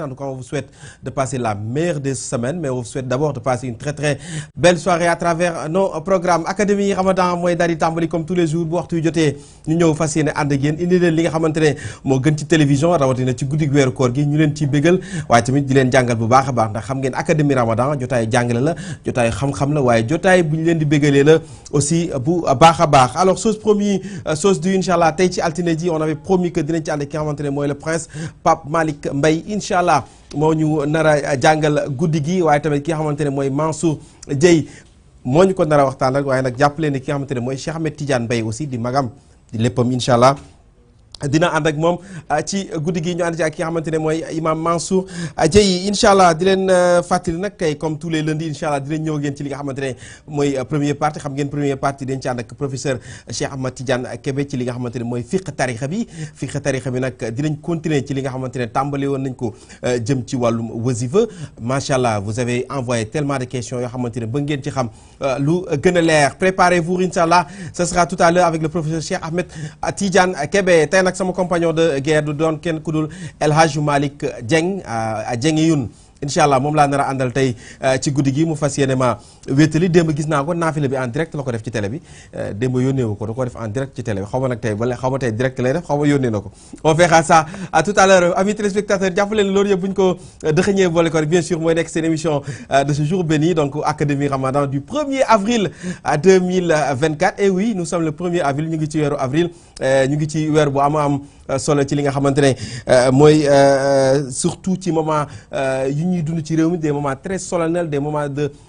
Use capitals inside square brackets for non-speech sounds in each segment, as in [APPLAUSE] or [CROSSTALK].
matin. En tout cas, on vous souhaite de passer la meilleure des semaines, mais on vous souhaite d'abord de passer une très très belle soirée à travers nos programmes académie Ramadan mooy daal di comme tous les jours bu waxtu yu jotee ñu ñëw vous yéene ànd de yéen indi leen li nga xamante ne gën télévision nous ci guddi weeru koor gi ñu leen ciy bégal waaye tamit di leen jàngal bu baax a baax ndax xam ngeen académie Ramadan jotaay jàngale la jotaay xam-xam la waaye jotaay bu ñu di la aussi bu baax a baax alors chose promis euh, chose du inchallah, allah tey ci on avait promis que dinañ ci ànd le prince Pape Malik Mbaye Inshallah. allah moo ñu nar a jàngal guddi gi waaye tamit ki nga xamante ne mooy Mansour Dieye moo ñu ko nar waxtaan rek waaye nag jàppale ni ki nga xamante ne mooy Cheikh Ahmed Tidiane Mbaye aussi di magam di léppam incha allah dina ànd ak moom euh, ci guddi gi ñu ànd ci ak ki nga imam Mansour euh, Dieye inshallah di len euh, fàttali nak kay comme tous les lundis inshallah, di len ñëw ngeen ci li nga xamantene moy première partie xam ngeen première partie den ci ànd professeur Cheikh Ahmad Tidiane kebe ci li nga xamantene moy fiqh fiq bi fiqh tarixa bi di len continuer ci li nga xamantene tambali won nañ ko jëm ci vous avez envoyé tellement de questions yo xamantene ba ngeen ci xam lu leer préparez vous Inshallah. ce sera tout à l'heure avec le professeur Cheikh Ahmed Tidiane kebe nag sama compagnon de guerre du doon kenn ku dul El Hadj Malick Dieng euh, Dieng Youn incha allah moom laa nar àndal tey euh, ci guddi gi mu fas yéene wéetali demb gis nako nafile bi en direct lako def ci télé bi euh, demb yone wu ko def en direct ci télé bi xaw tay wala direct lay def xaw yone nako on fait ça à tout à l'heure amis téléspectateurs jàpp lor loolu buñ ko euh, dëxëñee volé ko bien sûr moy nek seen émission euh, de ce jour béni donc académie ramadan du 1er avril à 2024 et oui nous sommes le 1er avril ñu ngi ci weeru avril ñu ngi ci weer bu am am solo ci li nga xamante moy surtout ci moment yi ñuy dund ci réew mi des moments très solennels des moments de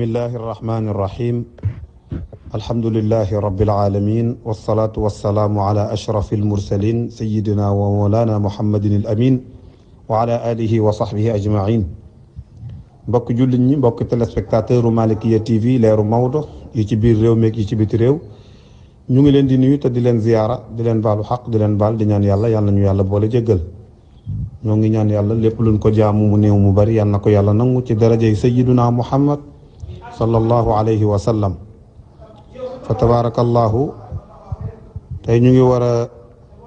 بسم الله الرحمن الرحيم الحمد لله رب العالمين والصلاة والسلام على أشرف المرسلين سيدنا ومولانا محمد الأمين وعلى آله وصحبه أجمعين بك جل ني بك تلسبكتاتير مالكية تي في ليرو موضو يتبير ريو ميك يتبير ريو نيومي لين دي نيو تا دي لين زيارة دي لين بالو حق دي لين بال دي نان يالا يالا نيو يالا بولي جيغل نيومي نان يالا لبلون كو جامو مني ومباري يالا نكو يالا نانو تي درجة سيدنا محمد sallallahu alayhi wa sallam fa tabarakallahu tey ñu ngi war a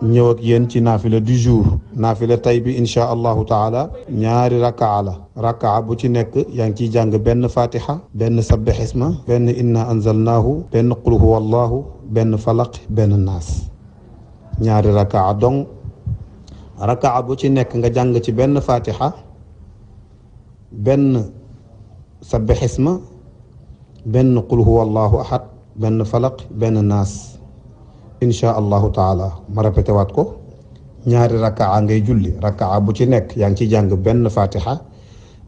ñëw ak yéen ci naafila du jour naafila tey bi insha allahu taala ñaari rakaa la rakaa bu ci nekk yaa ngi ciy jàng benn fatiha benn sabbih isma benn inna anzalnaahu benn qul huwa allahu benn falaq benn naas ñaari rakaa donc rakaa bu ci nekk nga jàng ci benn fatiha benn sabbih isma benn qul huwa allahu ahad benn falaq benn naas insha allahu taala ma répété waat ko ñaari rakaa ngay julli rakaa bu ci nekk yaa ngi ci jàng benn fatiha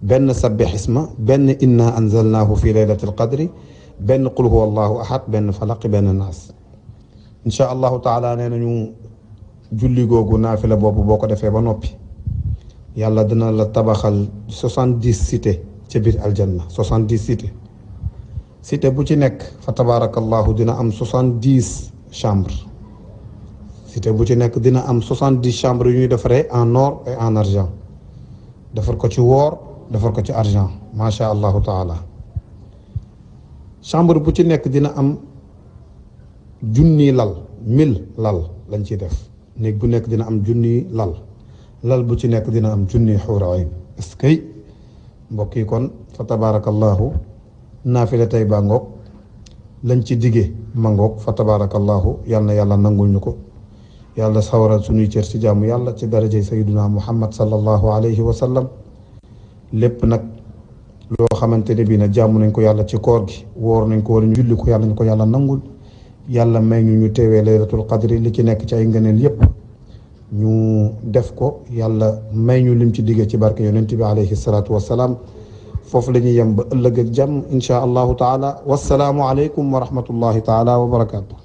benn sabbih isma benn inna anzalnahu fi laylatil qadri benn qul huwa allahu ahad benn falaq benn naas insha allahu taala nee nañu julli googu naafila boobu boo ko defee ba noppi yàlla dina la tabaxal soixante-dix cité ca biir aljanna soixante-dix cité cité bu ci nekk fa tabarakallahu dina am soixante dix chambres cité bu ci nekk dina am soixante dix chambres yu ñuy defaree en or et en argent defar ko ci woor defar ko ci argent macha allahu taala chambre bu ci nekk dina am junni lal mille lal lañ ciy def néeg bu nekk dina am junni lal lal bu ci nekk dina am junni xuura ayn est-ce que mbokk yi kon fa tabarakallahu naafile tey baa ngoog lañ ci digge ma ngoog fa tabaarakallaahu yal na yàlla nangul ñu ko yàlla sawaral suñuy cër ci jàmm yàlla ci darajay sayyiduna muhammad sallallahu alayhi wa sallam lépp nag loo xamante ne bii nag jaamu nañ ko yàlla ci koor gi woor nañ ko wala ñu julli ko yàlla ñu ko yàlla nangul yàlla may ñu ñu teewee laylatul qadri li ci nekk ci ay ngëneel yépp ñu def ko yàlla may ñu lim ci digee ci barke yonent bi alayhi salaatu wa salaam فوف لا نيي يام جام ان شاء الله تعالى والسلام عليكم ورحمه الله تعالى وبركاته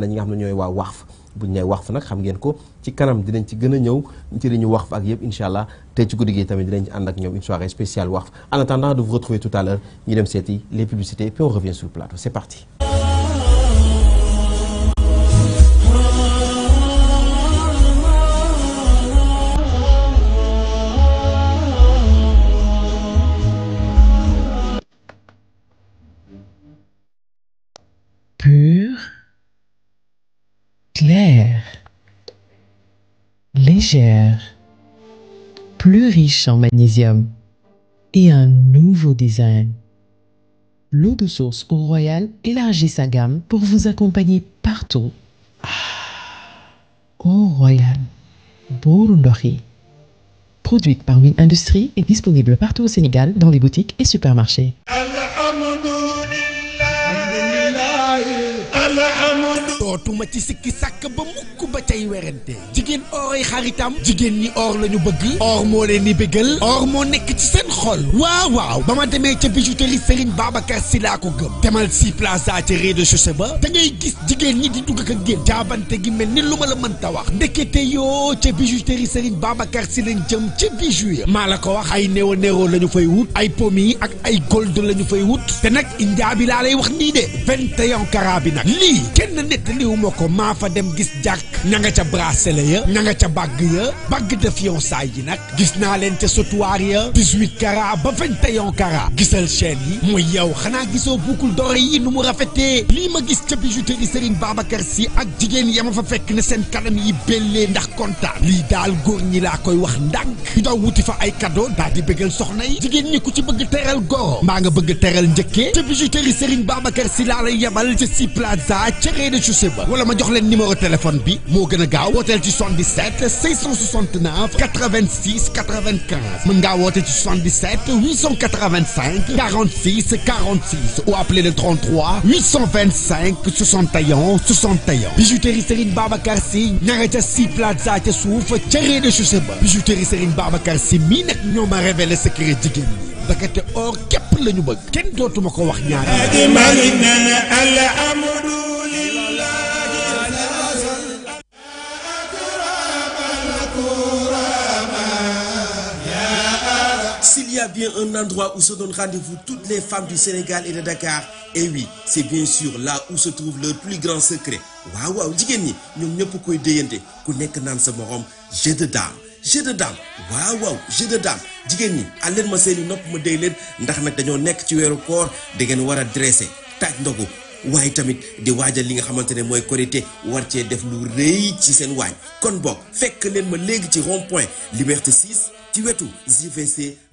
ànd ñi nga xam ne ñooy waa waxf buñ ne waxf nag xam ngeen ko ci kanam dinañ ci gën a ci li ñu waxf ak yëpp incha allah tey ci guddi gi tamit dinañ ci ànd ak ñoom une soirée spéciale waxf en attendant de vous retrouver tout à l'heure ñu dem seeti les publicités puis on revient sur le plateau c'est parti pur claire, légère, plus riche en magnésium et un nouveau design. L'eau de source au Royal élargit sa gamme pour vous accompagner partout. Ah, au Royal, Borundori. Produite par Win Industries et disponible partout au Sénégal dans les boutiques et supermarchés. awma ci sikki sàkk ba mukk ba cay werante jigéen or ay xaritam jigéen ñi or la ñu bëgg or moo leen ni bëggal or moo nekk ci seen xol waaw waaw ba ma demee ca bijouterie Serigne Babacar si laa ko gëm demal si plaza ca rez-de-chaussée ba da ngay gis jigéen ñi di dugg ak génn jaabante gi mel ni lu ma la mënta wax ndekete yoo ca bijouterie Serigne Babacar si lañ jëm ca bijou ya maa la ko wax ay néo néo la ñu fay wut ay pommi ak ay gold la ñu fay wut te nag india bi laa lay wax nii de 21 carats bi nag lii kenn nettaliwu ma woo ko maa fa dem gis jàkk ña nga ca bracelet ya ña nga ca bàgg ya bàgg de fiançailles yi nag gis naa leen ca sautoir ya 18 carats ba 21 carats gisal chaîne yi mooy yow xanaa gisoo boucle d'or yi nu mu rafetee lii ma gis ca bijouterie Serigne Babacar Sy ak jigéen ya ma fa fekk ne seen kanam yi bellee ndax kontaan lii daal góor ñi laa koy wax ndànk ñu daw wuti fa ay cadeau daal di bëggal soxna yi jigéen ñi ku ci bëgg teral goro maa nga bëgg teral njëkkee ca bijouterie Serigne Babacar Sy laa lay yebal ca si plaza wala ma jox leen numéro téléphone bi moo gën a gaaw wooteel ci 77 669 86 95 mën ngaa woote ci 77 885 46 46 ou appelé le 33 825 60 61 bijouterie Serigne Babacar Sy ñanga ca si plaza ca suuf ca rez-de-chaussée ba bijouterie Serigne Babacar Sy mii nag ñoo ma révélé secret jigéen ñi bakete or képp la ñu bëgg kenn dootuma ko wax ñaar bien un endroit où se donnent rendez-vous toutes les femmes du Sénégal et de Dakar et oui c'est bien sûr là où se trouve le plus grand secret waouh waaw nous nous pouvons pas koy que ku nekk naan sa morom j'ai de dame j'ai de dame waouh j'ai de dame ma seen i nopp ma déy ndax de nekk ci de koor dressé taaj ndogu tamit di de li nga war de def lu ci kon point liberté 6 tu wetu tout.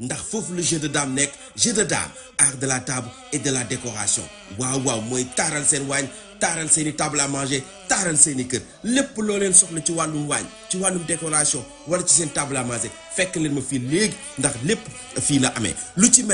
ndax dans le jeu de dame nek, jeu de dame art de la table et de la décoration waouh, moi, moi, taral sen waañ taral sen table à manger taral sen i kër lépp loo leen soxla ci wàllum waañ ci décoration wala ci sen table à manger Fait que ma fii ligue, ndax lépp fii la amé. lu ci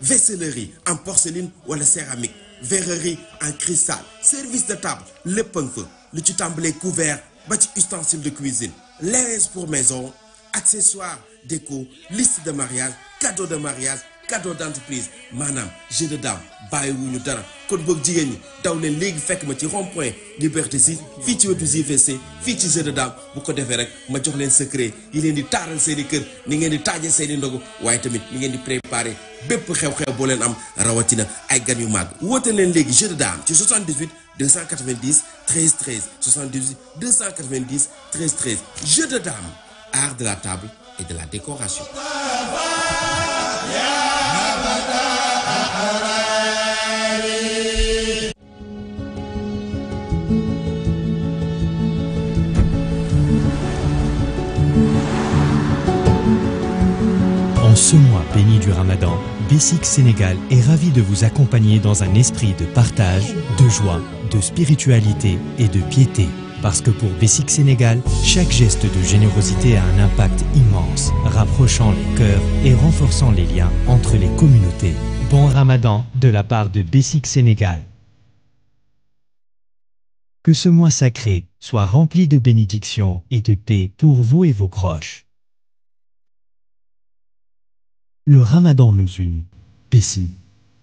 vaissellerie en porcelaine wala céramique verrerie en cristal service de table le punk le fa lu couvert ba ci ustensile de cuisine linge pour maison Accessoires déco liste de mariage cadeau de mariage cadeau d'entreprise manam, jeu de dame bàyyiwuñu dara kon boog jigéen ñi daw leen léegi fekk ma ci rond point liberté si fii ci wetu JVC fii ci jeu de dame bu ko defee rek ma jox len secret yi leen di taaral seen i kër ni ngeen di taaje seen i ndogu waaye tamit ni ngeen di préparer bépp xew-xew bo len am rawatina ay gan yu mag. woote len léegi jeu de dame ci 78 290 13 13 78 290 13 13 jeu de dame art de la table et de la décoration. En ce mois béni du Ramadan, Bessic Sénégal est ravi de vous accompagner dans un esprit de partage, de joie, de spiritualité et de piété. Parce que pour Bessic Sénégal, chaque geste de générosité a un impact immense, rapprochant les cœurs et renforçant les liens entre les communautés. Bon ramadan de la part de Bessic Sénégal. Que ce mois sacré soit rempli de bénédictions et de paix pour vous et vos proches. Le ramadan nous unit. Bessie,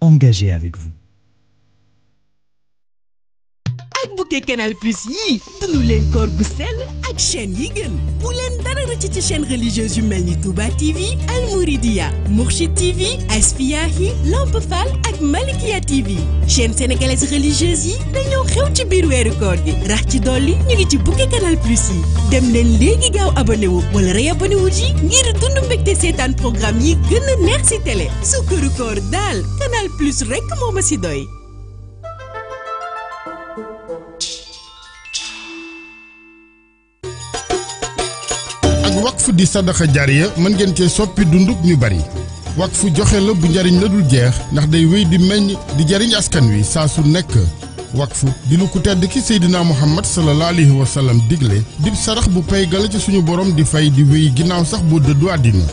engagé avec vous. bouquet canal plus yii dund leen ak chaîne yi gën dara rëcc ci chaîne religieuse yu mel ni Touba TV Al Mouridiya Mourchid TV Asfiyahi Lamp Fall ak Malikia TV chaîne sénégalaise religieuse yi dañoo xew ci biir weeru koor gi rax ci dolli ñu ngi ci bouquet canal plus yi dem leen léegi gaaw abonné wu wala réabonné wu ji ngir dund mbégte seetaan yi gën a neex si télé canal plus rek moo ma si doy waqfu di sadaxa jaariya mën ngeen cee soppi dundub ñu bari waqfu joxe la bu njariñ la dul jeex ndax day wéy di meññ di jariñ askan wi saa su nekk waqfu di lu ku tedd ki seydinaa muhammad sallallahu alayhi wa sallam digle dib sarax bu pay gala suñu borom di fay di wéy ginnaaw sax boo dëddu àddina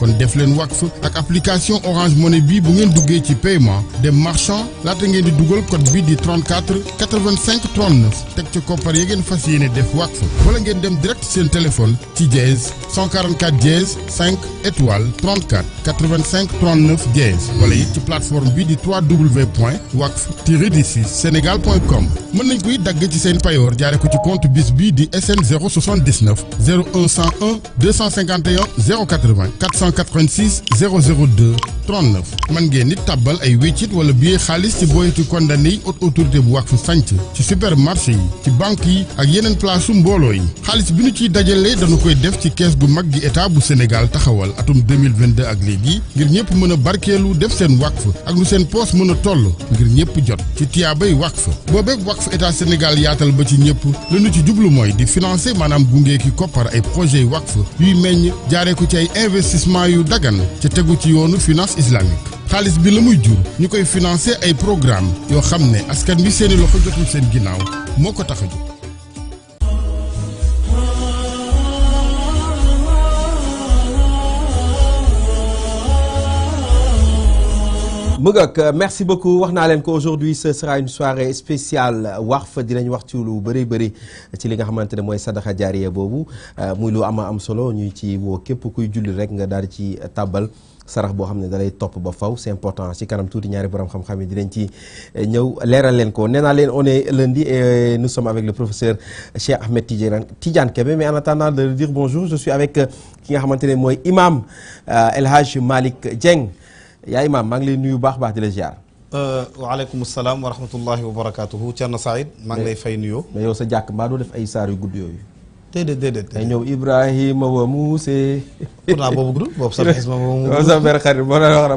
kon def len Waqf ak application Orange Money bi bu ngeen duggee ci paiement des marchands, la ngeen di Google code bi di 34 85 39 tek ci koppar ya fas yéene def vous wala ngeen dem direct sen téléphone ci 10 144 10 5 étoile 34 85 39 10. wala it ci plateforme bi di wwwwax w point mën nañ koy dagg ci sen payor ko ci compte bis bi di SN 079 0101 251 080 400 886 002 39 mën ngeen nit tàbbal ay wéccit wala billet khalis ci booyatu condamné yi haute autorité bu wàqfu sanc ci supermarché yi ci banque yi ak place su mbooloo yi xaalis bi nu ciy dajalee dañu koy def ci kees gu mag état Sénégal taxawal atum 2022 ak léegi ngir ñëpp mën a barkeelu def seen wàqf ak lu seen poos mën a toll ngir ñëpp jot ci tiyaabay état Sénégal yaatal ba ci ñëpp la nu ci de di financer Madame gunge ki koppar ay projet Wakf. yuy meññ jaaree ko ci ay investissement financement yu dagan ca tegu ci yoonu finance islamique xaalis bi la muy jur ñu koy financer ay programme yoo xam ne askan bi seeni loxo jotul seen ginnaaw moo ko tax a jóg mu euh, merci beaucoup wax naa ko aujourd'hui ce sera une soirée spéciale Warf dinañ wax ci lu bari. bëri ci li nga xamantene moy sadaqa jariya bobu boobu euh, muy lu ama am solo ñuy ci wo képp kuy julli rek nga daal ci tabal sarax bo xamne ne dalay top ba faw c'est important ci kanam tuuti ñaari borom xam-xam yi dinañ ci euh, ñëw leeral len ko nee len on est lundi et nous sommes avec le professeur Cheikh Ahmed Tidiane Tidiane Kébé mais en attendant de dire bonjour je suis avec ki nga xamantene moy imam El Hadj Malik Dieng yaa imaam maa ngi lay nuyu baax baax di la ziar. Euh, waaleykum salaam wa rahmatullahi wa barakaatuhu Thierno Saïd maa ngi lay fay nuyoo. mais yow sa jàkk maa doo def ay saar yu gudd yooyu. déedéet déedéet ay ñëw Ibrahima wa Muuse. pourtant boobu guddul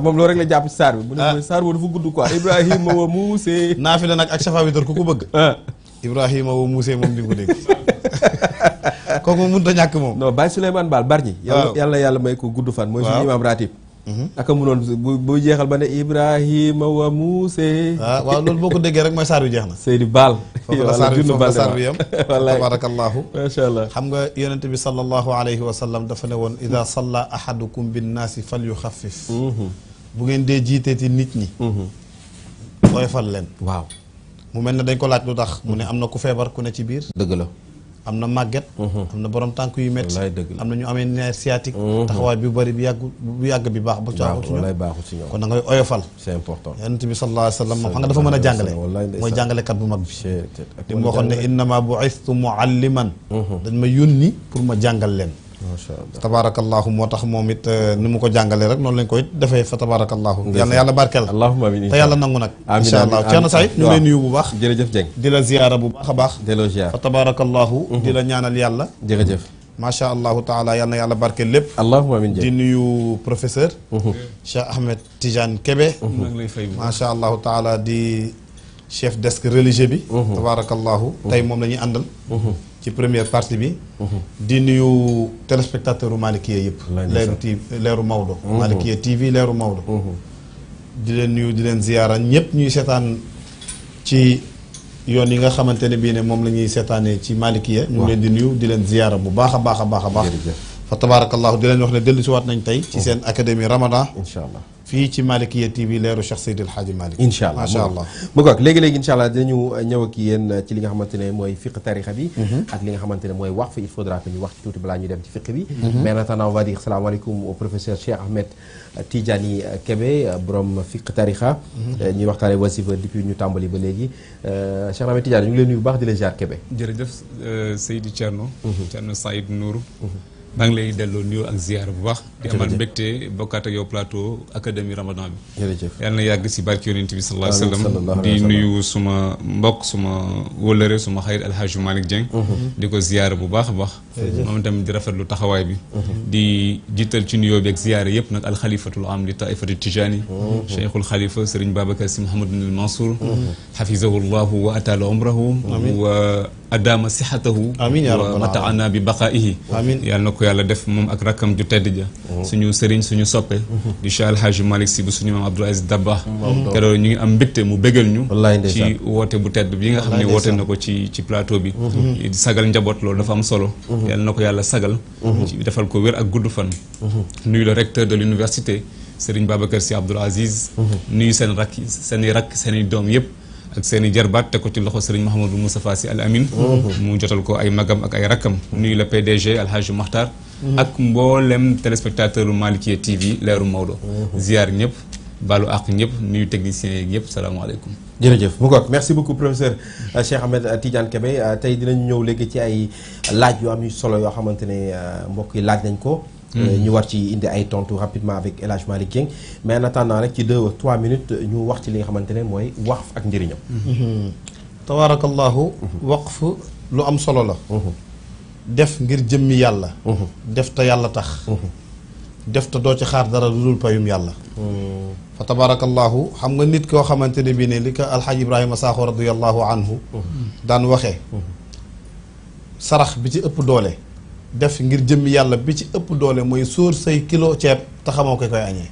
boobu la jàpp ci saar bi. mu ne ah. saar boobu dafa Ibrahima wa Muuse. naafi la nag ak safa bi ku ko bëgg. Ah. Ibrahima wa Muuse moom di nga dégg. [LAUGHS] kooku moom mënut a ñàkk moom. non Baye Souleymane Baal Bargny. waaw ah. yàlla yàlla may ko gudd fan. mooy suñu imaam ratib Mm-hmm. aka munoon bu jeexal ba ne Ibrahima wa Muuse. waaw ah, waaw loolu boo ko déggee rek mooy saar bi jeex na. Seydi Baal. foofu la [LAUGHS] saar bi foofu la saar [LAUGHS] macha allah xam nga yonent bi sallallahu alayhi wa dafa ne woon. ida salla ahadukum binnaasi fal yu xaffif. Mm-hmm. bu ngeen dee ti nit ñi. Mm-hmm. ooy fal leen. waaw mu mel ne dañ ko laaj lu tax. mu ne am na ku feebar ku ne ci biir. dëgg la. am na màgget mhm. am na borom tànk yu métti am na ñu amee nerf sciatique mhm. taxawaay bi bëri bi yàgg bu yàgg bi baax bu baaxu ci ñoom kon da ngay oyofal c'est important yonent bi sallallahu alayhi wa sallam moom xam nga dafa mën a jàngale mooy jàngalekat bu mag bi li mu waxoon ne innama bu'istu mualliman mhm. dañ ma yónni pour ma jàngal leen تبارك الله موتاخ موميت نيمو كو جانغالي رك نون لا نكو دافاي فتبارك الله يالا يالا باركال اللهم امين تا يالا نانغو نك ان شاء الله بارك سعيد نون لي نيو بو باخ جيرجيف جين ديلا زياره بو باخا باخ ديلو زياره فتبارك الله ديلا نيانال يالا جيرجيف ما شاء الله تعالى يالا يالا باركال ليب اللهم امين جين دي نيو بروفيسور شيخ احمد تيجان كبه ما شاء الله تعالى دي شيف ديسك ريليجي بي تبارك الله تاي موم لا ني اندال ci première partie bi. Mhm. di nuyu téléspectateur u Malikia yëpp. leeru TV leeru Maodo. Mhm. Malikia TV leeru Maodo. Mhm. di leen nuyu di leen ziyaara ñëpp ñuy seetaan ci yoon yi nga xamante ne bii ne moom la ñuy seetaanee ci Malikia. ñu leen di nuyu di leen ziyaara bu baax a baax a baax a baax. fa tabaarakallahu di leen wax ne dellusiwaat nañ tey. ci seen académie Ramadan. incha allah. fii ci Malikia TV leeru Cheikh Seydi El Hadji Malick incha allah macha allah bu ko léegi-léegi incha allah dinañu ñëw ak yéen ci li nga xamante ne mooy fiq tarixa bi ak li nga xamante ne mooy wax fa il faudra que ñu wax ci tuuti balaa ñu dem ci fiq bi mais en attendant on va dire salaamaaleykum au professeur Cheikh Ahmed Tidiane Kébé borom fiq tarixa ñuy waxtaane wasifa depuis ñu tàmbali ba léegi Cheikh Ahmed Tidiane ñu ngi leen nuyu bu baax di la jaar Kébé jërëjëf Seydou Thierno Thierno Saïd Nour maa ngi lay delloo nuyoo ak ziar bu baax. di amaat mbégte bokkaat ak yow plateau académie Ramadan bi. jërëjëf yal na yàgg si barke yonent bi sallallahu alayhi wa sallam di nuyu suma mbokk suma wóllëre suma xarit El Hadj Malick Dieng. di ko ziar bu baax a baax. moom tamit di rafetlu taxawaay bi. di jiital ci nuyoo bi ak ziar yëpp nag alxalifatul am li taifati tijani. cheikhul xalifa Serigne Babacar Sy Mouhamadou Mansour. xafizahu llahu wa atala umrahu. wa adaama sixatahu wa mataana bi baqaa'ihi yàlla na ko yàlla def moom ak rakkam ju tedd ja oh. suñu sëriñ suñu soppe mm-hmm. di Cheikh Alhaji Malick Sy bu suñu maam Abdoul Aziz Dabakh mm-hmm. keroog ñu ngi am mbégte mu bégal ñu ci woote bu tedd bi nga xam ne woote na ko ci ci plateau bi mm-hmm. di sagal njaboot loolu dafa am solo yàlla na ko yàlla sagal defal ko wér ak gudd fan nuyu le recteur de l'université Serigne Babacar Sy Abdoul Aziz nuyu seen rakk seen i rakk seen i doom yëpp ak seen jarbat te ko ci loxo Serigne Mahamadou Moustapha si Al Amin mu jotal ko ay magam ak ay rakam nuyu le PDG Alhaji mohtar ak mbollem téléspectateur Malikia TV leru mawdo ziar ñëpp baalu àq ñëpp nuyu techniciens yeeg ñëpp salaamaaleykum jërëjëf mu ngoog merci beaucoup professeur Cheikh Ahmed Tidiane Kébé tay dinañ ñëw legi ci ay laaj yu am yu solo yo xamantene mbokk yi laaj nañ ko Nous euh, mhm. avons ci indi rapidement avec El Malikien mais en attendant deux ou trois minutes nous wax ci li nga waqf ak njëriñam. Mhm. Mhm. waqf lu am solo la. def ngir jëmmi def ta tax. def ta do ci xaar dara payum yalla fa xam nga nit nous avons ne anhu dan waxe sarax bi ci def ngir jëmmi yàlla bi ci ëpp doole mooy sóor say kilo ceeb te xamoo ko koy añee.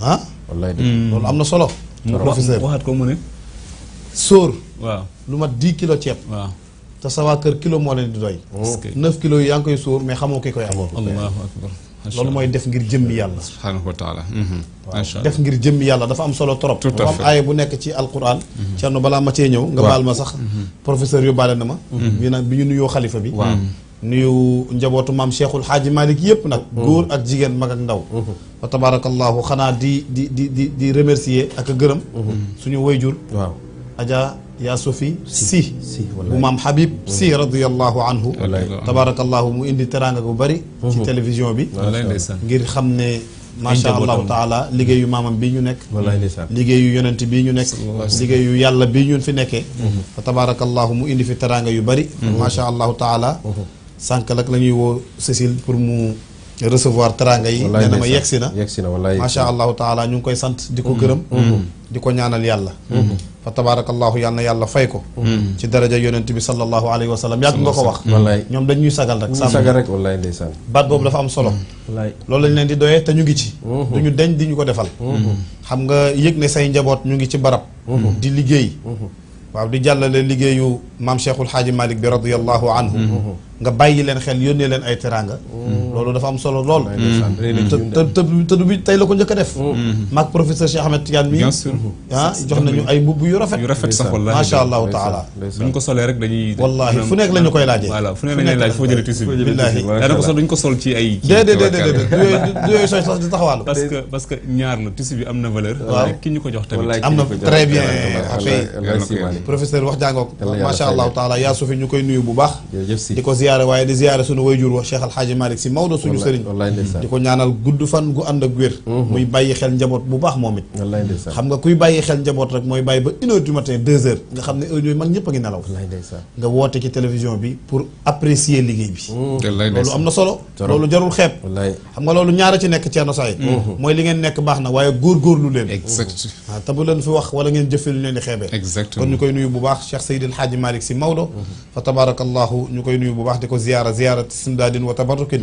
Ah? Hmm. loolu am na solo. professeur waxaat ko mu ne. sóor. waaw lu mat dix kilo ceeb. waaw te sa waa kër kilo moo leen di doy. Oh. neuf kilos yi yaa ngi koy sóor mais xamoo ko koy añee. loolu mooy def ngir jëmmi yàlla subhaanahu wa taala mhm. def ngir jëmmi yàlla dafa am solo trop dafa am aaya bu nekk ci alquran ceerno mhm. balaa ma cee ñëw nga baal ma sax mhm. professeur yu baale na ma bi nag bi ñu nuyoo xalifa bi nuyu njabootu maam cheikhul xaaji malik yëpp nag góor ak jigéen mag ak ndaw wa tabarakallahu xanaa di di di di di remercier ak a gërëm suñu wayjur waaw aja yaa sofi si bu maam Habib si radiyallahu anhu tabarakallahu mu indi teraanga bu bari ci télévision bi ngir xam ne macha allahu taala liggéeyu maamam bii ñu nekk liggéeyu yonent bii ñu nekk liggéeyu yàlla bii ñun fi nekkee fa tabarakallahu mu indi fi teraanga yu bari macha allahu taala sànq lak la ñuy woo Cécile pour mu recevoir teraanga yi nee na ma yegsi na macha allahu taala ñu ngi koy sant di ko gërëm di ko ñaanal yàlla فتبارك الله يا الله نيا الله فايكو في درجة يننتبي صلى الله عليه وسلم يعطيك الله وقت والله يوم بدني يسقلك يسقلك والله إني سال بعد بقول فهم صلوا والله لولا إن دي دوية تنيجي شيء دنيو دين دنيو كده فل هم غا يك نسائي جابوت نيجي شيء براب دي لجيء وعبد الجلال لجيء يو مام شيخ الحاج مالك برضي الله عنه nga bàyyi leen xel yónnee leen ay teraanga. loolu dafa am solo lool. te tey la ko njëkk a def. maag professeur Cheikh Ahmed Tidiane mi. jox nañu ay mbubb yu rafet. yu rafet sax wallaahi macha ko solee rek dañuy. nekk la koy laajee. voilà fu nekk ko sol duñ ko sol ci ay. kii déedéet déedéet du yooyu sooy sax di taxawaalu. parce parce que ñaar la tissu bi am na valeur. waaw ki ñu ko jox tamit. am na très bien affaire yi. professeur wax jàngoo macha allahu taala yaa sufi ñu koy nuyu bu baax ziyaara waye di ziyaara sunu wayjur wa Cheikh Alxaaji malik si mawdo suñu sëriñ di ko ñaanal gudd fan gu ànd ak wér muy bàyyi xel njabot bu baax moom it xam nga kuy bàyyi xel njabot rek moy bàyyi ba 1h du matin 2h nga xamne heure yooyu mag ñëpp a ngi nelaw nga wote ci télévision bi pour apprécier liguey bi loolu am na solo lolu jarul xeeb xam nga lolu ñaara ci nek ci eno say moy li ngeen nek baxna waye gor gor lu leen exactement te bu leen fi wax wala ngeen jëfël lu leen di xébé exactement kon ñukoy nuyu bu baax Cheikh Seydil Alxaaji malik si mawdo fa tabarakallah ñukoy nuyu bu baax wax di ko ziyaara ziyaara simdaadin wa tabarrukin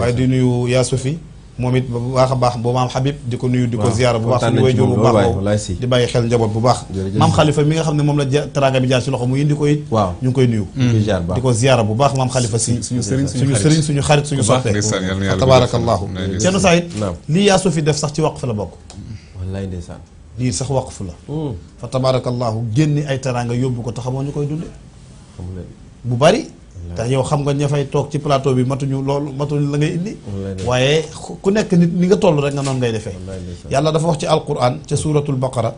waaye di nuyu yaa sufi moom it bu baax a baax bu maam Habib di ko nuyu di ko ziyaara bu baax suñu wéy bu baax di bàyyi xel njaboot bu baax maam xalifa mi nga xam ne moom la teraanga bi jaar ci loxo mu indi ko it waaw ñu ngi koy nuyu di ko ziyaara bu baax maam xalifa si suñu sëriñ suñu xarit suñu soppe tabaarakallaahu Ceerno Saïd lii yaa sufi def sax ci waqf la bokk wallaay ndeysaan lii sax waqf la fa tabaarakallaahu génni ay teraanga yóbbu ko te xamoo ñu koy dunde bu bari te yow xam nga ña fay toog ci plateau bi matuñu loolu matuñu la ngay indi waaye ku nekk nit ni nga toll rek nga noonu ngay defee yàlla dafa wax ci alquran ca suratul baqara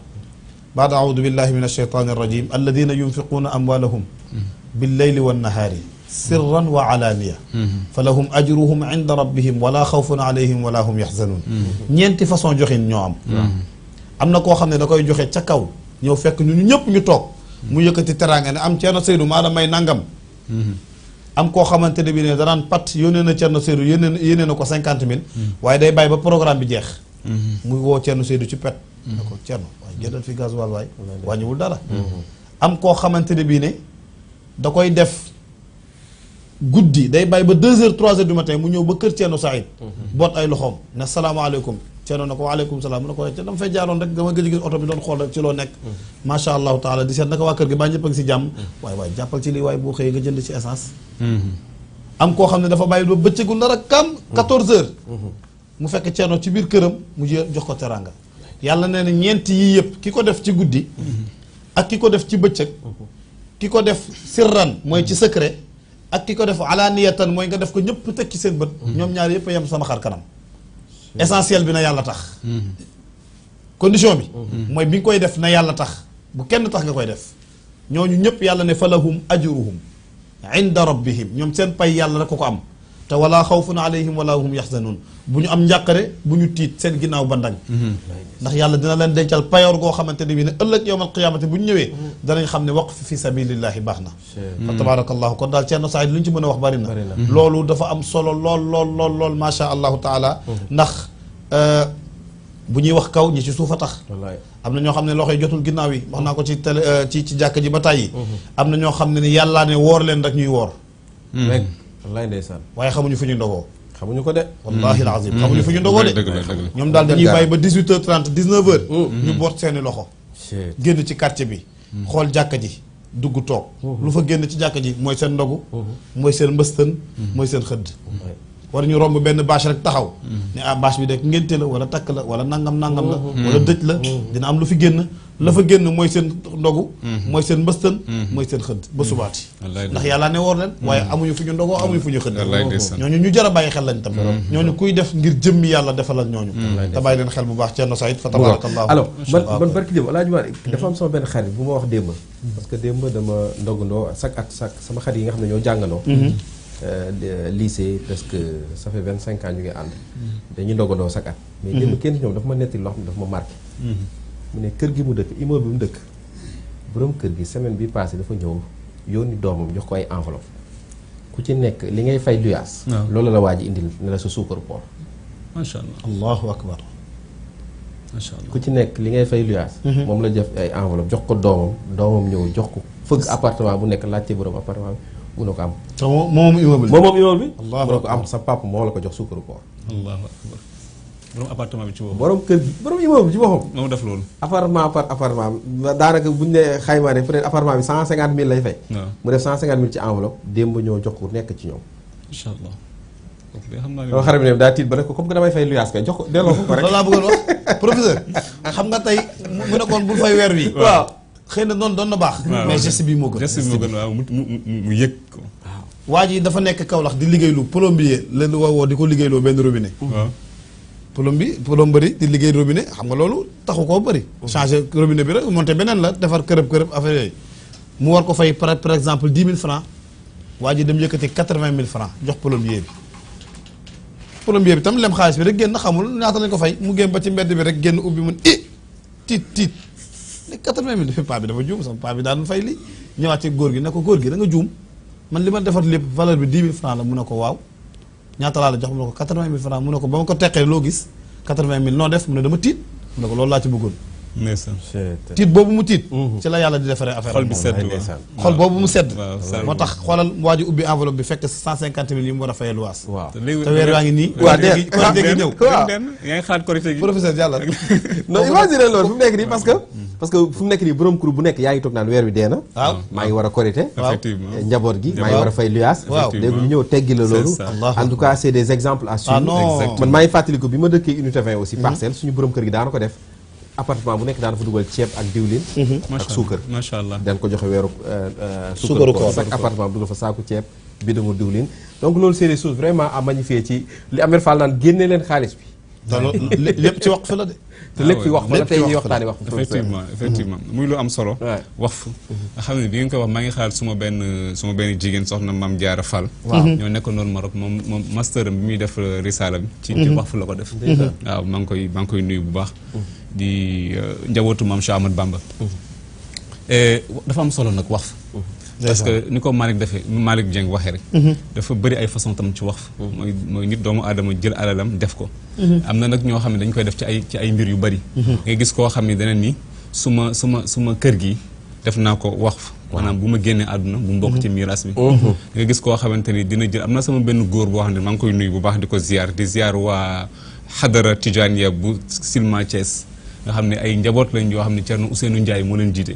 baada audu billahi min alsheytani arrajim alladina yunfiquuna amwalahum billeyli wannahaari sirran wa alaaniya fa lahum ajruhum inda rabbihim wala xawfun alayhim wala hum yaxzanuun ñeenti façon joxin ñoo am am na koo xam ne da koy joxe ca kaw ñëw fekk ñu ñëpp ñu toog mu yëkkati teraanga ne am ceerno Seydou maa la may nangam am koo xamante ne bi ne danaan pat yónnee na Thierno Seydou yónnee na yónnee na ko cinquante mille mm. waaye day bàyyi ba programme bi jeex mm-hmm. muy woo Thierno Seydou ci pet mm-hmm. ne ko Thierno waaye jëndal fi gaz waal waay wàññiwul dara mm-hmm. am koo xamante ne bii ne da koy def guddi day bàyyi ba deux heures trois heures du matin mu ñëw ba kër Thierno Saïd boot ay loxoom ne salaamaaleykum ceeno nako alaykum waaleykum salaam mu ne ko eh, dama fay jaaroon rek dama gëj gis auto bi doon xol rek ci nek ma sha Allah taala di seet nako wa kër gi ba ñepp ak ci si way way jappal ci li way bu xey nga jënd ci essence mhm. am ko xamne dafa ba kam mhm. 14 heures mhm. mu fekk ceeno ci bir kërëm mu jox ko teranga yalla neena ñent yi yëpp def ci guddi ak kiko def ci bëccëg ki def sirran moy ci secret ak kiko def alaniyatan moy nga def ko ñepp tek ci seen bëtt ñom ñaar yëpp yam sama xar kanam Mmh. essentiel bi na yàlla tax mmh. condition bi mmh. mooy bi nga koy def na yàlla tax bu kenn tax nga koy def ñooñu ñëpp yàlla ne falahum ajruhum inda rabbihim ñoom seen pay yàlla rek ko ko am te wala xawfun alayhim wala hum yaxzanun buñu am ñakare buñu tiit seen ginnaw ba ndañ ndax yàlla dina leen dencal payor go xamanteni bi ne ëlëk yowmal qiyamati buñu ñëwé ñëwee danañ xam waqf fi sabilillahi baxna fa tabarakallahu kon dal Ceerno Saïd luñ ci mëna wax bari na loolu dafa am solo lool lool lool lool ma sha allah taala ndax euh buñuy wax kaw ñi ci suufa tax amna ño xamné xam jotul ginnaw yi wax naa ko ci ci ci jàkk ji ba tàyyi am na ñoo xam ne ne yàllaa ne woor leen rek ñuy wor rek wallahi ndeysaan waaye xamuñu fuñu ndogo xamuñu ko de mm-hmm. wallahi alazim mm-hmm. xamuñu fu ñu ndogoo de ñoom daal dañuy bàyyi ba 18 heures 30 19 mm-hmm. ñu boot seeni loxo génn ci quartier bi xool jàkka ji dugg toog lu fa génn ci jàkka ji mooy seen ndogu mooy seen mbëstan mooy seen xëdd war ñu romb benn bâche rek taxaw mm-hmm. ne ah bâche bi de ngénte la wala takk la wala nangam nangam la mm-hmm. wala dëj la mm-hmm. dina am lu fi génn la fa génn mooy seen ndogu mooy seen mbëstan mooy seen xëdd ba subaati ndax yàlla ne woor leen waaye amuñu fu ñu ndogoo amuñu fu ñu xëdd ñooñu ñu jar a bàyyi xel lañ tam ñooñu kuy def ngir jëmmi yàlla defalal ñooñu te bàyyi leen xel bu baax Thierno Saïd fa tabarakallah alors man barki démb alaaji Maalik dafa am sama bu ma wax démb parce que démb dama ndogandoo chaque at sama xarit yi nga xam ne Eh, lycée presque ça fait vingt cinq ans ñu ngi ànd mm-hmm. dañuy ndogandoo chaque at mais démb mm-hmm. kenn ñoom dafa ma netti loo xam ne dafa ma marqué mm-hmm. mu ne kër gi mu dëkk immeuble bi mu dëkk borom kër gi semaine bi passé dafa ñëw yónni doomam jox ko ay enveloppe ku ci nekk li ngay fay luyaas loolu la waa ji indil la sa suukar koor macha allah allahu akbar macha allah ku ci nekk li ngay fay luyaas moom la def ay enveloppe jox ko doomam doomam ñëw jox ko fëgg appartement bu nekk laajte borom appartement mu ne ko am. te moom moom immeuble bi moom moom immeuble bi. mu ne ko am sa papa moo la ko jox suukaru koor. allahu akbar borom appartement bi ci boppam. borom kër gi borom immeuble bi ci boppam. moom def loolu. appartement par appartement daanaka bu ñu nee xaymaa ne peut être appartement bi 150000 lay fay. mu def 150000 ci enveloppe démb ñoo jox ko nekk ci ñoom. incha allah. xam naa ne loolu xaram ne daa tiit ba ne ko comme que damay fay luyaas kay jox ko delloo ko rek. loolu laa bëggoon wax professeur. xam nga tey mu nekkoon bul fay weer wi. waaw. xëy na doon doon na baax. mais geste bi moo gën. geste bi moo gën mu mu yëg ko. waa ji dafa nekk Kaolack di liggéey lu plombier la woo di ko liggéeyloo benn robinet. waaw plombier plomberie di liggéey robine xam nga loolu taxu koo bëri. changé robinet bi rek monté beneen la defar kërëb kërëb affaire mu war ko fay par par exemple dix mille franc waa ji dem yëkkati quatre vingt mille franc jox plombier bi. plombier bi tam lem xaalis bi rek génn xamul ñaata lañ ko fay mu génn ba ci mbedd bi rek génn ubbi mun i li quatre-vingt mille dafa paa bi dafa juum sama paa bi daan fay li ñëwaat ci góor gi ne ko góor gi da juum man li ma defar lépp valeur bi dix mille francs la mu ne ko waaw ñaata laa la jox mu ne ko quatre-vingt mille francs mu ko ba ma ko teqee loo gis quatre-vingt noo def mu ne dama tiit mu ne ko loolu laa ci bëggoon tiit boobu mu tiit ci la yàlla di defaree affaire xol bi xol boobu mu sedd moo tax xoolal waa ubbi enveloppe bi fekk cent cinquante mille yi mu war a fayee luwaas te weer waa ngi que mm-hmm. parce que fu nekk nii borom kur nekk yaa ngi toog naan weer a korité eh, njaboot gi a fay luwaas léegi ñu ñëw teggi la loolu en tout cas c'est des exemples à suivre ah man maa ngi fàttaliku bi ma dëkkee unité aussi mm-hmm. parcelle suñu borom kër gi daana ko def appartement bu nekk daan fa dugal ceeb ak diwlin. Mhm. ak suukar macha allah daan ko joxe weeru. Euh, euh, suukaru koor ak appartement bu dugal fa saaku ceeb bidon diwlin. donc loolu c'est des choses vraiment à magnifier ci li Amir Fall naan génne leen xaalis bi. lépp lépp ci mmh. wax maa la ko def. waaw maa koy maa koy nuyu bu baax. Mmh. di euh, njabootu maam Cheikh Ahmad Bamba. Mhm. Eh, dafa am solo nag waqf. Mhm. parce que ni ko Malick defee Malick Dieng waxee rek. Mhm. dafa bëri ay façon tam ci waqf. mooy mooy nit doomu aadama jël alalam def ko. am na nag ñoo xam ne dañ koy def ci ay mbir yu bëri. nga gis koo xam ne dana ni suma suma suma kër gi def naa ko waqf. maanaam bu ma génnee àdduna bu mbokk ci miiras bi nga gis koo xamante ni dina jël am na sama benn góor boo xam ne maa koy nuyu bu baax di ko ziar di ziar waa xadara tijaaniya bu silma Thiès nga xam ne ay njaboot lañ yoo xam ne Thierno Ousseynou Ndiaye moo leen jiite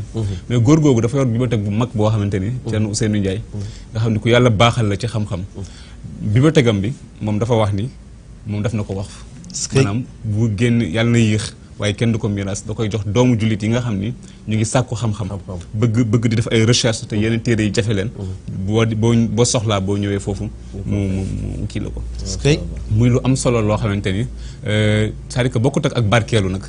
mais góor googu dafa yor bibliothèque bu mag boo xamante ni Thierno Ousseynou Ndiaye nga xam ne ku yàlla baaxal la ci xam-xam bibliothèque am bi moom dafa wax ni moom daf na ko wax maanaam bu génn yàlla na yéex waaye kenn du ko miraas da koy jox doomu jullit yi nga xam ni ñu ngi sàkku xam-xam bëgg bëgg di def ay recherche te yeneen téere yi jafe leen mm-hmm. boo boo boo soxlaa boo ñëwee foofu mm-hmm. mu mu kii la ko muy lu am solo loo xamante ni euh, c'est-à-dire que ak barkeelu nag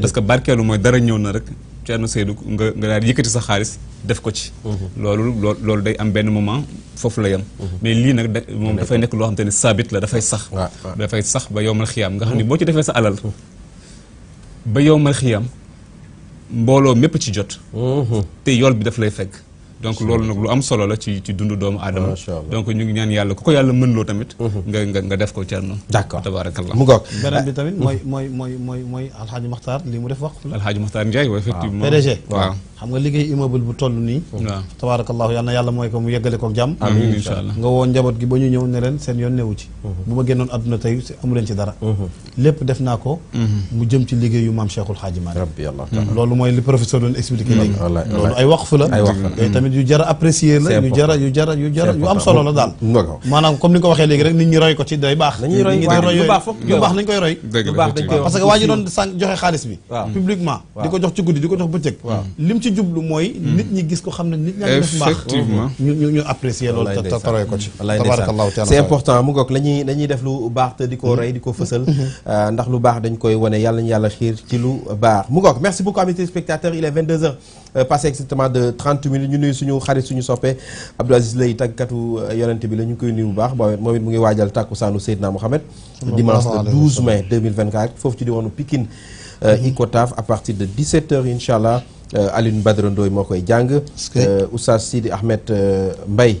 parce que barkeelu mooy dara ñëw na rek Thierno Seydou nga nga daal yëkkati sa xaalis def ko ci mm-hmm. loolu loo loolu day am benn moment foofu la yem mais lii nag moom dafay nekk loo xam ne saabit la dafay sax dafay sax ba yowmal xiyaam nga xam ni boo ci defee sa alal ba yow mal xiyam mbooloo mépp ci jot mm-hmm. te yool bi daf lay fekk donc loolu nag lu am solo la ci ci dundu doomu aadama donc ko yàlla mën loo tamit mhm. nga nga nga def ko Thierno d'accord tabarakallah mu goog beneen bi tamit mooy mooy mooy mooy mooy alxaaji bu toll nii waaw tabarakallah yal na yàlla mooy ko mu yeggale kook jàmm amiin incha allah nga woo njaboot gi ba ne leen seen yoon newu ci mhm. bu ma génnoon adduna tey amu leen ci dara mhm. lépp maam Cheikhul Xaaji Maalik loolu mooy li professeur doon expliqué léegi loolu ay waqfu la yu jar apprécier la ñu jara a yu jar a yu jar yu am solo la dal manam comme ni ko waxé légui rek nit ñi roy ko ci day baax dañuy roy roy yu baax foog yu baax nañ koy roy yu baax dañ koy parce que waa don doon sànq joxe xaalis bi publiquement diko jox ci guddi diko ko jox bëccëg lim ci jublu moy hmm. nit ñi gis ko xamna nit ñi ngi def baax ñu ñu ñu apprécier loolu te roy ko ci tabarakallahu taala c'est important mu gok lañuy dañuy def lu baax te diko roy diko ko hmm. [LAUGHS] euh, ndax lu baax dañ koy woné yalla ñu yalla xir ci lu baax mu gok merci beaucoup amis téléspectateurs il est 22h euh, passé exactement de 30 minutes ñu suñu xarit suñu Abdou Aziz lay takatu euh, bi la ñu koy Mohamed dimanche 12 mai 2024 ci euh, mhm. à partir de 17h inchallah, Badrondo Ahmed Mbaye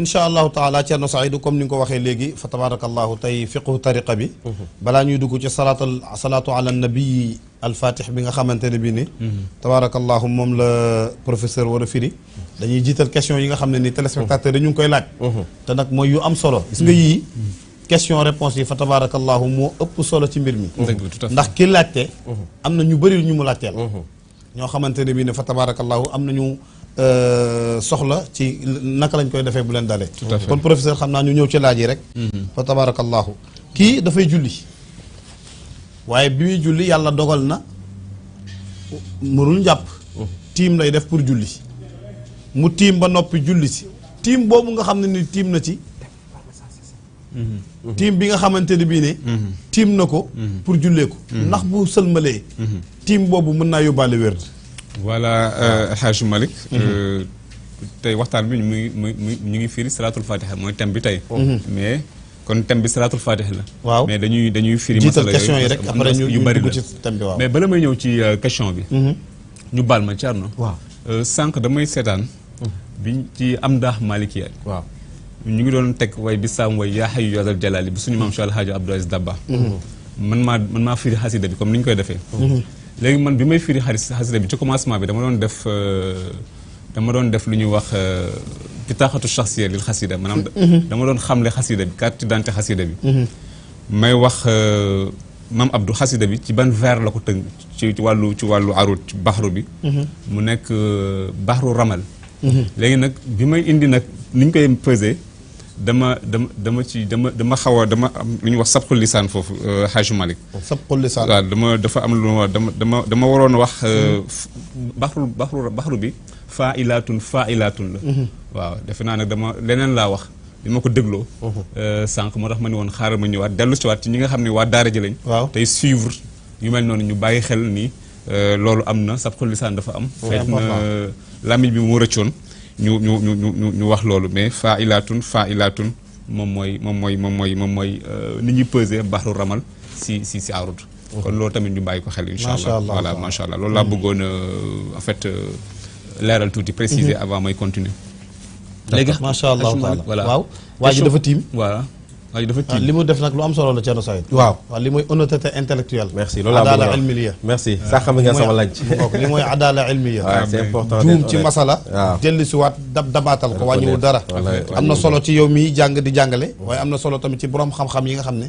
ان شاء الله تعالى تي نو سعيد نينكو واخي لغي فتبارك الله تاي فقه طريقه بي بلا ني دوكو تي صلاه الصلاه على النبي الفاتح بيغا خامتاني بي ني تبارك الله موم لا بروفيسور ورا فيري دا ني جيتال كاستيون ييغا خامتاني تيلي سبيكتاتور ني نكوي لاج تا نك موي يو ام سولو غيس نغي كاستيون ريبونس يي فتبارك الله مو اوب سولو تي ميرمي ناخ كي لاجتي امنا نيو بري نيو مو لاجتال ньо خامتاني بي ني فتبارك الله امنا نيو Euh, soxla ci naka lañ koy defee bu leen dalee kon professeur xam naa ñu ñëw ci laaj yi rek mhm. fa tabarakallahu kii dafay julli waaye bi muy julli yàlla dogal na mënul njàpp oh. tiim lay def pour julli mu tiim ba noppi julli si tiim boobu nga xam ne ni tiim na ci mhm. tiim bi nga xamante ni bii ne mhm. tiim na ko pour jullee ko ndax bu sëlmalee tiim boobu mën naa yóbbaale wérd voilà euh, ah. Hadj Malick euh, mhm. tey waxtaan bi muy mu ngi ñu ngi fiir salaatul fatiha mooy thème bi tey oh. mhm. mais kon thème bi salaatul fatiha la waaw mais dañuy dañuy firi masala yooyu rek après ñu bëri la mais bala may ñëw ci euh, question bi mhm. ñu baal ma Thierno waaw sànq damay seetaan biñ ci am ndaax Malick yaay waaw ñu ngi doon teg way bi saam way yaa xayu yoosal jalaali bi suñu maam Cheikh El Hadj Abdou Aziz Dabba man maa man maa firi bi comme ni ñu koy defee léegi man bi may firi xaris xasida bi ci commencement bi dama doon def dama doon def lu ñuy wax pitaaxatu shaxsiya lil xasida maanaam dama doon xamle xasida bi carte d'identité xasida bi may wax maam Abdou xasida bi ci ban vers la ko tënk ci wàllu ci wàllu arut ci baxru bi mu nekk baxru ramal léegi nag bi may indi nag ni ñu koy pesé dama dama dama ci dama dama xaw dama am lu ñuy wax sabqul lisaan foofu euh, Hajj Malick. sabqul lisaan waaw dama dafa am lu ma dama dama dama waroon wax. Euh, hmm. baxru baxru baxru bi faa ilaatun faa ilaatu la. Hmm. waaw defe naa nag dama leneen laa wax. li ma ko dégloo. Hmm. Euh, sànq moo tax ma ne woon xaaral ma ñëwaat dellu ci waat ci ñi nga xam ne waa daara ji waaw tey suivre yu mel noonu ñu bàyyi xel ni loolu am na sabqul lisaan dafa am. fekk na làmmiñ bi mu rëccoon. Nous nous, nous, nous, nous, wax mais ni peser ramal si si si en fait préciser avant continuer voilà ay dafa tiim li mu def nag lu am solo la Thierno Saïd. waaw waaw li mooy honnêteté intellectuelle. merci loolu laa adala ilmiya. merci saa xam nga sama laaj. li mooy adala ilmiya. waaw c'est important juum ci masala. waaw dellu si waat dab dabaatal ko wàññiwul dara. am na solo ci yow miy jàng di jàngale. waaye am na solo tamit ci borom xam-xam yi nga xam ne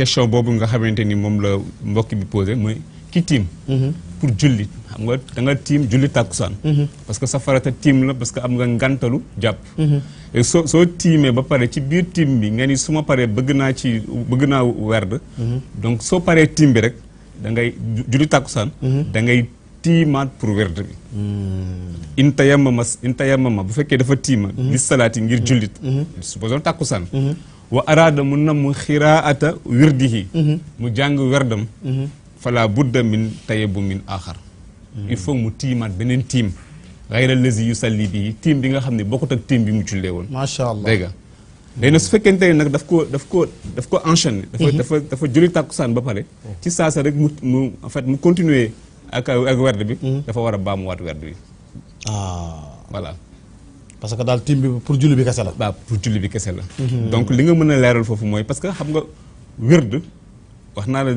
question boobu nga xamante ni moom la mbokk bi posé mooy ki tiim mhm. pour julli xam nga da nga tiim julli tàkkusaan mhm. parce que sa farata tiim la parce que am nga mhm. soo soo ba pare ci biir tiim bi nga ni su ma paree bëgg naa ci bëgg naa werd donc soo paree tiim bi rek da ngay julli tàkkusaan da ngay tiimaat pour werd bi mm. inta yamama inta yamama bu fekkee dafa tiima li salaat ngir jullit supposons tàkkusaan واراد من قراءه ورده مو جانغ وردم فلا بد من تيب من اخر يفو مو تيمات بنين غير الذي يصلي به تيم بيغا خامني بوكوت تيم بي ما شاء الله دغا لين سو فكنت نك دافكو دافكو دافكو انشن دافا دافا دافا جولي تاكوسان با بالي تي ساسا ريك فات مو كونتينوي اك اك ورد بي بام وات ورد اه فوالا parce que daal tiim bi pour julli bi kese la. waaw pour julli bi kese la. Mhm. donc li nga mën a leeral foofu mooy parce que xam nga wird wax naa la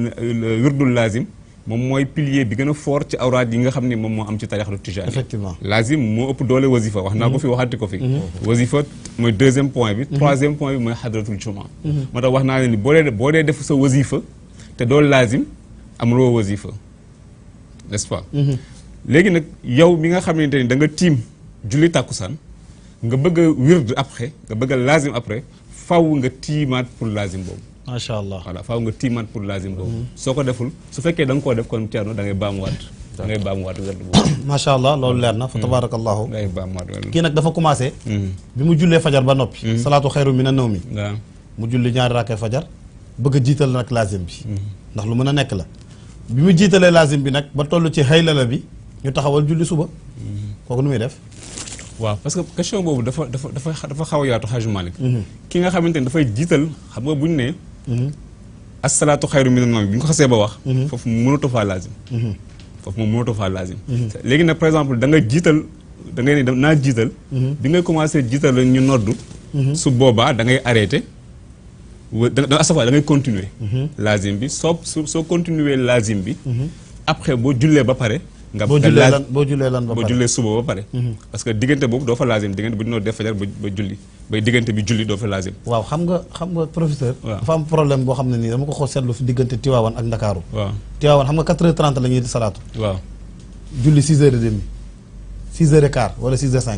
wirdul laazim moom mooy pilier bi gën a foor ci awraat yi nga xam ni moom moo am ci tarixatu tijaan effectivement laazim moo ëpp doole wasifa wax naa ko fi mhm. waxati ko fi mhm. wasifa mooy deuxième point bi troisième point bi mooy xadratul juma moo tax wax naa la ni boo dee boo dee def sa wasifa te dool laazim amuloo wasifa nest léegi nag yow mi nga xamante ni da nga tiim julli tàkkusaan nga bëgg a wird après nga bëgg a laazim après faw nga tiimaat pour laazim boobu. macha allah voilà faw nga tiimaat pour laazim boobu. Mm-hmm. soo ko deful su fekkee danga koo def kon Thierno da ngay baamuwaat. da ngay baamuwaat wird boobu. [COUGHS] macha allah loolu leer na fa mm-hmm. tabarakallahu. da ngay baamuwaat kii nag dafa commencé. Mm-hmm. bi mu jullee fajar ba noppi. salaatu xayru mina nawmi. waaw mu julli ñaari raakay fajar. bëgg a jiital nag laazim bi. ndax lu mën a nekk la. bi mu jiitalee laazim bi nag ba toll ci la bi ñu taxawal julli suba. kooku nu muy def. waaw parce que question boobu dafa dafa dafa dafa xaw a yaatu xaaju Malick mhm. ki nga xamante ni dafay jiital xam nga buñu ne mhm. asalaatu xayru minan nawm bi ñu ko xasee ba wax mhm. foofu mënatu faa laazim foofu moom mënatu faa laazim léegi nag par exemple da nga jiital da ngay ne naa jiital bi ngay commencé jiital ñu noddu su boobaa da ngay arrêté da asafa da ngay continuer laazim bi soo soo continuer laazim bi après boo jullee ba pare nga boo jullee lan boo jullee lan ba pare boo jullee suba ba pare. Mhm. parce que diggante boobu doo fa laazim diggante bu ñu doon def fajar ba julli ba diggante bi julli doo fa laazim. waaw xam nga xam nga professeur. dafa am problème boo xam ne nii dama ko xoo seetlu fi diggante Tiwaawan ak Ndakaaru. Tiwaawan xam nga 4h30 salaatu. waaw julli 6h30 6h15 wala 6h05.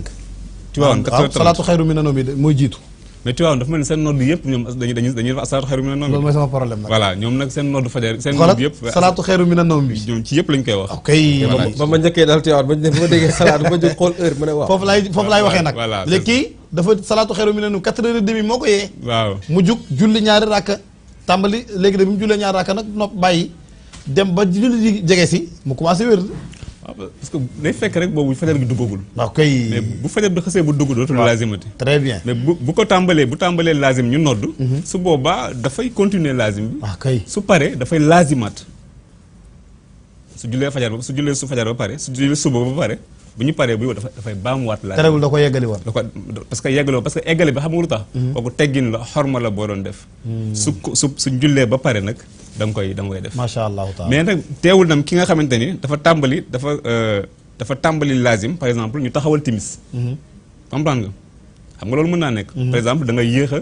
Tiwaawan waaw salaatu xayru mi nanoo mi mooy jiitu. mais Tiwaawan dafa mel ni seen nodd yëpp ñoom dañuy dañuy dañuy def salaatu xeeru mi na noom loolu mooy sama ñoom nag seen euh, salaatu xeeru mi na noom bi ñoom ci yëpp lañ koy wax ba ma njëkkee daal Tiwaawan ba ma déggee salaatu ba mi na noom quatre moo ko yee mu jug julli ñaari rakka tàmbali léegi de mu jullee ñaari rakka nag nopp bàyyi dem ba julli ji jege si mu commencé wér waaw ah, parce que day fekk rek boobu fajar gi duggagul. waaw kay mais bu fajar bi xasee bu dugg dootul laazimati. très bien mais bu bu ko tàmbalee bu tàmbalee laazim ñu nodd. Mhm. su boobaa dafay continuer laazim bi. Ah, su paree dafay laazimaat. su jullee fajar ba su jullee su fajar ba pare su jullee suba ba pare bu ñu paree bu yow dafa dafay baamuwaat laazim. terewul da ko yeggali woon. da ko parce que yeggali parce que eggale bi xam nga lu tax. Mhm. kooku teggin la xorma la boo doon def. Hmm. su su su jullee ba pare nag. da nga koy da koy def. macha allah taala mais nag teewul nam ki nga xamante ni dafa tàmbali dafa euh, dafa tàmbali lazim par exemple ñu taxawal timis. Mhm. comprendre nga xam nga loolu mën naa nekk. Mhm. par exemple da nga yéex a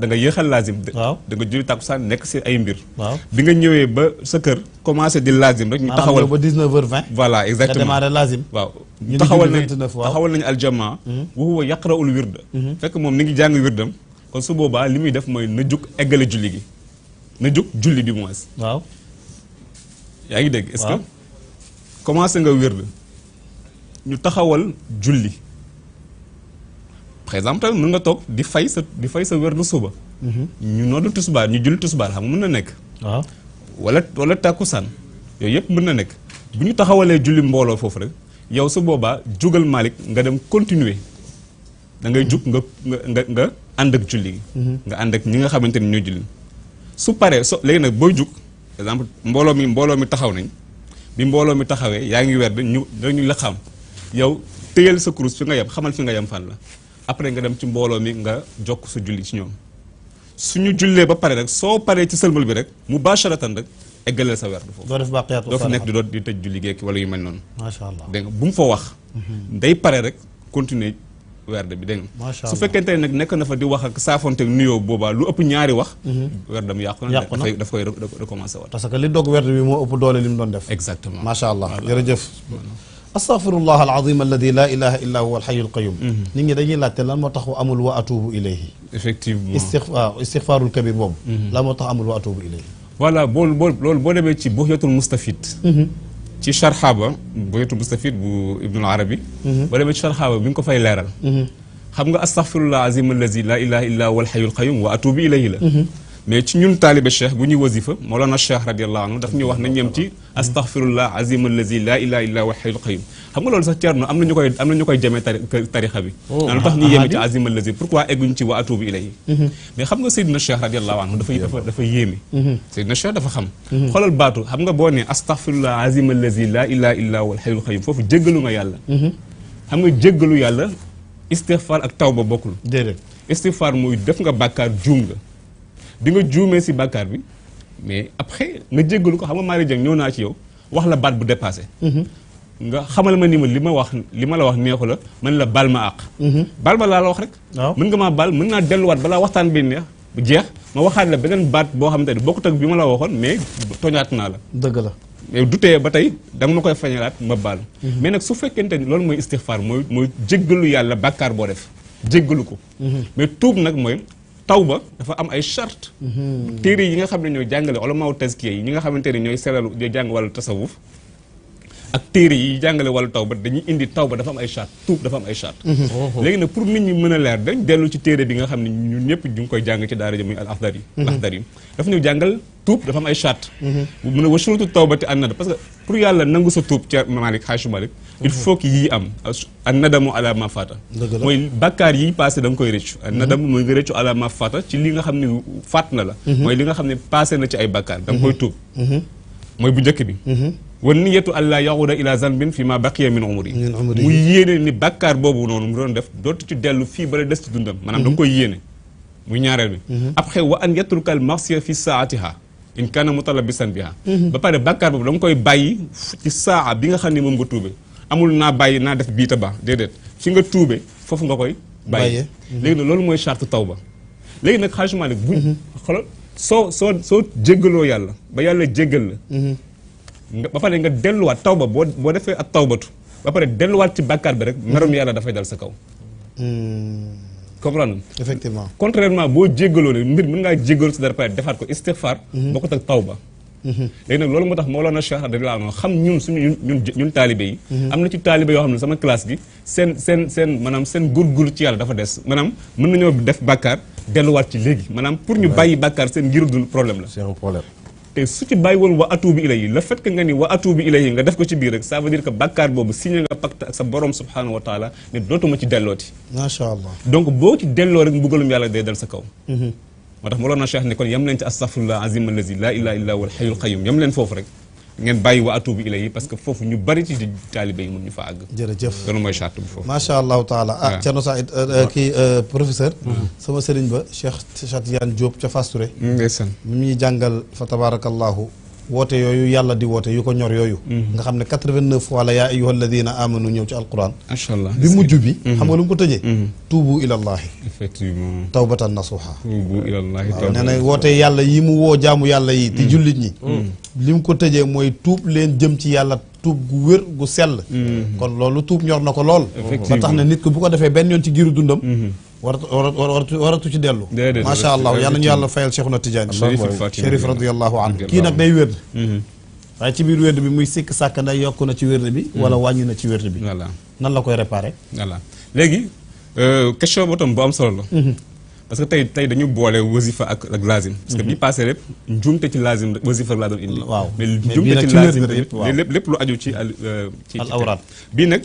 da nga yéexal lazim. waaw da nga julli tàkkusaan nekk si ay mbir. waaw bi nga ñëwee ba sa kër commencé di lazim rek. ñu taxawal ba 19h20. voilà exactement nga démarré lazim. waaw ñu taxawal nañ taxawal nañ aljamaa. Mhm. wa huwa yaqra'ul wirda. fekk moom ni ngi jàng wirdam kon su boobaa li muy def mooy na jug eggale julli gi. na jóg julli du moins. waaw. yaa ngi dégg. est-ce commencé nga wérd ñu taxawal julli par exemple mën nga toog di fay sa di fay sa wérd suba. Mhm. ñu noddu tisbaar ñu julli tisbaar xam nga mën na nekk. waaw wala wala tàkkusaan yooyu yëpp mën na nekk bu ñu taxawalee julli mbooloo foofu rek yow su boobaa jógal Malick nga dem continuer dangay ngay jug nga nga nga ànd ak julli. Mhm. nga ànd ak ñi nga xamante ni julli. su paree so léegi nag booy jug par exemple mbooloo mi mbooloo mi taxaw nañ bi mbooloo mi taxawee yaa ngi werd ñu dañu la xam yow téyal sa kurus fi nga yem xamal fi nga yem fan la après nga dem ci mbooloo mi nga jokk sa julli ci ñoom suñu jullee ba pare rek soo paree ci sëlmal bi rek mu baasharatan rek eggaleel sa werd foofu. doo def baaqiyaatu doo fi nekk di doon di tëj julli ki wala yu mel noonu. macha allah dégg nga bu mu fa wax. Mhm. day pare rek continuer. werde bi deng su fekkente nak nek na fa di wax ak saafonte nuyo boba lu upp ñaari wax werdam yakuna na daf koy recommencer wat parce que li dog werde bi mo upp doole lim don def exactement machallah yere jeuf astaghfirullah alazim alladi la ilaha illa huwa alxayu alqayum nit ñi dañuy laajte lan moo tax amul wa atubu ilayhi effectivement istigfaar istigfaarul kabir boobu lan moo tax amul wa atubu ilayhi voilà bool bool lol bo demé ci buxyatul mustafid ci charxaaba bu yetu mustafid bu ibn al arabi ba dem ci charxaaba bi ngi ko fay leral xam nga astaghfirullah azim allazi la ilaha illa huwa al hayy al qayyum wa atubu ilayhi mais ci ñun talibe cheikh bu ñuy wasifa moolana cheikh radiallahu anhu daf ñu wax na ñem ci astaghfirullah azim allazi la ilaha illa huwa xam nga loolu sax ceerno am am na ñu koy jamee tarixa bi oh, naan tax ñu yéeme wa atubu ilayhi mhm. mais xam nga Seydina Cheikh radiallahu anhu dafa dafa dafa yéeme mhm. Seydina Cheikh dafa xam mhm. xoolal baatu xam nga boo ne astaghfirullah azim allazi la ilaha illa huwa hayyul qayyum foofu jéggalu nga yàlla xam nga jéggalu yàlla si bàkkaar bi mais après nga jéggalu ko xam nga Marie Dieng ñëw naa ci yow wax la baat bu dépassé. Mhm. nga xamal ma ni ma li ma wax li ma la wax neexu la man la baal ma àq. Mhm. baal ma laa la wax rek. mën nga maa baal mën naa delluwaat balaa waxtaan bi neex bu jeex ma waxaat la beneen baat boo xamante ne bokkut ak bi ma la waxoon mais toñaat naa la. dëgg la. mais dutee ba tey danga ma koy fañalaat ma baal. Mhm. mais nag su fekkente ni loolu mooy istixfaar mooy mooy jéggalu yàlla bàkkaar boo def jéggalu ko. mais tuub taw ba dafa am ay charte mhm. téere yi nga xam ne ñooy jàngale olamaaw tazkiya yi ñi nga xamante ne ñooy selal jàng wàllu tasawuf ak téere yi jàngale wàllu taw ba dañuy indi taw ba dafa am ay charte tuub dafa am ay charte mm-hmm. léegi nag pour nit ñi mën a leer dañ dellu ci téere bi nga xam ne ñun ñëpp ñu ngi koy jàng ci daara ji muy al axdar yi laxdar yi dafa ñu jàngal tuub dafa am ay charte a mm-hmm. wasurutu tawbati an nadam parce que pour mm-hmm. mooy bàkkaar yi passé da koy rëccu an mooy nga rëccu ala ma ci li nga xam ne faat na la mooy li nga xam ne passé na ci ay bàkkaar da nga koy tuub mooy bu njëkk bi wal niyatu allaa yaxuda ila zanbin fi ma baqiya min umri mu yéene ni bàkkaar boobu noonu mu doon def dootu ci dellu fii ba des ci dundam maanaam da nga koy yéene muy ñaareel bi xew mhm. wa an yatruka al marsiya fi saatiha in kana mutalabisan biha mhm. ba pare bàkkaar boobu da koy bàyyi ci saa bi nga xam ne moom nga tuube amul naa bàyyi naa def bii ta ba déedéet fi nga tuube foofu nga koy bàyyi mhm. léegi nag loolu mooy taw ba léegi nag xajma nag bu xoolal soo soo soo jéggaloo yàlla ba yàlla jéggal la ba pare nga delluwaat tawba boo boo defee ak tawbatu ba pare delluwaat ci bàkkaar bi rek. merum mm-hmm. yàlla dafay dal sa kaw. Mm. comprendre effectivement contrairement boo jéggaloo ne mbir mën ngaa jéggalu si dara pare defaat ko istighfar. Mm-hmm. bokkut ak tawba. Mm-hmm. léegi nag loolu moo tax Mawlana Cheikh radiyallahu anhu xam ñun suñu ñun ñun taalibe yi. am na ci taalibe yoo xam ne sama classe gi seen seen seen maanaam seen góorgóorlu ci yàlla dafa des maanaam mën nañoo def bàkkaar delluwaat ci léegi maanaam pour ñu bàyyi bàkkaar seen ngir problème la. c'est un te su ci bàyyi woon wa atuubi ilayhi le fait que nga ni wa atuubi ilayhi nga def ko ci biir rek ça veut dire que bàkkaar boobu signé nga pacte ak sa borom subhanahu wa taala ne dootuma ci dellooti. macha allah donc boo ci delloo rek mbugalum yàlla day dal sa kaw. Mhm. moo tax Mawlana Cheikh ne kon yam leen ci astaghfirullah azim allazi la ilaha illa huwal hayyul qayyum yam leen foofu rek. ngeen bàyyi wa atuubu ilay yi parce que foofu ñu bari ci taalibe yi mun ñu fa àgg. jërëjëf loolu mooy charte bi foofu. macha allahu taala ah, ah. Thierno Saïd euh, euh, kii euh, professeur. Mm-hmm. sama sëriñ ba Cheikh Cheikh Tidiane Diop ca Fass Touré. Mm, ndeysaan mi ñuy jàngal fa tabaarakallahu woote yooyu yàlla di woote yu ko ñor yooyu mm-hmm. nga xam ne quatre-vingt-neuf fois la yaa ayyuha alladina amanu ñëw ci alquran macha allah bi mujj bi mm-hmm. xam nga lu mu ko tëjee mm-hmm. tuubu ilallahi effectivement tawbatan nasuha tuubu ilallahi nee na woote yàlla yi mu woo jaamu yàlla yi di jullit ñi li mu ko tëjee mooy tuub leen jëm ci yàlla tuub gu wér gu sell kon loolu tuub ñor na ko lool ba tax na nit ko bu ko defee benn yoon ci giiru dundam waratu waratu waratu ci dellu. déedéet macha allah yal nañu yàlla fayal Cheikhuna Tidiane. Chérif radiyallahu anhu kii nag day wérd. Mhm. waaye ci biir wérd bi muy sikk sàkk nday yokk na ci wérd bi. Mhm. wala wàññi na ci wérd bi. voilà nan la koy réparé. voilà léegi euh, question boo tam bu solo la. Mhm. parce que tey tey dañu boole wasifa ak ak laazim. parce que bii passé lépp njuumte ci laazim wasifa laa doon waaw mais njuumte ci laazim lépp lépp lu aju ci al. Euh, ci awraat bii nag.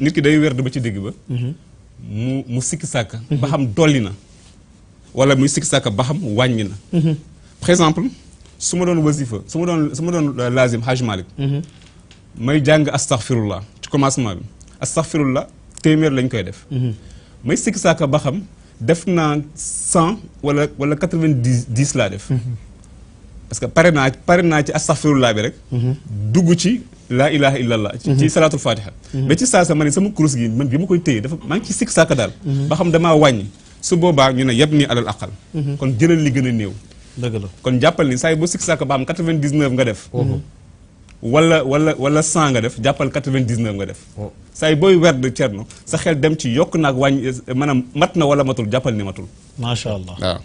nit ki day wérd ba ci digg ba. mu mu sikki sàkk ba xam dolli na wala muy sikki sàkk ba xam wàññi na par exemple su ma doon wasifa su ma doon su ma doon euh, lazim haj malik may jàng astaghfirullah ci commencement bi astaghfirullah téeméer lañ koy def may sikki sàkk ba xam def na cent wala wala quatre-vingt-dix laa def parce que pare naa pare naa ci astaghfirullah bi rek. dugg ci la ilaha illallah. ci salatul fatiha. mais ci saa sa ma sama kurus gi man bi ma koy téye dafa ma ngi ci sikk saaka dal ba xam dama wàññi su boba ñu ne yabni alal aqal. kon jëlal li gëna néew. deug la kon jàppal ni say yi boo sikk ba am 99 nga def. wala wala wala 100 nga def jàppal 99 nga def. say boy werd cerno sa xel dem ci yok nak wàññi manam matna wala matul jàppal ni matul. ma sha allah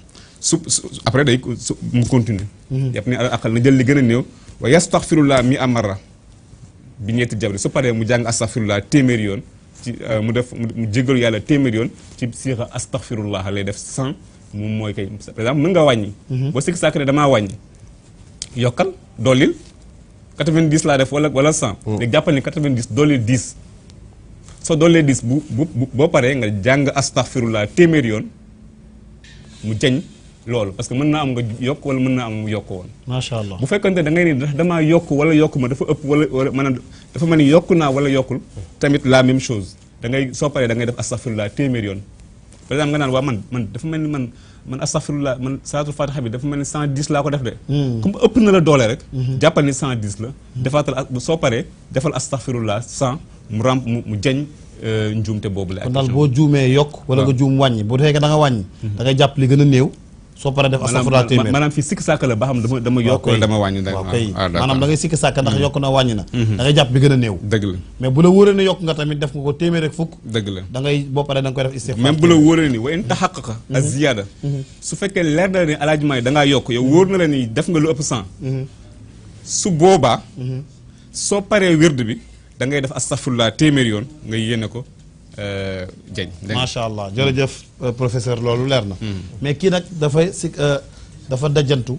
su après day mu continue yàpp mhm. ne àqal na jël li gën a néew wa yastaxfirullaa mi amara bi ñetti jabri su paree mu jàng astaxfirullaa téeméer yoon ci euh, mu def mu jégalu yàlla téeméer yoon ci siixa astaxfirullaa lay def sans moom mooy kay par mën nga wàññi mhm. boo damaa wàññi yokkal dollil 90 laa def wala wala 100 léegi jàppal ni 90 dollil 10 soo doolee bu bu paree nga jàng astaxfirullaa téeméer yoon mu jañ loolu parce que mën naa am nga yokk wala mën naa am mu yokk woon macha allah bu fekkante da ngay ni damaa yokk wala yokk ma dafa ëpp wala wala maanaam dafa mel ni yokk naa wala yokkul tamit la même chose dangay ngay soo paree da ngay def astafirullah yoon par exemple nga naan man man dafa mel ni man man astafirullah man salaatul fatiha bi dafa mel ni 110 laa ko def de hmm. comme ëpp na la doole rek hmm. jàppal ni 110 la defaatal soo paree defal astafirullah 100 mu ramp mu jañ euh, njuumte boobu la kon daal boo juumee yokk wala nga juum wàññi bu fekkee da nga hmm. da ngay jàpp li gën a néew soo paree def astafurlaa téeméer maanaam fii sikk sàkk la ba xam dama dama yokk dama wàññi ah, mhm. yokk na wàññi na mhm. jàpp bi gën a néew dëgg la mais bu la wóoree ne yokk nga tamit def nga ko téeméer rek fukk dëgg la da ngay boo paree da nga koy def istigfaar bu la wóoree ni wa in taxaqaqa mhm. a ziyaada su fekkee leer na la ne alaajuma yi da ngaa yokk yow wóor na def nga lu ëpp su boobaa soo paree wérd bi da ngay def astafurlaa téeméer yoon nga yéene ko Euh, Dieng. macha allah jërëjëf euh, professeur loolu leer na. Hmm. mais kii nag dafay si euh, dafa dajantu.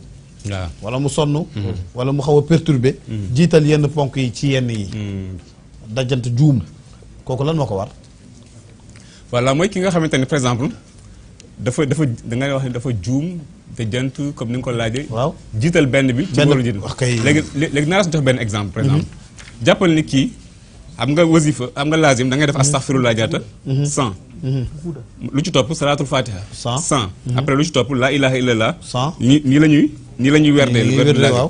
waaw wala mu sonn. Hmm. wala mu xaw a perturbé. Hmm. jiital yenn ponk yi ci yenn yi. dajant juum kooku lan moo ko war. voilà mooy ki nga xamante ne par exemple dafa dafa da ngay wax ne dafa juum dajant comme ni nga ko laajee. waaw jiital benn bi. ci góor ji léegi léegi naa la jox benn exemple. par exemple jàppal ni kii. am nga wasifa am nga laazim da ngay def mhm. astaghfirullah jaata. 100. Mhm. Mhm. lu ci topp salaatul fatiha. 100 100. après lu ci topp laa ilaha illallah. 100 nii nii la ñuy nii la ñuy werdeel. nii werdeel waaw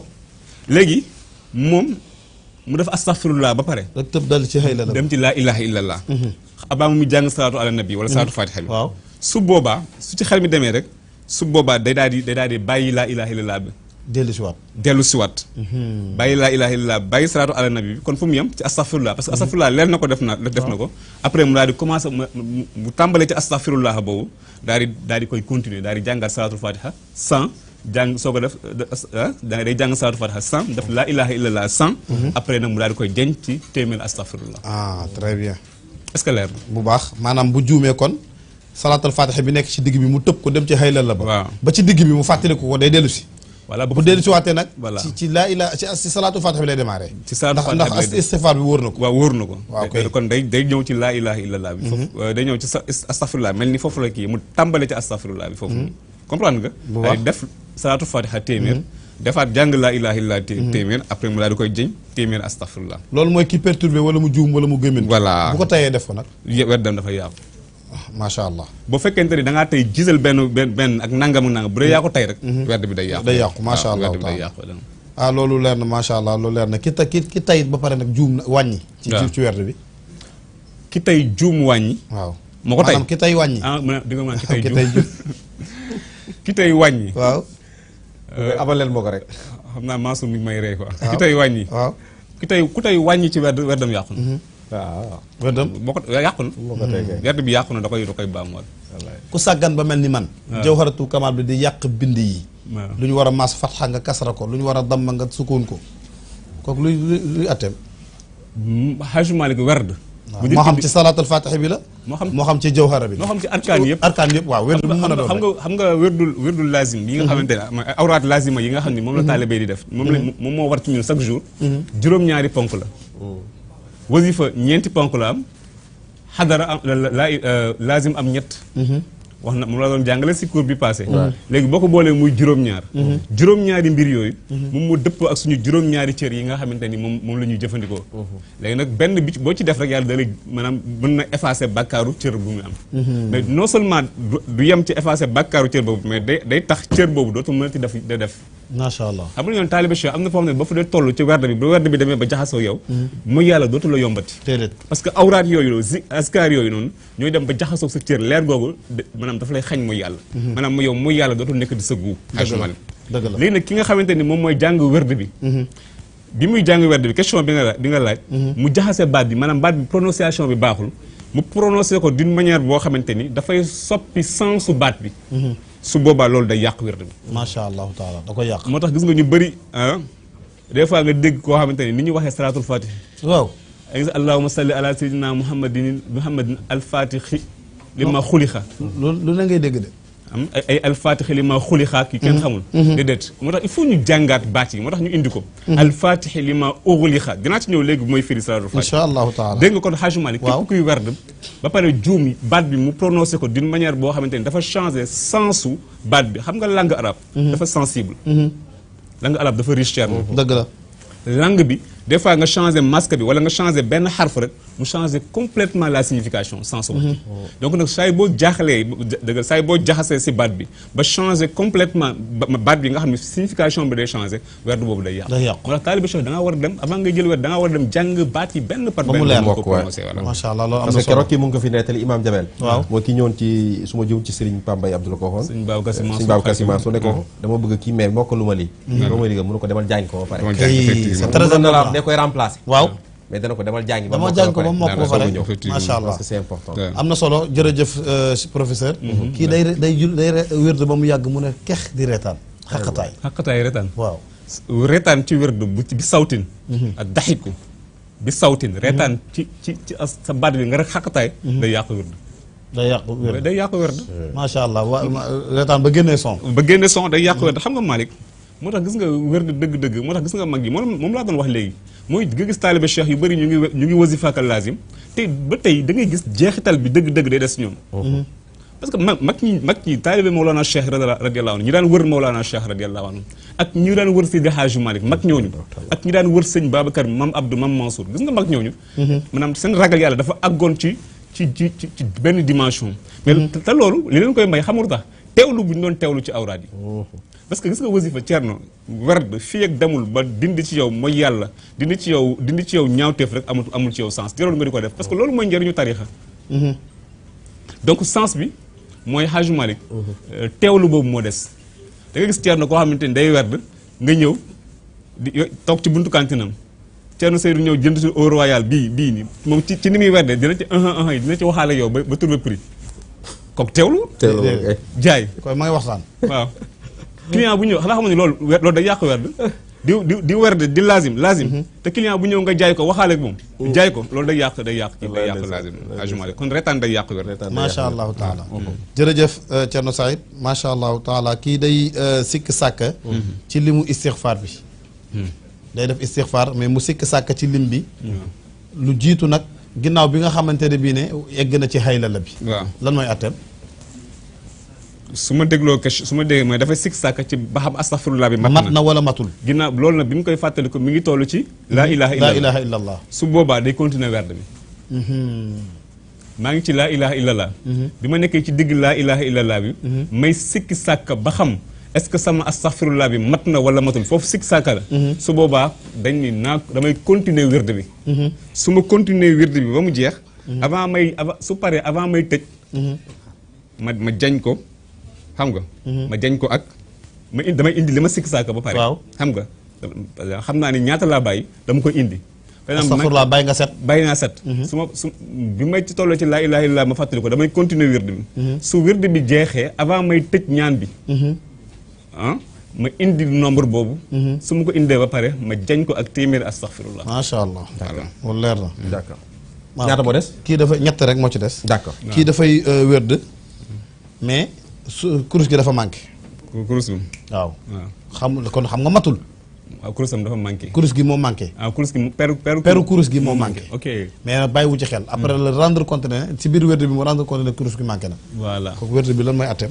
léegi moom mu def laa ba pare. rek tëb dal ci xayla la dem ci laa ilaha illallah. abaa mu jàng salaatu ala nabi wala salaatu fatiha bi. waaw su boobaa su ci xel mi demee rek su boobaa day daal di day daal di bàyyi laa ilaha illallah bi. dellu si waat dellu si waat mhm. bàyyi laa ilaha illallah bàyyi salaatu ala nabi bi kon fu mu yem ci astafirullah parce que mhm. astafirullah leer na ko def na def na ko après mu daal di commencé mu tàmbalee ci astafirullah boobu daal di daal di koy continuer daal di jàngaat salaatul fatiha sans jàng soo ko def ah, da day jàng salaatul fatiha def laa ilaha illallah sans mhm. après nag mu daal di koy denc ci téeméer astafirullah ah très bien est ce que leer bu baax maanaam bu juumee kon salaatul fatiha bi nekk ci digg bi mu tëb ko dem ci xaylal la ba ba ci digg bi mu fàttaliku ko day dellu si voilà bu dellu si waatee nag. voilà ci ci laa ilaa ci si salaatu fatiha bi lay démarré. ci salaatu fatiha bi wóor na ko. waaw wóor na ko. waaw kay kon day day ñëw ci laa ilaaha illallah bi. foofu mhm. euh, day ñëw ci sa astafurlah mel ni foofu la kii mu tàmbale ci astafurlah bi foofu. Mhm. comprendre nga. bu baax def salaatu fatiha téeméer. Mhm. defaat jàng laa ilaaha illallah téeméer après mu daal di koy jëñ téeméer astafurlah. loolu mooy ki perturbé wala mu juum wala mu gëmin. voilà bu ko tayee def ko nag. weddam dafa yàqu. Masya allah bu fekkente ni da nga tay gisel ben ben benn ak nangam nangam bu re ya ko tay rek mhm. werd bi day yaq day yaq macha allah werd bi day yaq ah lolou lern na allah loolu leer ki ta ki ki tayit ba pare nak joom wañi ci ci werd bi ki tay joom wañi waaw moo tay ki tay wañi ah di nga mën ki tay joom [LAUGHS] ki tay [LAUGHS] wañi waaw euh, abal leen moo rek xamna naa Mansour mi may re quoi ki tay wañi waaw ki tay ku tay wañi ci werd werdam yàqu waaw wërdam boo ko yàqul werd mm. bi yàqu na da koy da koy baamuwaat ku sàggan ba mel ni man jawharatul kamal bi di yàq bind yi lu ñu war a maas fatxa nga kasra ko lu ñu war a damm nga sukkoon ko kooku luy luy atteem xaju mm, malik werd moo xam ci salaatul fatiha la moo xam ci jawhara bi moo xam ci arkaan yëpp arkaan yëpp waaw wérdu a doon nga xam nga yi nga mhm. xamante ne awraat yi nga xam ne moom la mhm. taalibé di def moom mhm. moom moo war ci ñun chaque jour juróom-ñaari ponk la oh. wasifa ñeenti ponk la am xadara am la euh, laazim am ñett mhm. wax na moom la doon jàngale si cours bi passé mhm. léegi boo ko boolee muy juróom-ñaar mhm. juróom-ñaari mbir yooyu moom moo dëppoo ak suñu juróom-ñaari cër yi nga xamante ni moom moom la ñuy jëfandikoo léegi nag benn bi boo ci def rek yàlla da lay maanaam mën na effacer bàkkaaru cër bu muy am mais non seulement du yem ci effacer bàkkaaru cër boobu mais day day tax cër boobu dootul mën a ti def def macha allah am na yoon taalibe cheikh am na foo xam ne ba fu dee toll ci werd bi bu werd bi demee ba jaxasoo yow mm-hmm. mu yàlla dootu la yombati parce awraat yooyu zi yooyu noonu ñooy dem ba jaxasoo sa cër leer googu maanaam dafa lay xañ mu yàlla mm-hmm. maanaam mu yow mu yàlla dootul nekk di sa guu ajmal léegi nag mooy jàng werd bi mm-hmm. bi muy jàng werd bi question bi nga la bi nga laaj mu jaxase baat bi maanaam baat prononciation bi baaxul mu prononcé ko d'une manière boo xamante ni dafay soppi sensu baat bi su boobaa loolu day yàq wird bi. macha allahu taala da ko yàq. moo tax gis nga ñu bëri ah des fois nga dégg koo xamante ni ni ñu waxee salaatul fatih. waaw. ay gis allahumma salli ala sayyidina muhammadin muhammadin al fatixi. li ma xulixa. loolu lu la ngay dégg de. ay alfatixi li ma xuli xaak yu kenn mhm. xamul mhm. déedéet moo tax il faut ñu jàngaat baat yi moo tax ñu indi ko mhm. alfatixi li ma uxuli xaak dinaa ci ñëw léegi bu mooy firi salaatul faatix incha nga kon Hajj Malick képp kuy werd ba pare juum baat bi mu prononcé ko d'une manière boo xam nga langue arabe dafa sensible langue arabe dafa riche dëgg la langue bi des fois nga changer masque bi wala nga changer ben harf rek mu changer complètement la signification sens wax mm-hmm. oh. donc nak say bo jaxlé deug say bo jaxassé ci bat bi ba changer complètement bat bi nga xamni signification bi day changer werd bobu day yàqu. wala yàqu moo da nga war dem avant nga jël werd da nga war dem jang baat yi benn par benn. ba mu leer ko prononcé voilà. macha allah loolu am na parce que keroog kii mu ngi fi nettali imam jabel mo ki ñëwoon ci suma ma ci Serigne Pambay Abdoulaye ko waxoon. Serigne babou Sy Serigne babou Sy Mansour ne ko mm-hmm. dama bëgg kii mais moo li lu ma lii. lu mm-hmm. ma lii nga mënu ko demal jàng ko ba pare. da koy remplacer. waaw mais dana ko damal jàngi. ba jàng ko ba mokk ba pare macha allah parce que c'est important. am na solo jërëjëf euh, professeur. Mm-hmm. kii day day jul day wérd ba mu yàgg mu ne kex di reetaan. xaqataay xaqataay reetaan. waaw reetaan ci wérd bu bi sawtin. Mm-hmm. ak daxiku bi sawtin. Mm-hmm. reetaan ci ci ci sa baat bi nga rek xaqataay. day yàq wérd. day yàq wérd day yàq wérd. macha allah wa reetaan ba génnee son. ba génnee son day yàq wérd xam nga Malick. moo tax gis nga wér di dëgg-dëgg moo tax gis nga mag yi moom laa doon wax léegi mooy nga gis taalibe cheikh yu bëri ñu bi dëgg-dëgg day des mhm. parce que mag mag ñi mag ñi taalibe Mawlana Cheikh radiallahu anhu ñi daan wër Mawlana Cheikh radiallahu anhu ak ñi daan wër Seydi Hadji Malick mag ñooñu ak ñi daan wër sëñ Babacar Mam Abdou Mam Mansour gis nga mag ñooñu mhm. maanaam seen ragal yàlla dafa àggoon ci ci ci ci benn dimension mais mhm. te loolu li leen koy may xamul tax teewlu bu ñu doon teewlu ci awraad yi parce que gis nga wasifa cerno werd fii ak demul ba dindi ci yow mooy yàlla dindi ci yow dindi ci yow ñaawteef rek amul amul ci yow sens jarul nga di ko def parce que loolu mooy njëriñu mm-hmm. donc sens bi mooy Hajj Malik mm-hmm. euh, teewlu boobu moo des da nga gis cerno koo xamante ni day werd nga ñëw di toog ci buntu kantinam Thierno Seydou ñëw jënd suñu eau royal bii bii nii moom ci ci ni muy werde dina ci un un yi dina ci waxaale yow ba ba trouver prix kooku teewlu. jaay. koy ma ngi waxtaan. waaw client bu ñëw xanaa xamuñu loolu lool loolu day yàq weer di di di weer de di lazim lazim. Mhm. te client bu ñëw nga jaay ko waxaale ak moom. jaay ko loolu day yàq day yàq kii day yàq lazim. ajumaale kon retaan day yàq weer. macha allahu taala. Ah, mm-hmm. jërëjëf euh, Thierno Saïd macha allahu taala kii day euh, sikk sàkk. Mm-hmm. ci limu istixfaar bi. Mm-hmm. day def istixfaar mais mu sikk sàkk ci lim bi. lu jiitu nag. ginnaaw bi nga xamante ne bii ne egg na ci xayla la bi. waaw lan mooy atteem. su ma dégloo question su ma déggee mooy dafa sikk sàkk ci baxam astafurlah bi. mat na mat wala matul. ginnaaw loolu nag bi mu koy fàttaliku mi ngi tollu ci. laa ilaha illallah laa ilaha illallah. su boobaa de continuer werd bi. Mm-hmm. maa ngi ci laa ilaha illallah. Mm-hmm. bi ma nekkee ci digg laa ilaha illallah bi. Mm-hmm. may sikki sàkk ba xam. est-ce que sama astaghfirullah bi mat na wala matul foofu sikk sàkka la mhm. su boobaa dañ ni naa damay continuer wird bi mhm. su ma continuer wird bi ba mu jeex mhm. avant may avant su paree avant may tëj ma ma jañ ko xam nga ma jañ ko ak ma indi damay indi li ma sikk sàkka ba pare xam nga xam naa ni ñaata laa bàyyi dama koy indi astaghfirullah bàyyi nga set bàyyi naa set su ma su bi ci tolloo ci laa ma fàttali ko damay continuer wird bi su wird bi jeexee avant may tëj ñaan bi ah ma indi nombre boobu. Mhm. su ma ko indee ba pare ma jañ ko ak téeméeri astaghfirullah. macha allah d'accord leer na. d'accord ñaata moo des. kii dafa ñett rek moo ci des. d'accord kii dafay euh, wérd mais su kurus gi dafa manqué. kurus bi waaw. Ah. xam kon xam nga matul. waaw kurusam dafa manqué. kurus gi moo manqué. Ah, kurus gi peru kurus gi moo manqué. mais nag ci xel. après hmm. le rendre compte si biir wérd bi mu rendre compte ne kurus gi manqué na. voilà bi lan mooy atteem.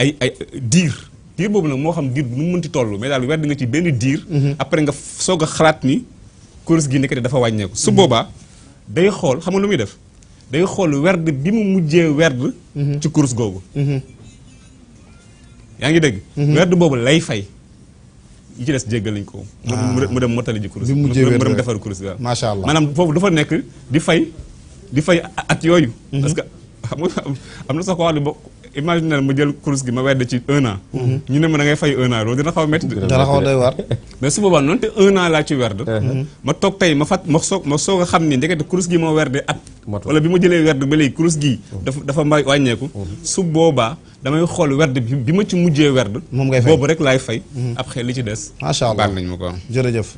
ay ay dir dir bobu nak mo xam dir bu nu mu ti tollu mais dal wedd nga ci benn dir mhm. après nga soga xalat ni course gi nekk dafa wàññeeku. su boba day xol xam nga lu muy def day xol werd bi mu mujjé werd. Mhm. ci course googu. ya ngi deg werd bobu lay fay. yi ci des jéggal lañ ko. Ah. mu dem motali ji course. bi mu mujjee werd dem defar course ga ma sha allah manam fofu dafa nek di fay di fay at yoyu parce que xam nga am na sax ko imaginer ma jël course gi ma wedd ci un mhm. ñu ne ma da fay un loolu dina xaw a métti dina xaw a doy waar mais su boobaa noonu te un laa ci werd mhm. ma toog tey ma fat ma soog ma soog a xam ni ndekete course gi moo werde at wala bi ma jëlee werd ba léegi course gi mhm. dafa dafa may wàññeeku su boobaa damay xool werd bi bi ma ci mujjee werd moom ngay fay boobu rek laay fay après li ci des macha allah baal nañ ma ko jërëjëf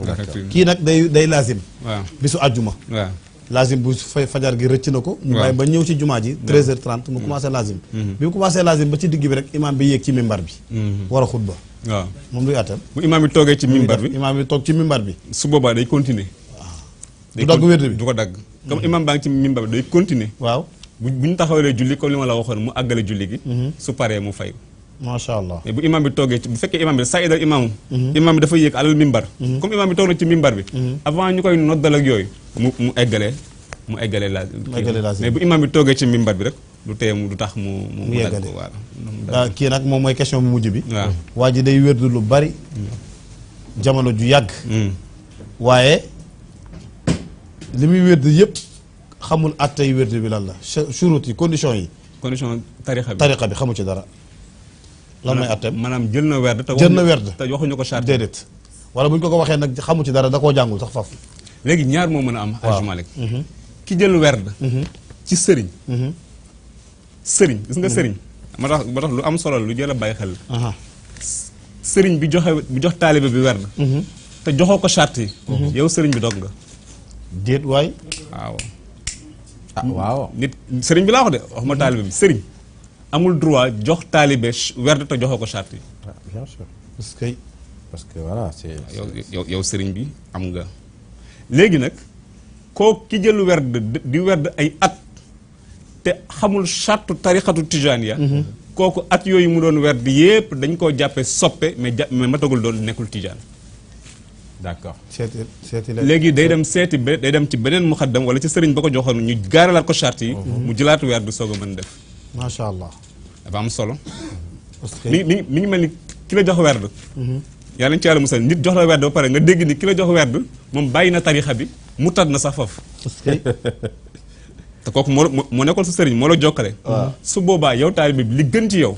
kii nag day day laasim waaw bisu àjjuma waaw lazim bu fay fajar gi rëcc na ko mu bàyyi ba ñëw ci jumaa ji 13h30 mu mm. commencé lazim mm-hmm. bi mu commencé lazim ba ci digg bi rek imam bi yéeg ci mimbar bi mm-hmm. war a xutba waaw moom luy àttal bu imam bi toogee ci mimbar bi imam bi toog ci mimbar bi su boobaa day continuer ah. du dagg wérde bi du ko dagg comme mm-hmm. imam baa ngi ci mimbar bi day continuer waaw bu ñu taxawalee julli comme li ma la waxoon mu àggale julli gi su paree mu fay macha allah bu imam bi toogee bu fekkee imam bi saidal imaamu mhm. imam bi dafa yéeg alal mimbar mhm. comme imam bi toog na ci mimbar bi mhm. avant ñu koy noddal ak yooyu mu mu eggalee mu eggalee laa mais bu imam bi toogee ci mimbar bi rek lu teye mu du tax mu mu yeggale waaw kii nag moom mooy question bu mujj bi waaw waa ji day wérdu lu bari mm. jamono ju yàgg mm. waaye li muy wérdu yëpp xamul attey wérdu bi lan la churuut yi condition yi condition tarixa bi tarixa bi xamu ci dara lan mooy atteem maanaam jël na werd jël na werd te waxuñu ko charte déedéet wala bu ñu ko ko waxee nag xamu ci dara da koo jàngul sax faf léegi ñaar moo mën a am Hajji Malick mhm. ki jël werd mhm. ci sëriñ mhm. sëriñ gis nga sëriñ ma tax ma tax lu am solo lu jël a bàyyi xel sëriñ bi joxe bi jox taalibe bi werd te joxoo ko charte yi yow sëriñ bi dog nga déet waay waaw ah waaw nit sëriñ bi laa wax de wax ma bi sëriñ amul droit jox taalibe werd te joxoo ko charte yi. Ah, parce que voilà ah, yow sëriñ bi am nga. léegi nag koo ki jël werd di werd ay at te xamul charte tarixatu tijaaniya mhm. mhm. kooku at yooyu mu doon werd yépp dañ koo jàppee soppe mais ja mais matagul doon nekkul tijaan. d'accord seeti seeti la léegi day dem seeti ba day dem ci beneen muxaddam wala ci sëriñ ba ko joxoon ñu gaaralaat ko charte yi. Mhm. mu jëlaat werd soog a mën def. macha allah. dafa am solo. mi mi mi ngi mel ni ki la jox werd. Mhm. yàlla nañu ci yàlla musal nit jox la werd ba pare nga dégg ni ki la jox werd moom bàyyi na tarixa bi mu tad na sax foofu. te kooku moo moo nekkoon sa sëriñ moo la jokkale. su boobaa yow taalibe bi li gën ci yow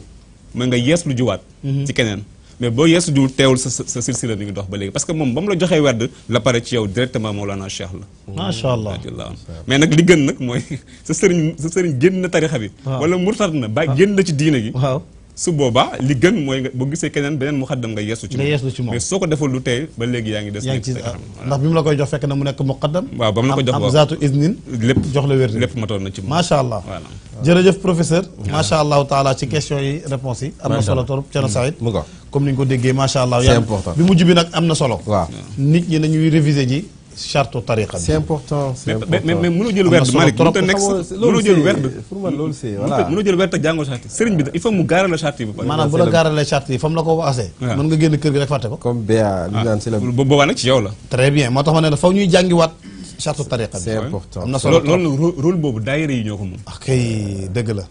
mooy nga yees lu jiwaat. Mhm. ci keneen. mais boo yeesu juul teewul sa sa silsila mi ngi dox ba léegi parce que moom ba mu la joxee werd la pare ci yow directement Mawlana Cheikh la macha allah mais nag li gën nag mooy [LAUGHS] sa sëriñ génn na tarixa bi wala murtat na ba ah. génn na ci diina gi su boobaa li gën mooy nga boo gisee keneen beneen muqaddam nga yeesu ci moom mais soo ko defal lu tey ba léegi yaa ngi des ah, ndax bi mu la koy jox fekk na mu nekk muqaddam waaw ba mu la ko jox am zaatu iznin lépp jox la wér allah taala ci question yi réponse yi am na solo torop Thierno mm. comme c'est important solo. tariqa c'est important c'est important mais jël pour de c'est Il faut il faut mu la charte le la charte Il faut la ko comme Béa ah, la. très bien faut la tariqa c'est important C'est rôle daayira la.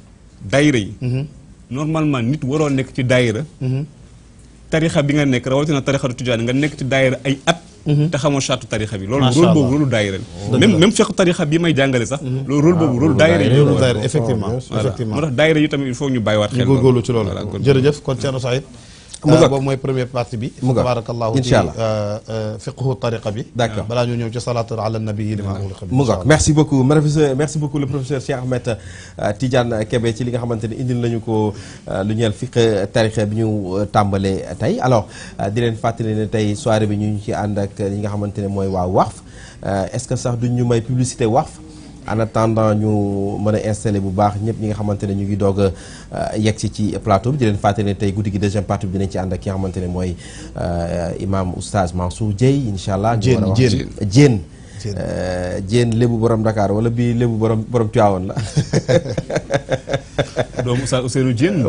daayira yi. Mhm. normalement nit tarixa bi nga nekk rawatina tarixa du tijaan nga nekk ci daayira ay at mhm. te xamoo charte tarixa bi loolu rôle boobu rôle daayira la même tarixa bi may jàngale sax mhm. loolu rôle boobu rôle daayira yi moo tax daayira yi tamit il faut ñu bàyyiwaat xel boobu mooy première partie bi fa tabarakallahu ci fiqhu tariqa bi d'accord balaa ñu ñëw ci salaatu ala nabi yi limaa uliqa bi mu ngoog merci beaucoup professeur merci beaucoup le professeur Cheikh Ahmed Tidiane Kébé ci li nga xamante ne indil nañu ko lu ñeel fiq tariqa bi ñu tàmbale tey alors di leen fàttali ne tey soirée bi ñu ngi ci ànd ak li nga xamante ne mooy waa Waqf est-ce que sax duñ ñu may publicité Waqf en attendant ñu mën a installé bu baax ñëpp ñi nga xamante ne ñu ngi doog a euh, yegg si ci plateau bi di leen fàttali tey guddi gi deuxième partie bi dinañ ci ànd ak ki nga xamante ne mooy euh, imam oustaz Mansour Dieye incha allah. jéen jéen jéen euh, lébu borom Dakar wala bi lébu borom borom Tiwaawan la. [LAUGHS] doomu Oustaz Ousseynou Dieng.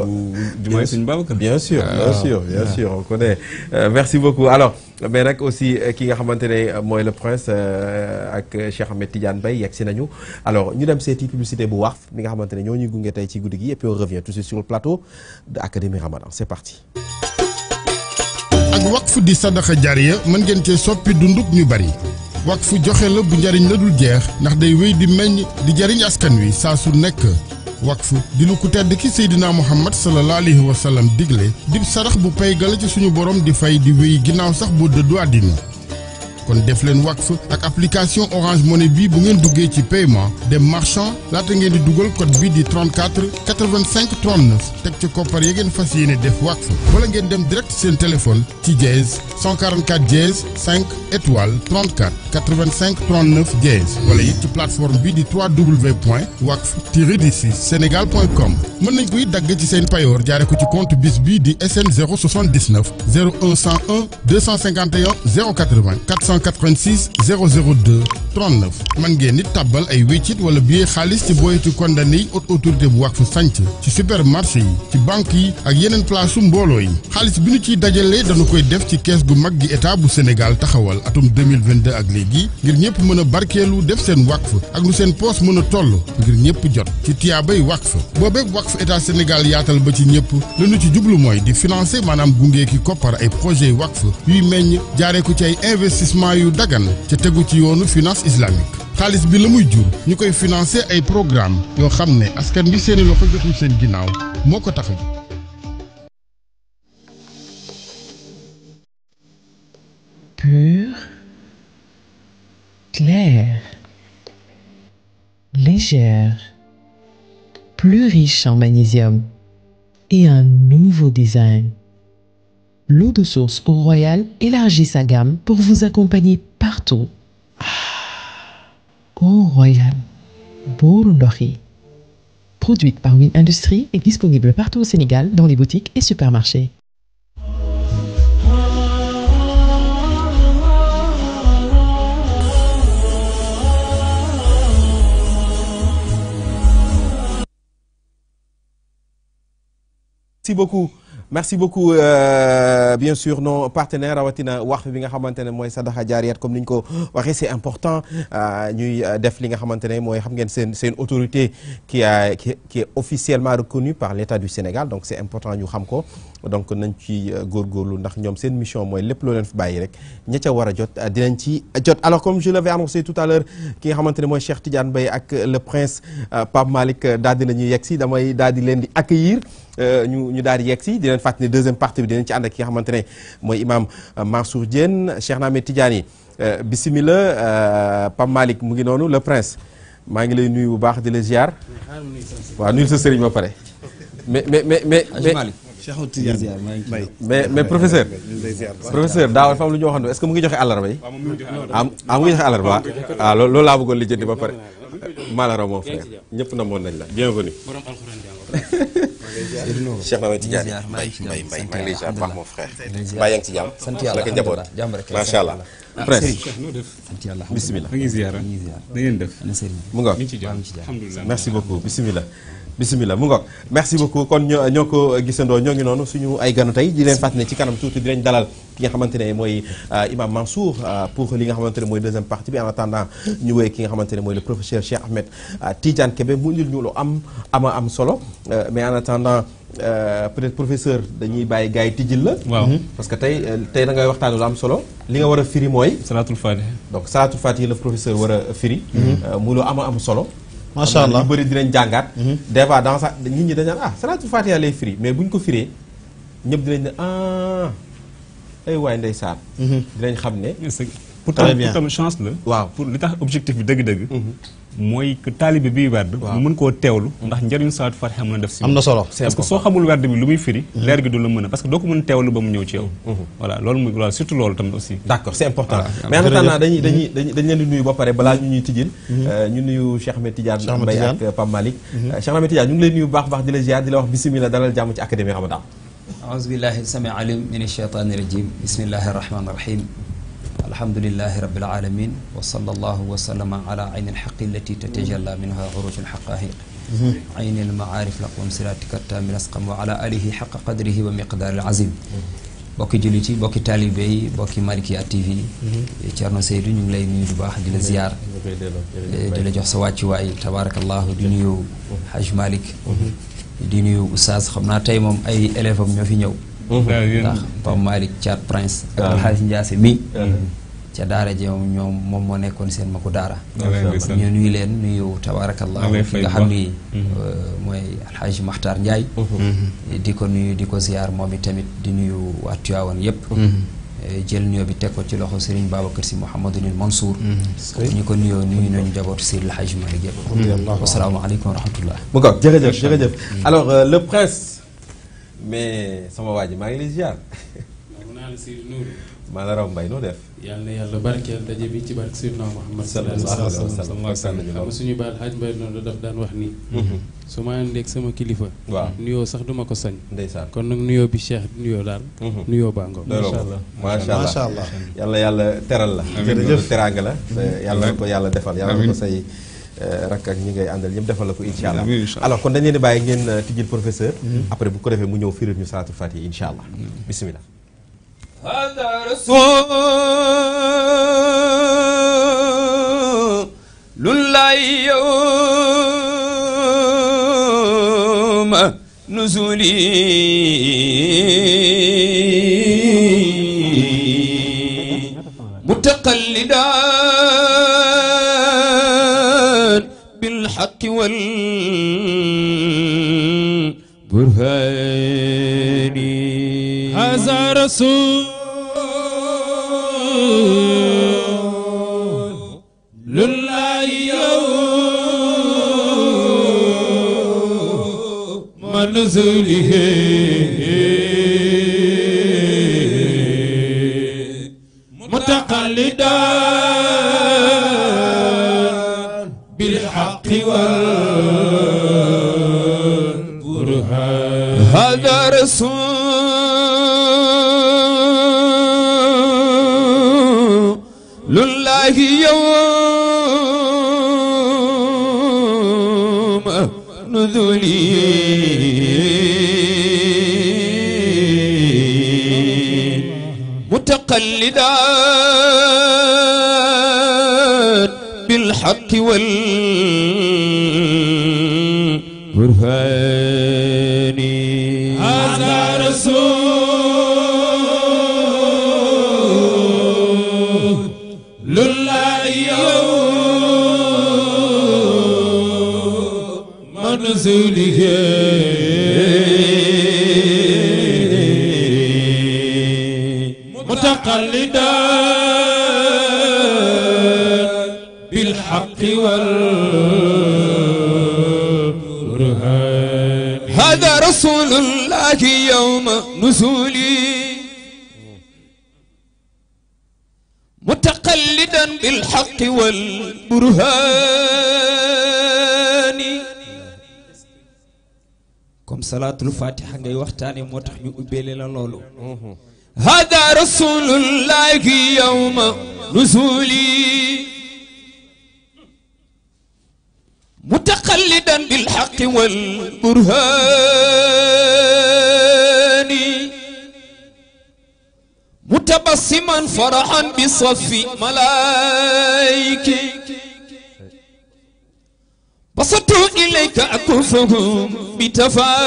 Du suñu Babacar. bien sûr ah, bien sûr bien ah. sûr on connaît euh, merci beaucoup alors mais nag aussi euh, ki nga xamante moy le prince ak Cheikh Ahmed Tidiane Bay yegg si nañu alors ñu dem seeti publicité bu wax mi nga xamante ne ñoo ñuy gunge tey ci guddi gi et puis on revient tout de suite sur le plateau de Académie Ramadan c'est parti. ak wakfu di sadaka jariya man ngeen ci soppi dunduk ñu bari. wakf joxe la bu njariñ la dul jeex ndax day wéy di meññ di jariñ askan wi saa su nekk wakf di lu ku tedd ki seydinaa muhammad sallallahu alayhi wa sallam digle dib sarax bu pay gala ci suñu borom di fay di wéy ginnaaw sax bu dëddu àddina kon def len avec ak application Orange Money bi bu ngeen duggee ci paiement marchands marchands te ngeen di google code bi di 34 85 39 tek ci koppar ya ngeen fas def Waqf wala ngeen dem direct un téléphone ci dièse 144 5 étoile 34 85 39 10 wala yit ci plateforme bi di 3w point tiré d'ici sénégal point com mën nañ koy dagg ci sen payor jaare ko ci compte bis bi di SN 079 0101 251 080 400 886 002 39 man ngeen nit tàbbal ay wéccit wala billet xaalis ci boyetu condamné yi haute autorité bu Waqf Santh ci supermarché Tu ci banque yi ak place mbooloo yi xaalis bi ñu ciy dajalee dañu koy def ci kees gu mag état bu Sénégal taxawal atum 2022 ak léegi ngir ñëpp mën a barkeelu def seen Waqf ak nu seen poos mën a toll ngir ñëpp jot ci tiyaabay Waqf boobeeg Waqf état Sénégal yaatal ba ci ñëpp lu ci jublu di financer Madame Bungé ki koppar ay projet wakf yuy meññ jaaree ko ci ay investissement financement yu dagan ci tegu ci yoonu finance islamique xaalis bi la muy jur ñu koy financer ay programme yoo xam ne askan bi seeni loxo jotul seen ginnaaw moo ko tax pur, clair légère, plus riche en magnésium et un nouveau design. L'eau de source au Royal élargit sa gamme pour vous accompagner partout. Ah. Au Royal, Borundori. Produite par Win Industries et disponible partout au Sénégal dans les boutiques et supermarchés. Merci beaucoup merci beaucoup euh, bien sûr nos partenaires rawatina wax bi nga xamante ne mooy comme ni ko c'est important euh, ñuy euh, def li nga xamante c'est une autorité qui a qui, est officiellement reconnue par l'État du Sénégal donc c'est important ñu xam ko donc nañ ci euh, góorgóorlu ndax une mission mooy lépp loo Bayerek. fi bàyyi rek ña ca war jot alors comme je l'avais annoncé tout à l'heure ki nga xamante ne mooy Cheikh Tidiane Bey ak le prince Pape Malik, daal di yaksi, yegg si damay accueillir nous euh, ñu daal deuxième partie imam Mansour euh, euh, le prince mais mais mais mais mais professeur. est-ce que vous ngi ah, malheureusement bienvenue. Cheikh Mame Tidiane Mbaye Mbaye Mbaye maa ngi lay ziar baax mon frère mbaa yaa ngi ci jàmm sant yàlla allah presse sant yàlla bismillah da ngeen def mu nga ci merci beaucoup bismillah bisimilah mu ngoog merci beaucoup kon ñoo ñoo ko gisandoo ñoo ngi noonu suñu ay ganu tey di leen fàttali ne ci kanam tuuti dinañ dalal ki nga xamante ne mooy euh, imam Mansour euh, pour li nga xamante ne mooy deuxième partie bi en attendant ñu woy ki nga xamante ne mooy le professeur Cheikh Ahmed euh, Tidiane Kébé mu indil ñu lu am ama am solo mais en attendant peut-être professeur dañuy bàyyi gars yi tijjil la. waaw mm-hmm. parce que tey tey na ngay waxtaan lu am solo. li nga war a firi mooy. salaatul faatiha donc salaatul faatiha la professeur war a firi. Mm-hmm. mu lu ama am solo. macha allah ñu bëri dinañ jàngaat mhm. des fois dans ça nit ñi dañ naan ah salaatul fatiha lay firi mais buñ ko firee ñëpp dinañ ne ah ay waay ndeysaan mhm. dinañ xam ne pour tam chance la waaw pour li tax objectif bi dëgg-dëgg mhm. mooy que bi werd mu mën koo teewlu ndax njëriñu salaatu fatiha mën a def si lu muy firi mhm. leer gi du mu ñëw ci yow mhm. voilà loolu ak Pape Malick euh, Cheikh Ahmed Tidiane ñu ngi leen nuyu baax baax di la ziar di la wax bisimilah dalal jàmm ci académie Ramadan aouzu billahi sami alim min acheytaani rajim bismillahi rahmaani rahim alhamdulilahi rabil alamin wa sallallahu wa sallama ala ayni alxaqi allati tatajalla minha xuruj alxaqaahiq ayni almaarif laqwam siratika tamil asqam wa ala alihi xaqa qadrihi wa miqdaari alazim bokki jullit yi bokki taalibe yi bokki Malikia TV Thierno Seydou ñu ngi lay nuyu bu baax di la ziyaar eh, di la jox sa wàccuwaay tabaarakallahu di nuyu Haj Malik di nuyu Oustaz xam naa tey moom ay élève am ñoo fi ñëw Mhm. ndax Pape Malick Thiat Prince ak ah. Alxaaji Ndiaase mi ah. ca daara jeew ñoom moom moo nekkoon seen ma ko daara ah, ñu nuyu leen nuyu tabarakallah fi nga xam ni mhm. euh, mooy alxaaji Maxtaar Njaay mhm. eh, di ko nuyu di ko ziyaar moom i tamit di nuyu waa Tiwaawan yépp eh, jël nuyoo bi teg ko ci loxo Serigne Babacar si Mouhamadunil Mansour. ñu ko nuyoo nuyu nañu njabootu Seydil Hadji Malick yépp. asalaamaaleykum wa rahmatullah. bu ko jërëjëf jërëjëf alors euh, le prince. mais sama waa ji maa ngi lay ziar. waaw la raw mbay noo def. yàlla na yàlla barkeel daje bi ci barke Seydina Muhammad. sallallahu alayhi wa sallam wa sallam xam suñu baal xaaj mbay noonu daf wax nii. Mhm. su ma àndeeg sama kilifa. waaw nuyoo sax duma ko sañ. ndeysaan kon nag nuyoo bi Cheikh nuyoo daal. Mhm. nuyoo bàngoo. macha allah macha allah yàlla yàlla teral la. amiin jërëjëf teraanga la. yàlla na ko yàlla defal yàlla na ko say. Euh, rak ak ñi ngay àndal ñëpp defal la ko incha allah kon dañ leen di bàyyi ngeen euh, tijjil professeur mm-hmm. après bu ko defee mu ñëw firil ñu salaatul fatiha incha allah mm-hmm. bismillah lullahi yawma nuzuli mutaqallidan الحق والبرهان هذا رسول لله يوم منزله مقلدات بالحق والبرهان هذا رسول لله يوم منزله الميدان بالحق والبرهان هذا رسول الله يوم نزولي متقلدا بالحق والبرهان كم صلاة الفاتحة ngay waxtane motax mi لولو هذا رسول الله يوم نزولي متقلدا بالحق والبرهان متبسما فرحا بصف ملائكي بسطوا إليك أكفهم بتفاني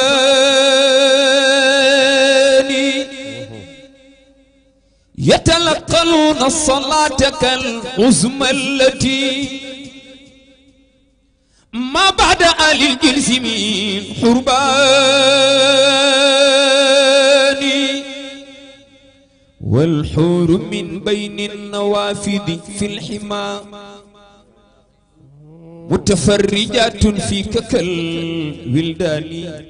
يتلقون الصلاة العظمى التي ما بعد آل الجنس من حربان والحور من بين النوافذ في الحمى متفرجات فيك كالولدان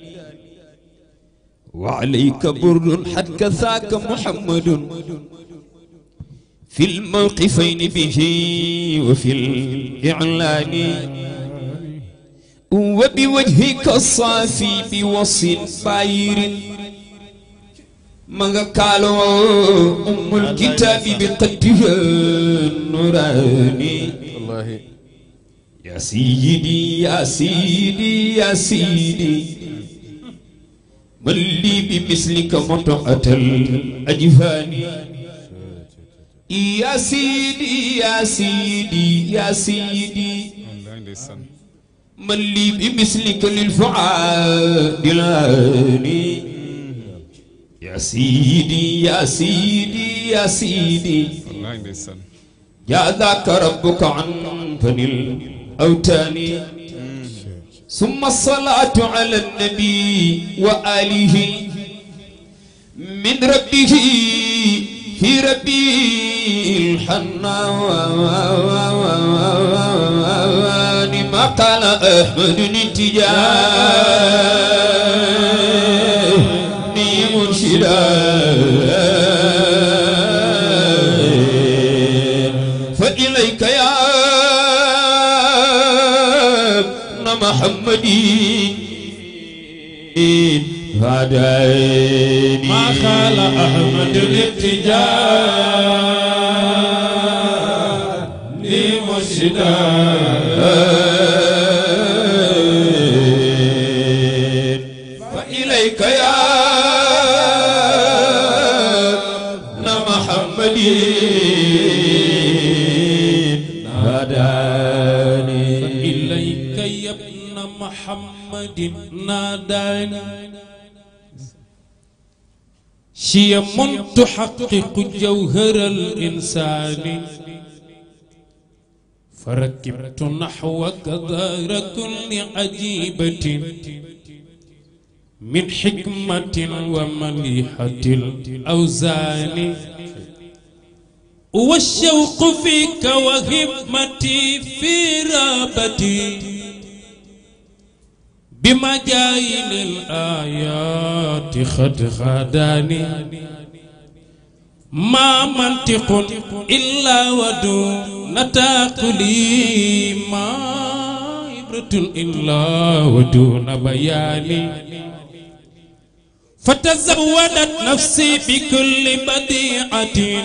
وعليك بر حد كساك محمد في الموقفين به وفي الإعلان وبوجهك الصافي بوصي باير ما قالوا أم الكتاب بقدها النوراني يا سيدي يا سيدي يا سيدي ملي بمثلك مطعة الأجفان يا سيدي يا سيدي يا سيدي ملي بمثلك للفعاد العاني يا سيدي يا سيدي يا سيدي يا ذاك ربك عن فن الأوتاني ثم الصلاة على النبي وآله من ربه في ربي الحنان ما قال أحمد التجاني مرشدا فإليك محمدي هداني ما قال أحمد الابتجاء لمرشدا فإليك يا محمد نادانا شي من تحقق جوهر الإنسان فركبت نحو كدار كل عجيبة من حكمة ومليحة الأوزان والشوق فيك وهمتي في رابتي بمجاين الآيات خد خداني ما منطق إلا ودون نتاقلي ما عبرة إلا ودون بياني فتزودت نفسي بكل بديعة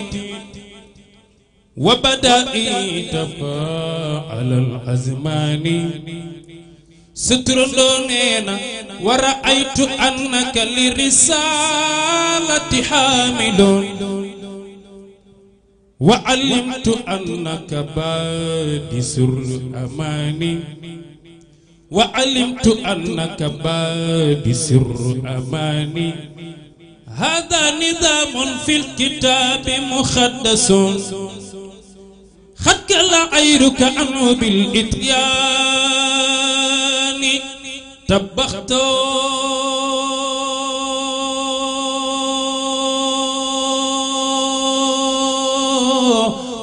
وبدأي تفاعل الأزمان suturandoo nee na wa raaytu annaka li risalati xaamiloon wa alimtu annaka baadisul amaani wa alimtu annaka baadisul amaani هذا نظام في الكتاب مخدس خدك لا عيرك عنه بالإتيان تبخت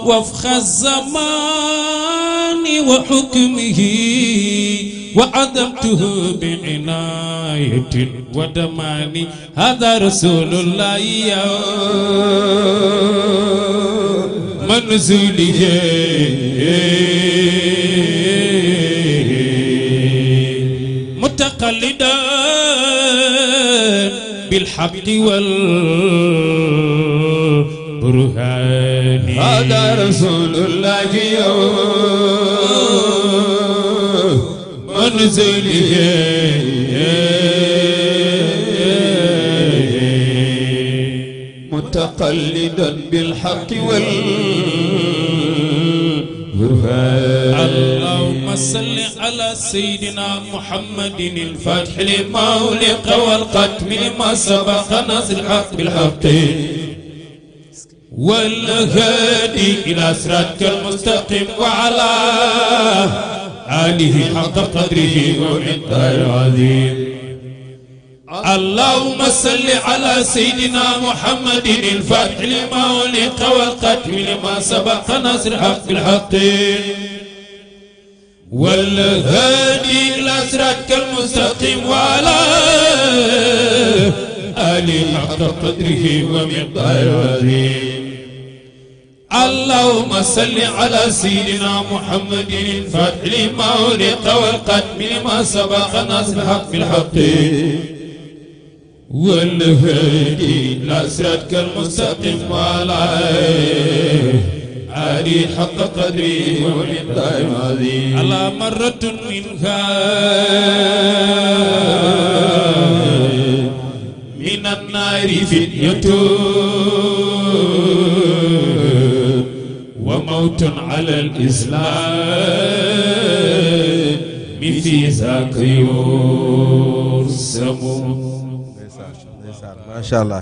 وفخ الزمان وحكمه وعدمته بعناية ودماني هذا رسول الله منزله مقلدا بالحق والبرهان هذا رسول الله يوم منزله متقلدا بالحق والبرهان اللهم صل على سيدنا محمد الفاتح لما أغلق والقتم لما سبق نزل الحق بالحق والهادي إلى صراطك المستقيم وعلى آله حق قدره وعند العظيم اللهم صل على سيدنا محمد الفاتح لما أغلق والقتل لما سبق نزل الحق بالحق والهادي الأسرك المستقيم وعلى آله حق قدره ومقداره اللهم صل على سيدنا محمد الفاتح لما أغلق والقدم لما سبق الناس الحق بالحق والهادي لأسرتك المستقيم وعلى آله داري حق قدري ومقدار عظيم على مرة منها من النار فتنة وموت على الإسلام في ذاك يرسم ما شاء الله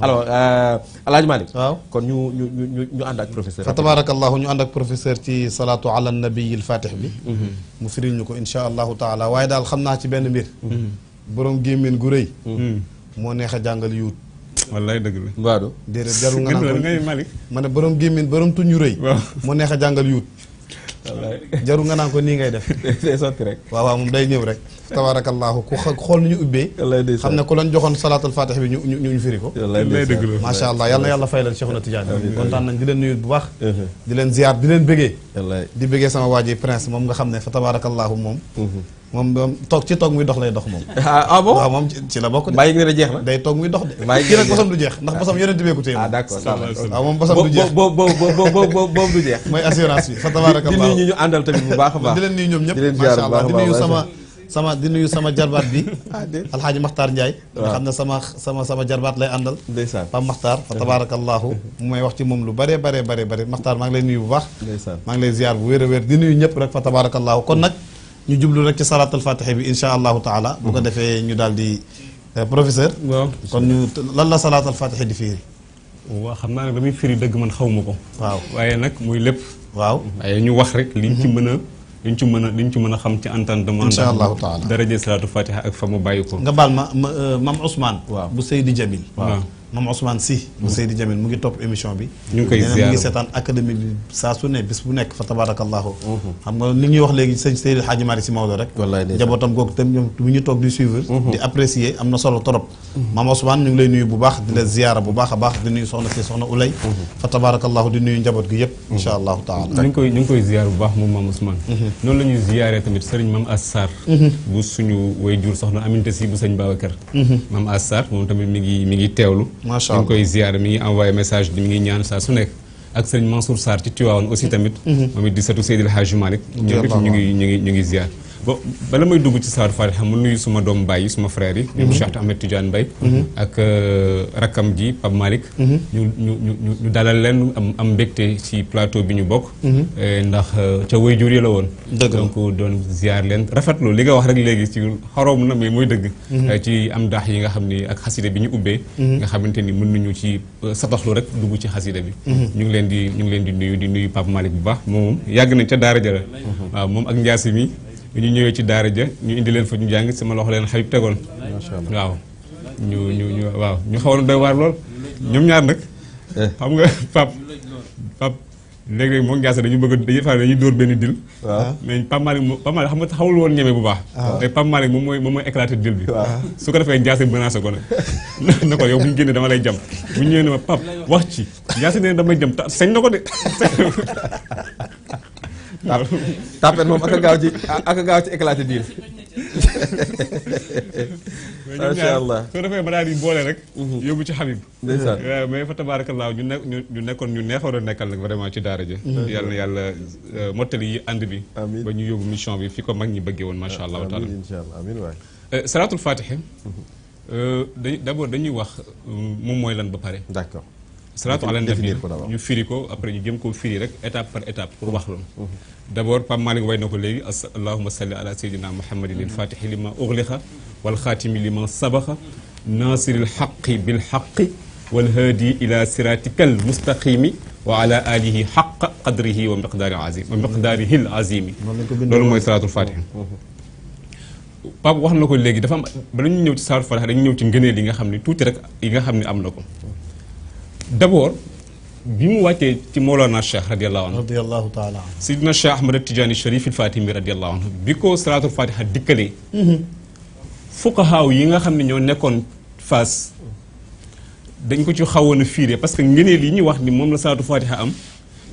alors Alaaji Malick kon ñu ñu ñu ñu ànd ak professeur fa tabarakallahu ñu ànd ak professeur ci salaatu ala nabiyil fatih bi mu firil ñu ko insha allahu taala waaye daal xam naa ci benn mbir borom gémmiñ gu rëy moo neex a jàngal yuut wallaay dëgg la waado déedéet jarul nga naan ko ngay Malick ma ne borom gémmiñ borom tuñu rëy moo neex a jàngal yuut jaru nga naan ko nii ngay def. [LAUGHS] day sotti rek. waaw waaw moom day ñëw rek. tabaarakallaahu ku xool nu ñu ubbee. xam ne ku leen joxoon salaatul fatix bi ñu ñu ñu firi ko. macha allah yal yàlla fay leen Cheikhuna Tidiane. kontaan nañ di leen nuyu bu baax. Uh-huh. di leen ziar di leen bëggee. di bëggee sama waa ji prince moom nga xam ne fa tabaarakallaahu moom uh-huh. moom moom toog ci toog muy dox lay dox moom. ah, ah bon waaw moom ci la bokk de. mbaa yëg ne jeex na day toog muy dox de. mbaa yëg ne nag bosam du jeex ndax bosam yonent bee ko téye. ah d'accord waaw ah, moom bosam du jeex bo bo bo bo boobu du jeex. [LAUGHS] mooy assurance bi fa tabaaraka Allah di nuyu ñu àndal tamit bu baax a baax. di leen nuyu ñoom ñëpp macha allah di nuyu sama. sama di nuyu sama jarbaat bi [LAUGHS] ah, alxaaji maxtaar Ndiaye nga xam ne sama sama sama jarbaat lay àndal ndeysaan Pam maxtaar fa tabaarakallaahu mu [LAUGHS] may wax ci moom lu bëree bëree bëree bëri maxtaar maa ngi lay nuyu bu baax maa ngi lay ziar bu wér a wér di nuyu ñëpp rek fa tabaarakallaahu kon nag ñu jublu rek ci salaatul fatiha bi insha allahu taala bu ko defee ñu daal di professeur waaw kon ñu lan la salaatul fatiha di fiiri waaw xam naa nag damay firi dëgg man xaw ma ko waaw waaye nag muy lépp waaw waaye ñu wax rek liñ ci mën a liñ ci mën a liñ ci mën a xam ci entendement insha allahu taala daraje salaatul fatiha ak fa mu bàyyi ko nga baal ma mam Ousmane waaw bu Seydi Jamil waaw moom Ousmane Sy bu mu ngi topp émission bi ñu ngi koy ziar mu ngi seetaan académique bi mhm. ñuy wax léegi sëñ Seydi Hadji Malick Sy Maodo rek njabootam googu tam ñoom bu ñu toog di mhm. mhm. ngi bu baax di la ziara baax a baax di nuyu soxna si soxna Ulay fa tabarakallahu di nuyu njaboot gi yëpp insha allahu taala ñu ngi koy ñu ngi koy ziar bu baax moom maam Ousmane noonu la ñuy tamit sëriñ maam Assar bu suñu way jur soxna Aminata Sy bu sëñ Babacar maam Assar moom tamit mi ngi mi ngi teewlu macha allah ñu ngi koy ziar mi ngi envoyé message di mu ngi ñaan saa su nekk. ak sëriñ Mansour Sarr ci Tiwaawan aussi tamit. Mhm. moom it di sëtu Seydil Hadji Malick. ñoom it ñu ngi ñu ngi ñu ngi ziar. bon bala may dugg ci Saaru Faatiha mu nuyu suma doom baay yi suma frère yi. Mhm. ñoom Cheikh Ahmed Tidiane Mbaye. Mhm. ak euh, rakkam ji Pape Malick. Mhm. ñu ñu ñu dalal leen am am mbégte ci plateau bi ñu bokk. Euh, ndax euh, ca jur yi la woon. donc doon ziar leen rafetlu li nga wax rek léegi ci xaroom na mais mooy dëgg. ci am daax yi nga xam ni ak xasida bi ñu ubbee. nga xamante ni mën nañu ci sataxlu rek dugg ci xasida bi. ñu ngi leen di ñu ngi leen di nuyu di nuyu Pape Malick bu baax moom yàgg nañ ca daara ja waaw moom ak Ndiass mi. bi ñu ñëwee ci daara ja ñu indi leen fa ñu jàng sama loxo leen xayib tegoon waaw ñu ñu ñu waaw ñu xaw na doy waar lool ñoom ñaar nag eh. xam nga pap pap léeg-léeg moom Ndiassane dañu bëgg dañuy faral dañuy dóor benn dil mais Pape Malick moom Pape Malick xam nga woon ñeme bu baax te ah. Pape Malick mooy moom mooy éclaté dil bi su ko defee Ndiassane menacé ko nag [LAUGHS] na ko yow bu ñu génnee dama lay jam bu ñu ñëwee ne ma Pape wax ci Ndiassane nee damay jam ta sañ na ko de [LAUGHS] tàppet moom ak a gaaw ci ak a gaaw ci éclaté diir. [LAUGHS] soo defee ma daal boole rek. Mhm. yóbbu ci Habib. ndeysaan eh, mais fa tabaarakallaa ñu ne ñu nekkoon ñu neexoon a nekkal vraiment ci daara ji. Mhm. yàlla yàlla eh, mottali yi ànd bi. ba ñu yóbbu mission bi fi ko mag ñi bëggee woon macha allah. amiin incha allah amiin waay. Eh, salaatul fatiha. Mhm. dañuy d' abord dañuy wax mm, moom mooy lan ba pare. accord. سرات على النفير يفيري كو أبرد يجيم كو فيري رك إتاب بر إتاب كو بخلون بام مالك وين كو لي اللهم صل على سيدنا محمد الفاتح لما أغلقه والخاتم لما سبقه ناصر الحق بالحق والهادي إلى سراتك المستقيم وعلى آله حق قدره ومقدار عظيم ومقداره العظيم لولو موي صلاة الفاتحة باب واخ نكو لغي دا فام با نيو تي سار فال دا نيو تي غنيل ليغا خامني توتي رك ليغا خامني ام نكو d'abord bi mu wàccee ci Mawlana Cheikh radiyallahu anhu. radiyallahu taala anhu. Sidina Cheikh Ahmad Tidiane Cherif Fatimi radiyallahu anhu bi ko salaatul fatiha dikkalee. Mhm. fuqahaaw yi nga xam ne ñoo nekkoon fas dañ ko ci xawoon fiire parce que ngeneel yi ñuy wax ni moom la salaatu fatiha am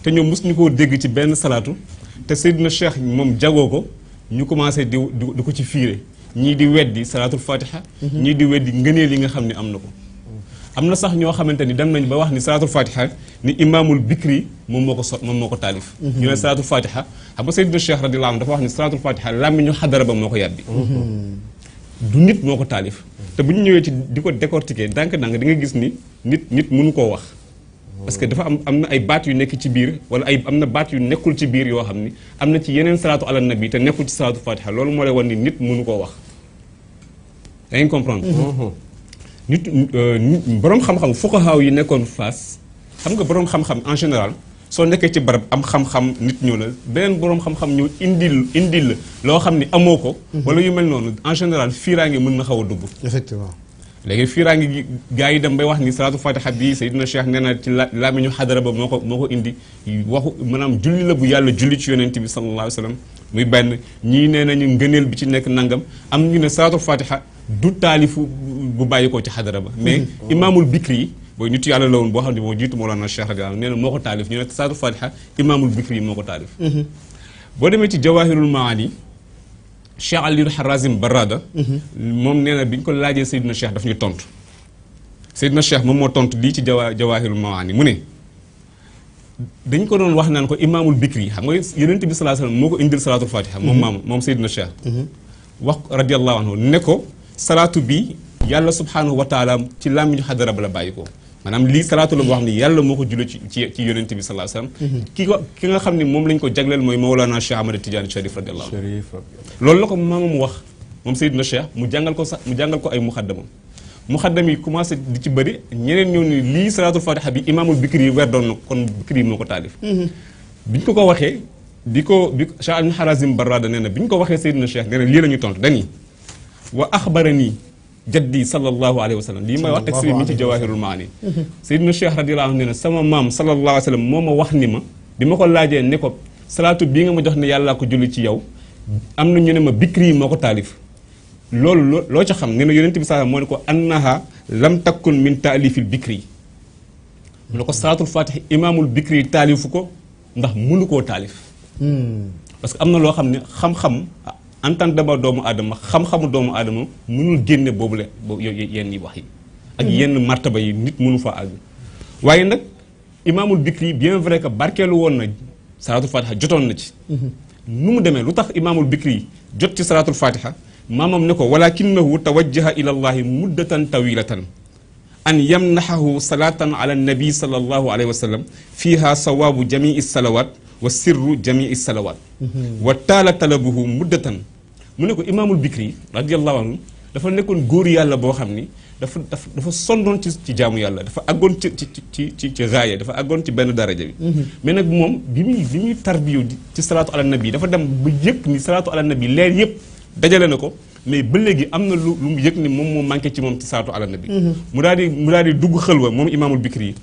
te ñoom mos ñu koo dégg ci benn salaatu te Sidina Cheikh moom jagoo ko ñu commencé di di ko ci fiire ñii di weddi salaatul fatiha. Mhm. ñii di weddi ngeneel yi nga xam ni am na ko. amna sax ño xamanteni dem nañ ba wax ni salaatul fatiha ni imamul bikri mom moko ko so moom moo ñu ne salaatul fatiha xam nga sayyidu Cheikh radiyallahu anhu dafa wax ni salaatul fatiha làmmiñu hadara ba moko yàbbi du nit moko talif te buñu ñëwé ci diko décortiquer dànk-dànk di nga gis ni nit nit mënu ko wax parce que dafa am amna ay baat yu nekk ci biir wala ay amna na baat yu nekkul ci biir yo xamni amna ci yenen salatu ala nabi te nekkul ci salatu fatiha loolu mo lay won ni nit mënu ko wax da comprendre Euh, nit boroom xam-xam fuqahaaw yi nekkoon Fass xam nga borom xam-xam en général soo nekkee ci barab am xam-xam nit ñëw la beneen borom xam-xam ñëw indi indil la loo xam ni amoo ko. Mhm. wala yu mel noonu en général fiiraange mën na xaw a dugg. effectivement léegi fiiraange gi gaa yi dem bay wax ni salaatu fatiha bi Seydina Cheikh nee na ci la làmmiñu xadara ba moo ko moo ko indi waxu maanaam julli la bu yàlla julli ci yonent bi sallallahu alayhi wa sallam muy benn ñii nee nañu ngëneel bi ci nekk nangam am ñu ne salaatu du talifu bu bayiko ci xadara ba mais imamul bikri yi booy nitu yàlla lawon bo xamni xam jitu moo jiitu Cheikh Ragal neena moko talif ñu ne saatu fatiha imamul bikri moko talif bo demé ci jawahirul maani Cheikh ali Harazim Barada mom neena biñ ko laaje Seydina Cheikh daf ñu tontu Seydina Cheikh mom mo tontu li ci jawahirul maani mune dañ ko doon wax nan ko imamul bikri xam nga yenent sallallahu alayhi wasallam moko indil salaatul fatiha mom maam moom Seydina Cheikh wax radiyallahu anhu ne ko salaatu bi yàlla subhaanahu wa taala ci làmmiñu xadara ba la bàyyi ko maanaam lii salaatu la boo xam ne yàlla moo ko julli ci ci ci yonent bi sallallahu alayhi wasallam mm-hmm. ki ko ki nga xam ne moom lañ ko jagleel mooy Mawlana Cheikh loolu la ko maamam wax moom Seydina Cheikh mu jàngal ko sax mu jàngal ko ay muxaddamam muxaddam yi commencé di ci bëri ñeneen ñëw ni lii salaatul fatiha bi imaamul bikri yi weer doon na kon bikri yi moo ko taalif mm-hmm. biñ ko ko waxee di ko bi Cheikh Ibn Harazim Barrada nee na bi ñu ko waxee Seydina Cheikh nee na lii la tontu dañi واخبرني جدي صلى الله عليه وسلم لما وقت سيدنا مي جواهر المعاني سيدنا الشيخ رضي الله عنه سما مام صلى الله عليه وسلم موما واخني ما بما كو لاجي نيكو صلاه بيغا ما جوخني يالا كو جولي سي ياو امنا ني نما بكري مكو تاليف لول لو تخم نينا يونت بي صلاه مونيكو انها لم تكن من تاليف البكري مونيكو صلاه الفاتح امام البكري تاليفكو نده مونيكو تاليف امم باسكو امنا لو خامني خام خام en tant que dama doomu aadama xam-xamu doomu aadama mënul génne boobu la yenn yi wax yi ak yenn martaba yi nit mënu fa àgg waaye nag imamul bikri bien vrai que barkeelu woon na salaatul fatiha jotoon na ci nu mu demee lu tax imaamul bikri jot ci salaatul fatiha maamam ne ko walakinahu tawajjaha ila allahi muddatan tawilatan an yamnaxahu salatan ala nabi sal allahu alayhi wa sallam fiha sawaabu jamii salawat wa sirru jamii salawat wa taala talabuhu muddatan mu ne ko imaamul bikri radiyallahu anhu dafa nekkoon góor yàlla boo xam ni dafa dafa dafa sonnoon ci ci jaamu yàlla dafa àggoon ci ci ci ci ci raaya dafa aggoon ci benn daraja bi mhm. mais nag moom bi muy bi muy tarbiyu ci salaatu ala nabi dafa dem ba yëg ni salaatu ala leer yëpp dajale na ko mais ba léegi am na lu lu mu yëg ni moom moo manqué ci moom ci salaatu ala mhm. mu daal di mu daal di dugg xëlwa moom imaamul bikri yi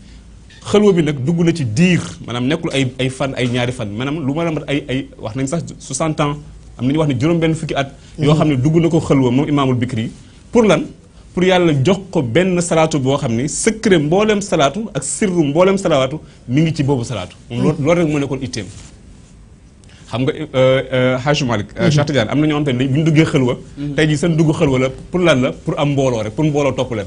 xalwa bi nag dugg na ci diir maanaam nekkul ay ay fan ay ñaari fan maanaam lu ma ay ay wax nañ sax 60 am nañu wax ni juróom benn fukki at yoo xam ne dugg na ko xëlwa moom imaamul bikri pour lan pour yàlla jox ko benn salaatu boo xam ne secret mbooleem salaatu ak sirru mbooleem salaatu mi ngi ci boobu salaatu loolu loolu rek moo nekkoon itteem xam nga Haji malik Cheikh Tidiane am na ñoo xam te ne bu ñu duggee xëlwa tey jii seen dugg xëlwa la pour lan la pour am mbooloo rek pour mbooloo topp leen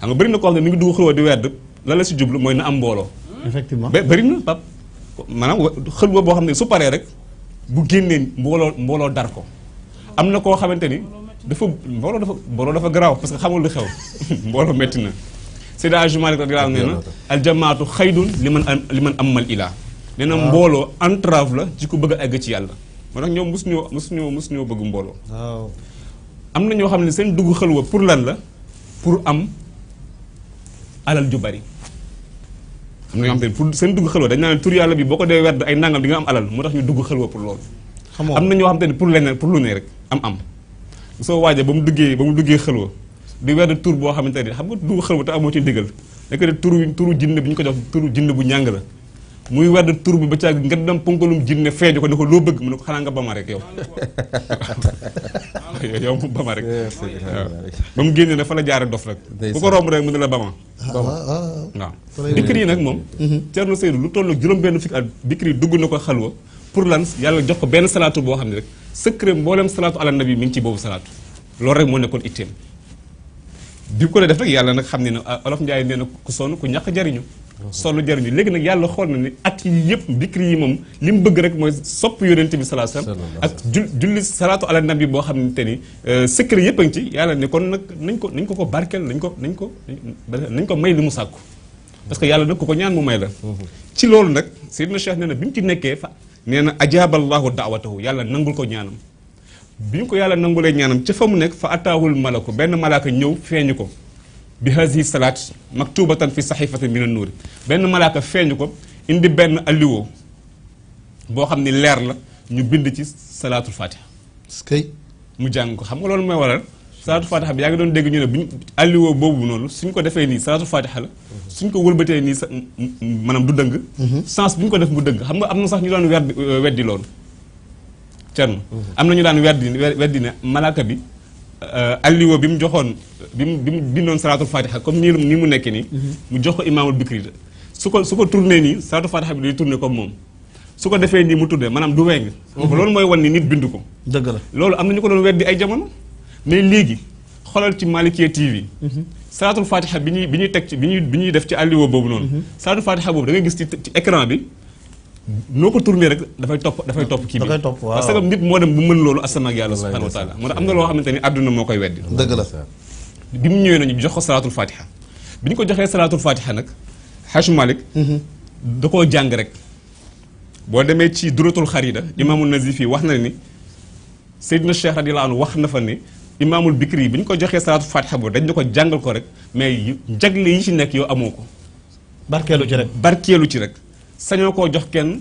xam nga bëri na koo xam ne mi ngi dugg xëlwa di wedd la la si jublu mooy na am mbooloo effectivement bëri na pap maanaam xëlwa boo xam ne su paree rek bu génnee mbooloo mbooloo dar ko am na koo xamante ni dafa mbooloo dafa mbooloo dafa garaaw parce que xamul lu xew [LAUGHS] mbooloo métti na Seydi Hadji Malick radiyallahu anhu nee na aljamaatu xaydun li man am li man amal ilaa nee na ah. mbooloo entrave la ci ku bëgg a egg ci yàlla moo tax ñoom mosu ñoo mosu ñoo mosu ñoo bëgg mbooloo am na ñoo xam ne seen dugg xalwa pour lan la pour am alal ju bari am na ñoo xam te pour seen dugg xalwa dañ naan tur yàlla bi boo ko dee werd ay nangam di am alal moo tax ñu dugg xalwa pour loolu am na ñoo xam te pour leneen pour lu ne rek am am soo waaja ba mu duggee ba mu duggee xalwa di werd tur boo xamante ne xam nga dugg xalwa te amoo ci ndigal nekk de turu turu jinn bi ñu ko jox turu jinn bu ñàng la muy wedd tur bi ba caag nga dem ponkalum jinne feeju ko ni ko loo bëgg mu ne ko xanaa nga bama rek yow [LAUGHS] yow mu bama rek eh, ba mu génnee ne fa la jaare dof rek bu ko romb rek mu ne la bama ah, ah, ah. waaw dikkir yi nag moom mm-hmm. Thierno Seydou lu toll juróom benn fukki at dikkir dugg na ko xalwa pour lan yàlla jox ko benn salaatu boo xam ne rek secret mboolem salaatu ala nabi mi ngi ci boobu salaatu loolu rek moo nekkoon itteem bi ko def rek yàlla nag xam ne ne olof Njaay nee na ku sonn ku ñàkk solo jariñu léegi nag yàlla xool na ni at yi yëpp dikri yi moom li mu bëgg rek mooy sopp yonent bi salaa salaam ak jul julli salaatu ala nabi boo xam te ni euh, secret yëpp a ngi ci yàlla ne kon nag nañ ko nañ ko ko barkeel nañ ko nañ ko nañ ko may li mu sàkku parce que yàlla nag ku ko ñaan mu may la ci loolu nag Seydina Cheikh nee na bi mu ci nekkee fa nee na ajaaballahu daawatahu yàlla nangul ko ñaanam bi ñu ko yàlla nangulee ñaanam ca fa mu nekk fa ataawul malaku benn malaaka ñëw feeñu ko bi hasihi salaat maktubatan fi saxifatin min an-nuur benn malaaka feeñu ko indi benn alluwo boo xam ni leer la ñu bind ci salaatul fatiha. kay mu jàng ko xam nga loolu mooy waral. salaatul fatiha bi yaa ngi doon dégg ñu ne bi ñu alluwo boobu noonu suñ ko defee nii salaatul fatiha la. suñ ko wëlbatee nii sa maanaam du dëng. Mhm. sens bi ñu ko def mu dëng xam nga am na sax ñu doon weddi weddi loolu. cerno mhm. am na ñu daan weddi weddi ne malaaka bi euh, alluwo bi mu joxoon. bi mu bi mu bindoon salaatul fatiha comme nii nii mu nekk nii. Mhm. mu jox ko imaamul bikri su ko su ko tourné nii salaatul fatiha bi moom su ko defee nii mu tourné maanaam du weng. Mhm. loolu mooy wan ni nit bind ko. dëgg loolu am na ñu ko doon weddi ay jamono mais léegi xoolal ci Malikia TV. Mhm. bi ñuy bi ñuy bi ñuy bi ñuy def ci bi. noo bi parce que nit moo dem bu mën loolu asama ak yàlla subhanahu wa taala moo tax am na loo xamante ni àdduna moo koy weddi. dëgg la. bi mu ñëwee nañu jox ko salaatul fatiha bi ñu ko joxee salaatul fatiha nag Haj Malik da koo jàng rek boo demee ci duratul xarida imaamu nazifi wax na ni Seydina Cheikh radiyallahu anhu wax na fa ni imaamul bikri yi bi ñu ko joxee salaatul fatiha boobu dañ na ko jàngal ko rek mais njagle yi ci nekk yow amoo ko barkeelu ci rek barkeelu ci rek sañoo koo jox kenn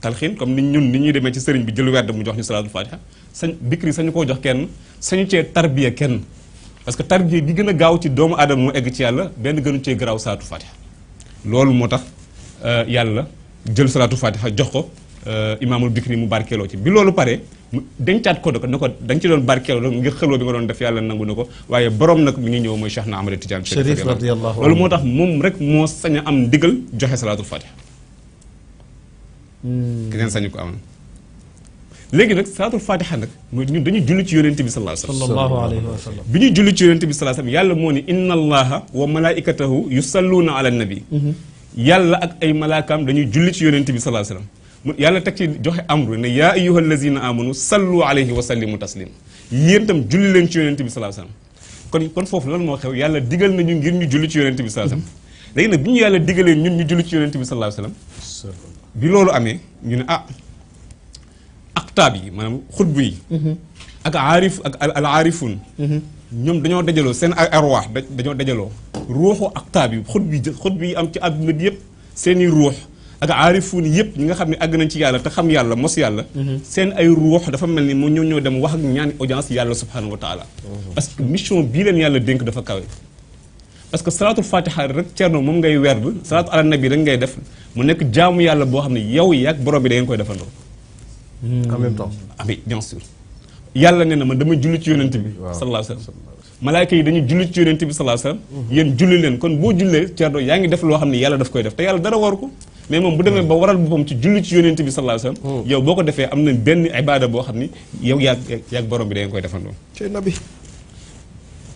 talxiin comme ni ñun ni ñuy demee ci sëriñ bi jël werd mu jox ñu salaatul fatiha sañ bikri sañu koo jox kenn sañu cee tarbiya kenn parce que tarbiya bi gën a gaaw ci doomu aadama mu egg ci yàlla benn gënu cee garaaw saatu fatiha loolu moo tax yàlla jël salaatu fatiha jox ko imaamul bikri mu barkeeloo ci bi loolu pare mu dencaat ko ne ko dañ ci doon barkeeloo ngir xeloo bi nga doon def yàlla nangu na ko waaye borom nag mi ngi ñëw mooy Cheikh na amadou Tidiane Chérif radiyallahu loolu moo tax moom rek moo sañ a am ndigal joxe salaatu fatiha keneen sañu ko am léegi nag salaatul fatiha nag ñun dañuy julli ci yonente bi sallallahu alayhi wa sallam bi ñuy julli ci yonente bi sallallahu alayhi wa sallam yàlla moo ni inna allaha wa malaikatahu yusalluuna ala nabi yàlla ak ay malaakaam dañuy julli ci yonente bi sallallahu alayhi wa sallam yàlla teg ci joxe amru ne yaa ayyuha allazina amanu sallu alayhi wa sallimu taslim yéen itam julli leen ci yonente bi sallallahu alayhi wa sallam kon kon foofu lan moo xew yàlla digal nañu ngir ñu julli ci yonente bi sallallahu alayhi wa sallam léegi nag bi ñu yàlla digalee ñun ñu julli ci yonente bi sallallahu alayhi wa sallam bi loolu amee ñu ne ah xuxtaab yi maanaam xutbu yi mhm. ak aarif ak al aarifun mhm. ñoom dañoo dajaloo seen ay arwaax dañoo dajaloo ruuxu aktaab yi xut bi xut bi am ci àdduna bi yëpp seen i ruux ak aarifuun yëpp ñi nga xam ne àgg nañ ci yàlla te xam yàlla mos yàlla mhm. seen ay ruux dafa mel ni moo ñoo ñoo dem wax ak ñaani audience yàlla subhanahu wa taala parce que mission bii leen yàlla dénk dafa kawe parce que salaatul fatiha rek ceerno moom ngay werd salaatu ala nabi rek ngay def mu nekk jaamu yàlla boo xam ne yow yaag borom bi da koy defandoo Hmm. en même temps abi bien sûr yàlla nee na man dama julli ci yonent bi sallallahu alayhi wasallam malaayka yi dañu julli ci yonent bi sallallahu alayhi mm-hmm. julli leen kon boo jullee ceerdo yaa ngi def loo xam ne yàlla daf koy def te yàlla dara war ko mais moom bu demee mm-hmm. ba waral boppam ci julli ci yonent bi sallallahu alayhi wasallam mm. yow boo ko defee am na benn ibaada boo xam ni yow yaag yaag borom bi da koy defandoo ci nabi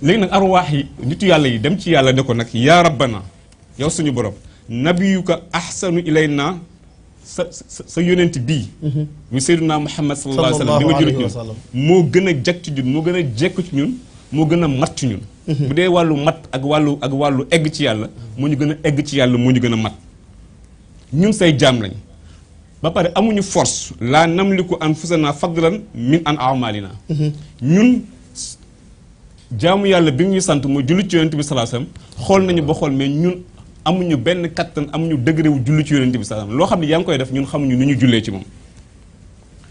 léegi nag arwaax yi nitu yàlla yi dem ci yàlla ne ko nag yaa rabbana yow suñu borom nabiyuka ahsanu ilayna sa sa sa yonent bii. Mhm. muy Seydunaa Muhammad sallallahu alayhi wa sallam li ma jur ñun moo gën a jag ci ñun moo gën a jekku ci ñun moo gën a mat ci ñun. Mhm. bu dee wàllu mat ak wàllu ak wàllu egg ci yàlla moo ñu gën a egg ci yàlla moo ñu gën a mat ñun say jaam lañ ba pare amuñu force laa namliku anfusana fadlan min an amalina mhm. ñun jaamu yàlla bi ñu sant mooy jullit ci yonent bi sallallahu alayhi wa xool nañu ba xool mais ñun. ñu benn kattan amuñu degré wu julli ci yonente bi salaam loo xam ne yaa ngi koy def ñun xamuñu nu ñu jullee ci moom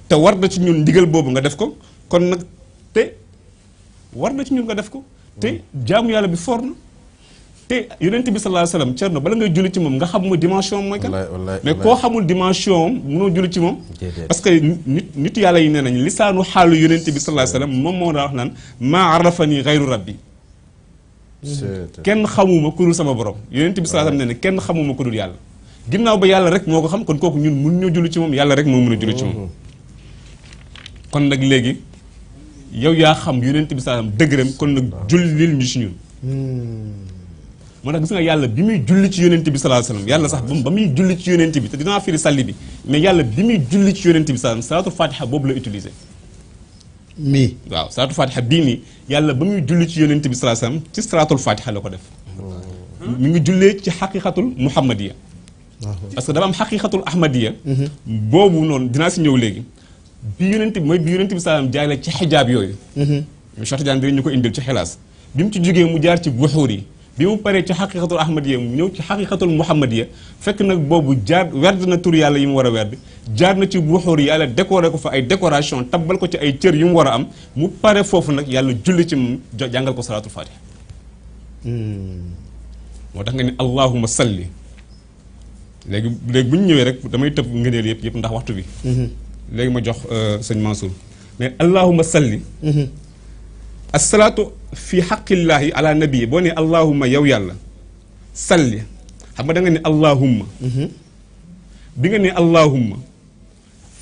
te war na ci ñun ndigal boobu nga def ko kon nag te war na ci ñun nga def ko te jaamu yàlla bi foor na te yonente bi sallallahu alayhi wasallam cerno bala ngay julli ci moom nga xam mu dimension mooy kan mais koo xamul dimension am mënoo julli ci moom parce que nit nit yàlla yi nee nañ lisaanu xaalu yonente bi sallallahu alayhi wasallam moom moo daa wax naan maa arafani gayru rabbi kenn xamuma ku dul sama borom yonent bi sallallahu alayhi wasallam ne kenn xamuma ku dul yàlla ginnaaw ba yàlla rek moo ko xam kon kooku ñun mun ñoo julli moom yàlla rek moo a julli ci kon nag léegi yow yaa xam yonent bi sallallahu alayhi wasallam dëgëram kon nag jullil ñu ci ñun hmm. moo tax gis nga yàlla bi muy julli ci yonent bi sallallahu alayhi yàlla sax ba ba muy julli dinaa firi bi mais yàlla bi muy julli ci yonent bi sallallahu alayhi wasallam salatul boobu la utiliser mii waaw salaatul fatiha bii nii yàlla ba muy julli ci yonent bi sallallahu ci salaatul fatiha la ko def mu hmm? ngi jullee ci xaqiqatul muhammadiya parce que dafa am xaqiqatul ahmadiya mhm. boobu noonu dinaa si ñëw léegi bi yonent bi mooy bi yonent bi sallam jaay la ci xijaab yooyu mhm. Cheikh Tidiane ñu ko indil ci xilaas bi mu ci jógee mu jaar ci buxuur yi bi mu paree ci xaqiqatul ahmadiya mu ñëw ci xaqiqatul muhammadiya fekk nag boobu jaar werd na tur yàlla yi mu war a werd jaar na ci buxóor yàlla décoré ko fa ay décoration tabbal ko ci ay cër yu mu war a am mu pare foofu nag yàlla julli ci moom jàngal ko salaatul fatiha hmm. moo tax nga ne allahuma salli léegi léegi bu ñu ñëwee rek damay tëb ngëneel yëpp yëpp ndax waxtu bi hmm. léegi ma jox euh, sëñ Mansour mais allahuma salli hmm. asalaatu fi xaqillaahi ala nabii boo ne allahumma yaw yàlla salli xam nga da nga ne allahumma mhm. bi nga ne allahumma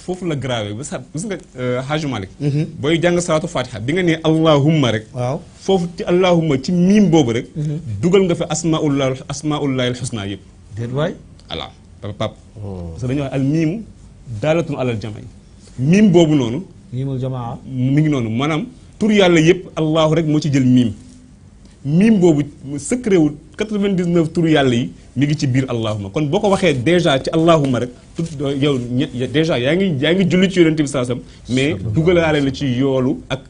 foofu la grave ba sax gis nga euh, Haji Malick mhm. booy jàng salaatu fatiha bi nga ne allahumma rek waaw foofu ci allahumma ci miim boobu rek mhm. dugal nga fi asmaullah asmaullahi alxusna yëpp déet waay voilà papa pap oh. parce que dañuy miim boobu noonu miimul jamaa mi ngi noonu manam tur yàlla yëpp allahu rek moo ci jël miim miim boobu secret wu 99 tur yàlla yi mi ngi ci biir allahuma kon boo ko waxee dèjà ci allahuma rek tout yow dèjà yaa ngi yaa julli ci yonente bi saasam mais dugalaale la ci yoolu ak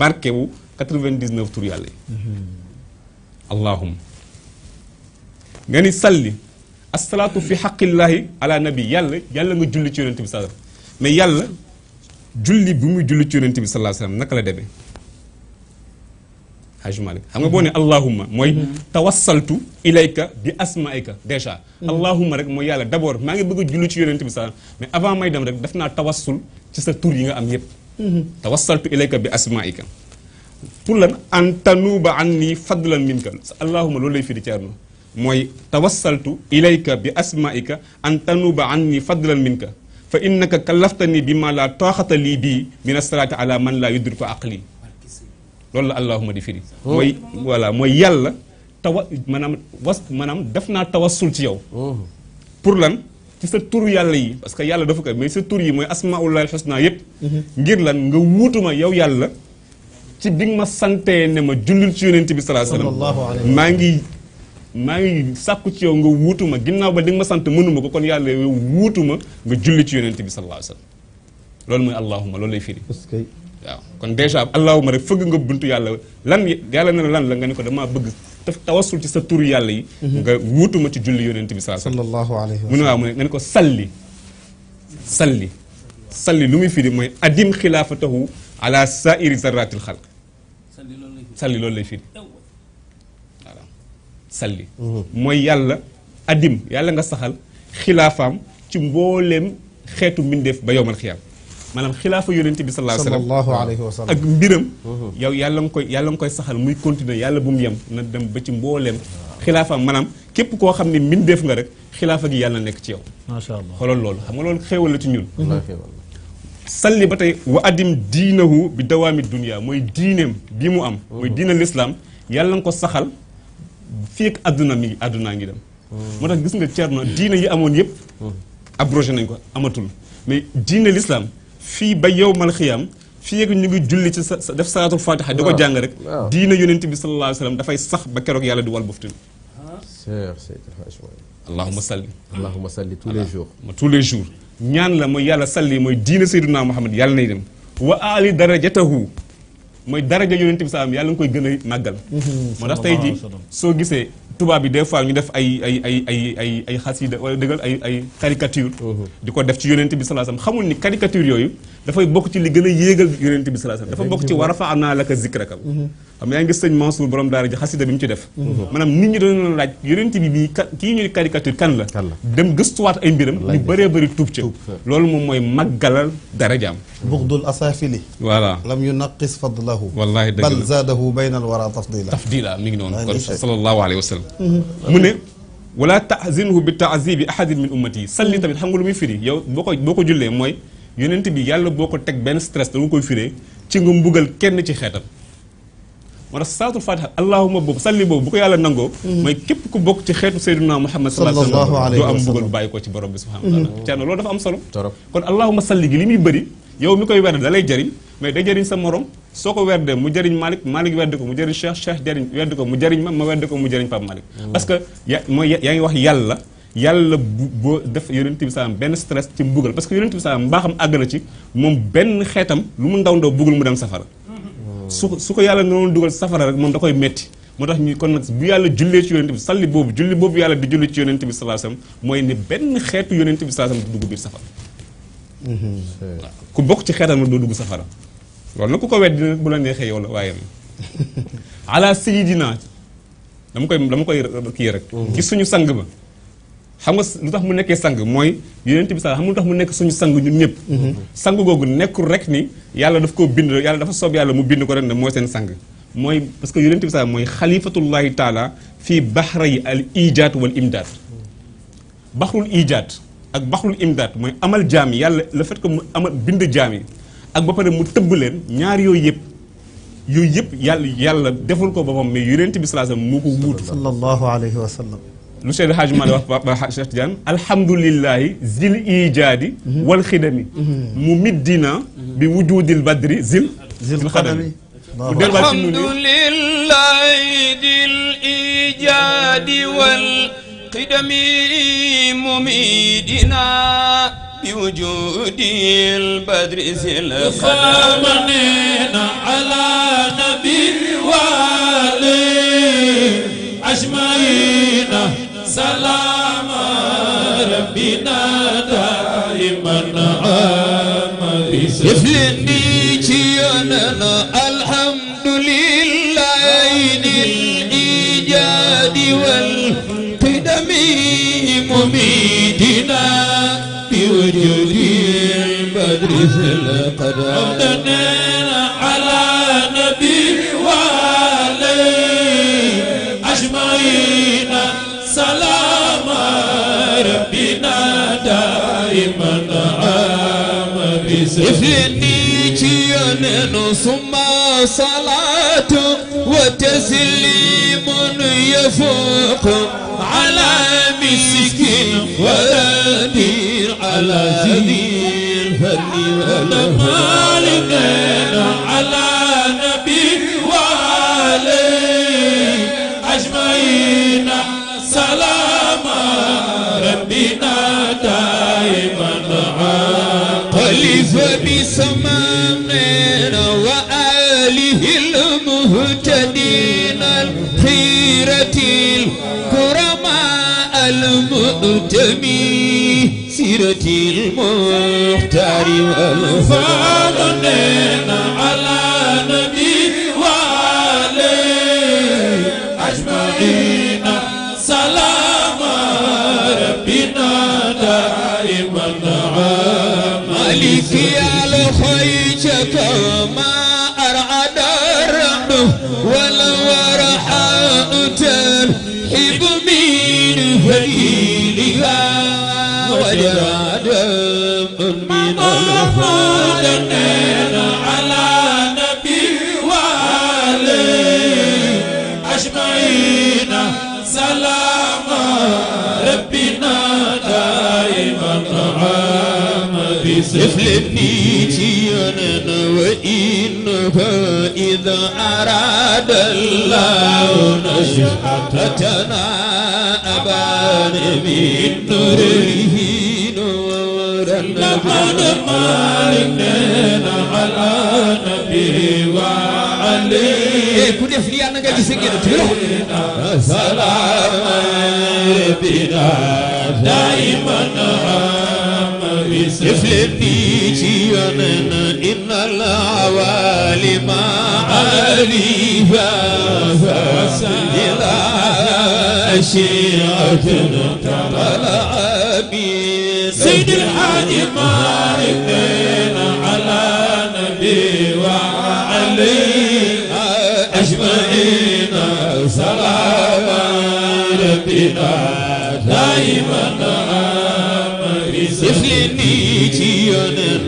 barke wu 99 tur yàlla yi mm-hmm. allahuma nga ni salli asalaatu fi xaqillahi ala nabi yàlla yàlla nga julli ci yonente bi saasam mais yàlla julli bi muy julli ci yonent bi sallallahu alayhi wasallam naka la demee Hajj Malik xam nga boo ne allahumma moy tawassaltu ilayka bi asmaika dèjà allahumma rek mooy yàlla d'abord maa ngi bëgg julli ci bi sallallahu alayhi mais avant may dem rek tawassul ci sa yi nga am yépp tawassaltu ilayka bi asmaika pour lan an fadlan minka allahumma loolu lay firi ceerno tawassaltu ilayka bi asmaika an tanuuba fadlan minka fa innaka kallaftani bi ma la taaxata lii bii min asalaati ala man laa yudriku aqli loolu la allahuma di firi mooy voilà mooy yàlla tawa maanaam was maanaam def naa tawassul ci yow pour lan ci sa tur yàlla yi parce que yàlla dafa ko mais sa tur yi mooy asmaullahi xusna yépp ngir lan nga wuutuma yow yàlla ci bi nga ma santee ne ma jullil ci yonent bi salaa sallam maa ngi maa ngi sàkku ci yow nga wuutu ma ginnaaw ba li ma sant mënuma ko kon yàlla yow wuutu ma nga julli ci yonent bi sallallahu alayhi wa sallam loolu mooy allahuma loolu lay firi waaw kon dèjà allahuma rek fëgg nga buntu yàlla lan yàlla ne lan la nga ni ko damaa bëgg daf tawasul ci sa turu yàlla yi mhm. wuutu ma ci julli yonent bi sallallahu alayhi wa sallam mu ne waaw mu ne nga ni ko salli salli salli lu mooy adim xilaafatahu ala sairi zarratil xalq salli loolu lay firi salli mhm. mooy yàlla adim yàlla nga saxal xilaafaam ci mbooleem xeetu mbindeef ba yowmal xiyaam maanaam xilaafa yonente bi sallallahu alayhi wa sallam ak mbiram mhm. yow yàlla nga koy yàlla nga koy saxal muy continuer yàlla bu mu yem na dem ba ci mbooleem xilaafaam maanaam képp koo xam ne mbindeef nga rek xilaafa gi yàlla nekk ci yow macha allah xoolal loolu xam nga loolu xéewal la ci ñun mhm. salli ba tey wa adim diinahu bi dawaami dunia mooy diineem bi mu am mooy diina lislaam yàlla nga ko saxal fii ak àdduna mi ngi ngi dem. moo tax gis nga Thierno diine yi amoon yëpp. abrogé nañ ko amatul mais diine l'islam fii ba yowmal xiyaam fii ak ñu ngi julli ci sa def salaatul fatiha di ko jàng rek. diine yonent bi sallallahu alayhi wa dafay sax ba keroog yàlla di wal buftin. allahumma salli. allahumma salli tous les jours. tous les jours ñaan la mooy yàlla salli mooy diine sayyiduna Muhammad yàlla nay dem. wa ali darajatahu mooy daraja yonent bi salaam yàlla nga koy gën a màggal. moo tax tey soo gisee tubaab bi des fois ñu def ay ay ay ay ay ay xasida wala dëggal ay ay caricature di ko def ci yonent bi salaam xamul ni caricature yooyu dafay bok ci li gëna yéegal yonent bi sallallahu alayhi wasallam dafa bok ci warafa laka zikraka xam yaa ngi Mansour borom daara ji xasida bi mu ci def maanaam nit ñi dañu laaj yonent bi bii kii ñuy caricature kan la dem gëstuwaat ay mbiram ñu bëree bëri tuub ca loolu moom mooy màggalal darajaam buxdul asaafili voilà lam yunaqis fadlahu wallahi bal zaadahu bayna al wara tafdila tafdila mi ngi noonu kon sallallahu alayhi wasallam mu ne wala tahzinhu bi taazibi ahadin min ummati salli tamit xam nga lu muy firi yow boo yeneent bi yàlla boo ko teg benn stress dama koy firee ci nga mbugal kenn ci xeetam moo tax salaatul fatiha allahuma boobu salli boobu bu ko yàlla nangoo mm-hmm. mooy képp ku bokk ci xeetu sayduna muhammad sallallahu alayhi wa sallam doo am bu bàyyi ko ci borom bi subhanahu wa taala mm-hmm. ceerno loolu dafa am solo kon allahuma salli gi li muy bëri yow mi koy werde da lay jëriñ mais day jëriñ sa morom soo ko werde mu jëriñ Malick Malick werde ko mu jëriñ Cheikh Cheikh jëriñ werde ko mu jariñ ma ma werde ko mu jëriñ Pape Malick mm-hmm. parce que ya mooy yaa ngi wax yàlla yàlla bu boo def yonent bi salaam benn stress ci mbugal parce que yonent bi salaam xam àgg na ci moom benn xeetam lu mu ndaw ndaw buggul mu dem safara su su ko yàlla noonu dugal safara rek moom da koy metti moo tax ñu kon nag yàlla jullee ci yonent salli boobu julli boobu yàlla di julli ci yonent bi salaam mooy ne benn xeetu yonent bi salaam du dugg biir safara mm-hmm. ku bokk ci xeetam nag doo dugg safara loolu nag ku ko weddi nag bu la neexee yow la waaye [LAUGHS] ala sayidina dama koy dama koy kii rek mm-hmm. ci suñu sang ba xam nga lu tax mu nekkee sang mooy yonent bi sax xam nga lu mu nekk suñu sang ñun ñëpp sang googu nekkul rek ni yàlla daf koo bind yàlla dafa soob yàlla mu bind ko rek ne mooy seen sang mooy parce que yonent bi sax mooy xalifatullahi taala fii baxra yi al ijaat wal imdaat baxrul ijaat ak baxrul imdaat mooy amal jaam yàlla le fait que mu amal bind jaam yi ak ba pare mu tëbb leen ñaar yooyu yëpp yooyu yëpp yàlla yàlla deful ko boppam mais yonent bi sax moo ko wuutu sallallahu alayhi lu Seydi Hadj Malick wax ba Cheikh Tidiane alhamdulillahi zil ijaadi wal xidami mu middina bi wujudil badri zil zil xadami mu delluwaat si mu alhamdulillahi zil ijaadi wal xidami mu middina bi wujudil badri zil xadami ala nabi wali ajmain سلام ربنا دائما يفلني جيانا الحمد لله للإيجاد والقدم مميتنا بوجود البدر في القدر إفنيكي نصم صلاة وتسليم يفوق على مسكين ودير على فني الهدي والمال وبسمامنا وآله المهتدين الخيرة الكرماء المؤتمي سيرة المختار والفاضل kò máa. سينا وإنها إذا أراد الله نشأتنا أبان من نوره لقد مالنا على نبي وعلي كل يفريا نجا جسكي سلام بنا دائما يفلني جيوننا إن العوالم عريفة إلى شيعتنا طلع سيد الحادي مالكنا على نبي وعلي أجمعين صلاة ربنا دائما مثلني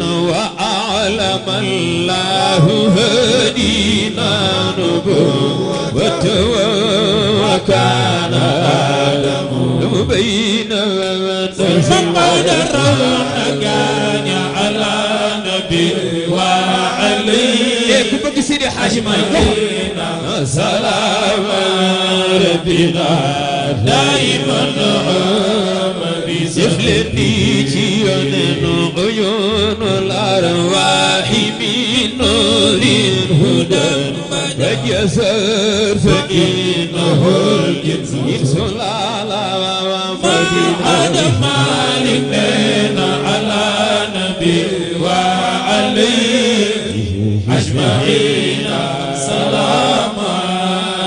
وأعلم الله هدينا نبوة وكان آدم بين فقد رمكان على نبي وعلي كبك سيدي حاج سلام ربنا دائما عمري سفلني يدن عيون الأرواح من نور هدى وجسر فإنه الجنس جنس العلا ومن مالكنا على نبي وعليه أجمعين سلام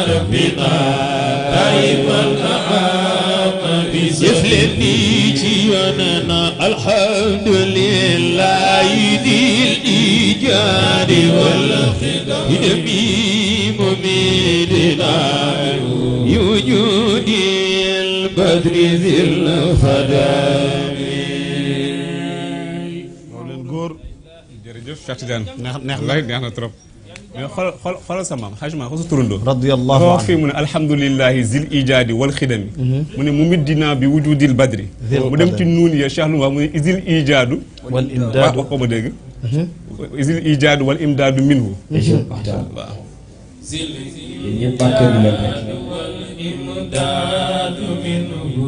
ربنا دائما أعطى بسلمي الحمد لله ذي الإيجاد والخدم مميدنا يوجد البدر ذي الخدم jërëjëf Cheikh Tidiane neex na trop mais xool xool xoolal sa maam xaj maa ko sa turandoo radiyallahu anhu fii mu ne alhamdulilahi zil ijaadi wal xidami mu ne mu middinaa bi wujudil badri mu dem ci nuun ya cheikh luma mu ne isil ijaadu wal imdaadu wax ko ma dégg isil ijaadu wal imdaadu minhu waaw zil ijaadu wal imdaadu minhu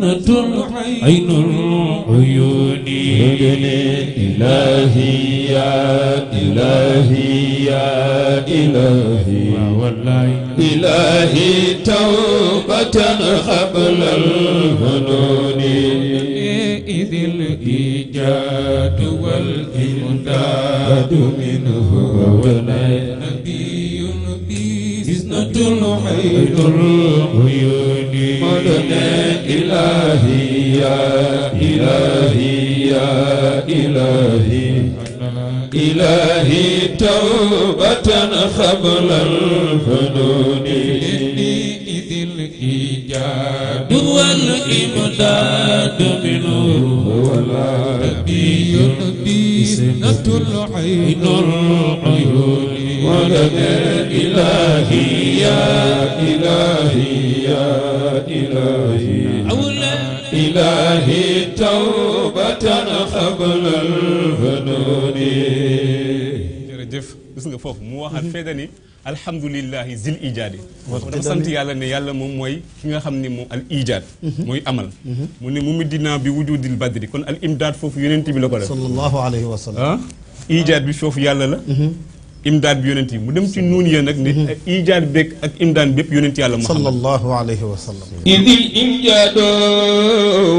عين العيون إلهي يا إلهي يا إلهي والله إلهي توبة قبل الهنون إذ الإيجاد والإمداد منه ونبي بزنة العين العيون ولنا إلهي يا إلهي يا إلهي إلهي توبة قبل الفنون جرجف بس نقف مو واحد فدني الحمد لله زل إيجادي وسنت يالا نيالا مم موي كنا خم نمو الإيجاد موي أمل مم مم دينا بوجود البدري كن الإمداد فوف يننتي بلوكرة صلى الله عليه وسلم إيجاد بفوف يا لا imdad bi yonenti mu dem ci nun ya nag ni ijad bek ak imdan bépp yonenti yàlla Muhammad sallallahu alayhi wa sallam idil imdad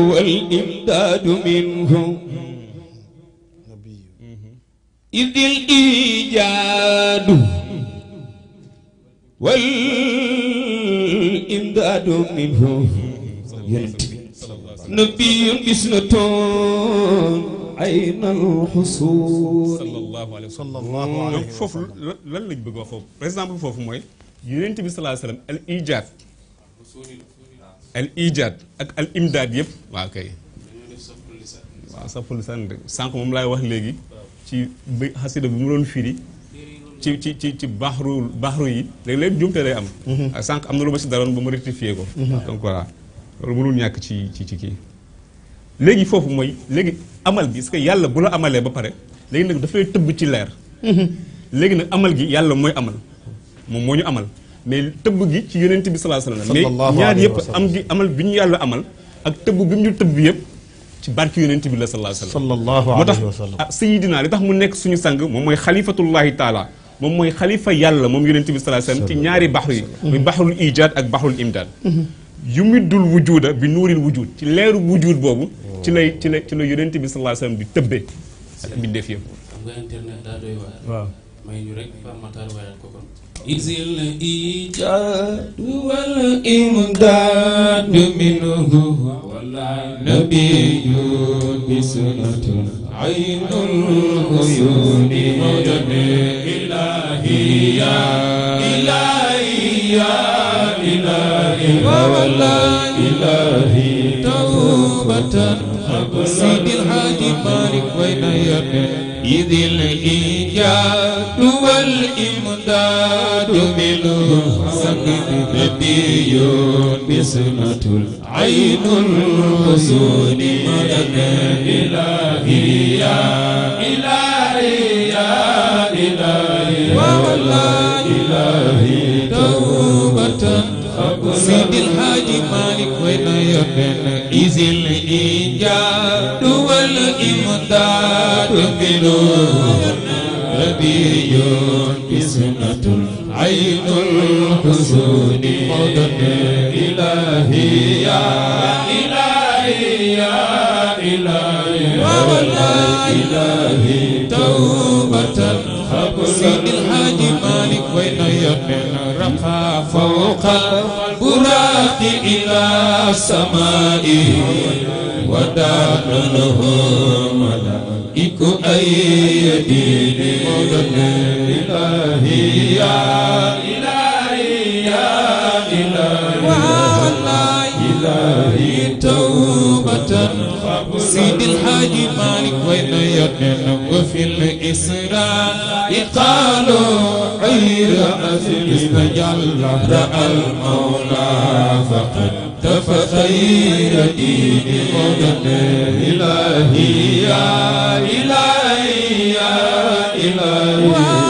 wal imdad minhu idil ijad wal imdad minhu yonenti yonent nabiyun ton أين الحصول صلى الله عليه وسلم صلى الله عليه وسلم فوف لان لاج بيغ واخو بريزامبل فوف موي ak al imdad yëpp sànq moom laay wax léegi ci bi xasida bi mu doon firi ci ci ci ci baaxru baaxru yi léeg-léeg jumte lay am mhm. ah, sànq am na lu ma si daroon ba ma rectifié ko mhm. donc voilà loolu ñàkk ci ci ci kii léegi foofu mooy léegi amal bi parce que yàlla bu la amalee ba pare léegi nag dafay tëbb ci leer léegi nag amal gi yàlla mooy amal moom moo ñu amal mais tëbb gi ci yonent bi sallallahu alayhi wasallam mais ñaar yëpp am gi amal bi ñu yàlla amal ak tëbb bi mu ñu tëbb yëpp ci barke yonent bi la sallallahu alayhi wasallam moo tax sayidina ah, li tax mu nekk suñu sang moom mooy xalifatullahi taala moom mooy xalifa yàlla moom yonent bi sallallahu alayhi wasallam ci ñaari baxru yi muy baxrul ijaad ak baxrul imdaad yumiddul wujuda bi nuuril wujud ci leeru wujud boobu ci lay ci la ci la yonent bi sallallahu alayhi wasallam di tëbbee ak mbindeef yëpp. xam nga internet daa doy waar. waaw may ñu rek Pape Matar wayal ko kon. izil ijaadu wal imdaadu minhu wala nabiyu bi sunnatun aynul uyuni mawjudi ilahiya ilahiya ilahiya wala ilahi tawbatan سيد الحاج مالك وين إذ الإيجاد والإمداد منه سكن نبي بسنة العين الحسون ملك إلهي يا إلهي يا إلهي والله إلهي توبة سيد الحاج na yonen isil ijaab wal imdaad minun نبي بسنة عين الحزن مدد إلهي يا إلهي يا إلهي يا إلهي توبة قبل na yonen raqa fawqa buraaqi ila samaa'i wa daana lahu malaa'iku ay yadiini ilahi ya ilahi ya سيد الحاج مالك وين يدن وفي الإسراء يقالوا خير أثر استجل رأى المولى فقد خير دين مدن إلهي يا إلهي يا إلهي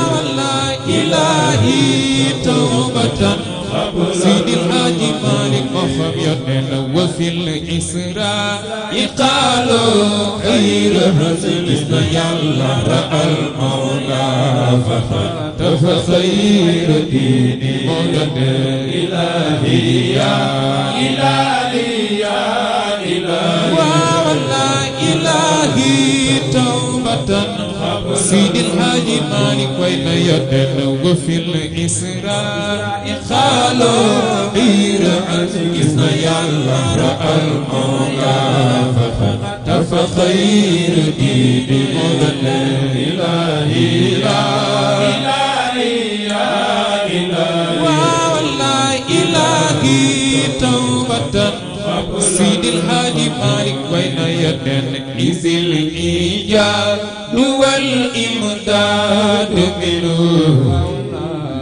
وفميتنا وفي الإسراء يقالوا خير رسل يلا رأى المولى فخير ديني مولد إلهي يا إلهي يا إلهي سيد الحاج مالك وين يدل وفي الإسراء قالوا غير عزيز يا الله رأى المولى فخير دين مولى لا إله إلا تنعس الإيجاد والإمداد منه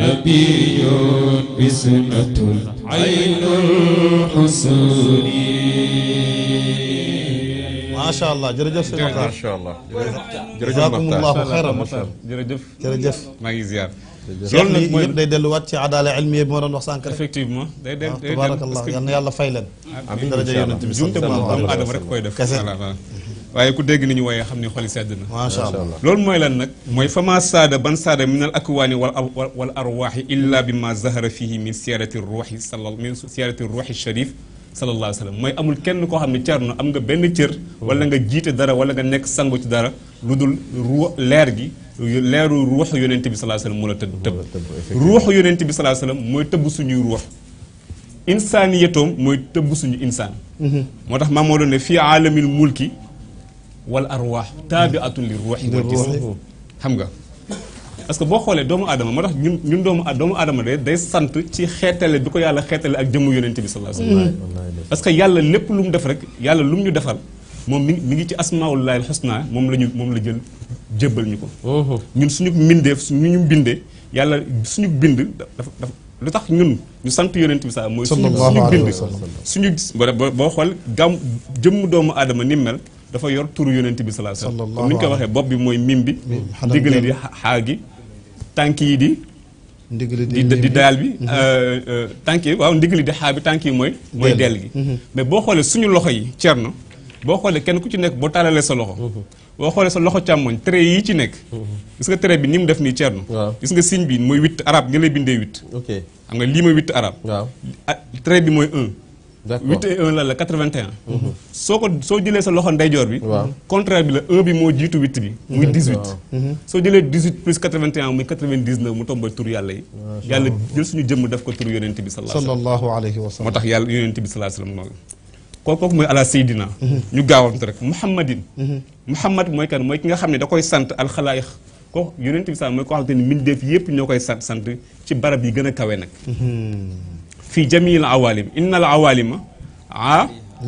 نبي بسنة عين الحسن ما شاء الله jërëjëf sëñ Maxtaar ma sha Allah jërëjëf jazaakum Allahu xayran ma sha Allah jërëjëf jërëjëf maa ngi ziar loolu nag mooy yëpp day delluwaat ci adaala ilmiya bi ma doon wax sànq rek effectivement day del day tabaarakallah yal na yàlla fay leen amiin daraja yonent bi jumte moom doomu aadama rek koy def kese waaye ku dégg ni ñu woyee xam ni xoli sedd na macha allah loolu mooy lan nag mooy fama saada ban saada min al akwaani wal arwaaxi illa bi ma zahara fihi min siyaarati ruuxi sala min siyaarati ruuxi sharif sallallahu alayhi wa mooy amul kenn koo xam ne cerno am nga benn cër wala nga jiite dara wala nga nekk sangu ci dara lu dul ruux leer gi leeru ruuxu yonent bi sallallahu alayhi wa sallam moo la tëb tëb ruuxu yonent bi sallallahu alayhi wa sallam mooy tëbb suñuy ruux insaaniyatoom mooy tëb suñu insaan mhm. moo tax maam moo doon ne fii aalamil mulki wal arwaax taabiatun li ruuxi wal jism xam nga parce que boo xoolee doomu aadama moo tax ñun ñun doomu doomu aadama de day sant ci xeetale bi ko yàlla xeetale ak jëmmu yonent bi sallallahu alayhi wasallam parce que yàlla lépp lu mu def rek yàlla lu mu ñu defal moom mi mi ngi ci asmaullahi alxusna moom la ñu moom la jël jébbal ñu ko ñun suñu mbindeef suñu ñu bindee yàlla suñu bind dafa dafa lu tax ñun ñu sant yonent bi sa mooy suñu bind suñu boo xool gam jëmm doomu aadama ni mel dafa yor turu yonent bi sallallahu alayhi wasallam comme ni ñu ko waxee bopp bi mooy mim bi diggali di xaa tànk yi di. ndigal di di daal bi mhm. euh, euh, tànk yi waaw ndigal di xaa bi tànk yi mooy. mooy dell gi mhm. mais boo xoolee suñu loxo yi cerno boo xoolee kenn ku ci nekk boo taalalee sa loxo. Mhm. boo xoolee sa loxo càmmoñ trait yi ci nekk. gis nga trait bi ni mu def nii cerno. gis nga signe bi mooy huit arab nga lay bindee huit. ok xam nga lii mooy huit arab. waaw bi mooy un. huit et un la la quatre vingt et soo ko soo jëlee sa loxo ndeyjoor bi contraire bi la un bi moo jiitu huit bi muy dix huit mhm. soo jëlee dix huit plus quatre vingt et mu tombal tur yàlla yi yàlla jël suñu jëmm daf ko tur yonent bi sallallahu alayhi wa sallam moo tax yàlla yonent bi sallallahu alayhi wa sallam kooku mooy ala sayidina mhm. ñu gaawamte rek muhammadin mhm. muhammad mooy kan mooy ki nga xam ne da koy sant alxalaayix kooku yonent bi sa mooy koo xam ne mbindeef ñoo koy sant sant ci barab yi gën a في جميع العوالم إن العوالم ع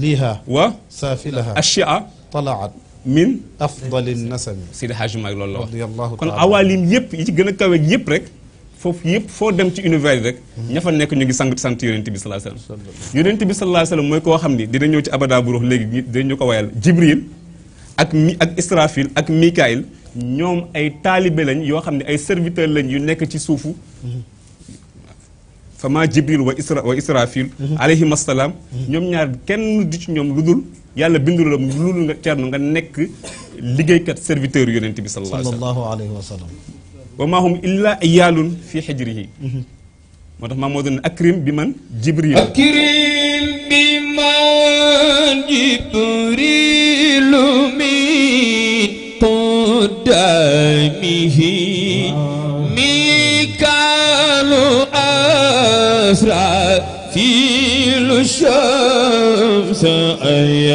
ليها و سافلها أشياء طلعت من أفضل النسب سيد حجم الله الله رضي الله كن عوالم يب يجي جنة كوي يب رك فوف يب فور دم تي إنفاي رك نفع نك نيجي سانغ سانتي يرين تبي صلى الله عليه وسلم يرين تبي صلى الله عليه وسلم مويكو أحمدي دين يوتش أبدا بروح لي دين يوكو ويل جبريل ak mi ak israfil ak mikail ñom ay talibé lañ yo xamni ay serviteur lañ yu nekk ci soufu fama jibril wa isra wa israfil alayhim assalaam ñoom ñaar kenn du ci ñoom lu dul yàlla bindu la lu dul nga cerno nga nekk liggéeykat serviteur yonent bi sallallahu alayhi wa sallam wa maa hum illa ayaalun fi xijrihi moo tax maa moo doon akrim bi man jibril akrim bi man jibrilu min qudamihi أسرافيل الشمس أيامي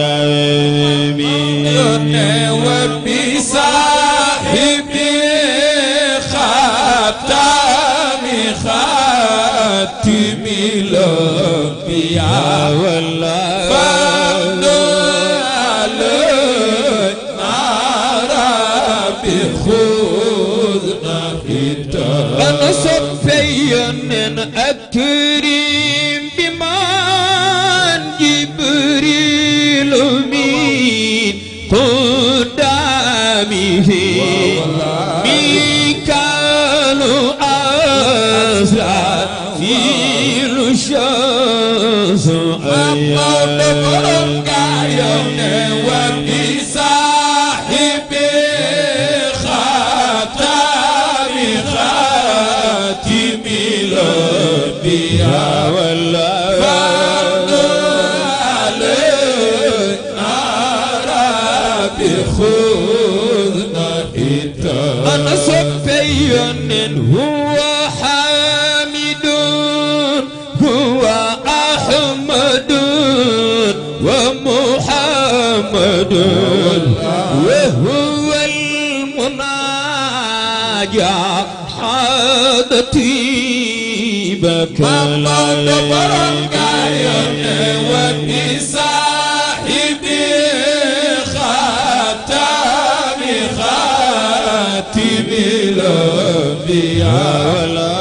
ayé. Ọmọ òdòdó ló ń ga ayọ̀ يا حادتي بكى ماما دبرن قايم ودي صاحبي خاتمي خاتمي لبي على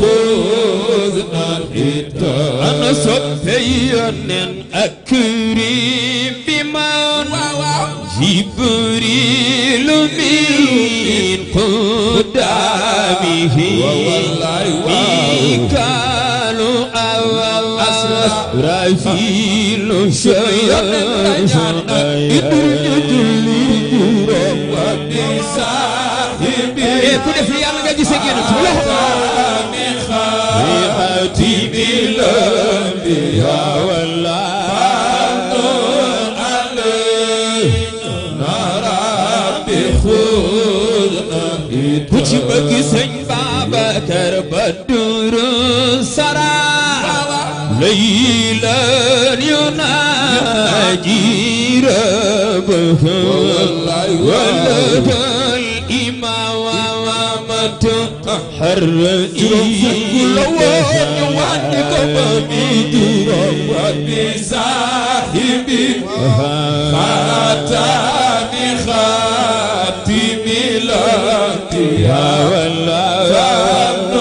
خذنا الحتة أنا صبيا أك به ميكال أسرى في الشيطان إبرد لي ku def li yàlla nga gise génn ci loxo mi xaati bi la bi ku ci bëgg sëñ Babacar Badru Sarawa laylan yu naa jiira bëhë walatal imaamatu xar ii la woon wàññi ko ba mi juróom wa bi saahibi xaataani xaar يا ولا فابن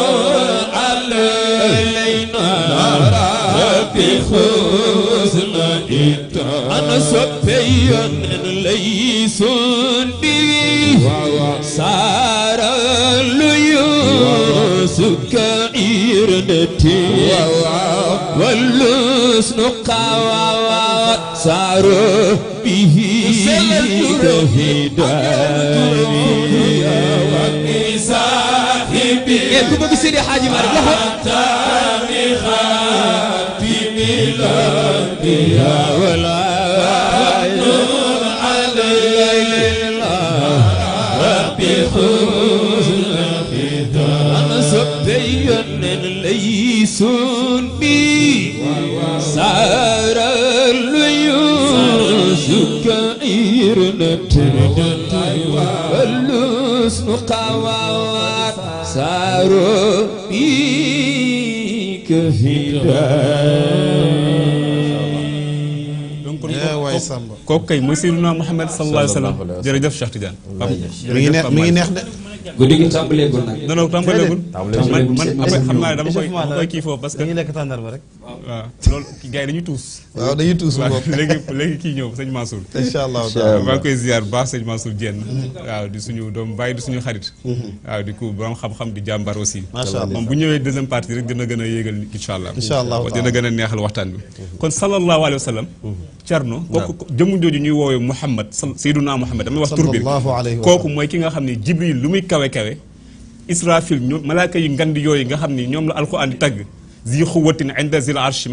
علينا ربي خذنا انت انا صبي ليس بي صار الليوس كعيرتي واللسن قواوا صار به كهداني yéen ku bëgg Seydi Hadji Malick loxo ليسون بي سار الليوس كائر نتر واللوس نقاوى sarupi kehidupan. Kok ya, kayak Muhammad sallallahu Alaihi Wasallam? sallam jërëjëf Cheikh Tidiane mi guddi gi tàmbaleegul nag. non non tàmbaleegul. tàmbaleegul man man après xam naa dama koy dama koy kii foofu parce que. dañuy lekk tàndarma rek. waaw loolu gars yi dañuy tuus. waaw dañuy tuus bu bopp léegi kii ñëw sëñ Mansour. incha koy ziar baax sëñ Mansour mhm. waaw di suñu doom bàyyi di suñu xarit. Mhm. waaw di ko borom xam-xam di jàmbar aussi. macha allah moom bu ñëwee deuxième partie rek gën a yéegal incha allah. incha allah dina gën a neexal waxtaan bi mhm. kon sallallahu alayhi wa Cerno kooku jëmm jooju ñuy woowee Muhammad Seyduna Muhammad damay wax tur bi kooku mooy ki nga xam ne Jibril lu muy kawe kawe Israfil ñu malaaka yu ngand yooyu nga xam ne ñoom la alquran di tagg zi xuwatin inda zil arshi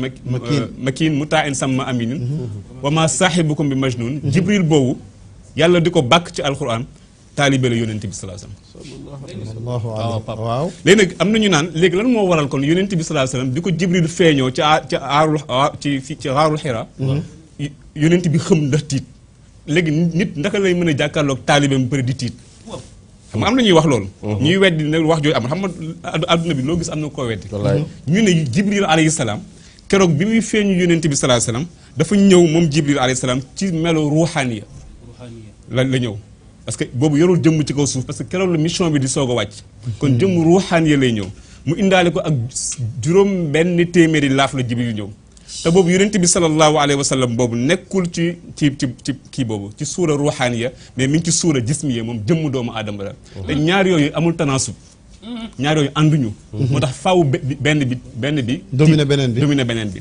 makin mutaa in samma aminin wa ma saaxibukum bi majnun Jibril boobu yàlla di ko bàkk ci alquran taalibe la yonent bi salaa sallam waaw léegi nag am na ñu naan léegi lan moo waral kon yonent bi salaa sallam di ko Jibril feeñoo ci aarul ci ci aarul xira yonent bi xam ndax tiit léegi nit ndaka lay mën a jàkkaarloog taalibe mu bëri di tiit xam am na ñuy wax loolu mhm. ñuy weddi nag wax jooju am xam nga adduna bi loo gis am na koo weddi ñu ne jibril alayhi salaam keroog bi muy feeñu yonent bi salaa salaam dafa ñëw moom jibril alayhi salaam ci melo ruuxaaniya la la ñëw parce que boobu yorul jëmm ci kaw suuf parce que keroog la mission bi di soog a wàcc kon jëmm ruuxaaniya lay ñëw mu indaale ko ak juróom benn téeméeri laaf la jibril ñëw te boobu yonent bi sallallahu alayhi wa sallam boobu nekkul ci ci ci ci kii boobu ci suura ruuxaaniya mais mi ngi ci suura jismiya moom jëmm doomu aadama la ñaar yooyu amul tanaasub ñaar yooyu ànduñu moo tax faaw benn bi benn bi domine beneen bi domine beneen bi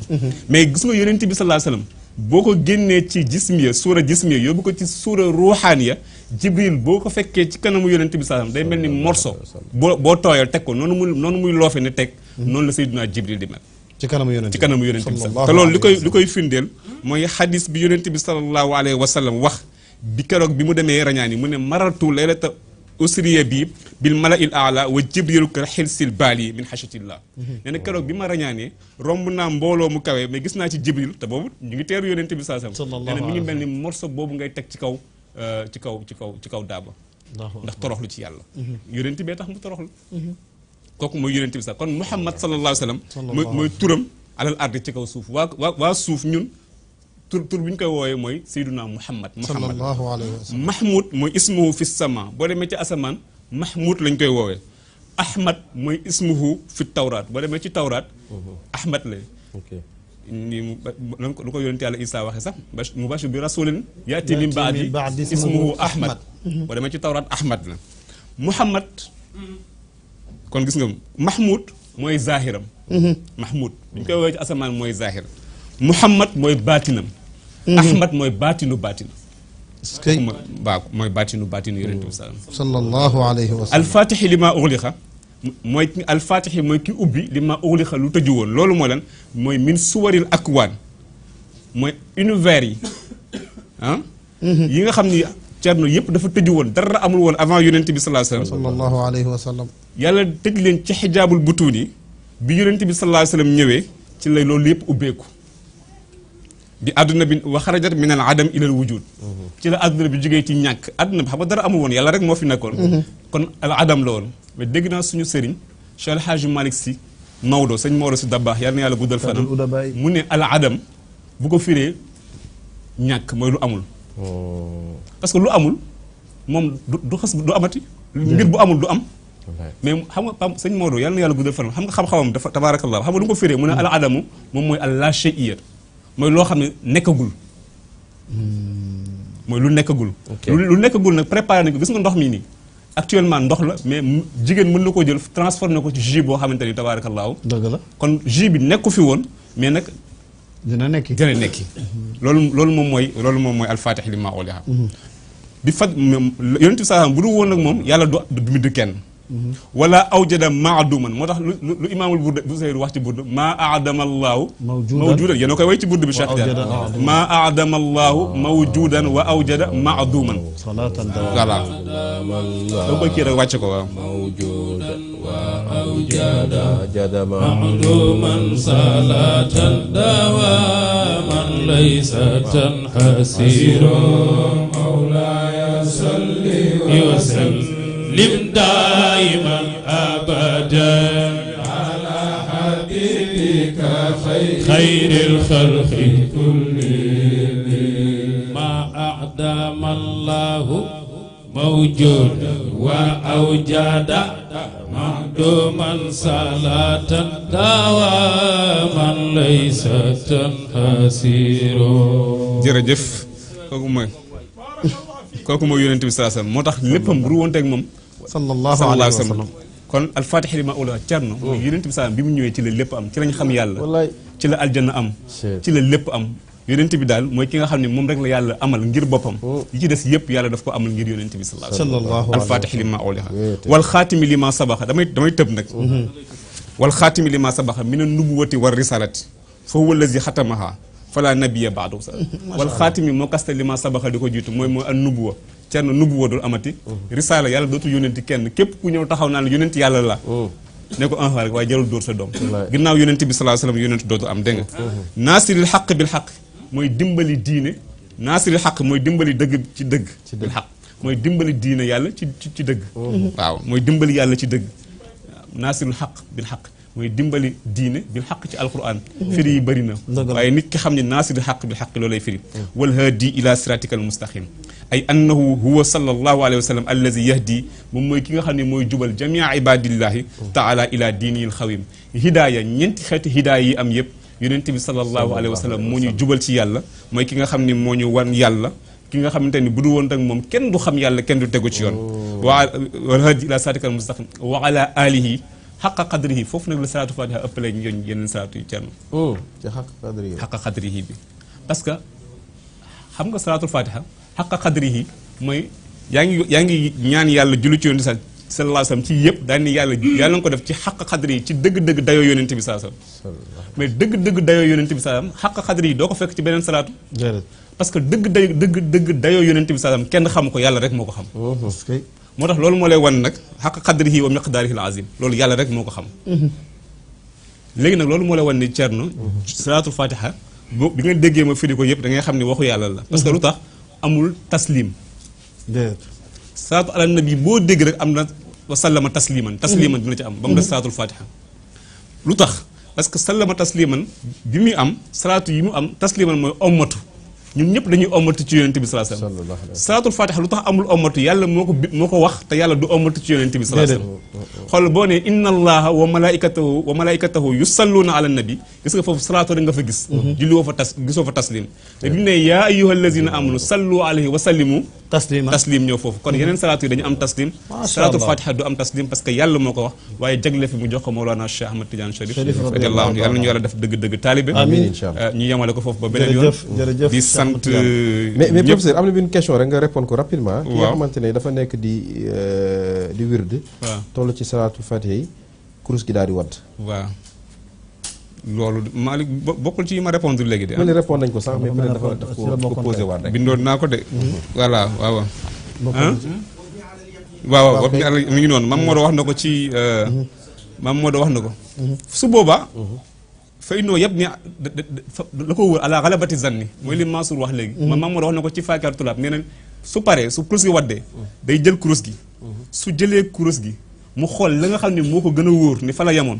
mais gis nga yonent bi sallallahu alayhi wa boo ko génnee ci jismiya suura jismiya yóbbu ko ci suura ruuxaaniya jibril boo ko fekkee ci kanamu yonent bi sallallahu alayhi wa sallam day mel ni morceau boo boo tooyal teg ko noonu muy noonu muy loofe ne teg noonu la sayyiduna jibril di mel ci kanamu yonent ci kanamu yonent bi te loolu li koy li koy firndeel mooy xadis bi yonent bi sallallahu alayhi wa sallam wax bi keroog bi mu demee rañaan yi mu ne marartu laylata usriya bi bil mala il aala wa jibril ka xilsil baal yi min xachatillah nee na keroog bi ma rañaanee romb naa mbooloo mu kawee mais gis naa ci jibril te boobu ñu ngi teeru yonent bi sallallahu alayhi wa sallam nee na mi ngi mel ni morso boobu ngay teg ci kaw ci kaw ci kaw ci kaw daaba ndax toroxlu ci yàlla yonent bee tax mu toroxlu kooku mooy yonent bi sax kon muhammad sallallahu alayhi wa sallam mooy mooy turam alal ardi ci kaw suuf waa waa waa suuf ñun tur tur bi ñu koy woowee mooy sayduna muhammad muhammad mahmoud mooy ismuhu fi sama boo demee ci asamaan mahmoud lañ koy woowee ahmad mooy ismuhu fi tawraat boo demee ci tawraat ahmad lay ni mu lu ko yonent yàlla Isa waxee sax mubashir bi rasulin yaati min baadi ismuhu ahmad boo demee ci tawraat ahmad la muhammad kon gis nga Mahmoud mooy zahiram. Mhm. Mahmoud bu ñu koy woowee asamaan mooy zahir. Muhammad mooy baatinam. Mhm. Ahmad mooy baatinu baatin. est-ce que waaw mooy baatinu baatinu yonent bi salaam. sallallahu alayhi wa sallam. alfaatixi li maa uxliqa mooy alfaatixi mooy ki ubbi li maa uxliqa lu tëju woon loolu mooy lan mooy min suwaril akwaan mooy univers yi [COUGHS] ah. Mhm. nga xam ni cerno yëpp dafa tëju woon dara amul woon avant yonent bi salaa sallam sallallahu alayhi wa sallam yàlla tëj leen ci xijaabul butuuni bi yonent bi salaa sallam ñëwee ci lay loolu yëpp ubbeeku bi àdduna bi wa xarajat min al adam ila al wujud ci la àdduna bi jógee ci ñàkk àdduna bi xam nga dara amul woon yàlla rek moo fi nekkoon kon al adam la woon mais dégg naa suñu sëriñ Cheikh El Hadj Malick Sy Maodo sëñ Maodo si Dabaax yàlla na yàlla guddal fanam mu ne al adam bu ko firee ñàkk mooy lu amul parce que lu amul moom du xës du amati. mbir bu amul du am. mais xam nga PAM sëñ Maodo yàlla na yàlla guddal fanam xam nga xam-xamam dafa tabaarakallah xam nga lu ko firee mu ne al moom mooy al laa mooy loo xam ne nekkagul. Hmm. mooy lu nekkagul. lu nekkagul nag préparé nañ ko gis nga ndox mi nii. actuellement ndox la mais jigéen mën na koo jël transformé ko ci jus boo xamante ni tabaarakallah. dëgg la kon jus bi nekku fi woon mais nag. dina nekk dina nekki. loolu loolu moom mooy loolu moom mooy alfaatix li maa oliha mhm. bi fat yonent bi saa bu dul woon nag moom yàlla du du kenn. wala awjada maaduman moo tax lu lu imaamul burda Busayri wax ci burda maa aadama allaahu mawjudan yéen a koy way ci burda bi Cheikh Tidiane maa aadama allaahu mawjudan wa awjada maaduman ah. oh, voilà dama koy kii rek wàcce ko waaw وجدا معلوما صلاة دواما ليس تنحسر مولاي صلي وسلم وسلم دائما أبدا على حبيبك خير, خير الخلق كلهم ما أعدم الله موجود وأوجد معدوما صلاة دواما ليس تنحسير jërëjëf kooku mooy kooku mooy yonent bi saa moo tax léppam ru woon teg moom sallallahu alayhi wa sallam kon alfaatixi lima ula cerno hmm. mooy yonent bi salaam bi mu ñëwee ci la lépp am ci lañ xam yàlla ci la aljanna am ci la lépp am yonent bi daal mooy ki nga xam ne moom rek la yàlla amal ngir boppam yi hmm. ci des yëpp yàlla daf ko amal ngir yonent bi sallallahu alfaatixi lima uliha wal xaatimi lima sabaxa damay damay tëb nag hmm. wal xaatimi lima sabaxa min a nubuwati war risalati fa huwa allazi xatamaha fala nabiya baadu [LAUGHS] wal xaatimi moo kaste lima sabaxa di ko jiitu mooy mooy an nubuwa cerno nubbu wadul amati mhm. risaala yàlla dootul yónenti kenn képp ku ñëw taxaw naa ne yónenti yàlla la mhm. ne ko ah, envoyé rek waaye jarul dóor sa doom ginnaaw yónenti bi sallallahu alayhi wasallam yónenti dootul am dégg nga mhm. naasiril xaq bil xaq mooy dimbali diine naasiril xaq mooy dimbali dëgg ci dëgg bil xaq mooy dimbali diine yàlla ci ci dëgg waaw mooy dimbali yàlla ci dëgg naasiril xaq bil xaq muy dimbali diine bil xaq ci alquran firi yi bëri na waaye nit ki xam ne naasiri xaq bil xaq loolay firi wal hadi ila siratika al mustaqim ay annahu huwa sallallahu alayhi wa sallam allazi yahdi moom mooy ki nga xam ne mooy jubal jamia ibadillahi taala ila diinil xawim hidaaya ñeenti xeeti hidaaya yi am yëpp yonente bi sallallahu alayhi wa sallam moo ñu jubal ci yàlla mooy ki nga xam ne moo ñu wan yàlla ki nga xamante ni bu du woon rek moom kenn du xam yàlla kenn du tegu ci yoon wa wal hadi ila siratika al mustaqim wa ala alihi xaqa xadri yi foofu nag la salaatu fatiha ëppale ñu yoon yeneen salaatu yu cerno oh. ci xaqa xadri yi bi parce que xam nga salaatul fatiha xaqa xadri yi mooy yaa ngi yaa ngi ñaan yàlla julli ci yonent bi sallallahu alayhi wasallam ci yëpp daal ni yàlla yàlla nga ko def ci xaq xadri ci dëgg-dëgg dayoo yonent bi sallallahu alayhi wasallam dëgg-dëgg dayoo yonent bi sallallahu alayhi wasallam xaq xadri yi doo ko fekk ci beneen salaatu parce que dëgg dëgg dëgg dayoo yonent bi sallallahu alayhi kenn xamu ko yàlla rek moo ko xam oh, motax lolou mo lay won nak xaq qadrihi wa miqdarihi alazim lolou yàlla rek moko xam léegi nak lolou mo lay won ni cerno salaatul fatiha bi nga degge ma firi ko yëpp da ngay xam ni waxu yàlla la parce que lutax amul taslim deet salatu ala nabi bo deg rek amna wa sallama tasliman tasliman dina ci am bam mu des fatiha lutax parce que sallama tasliman bi mi am salatu yi mu am tasliman moy ommatu ñun ñëpp dañuy omatu ci yonente bi sallallahu alayhi wasallam salaatul fatiha lu tax amul omatu yàlla moo ko bi moo ko wax te yàlla du omatu ci yonente bi sallallahu alayhi boo ne inna allaha wa malaikatahu wa malaikatahu yusalluna ala nabi gis nga foofu salaatu rek fa gis mhm. julli woo fa tas gisoo fa taslim te bi ne yaa ayyuha allazina amanu sallu alayhi wa taslim ah. taslim ñëw foofu kon mhm. yeneen salaatu yi dañu am taslim salaatu fatiha du am taslim parce que yàlla moo ko wax waaye jagle fi mu jox ko Mawlana Cheikh Ahmad Tidiane Chérif radiyallahu anhu yàlla ñu yàlla def dëgg-dëgg taalibe euh, ñu yemale ko foofu ba beneen yoon di sant euh, mais professeur am na benn question rek nga répondre ko rapidement ki nga xamante dafa nekk di euh, di toll ci salaatu fatiha yi kurus gi daal di wadd waaw loolu Malick bokkul ci yi ma répondre léegi de. mel ni ah. ko sax ah, mais peut-être dafa ko posé waat rek. naa ko de. Hmm. voilà waaw. waaw waaw bopp mi ngi noonu Mame hmm. Maodo wax na ko ci euh, maam hmm. Maodo wax na ko. su boobaa. fay noo yëpp ni la ko wóor ala xalabati zanni mooy li wax léegi. ma Mame Maodo na ko ci Fakar Tulaab nee na su paree su kurus gi waddee. day jël kurus gi. su jëlee kurus gi mu xool la xam ne moo ko gën a wóor ni fa la yemoon.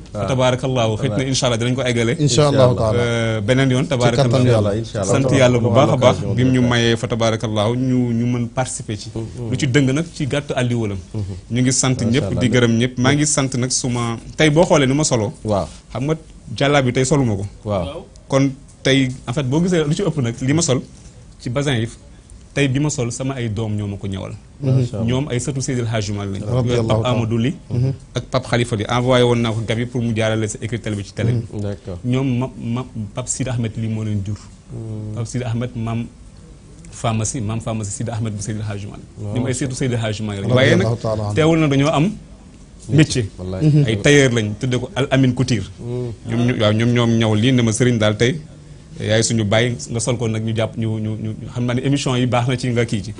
fa tabaarakallaahu xëy na incha allah dinañ ko eggale incha allahu taala euh, beneen yoon tabaarakallaahu sant yàlla bu baax a baax bi mu ñu mayee fa tabaarakallaahu ñu ñu mën participer ci mm, mm. lu ci dëng nag ci gàtt àlli walam mm-hmm. ñu ngi sant ñëpp di gërëm ñëpp maa ngi sant nag su ma tey boo xoolee ni ma solo waaw xam nga jàllaa bi tey soluma ko waaw kon tey en fait boo gisee lu ci ëpp nag li ma sol ci basin yi tay bima sol sama ay dom ñoo ko ñëwal ñoom ay sëtu Seydil Hadji Malick lañ Pape Amadou li ak pap Khalifa li envoyé won nako gabi pour mu jaarale sa écrit télé bi ci télé bi ñoom ma Sid Ahmed li mo leen jur pap Sid Ahmed mam pharmacie mam pharmacie sid Ahmed bu Seydil Hadji Malick ñoom ay seetu Seydil Hadji Malick waye nak téwul na dañu am métier ay tailleur lañ tudde ko Al Amin Couture ñoom waaw ñoom ñoom li ne ma serigne dal tay yaay suñu bàyyi nga sol ko nag ñu jàpp ñu ñu ñu xam naa ne émission yi baax na ci nga kii ci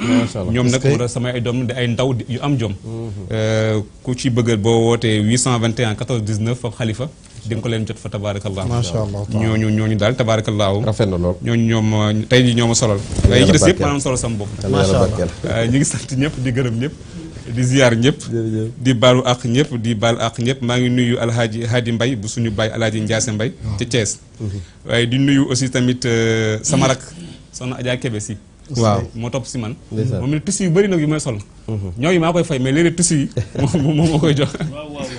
ñoom nag war a samay doom di ay ndaw yu am jom mhm. euh, ku ci bëgg boo wootee 821 14 19 fa xalifa di nga ko leen jot fa tabarakallah macha allah ñooñu ñooñu daal tabarakallah rafet na lool ñooñu ñoom tey ji ñoo ma solal waaye yi ci des yëpp maanaam solal sama bopp euh, ñu ngi sant ñëpp di gërëm ñëpp di ziar ñëpp di baalu ak ñëpp di baal ak ñëpp maa ngi nuyu alhaaji haaji mbay bu suñu baay alhaaji njaase mbay ah. ca Thiès mm-hmm. waaye di nuyu aussi tamit euh, sama mm-hmm. rak soxna Adja Kebe si waaw moo topp si man moom it tissu yu bëri nag yu may sol yi mhm. maa koy fay mais léeg-léeg tissu yi moom [LAUGHS] moo koy jox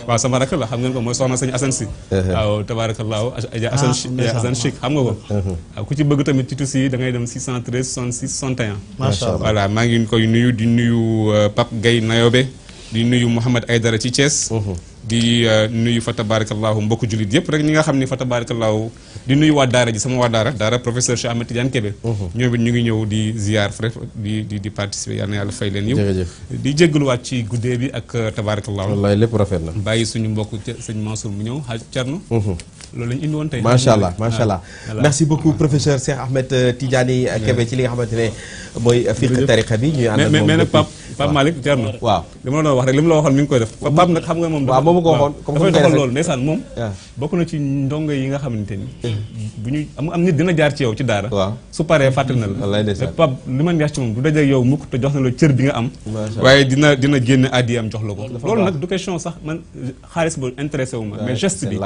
waaw sama rakk la xam ngeen ko mooy soxna sëñ Assane si uh-huh. waaw tabaarakallaahu aja ah, eh, Assane Chic xam nga ko uh-huh. waaw ku ci bëgg tamit ci tissu dem da ngay dem 613 66 61 macha allah voilà maa ngi koy nuyu di nuyu euh, Pape Gueye Nayobe di nuyu Mouhamed Aydara ci Thiès uh-huh. di euh, nuyu fa tabarakallahu mbokku jullit yëpp rek ñi nga xam ni fa tabarakallahu di nuyu waa daara ji sama waa daara daara professeur Cheikh Ahmed Tidiane Kébé mhm. ñoom it ñu ngi ñëw di ziar frère di di di participer yal na ci li nga xamante ne mooy fiqh tariqa bi ñuy ànd mais nag Pape Malick jar na waaw li ma la doon wax rek li mu la waxoon mi ngi koy def Pape nag xam nga moom waaw moom ko waxoon dafay doxal loolu ndeysaan moom bokk na ci ndongo yi nga xamante ni bu ñu am am nit dina jaar ci yow ci daara waaw su paree fàttali na la mais Pape li man yax ci moom du daje yow mukk te jox na la cër bi nga am waaye dina dina génne addi am jox la ko loolu nag du question sax man xaalis ba intéressé wu ma mais geste bi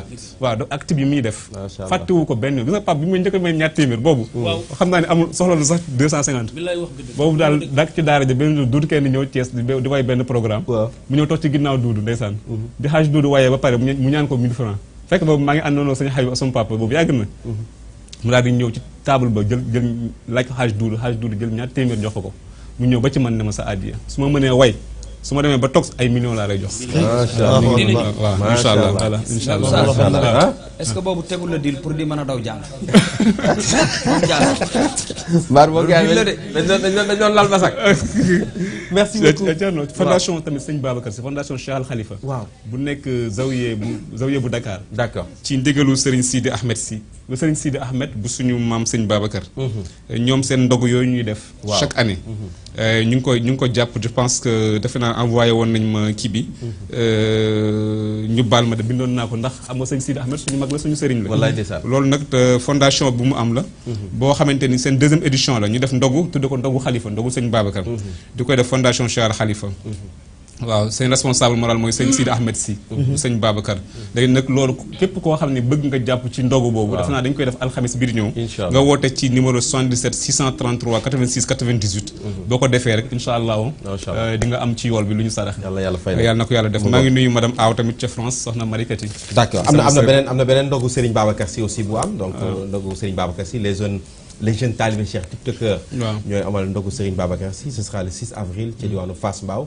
waaw da acte bi muy def fàttewu ko benn yoon gis nga Pape bi muy njëkk may ñaar téeméer boobu xam naa ne amul soxla lu sax deux cent cinquante boobu daal dak ci daara ja benn duutu kenn ñëw Thiès di way benn programme mu ñëw toog ci ginnaaw Duudu ndeysaan bi mhm. xaaj Duudu waaye ba pare mu ñaan ko 1000 francs fekk boobu maa ngi àndoonoo sañ xayu sama papa boobu yàgg na mhm. mu daal di ñëw ci table ba jël jël laaj ko xaaj Duudu xaaj Duudu jël ñaar téeméer jox ko ko mu ñëw ba ci man ne ma sa addiya su ma mënee way su ma demee ba toog ay millions laa lay jox. macha allah waaw incha allah voilà incha allah. est-ce que boobu tegul la deal pour di mën a daw jàng. moom jàng. mbaar boo gën tamit sëñ Babacar si fondation Cheikh Al waaw bu nekk Zawiye bu Zawiye bu Dakar. d'accord ci ndigalu Serigne Sidi Ahmed si. ba sëriñ Sidi Ahmed bu suñu maam sëñ Babacar. ñoom seen ndog yooyu ñuy def. chaque année. Euh, ñu ngi koy ñu ngi ko jàpp je pense que defe naa envoyé woon nañ ma kii bi. Euh, ñu baal ma de bindoon naa ko ndax am nga sëñ Sidi Ahmed suñu mag la suñu sëriñ la. wallaay loolu nag euh, fondation bu mu am la. boo xamante ni seen deuxième édition la ñu def ndogu tudde ko ndogu xalifa ndogu sëñ Babacar. Mhm. di koy def fondation Cheikh Khalifa. waaw seen responsable moral mooy sëñ Sidi Ahmed si mm-hmm. mm-hmm. sëñ Babacar léegi nag loolu képp koo xam ne bëgg nga jàpp ci ndogu boobu def naa dañ koy def alxamis biir ñëw nga woote ci numéro 77 633 86 98 boo ko defee rek incha allah euh, di nga am ci yool bi lu ñu sarax yàlla na ko yàlla def maa ngi nuyu madame Aw tamit ca France soxna Marikati d'accord am na am na beneen am na beneen ndogu Serigne Babacar si aussi bu am donc ah. euh, ndogu Serigne Babacar si les jeunes les jeunes talibé cheikh tiktokeur ñooy amal ndogu Serigne Babacar si ce sera le 6 avril ci diwaanu Fass Mbao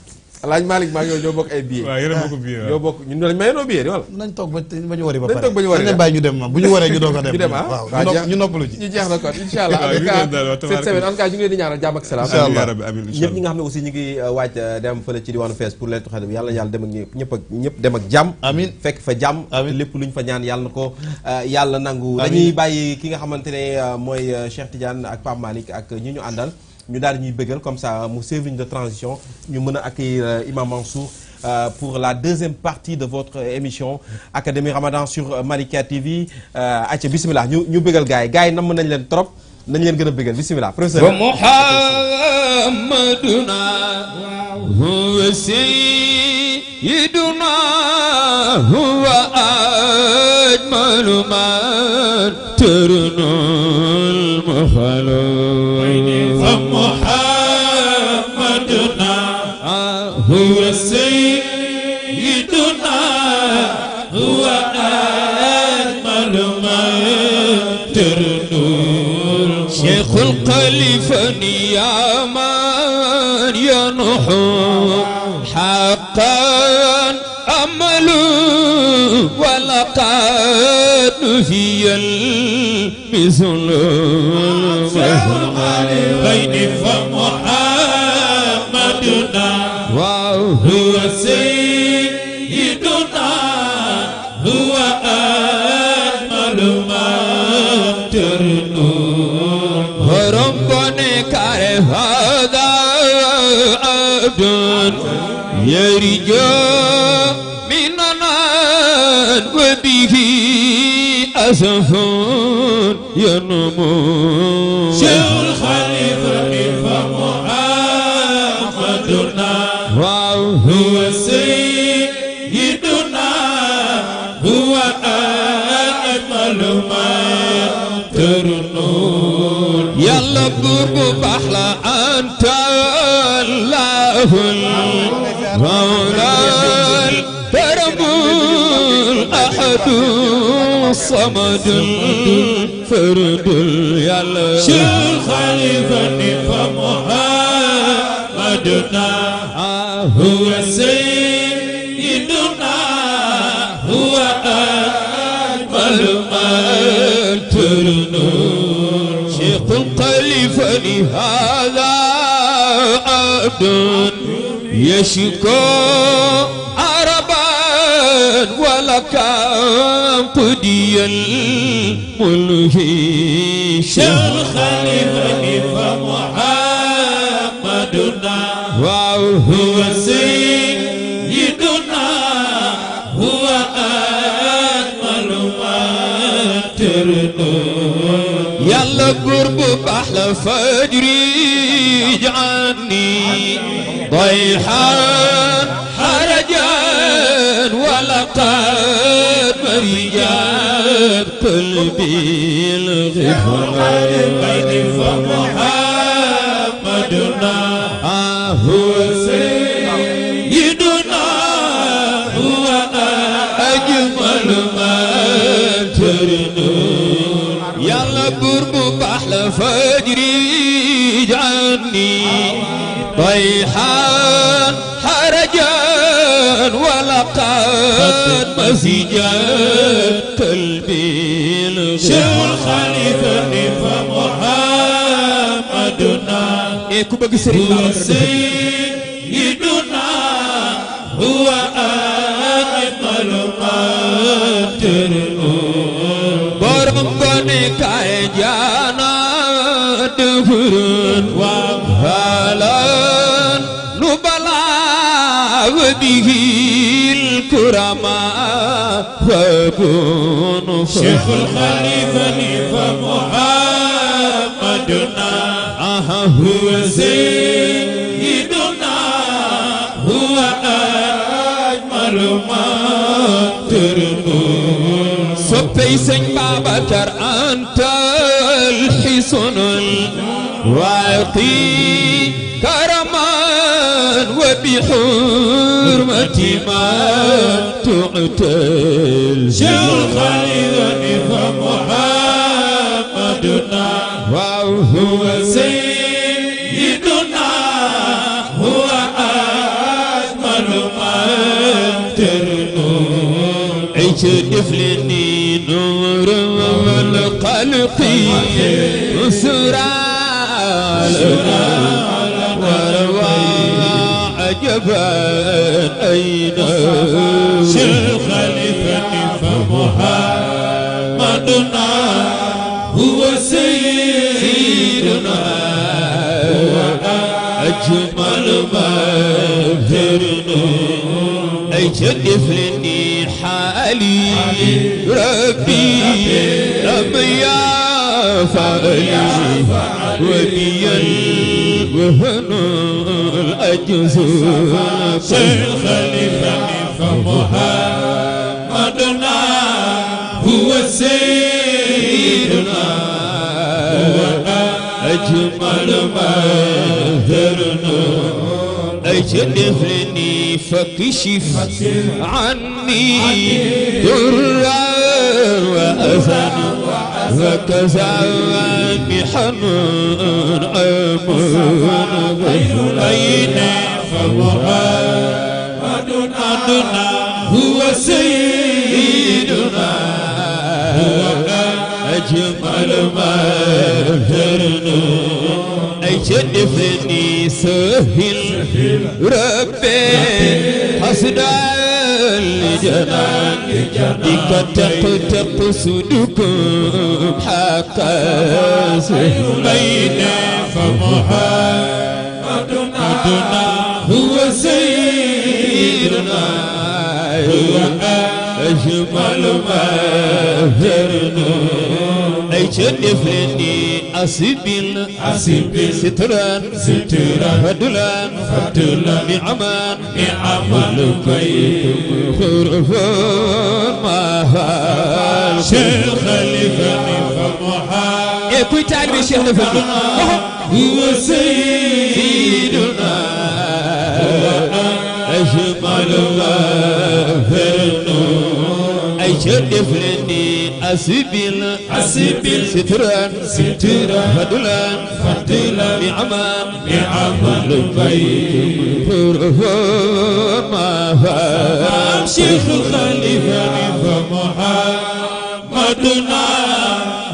alaaj Malick maa ngi ñoo bokk ay billet. waaw a bokk billet waaw ñoo bokk ñun dañu may noo nañ toog ba ba ñu waree ba pare nañ toog ba ñu waree dañ leen bàyyi ñu dem ma bu ñu waree ñu a dem. [LAUGHS] ñu dem ah waaw ñu noppalu ji. ñu jeex na kon incha [LAUGHS] allah en tout ñi nga xam ne aussi ñu ngi uh, waaj uh, dem fële ci diwaanu Fees pour leen tuxale yàlla yàlla dem ñëpp ak ñëpp dem ak jàmm. fekk fa jàmm. amiin lépp luñ fa ñaan yàlla ko uh, yàlla nangu. dañuy bàyyi ki nga xamante ne mooy Cheikh Tidiane ak Pape ak ñu ñu àndal ñu daal bëggal comme ça nous servir de transition nous mën accueillir euh, Imam Mansour euh, pour la deuxième partie de votre euh, émission Académie Ramadan sur Marika TV acca bismillah, ñu ñu bëggal gars yi gars yi trop nañ leen gën bëggal bisimilah professeur prenez huwa sayyiduna مختلفا يا من ينحو حقا أمل ولقد نهي المثل غير يا عبد يرجى مننا وبه يا ينمو شيخ الخليفة محمدنا هو سيدنا هو أجمل ما ترنون يلا بوبو بحلى أنت المولى الكرم الأحد الصمد الفرد اليلا شيخ خليفة فمحمدنا هو سيدنا هو أجمل من ترنو شيخ الخليفة هذا عبد يشكو عربا ولك قدي الملهي شيخ خليفة محمدنا وهو سيدنا هو أكمل ما ترنو يلا قرب بحلفه عليها حرجا ولقد مريت قلبي الغفران فمحمدنا هو آه، سيدنا هو أجمل ما ترنون يلا قرب بحل فجري جاني مسجد قلبي شيخ الخليفة نفا محمدنا هو سيدنا هو أكمل قدر برمبني كايجانا دفرن وفهلا نبلا به كرما فبون شيخ الخليفة فمحمدنا هو سيدنا هو أجمل ما ترمون سبتي سن بابا كر أنت الحسن الواقي بحرمة ما تعتل شيخ خالد فمحمدنا وهو سيدنا هو أجمل ما ترنو عيش دفلني نور والقلق سرال جبان أين سر الخليفة فمحمدنا هو سيدنا هو أجمل ما أي أجدف لني حالي ربي ربي يا فعلي وبي الوهنا جزول شيخ الخليفة محمدنا هو سيدنا أجمل ما ذرنا أجلفني فاكشف عني درّا وأفعل وكفى بحنون عمون غير أدنى هو سيدنا أجمل ما أجد فني سهل ربي حسنا الجنان ديك تق تق صدقهم حقا سيدنا فمحمدنا هو سيدنا هو أجمل ما هرنا Eyçel efendi asibil asibil sitran sitran fadulan fadulan ni'aman ni'aman bayt khurfan mahal Şeyh Khalifa Muhammad E kuy taalibe Cheikh la fadi huwa sayyiduna ajmal ghafirun ay chef efendi حسبل حسبل سترا سترا فضلا فضلا نعما نعما لبيك ما فهم شيخ الخليفة فمحمدنا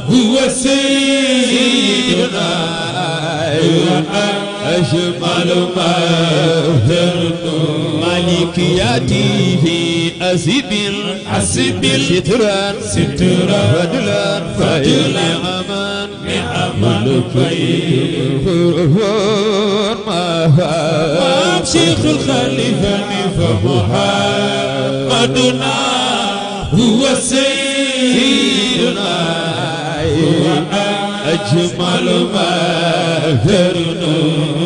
هو سيدنا أجمل ما اخترت ملكياته أسب أسب سترا سترا فضلا فضلا أمان نعم الخير ما شيخ الخليفة فمحمدنا هو سيدنا هو أجمل ما ذرنا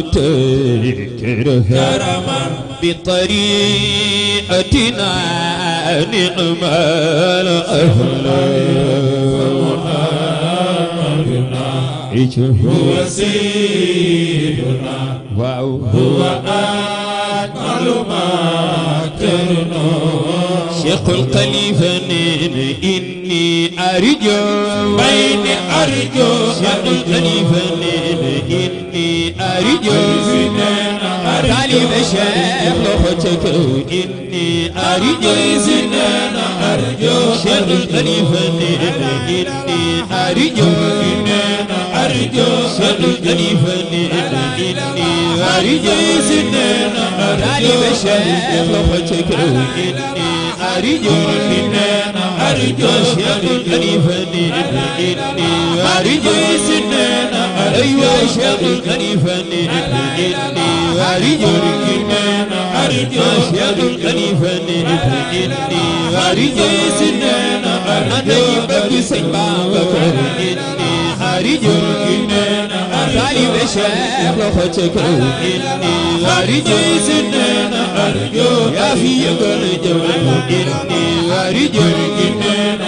تذكرها كرما بطريقتنا نعم الأهل هو سيدنا واو هو أكمل ما كرنا شيخ الخليفة إني أرجو بين أرجو شيخ الخليفة أرجو طالب الشيخ لوحتك إني أرجو أرجو شيخ الخليفة إني أرجو أرجو شيخ الخليفة إني أرجو طالب الشيخ لوحتك إني أرجو أرجو شيخ الخليفة إني أرجو أيوة شغل خليفة نحرجني وارجو أرجو شغل خليفة نحرجني وارجو سنانا أرجو بك سيبا وكرجني أرجو رجلنا طالب الشاب خوتك أرجو يا في يقل جمعه إني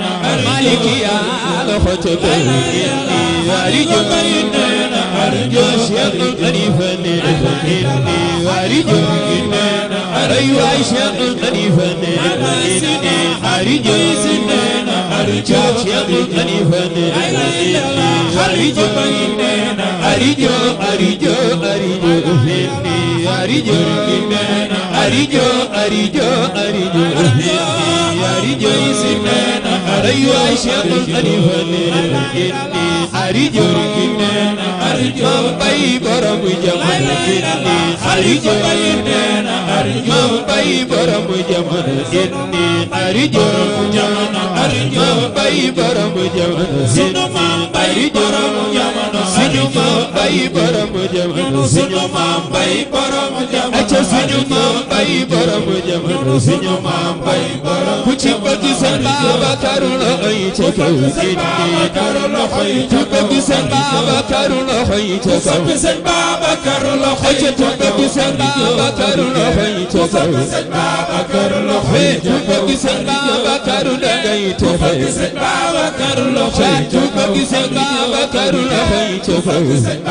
مالك يا لخطب إني وارج من أرج أشياء غريفا إني وارج من أري أشياء غريفا إني خارج سنين أرج أشياء غريفا إني خارج من أرج أرج أرج إني arijo arijo arijo arijo arijo isimena arayu aishatu alifane arijo arijo bay borom jamono arijo arijo bay borom jamono arijo arijo bay borom jamono sunu ma bay borom jamono sunu ma bay borom jamono suñu maam bay borom jamono acca suñu maam bay borom jamono suñu maam bay borom ku ci bëgg seen Babacar loxoy ca kaw nit ñi ku bëgg seen Babacar loxoy ca kaw seen Babacar loxoy ca ku bëgg seen Babacar loxoy ca kaw seen Babacar loxoy ku bëgg seen Babacar da ngay texe Babacar loxoy ku bëgg seen Babacar loxoy ca kaw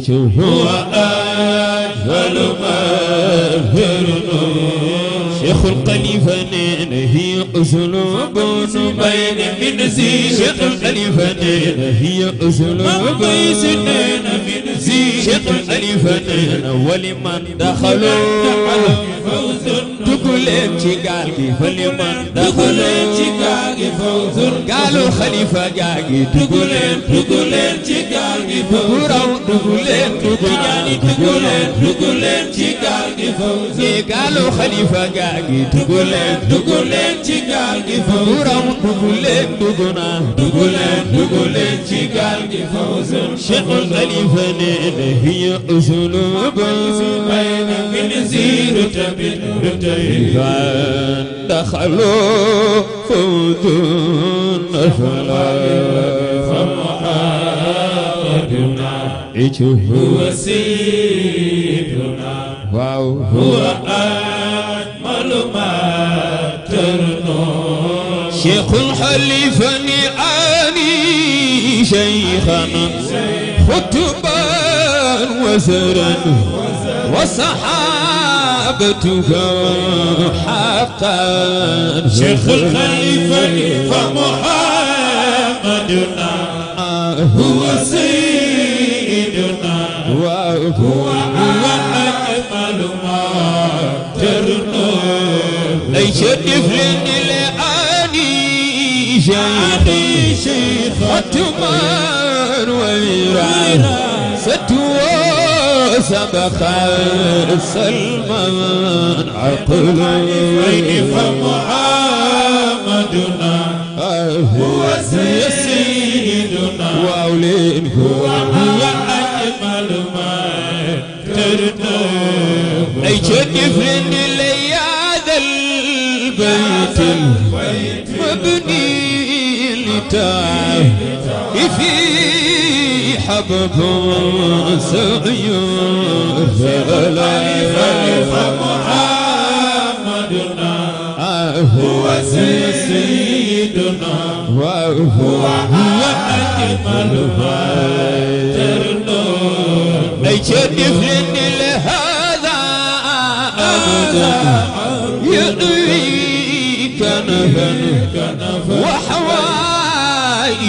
شوف هو أجفل مغفر شيخ الخليفة هي أسلوب نبين من زي شيخ الخليفة هي أسلوب سنين من زي شيخ الخليفة ولمن دخلوا فوز leen ci gaal gi fële man dugg leen xalifa gaa gi ci gaal gi fawzun ku raw dugg leen ci gaal gi fawzun gaalu xalifa gaa gi ci gaal gi fawzun ku raw dugg leen dugg naa dugg leen نزيل تبدتين دخلوا فوت الفلاح فمحمدنا هو سيدنا واو هو أجمل ما ترنو شيخ حلفني آني شيخا خطبا وزرا وصحابتها حتى شيخ الخليفة محمدنا هو سيدنا وهو هو أكمل ما ترنا ليس طفل لأني شيخ ختمان ويرانا سبق سلمان عقله فمحمدنا هو سيدنا وأولين هو أجمل ما ترتب أي شكف لي هذا البيت المبني لتاه في عبد سعي فلا يخلف محمدنا هو سيدنا وهو أجمل فترنا يشرف لهذا أبدا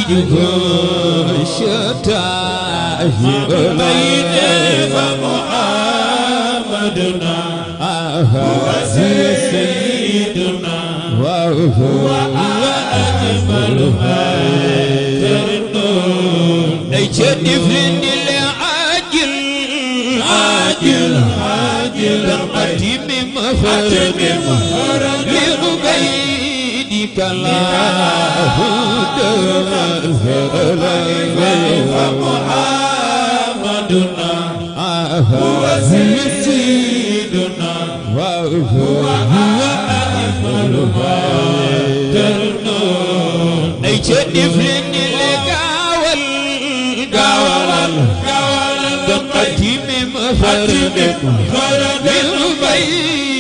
جهود شتاه بين فمحمدنا هو سيدنا وهو أجمل ما تردون ليش تفرد العاجل عاجل عاجل حتم مفرد شريك له الخليفة محمدنا هو سيدنا وهو أهل النور نجد فين القاول قاول قاول بقديم فرد فرد البيت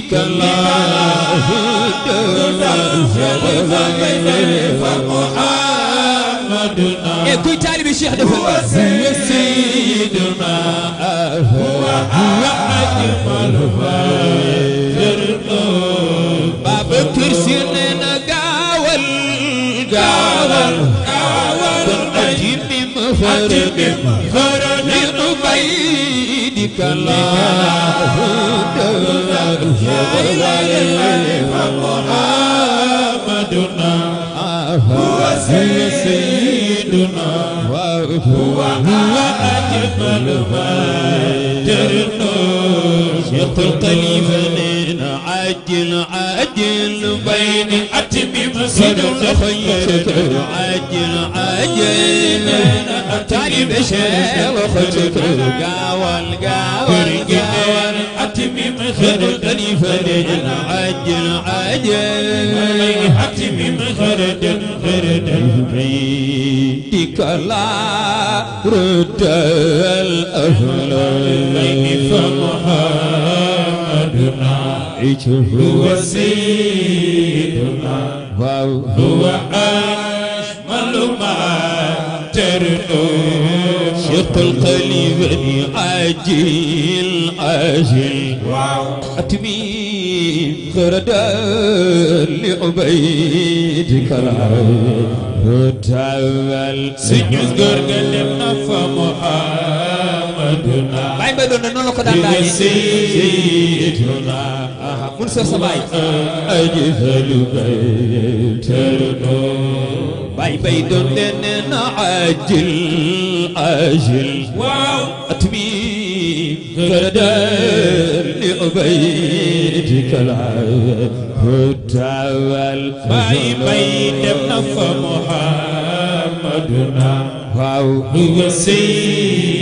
بك الله محمدنا كل بك الله محمدنا هو سيدنا وهو أجمل ما ترنو يقتل فني عجل عجل بين أتمم صدر الخير عجل عجل أتاري بشير الخير قاول قاول قاول أتمم خردن الخير عجل عجل أتمم خردن خردن بيدك لا رد الأهل هو سيدنا هو أجمل ما ترنو شيخ القليب عاجل عاجل أتميم خردا لعبيد كرام تعال سنجز قرقل نفا محام baay mbay doon na la ko daan daane mun soo sa baay baay mbay doon ne ne na ajil ajil waaw atmi غدا لعبيدك الهدى والباي باي دم محمدنا واو هو السيد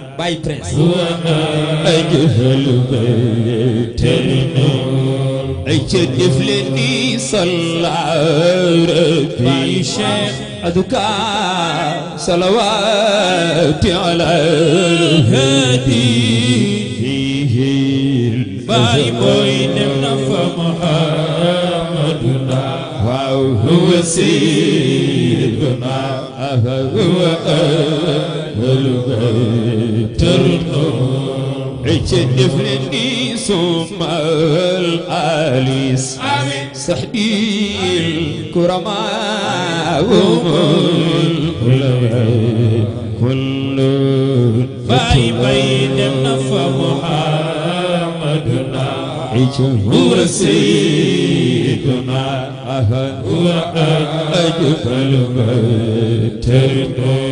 by Prince ay jëfal bay terino ay ca jëf leen تدفني ثم الآليس صحبي الكرماء كل باي باي فمحال عجم سيدنا ورأى أجفل ترقى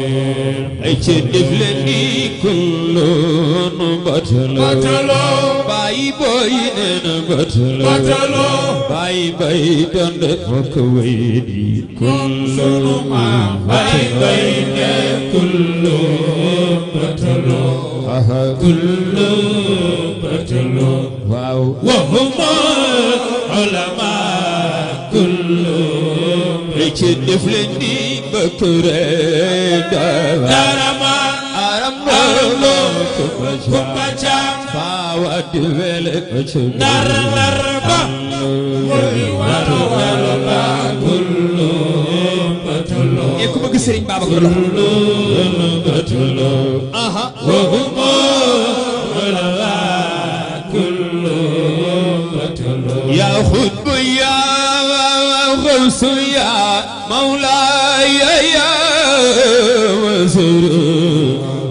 عجدف لني كل بطل باي باي نن بطل باي باي دند فكويني كل ما باي باي كل بطل كل waaw wahuma ulama kullum ci def leen di bakure darama aram lo ko bacha fa wadu wele ko ci nar nar ba moy waru waru ba kullum batulo e ku bëgg Serigne Babacar la kullum batulo aha wahuma يا غوث يا مولاي يا وزر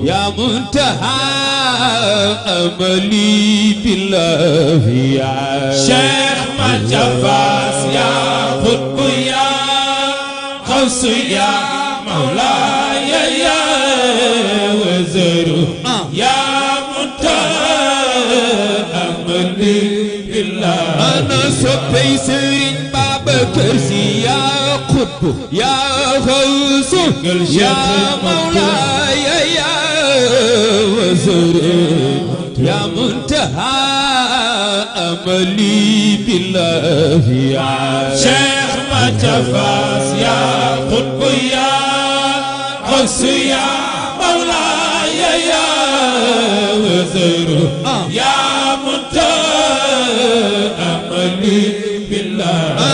يا منتهى أملي بالله يا شيخ مجباس يا قطب يا غوث يا مولاي يا وزر يا قطب يا غوث يا مولاي يا وزري يا منتهى املي بالله يا شيخ تفاس يا قطب يا غوث يا مولاي يا وزري يا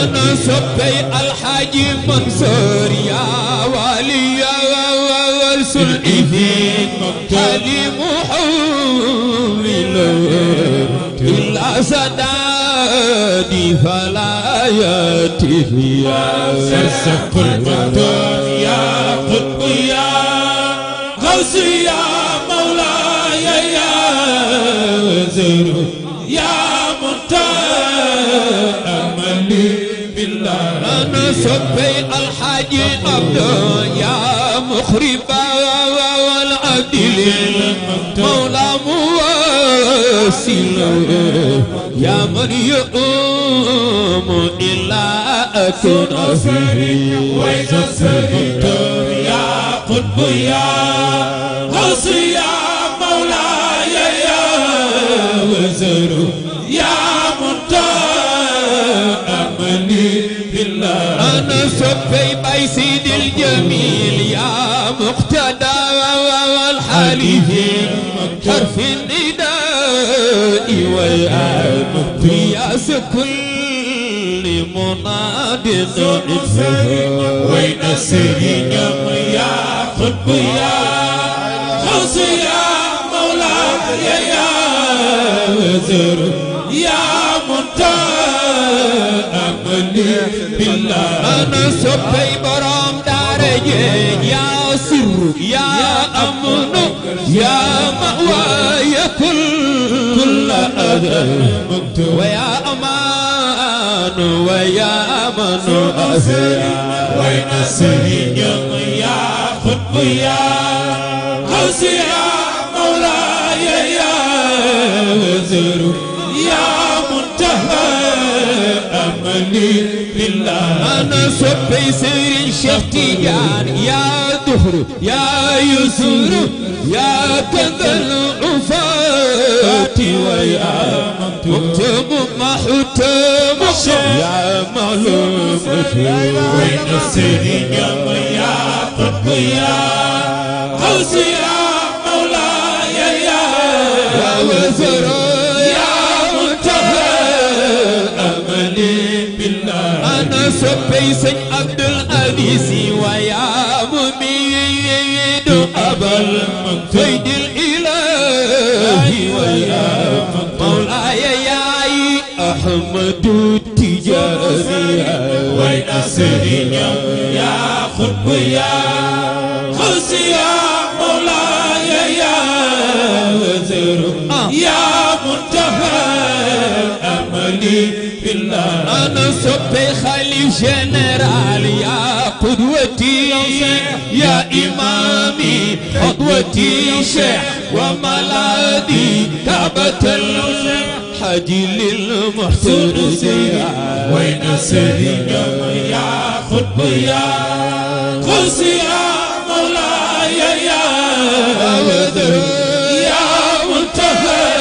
انا صبي الحاج منصور يا ولي والسلئين حالي محول إلا سدادي فلا ياتي يا سلسك المدن يا قطب يا غوث يا مولاي يا زر يا سبي الحاج عبد يا مخرب والعدل مولى مواسل يا من يؤم إلا أكون فيه وإذا سهيت يا قطب يا غصي يا مولاي يا وزر يا سيد الجميل يا مقتدى والحليف حرف النداء والآن في كل مناد وين سيدنا يا خطب يا خص يا مولاي يا وزر يا amali billah ana soppay borom daara jeen yaa sirru yaa amnu yaa mawaaya kul kulla adan wa yaa amaanu wa yaa amanu asira wa nasri yaa xutbu yaa xawsi yaa mawlaaya yaa wazuru لي لله أنا صبي سير الشيخ تيجان يا دهر يا يسر يا كذا العفات ويا مكتم محتم يا معلوم وين السير يا قطب يا غوث يا soppey sëñ Abdul Aziz wa yaa mumiidu abal faydil ilaahi wa yaa mawlaaya yaay Ahmadu Tijaani way na sëriñam yaa xutb yaa xasiya mawlaaya yaa waziru yaa muntaha amali billah ana soppey جنرال يا قدوتي يا إمامي قدوتي شيخ وملادي كعبة حجي للمحسن يا وين سيدنا يا خطب يا يا مولاي يا ودر يا منتهى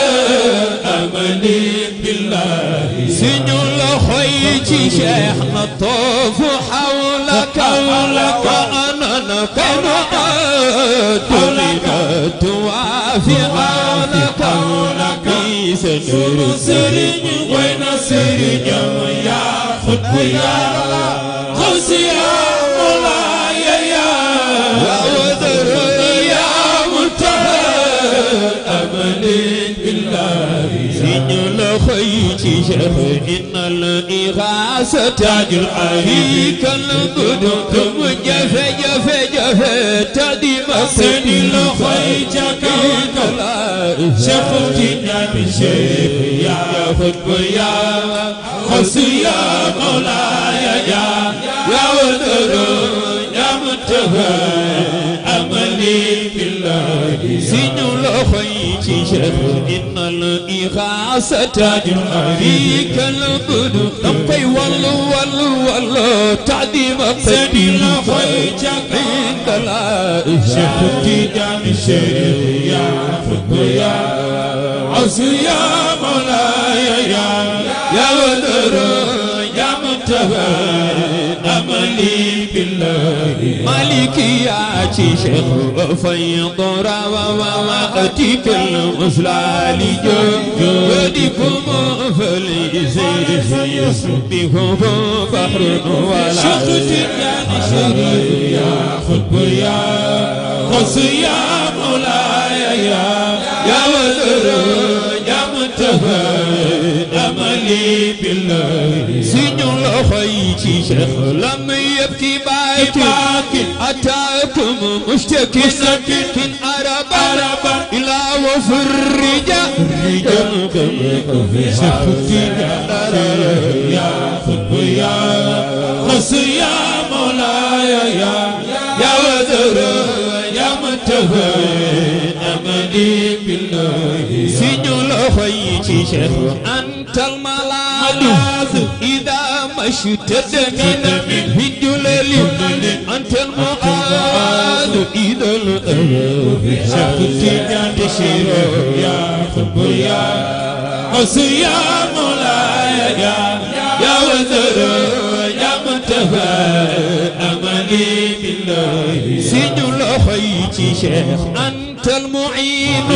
أمني بالله سنو ci Cheikh na toofu xawlaka wa ana nakunu adunatu wa fi xawlaka bi sa nuru sëriñ way na sëriñ yaa xutbu yàlla xawsi yaa mulaaya yaa wadara yaa muntaha amalin billahi si ñu la xëy ci Cheikh غاصة تاج العريق القدوم جفة جفة جفة تدي مسجد الخير جكوك شيخ جنان شيخ يا خطب يا حسي يا مولاي يا يا ودود يا منتهى suñu loxo yi ci Cheikh innal ixaasa taajul marika la budu dam koy wallu wallu wallu taadima sedi loxo yi ca indala Cheikh Tidiane Cheikh ya fuddu ya asu ya mawlaaya ya ya wadara ya mutaba لي بالله مالك يا شيخ فيض روى وقتك المثلى لجودكم فليزيز بهم بحر ولا شخص يا شريف يا خطب يا قص يا مولاي يا يا وزر يا منتهى lii billahi suñu loxo yi ci Cheikh lam yëpp ki baaki ataakum mustakin araban ila wa furija ya qutbu ya xas ya mawlaya ya ya wadara ya mutaha القديم بالله سجو لخي شيخ أنت الملاذ إذا مشت دمين بجلل أنت المعاذ إذا الأمر شفت تشير يا حب يا عسي يا مولاي يا يا وزر يا منتهى أملي بالله سجو لخي شيخ أنت وأنت المعين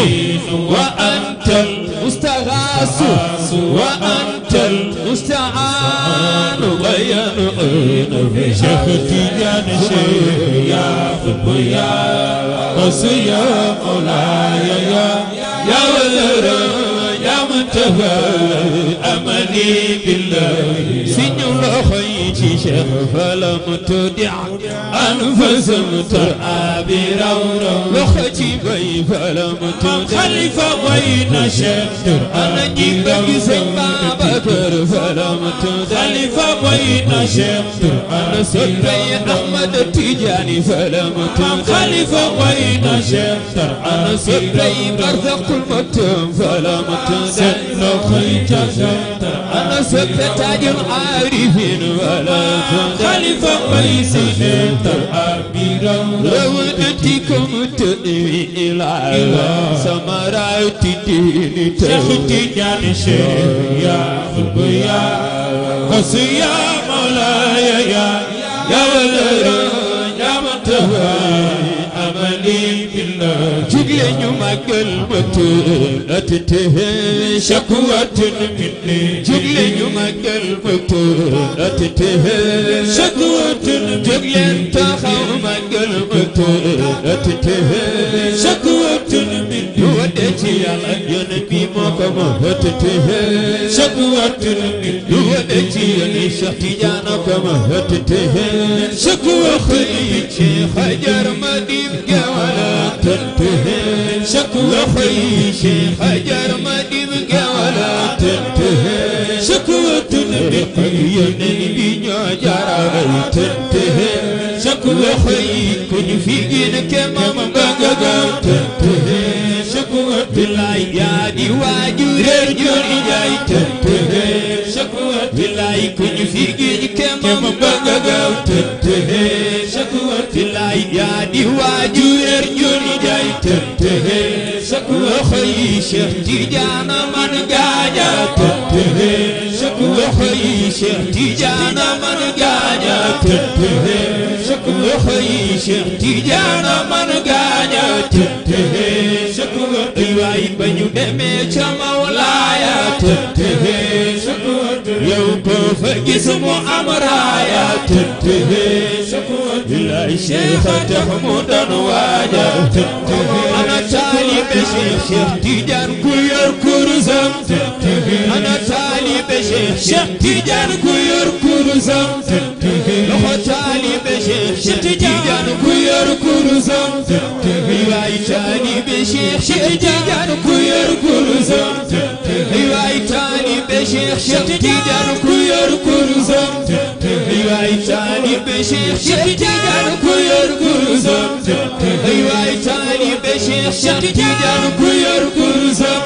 وأنت المستغاث وأنت المستعان وينعين في شفتي يا نشي يا حب يا قص يا مولاي يا يا ولد يا منتهى يا بالله سنو شيخ فلم تدع أنفس ترابي رورو لختي بي فلم تدع خلف بين شيخ أنا جيبك سما بكر فلم تدع خلف بين شيخ أنا سيري أحمد تجاني فلم تدع خلف بين شيخ أنا سيري أرزق المتم فلم تدع سنو لختي شيخ أنا سبت تاجر شاهد ولا خليفة ويسين تعبيرا رودتكم تنوي إلى سمرات الدين تهتي جان يا خبيا قصيا مولاي يا يا ولد يا متهوى la ñu màggal bëgg at te chakuwatun minni jóg leen ñu màggal bëgg at te chakuwatun jóg leen taxaw màggal bëgg at te chakuwatun minni wate ci yàlla yoon bi moo ko moom at te chakuwatun minni wate ci yoon yi Cheikh Tidiane ko moom at te chakuwatun minni xajar ma dim gawala tantuhe شكوتي شيخ حجر ما تبقى ولا تنتهي شكوت بقيد بجوجر لا تنتهي شكوتي كن في جنك ما بقى تنتهي شكوت العياد واجور الجري جاي تنتهي شكوت العي كن في جنك ما بقى تنتهي شكوت العياد واجور تنتهي شكوى خي شيخ تيجانا من قاجا تنتهي شكوى خي شيخ تيجانا من قاجا تنتهي شكوى خي شيخ تيجانا من قاجا تنتهي شكوى ايواي بنيو دمي شما ولايا تنتهي شكوى يوم كوفا جسم امرايا تنتهي شكوى لله شيخ تحمد واجا أنا طالب شيخ تجان كير كرزم أنا طالب شيخ تجان كير كرزم لو طالب شيخ تجان كير كرزم لله طالب شيخ تجان كير كرزم Vay tani beşer şekti der kuyur kurzum Vay tani beşer şekti der kuyur kurzum Vay tani beşer şekti der kuyur kurzum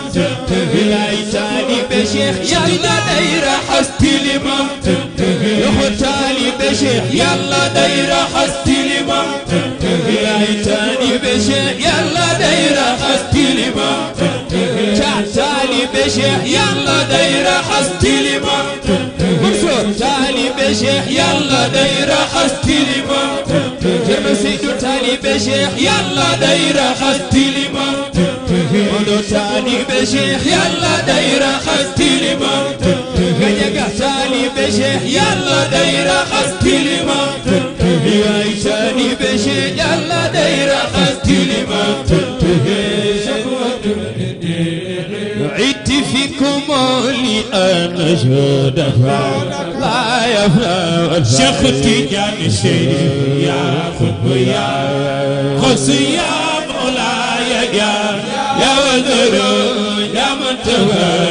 Vay tani beşer yalla dayra hastilimam Yok tani beşik yalla dayra hastilimam Vay tani beşik تالي بشيح يلا دايرة حستي لما منصور تالي بشيح يلا دايرة حستي لما جرمسيدو تالي بشيح يلا دايرة حستي لما ولو تالي بشيح يلا دايرة حستي لما غنيقة تالي بشيح يلا دايرة حستي لما يا تالي بشيح يلا دايرة حستي أن جودك لا يفنى شيخ تجاني الشريف يا قطب يا خصي يا يا يا وزر يا منتهى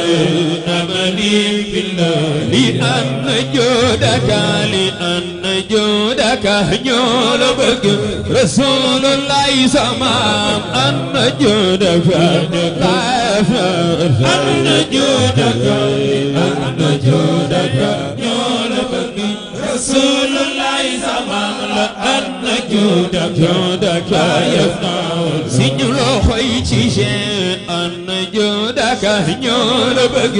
أملي بالله لأن جودك لأن juudaka ñoo la bëgg Rasulullah sama an juudaka an juudaka an juudaka ñoo la bëgg Rasulullah sama an juudaka juudaka si ñu loxoy ci an ka ñoo la bëgg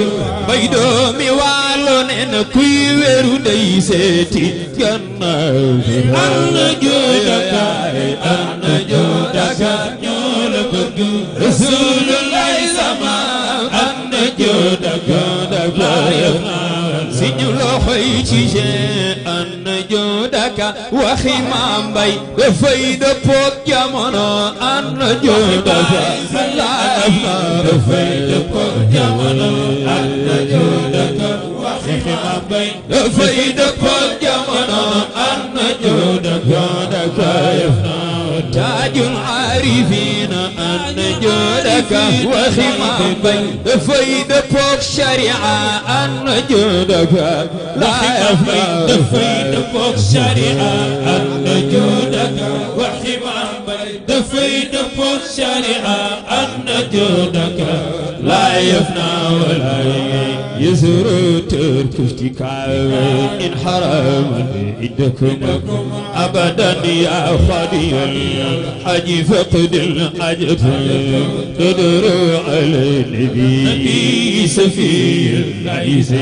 bay doomi waalo nee na kuy weeru day seeti gannaaw bi ana joodaka ana joodaka ñoo la bëgg rasulullah sama ana joodaka si ñu loxoy ci jeen ka waxi maam mbay dafay e dëppook jamono ànd na jóg dafa laa daf na dafay e dëppook jamono ànd na jóg dafa عارفين أن جودك وخمامك دفي دفوك شريعة أن جودك لا يفي دفي دفوك شريعة أن جودك وخمامك دفي دفوك شريعة أن جودك لا يفنى ولا يفنى يزر كاوي إن حرام عندكم أبدا يا خدي الحج فقد الحجف تدر على النبي سفي العيسى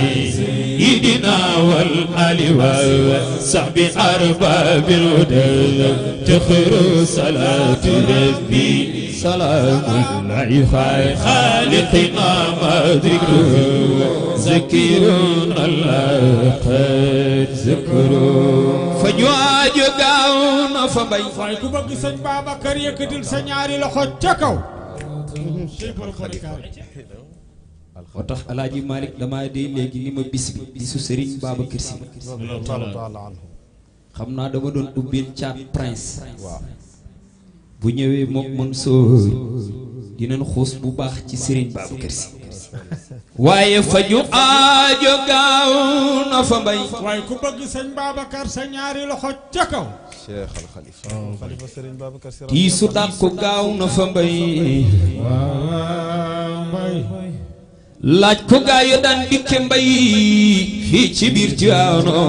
يدنا والآل والصحب أرباب الهدى تخر صلاة ربي سلام الله خالقنا ما ذكره ذكر الله قد ذكروا فجواج داون فبي فاي ku bëgg sëñ Babacar yëkkatil sa ñaari loxo ca kaw moo tax alaaji Malick damaa dee léegi ni ma bis bi bisu Serigne Babacar Sy xam naa dama doon ubbil caat prince bu ñëwee mook Mansour dinañ xuus bu baax ci Serigne Babacar Sy waaye faju aajo gaaw na fa mbay waaye ku ca kaw cheikh al ko gaaw na fa mbay mbay laaj ko gaa daan dikke mbay fii ci biir Tiwaawno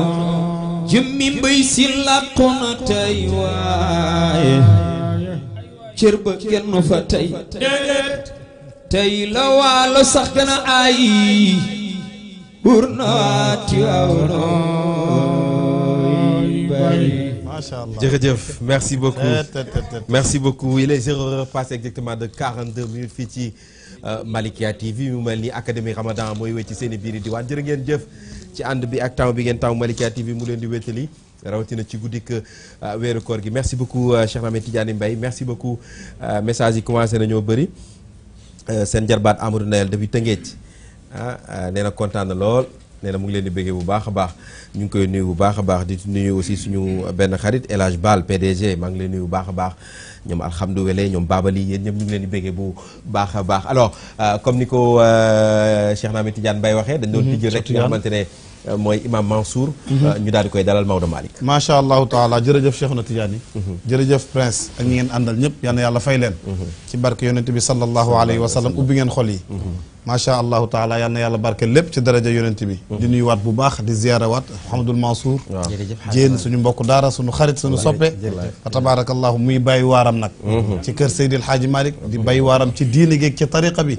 jëmmi mbay si làqu na tey waaye cër ba kenn fa tey tey la waalo sax gën a ay buur na waa Tiwaawan bari jërëjëf merci beaucoup merci beaucoup il est zéro heure passé exactement de 42 minutes fii ci euh, Malikia TV mu mel ni académie Ramadan mooy wecc seen i biir diwaan jërë ngeen jëf ci ànd bi ak taw bi ngeen taw Malikia TV mu leen di wétali rawatina ci guddik euh, weeru koor gi merci beaucoup euh, Cheikh Ahmed Tidiane Mbaye merci beaucoup message yi commencé nañoo bëri. Euh, seen jarbaat Amadou Ndayel depuis Tëngéej ah euh, nee kontaan lool nee mu ngi leen di bëggee bu baax a baax ñu ngi koy nuyu bu baax a baax di nuyu aussi suñu benn xarit El Hadj Bal PDG maa ngi leen nuyu bu baax a baax ñoom alhamdulilah ñoom Babali yéen ñëpp ñu ngi leen di bëggee bu baax a baax alors euh, comme ni ko Cheikh Naami Tidiane Mbaye waxee. dañ doon mhm, tijjel rek nga xamante ne. Euh, mooy imam Mansour. Mhm. Euh, ñu daal di koy dalal Maodo Malick. macha allahu taala jërëjëf Cheikhna Tidiane. Mhm. jërëjëf prince ak ñi ngeen àndal ñëpp yàlla fay leen. Mhm. ci barke yonent bi sallallahu alayhi wa ubbi ngeen xol yi. ما شاء الله تعالى يا يعني الله اللب لب في درجة يونتبي جنوي وات بباخ دي زيارة وات حمد المنصور نعم. جين سنو مبوك دارة سنو خارج سنو صبي فتبارك الله مي باي وارم نك تكر سيد الحاج مالك دي باي وارم تي دين جيك طريقة بي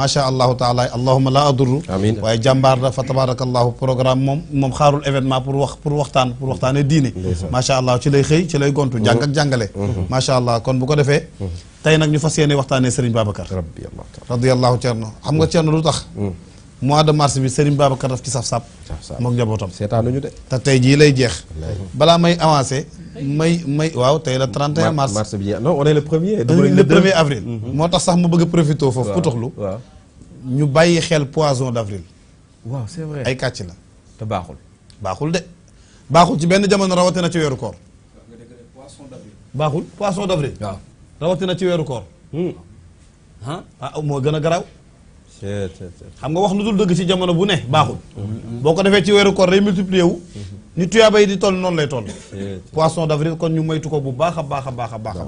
ما شاء الله تعالى اللهم لا أضر وي جنبار فتبارك الله بروغرام مم مم خارو الإيفنت ما بور وقت بور وقتان بور وقتان الديني نعم. ما شاء الله تلاي خي كونتو جونتو جانك ما شاء الله كون بوكو دفي tey nag ñu fas yéene waxtaanee Serigne Babacar. radiyallahu Thierno xam nga mm. Thierno lu tax. Mm. mois de mars bi Serigne Babacar daf ci saf-sap. saf-sap moog njabootam. seetaanuñu de. te tey jii lay jeex. balaa may avancé. may may waaw tey la 31 mars. mars bi non on est le premier. le premier avril. Mm-hmm. moo tax sax mu bëgg a profité foofu. waaw putuxlu ñu bàyyi xel poisson d' avril. waaw c' ay kàcc la. te baaxul. baaxul de baaxul ci benn jamono rawatina ci weeru koor. baaxul poisson d' avril. waaw. rawatina ci weeru koor. Hmm. Ah, ah moo gën a garaaw. xam nga wax lu dul dëgg ci jamono bu ne baaxul. boo ko defee ci weeru koor day multiplier wu. ni tuyaaba yi di toll noon lay toll. poisson d'avril kon ñu moytu ko bu baax a baax a baax a baax.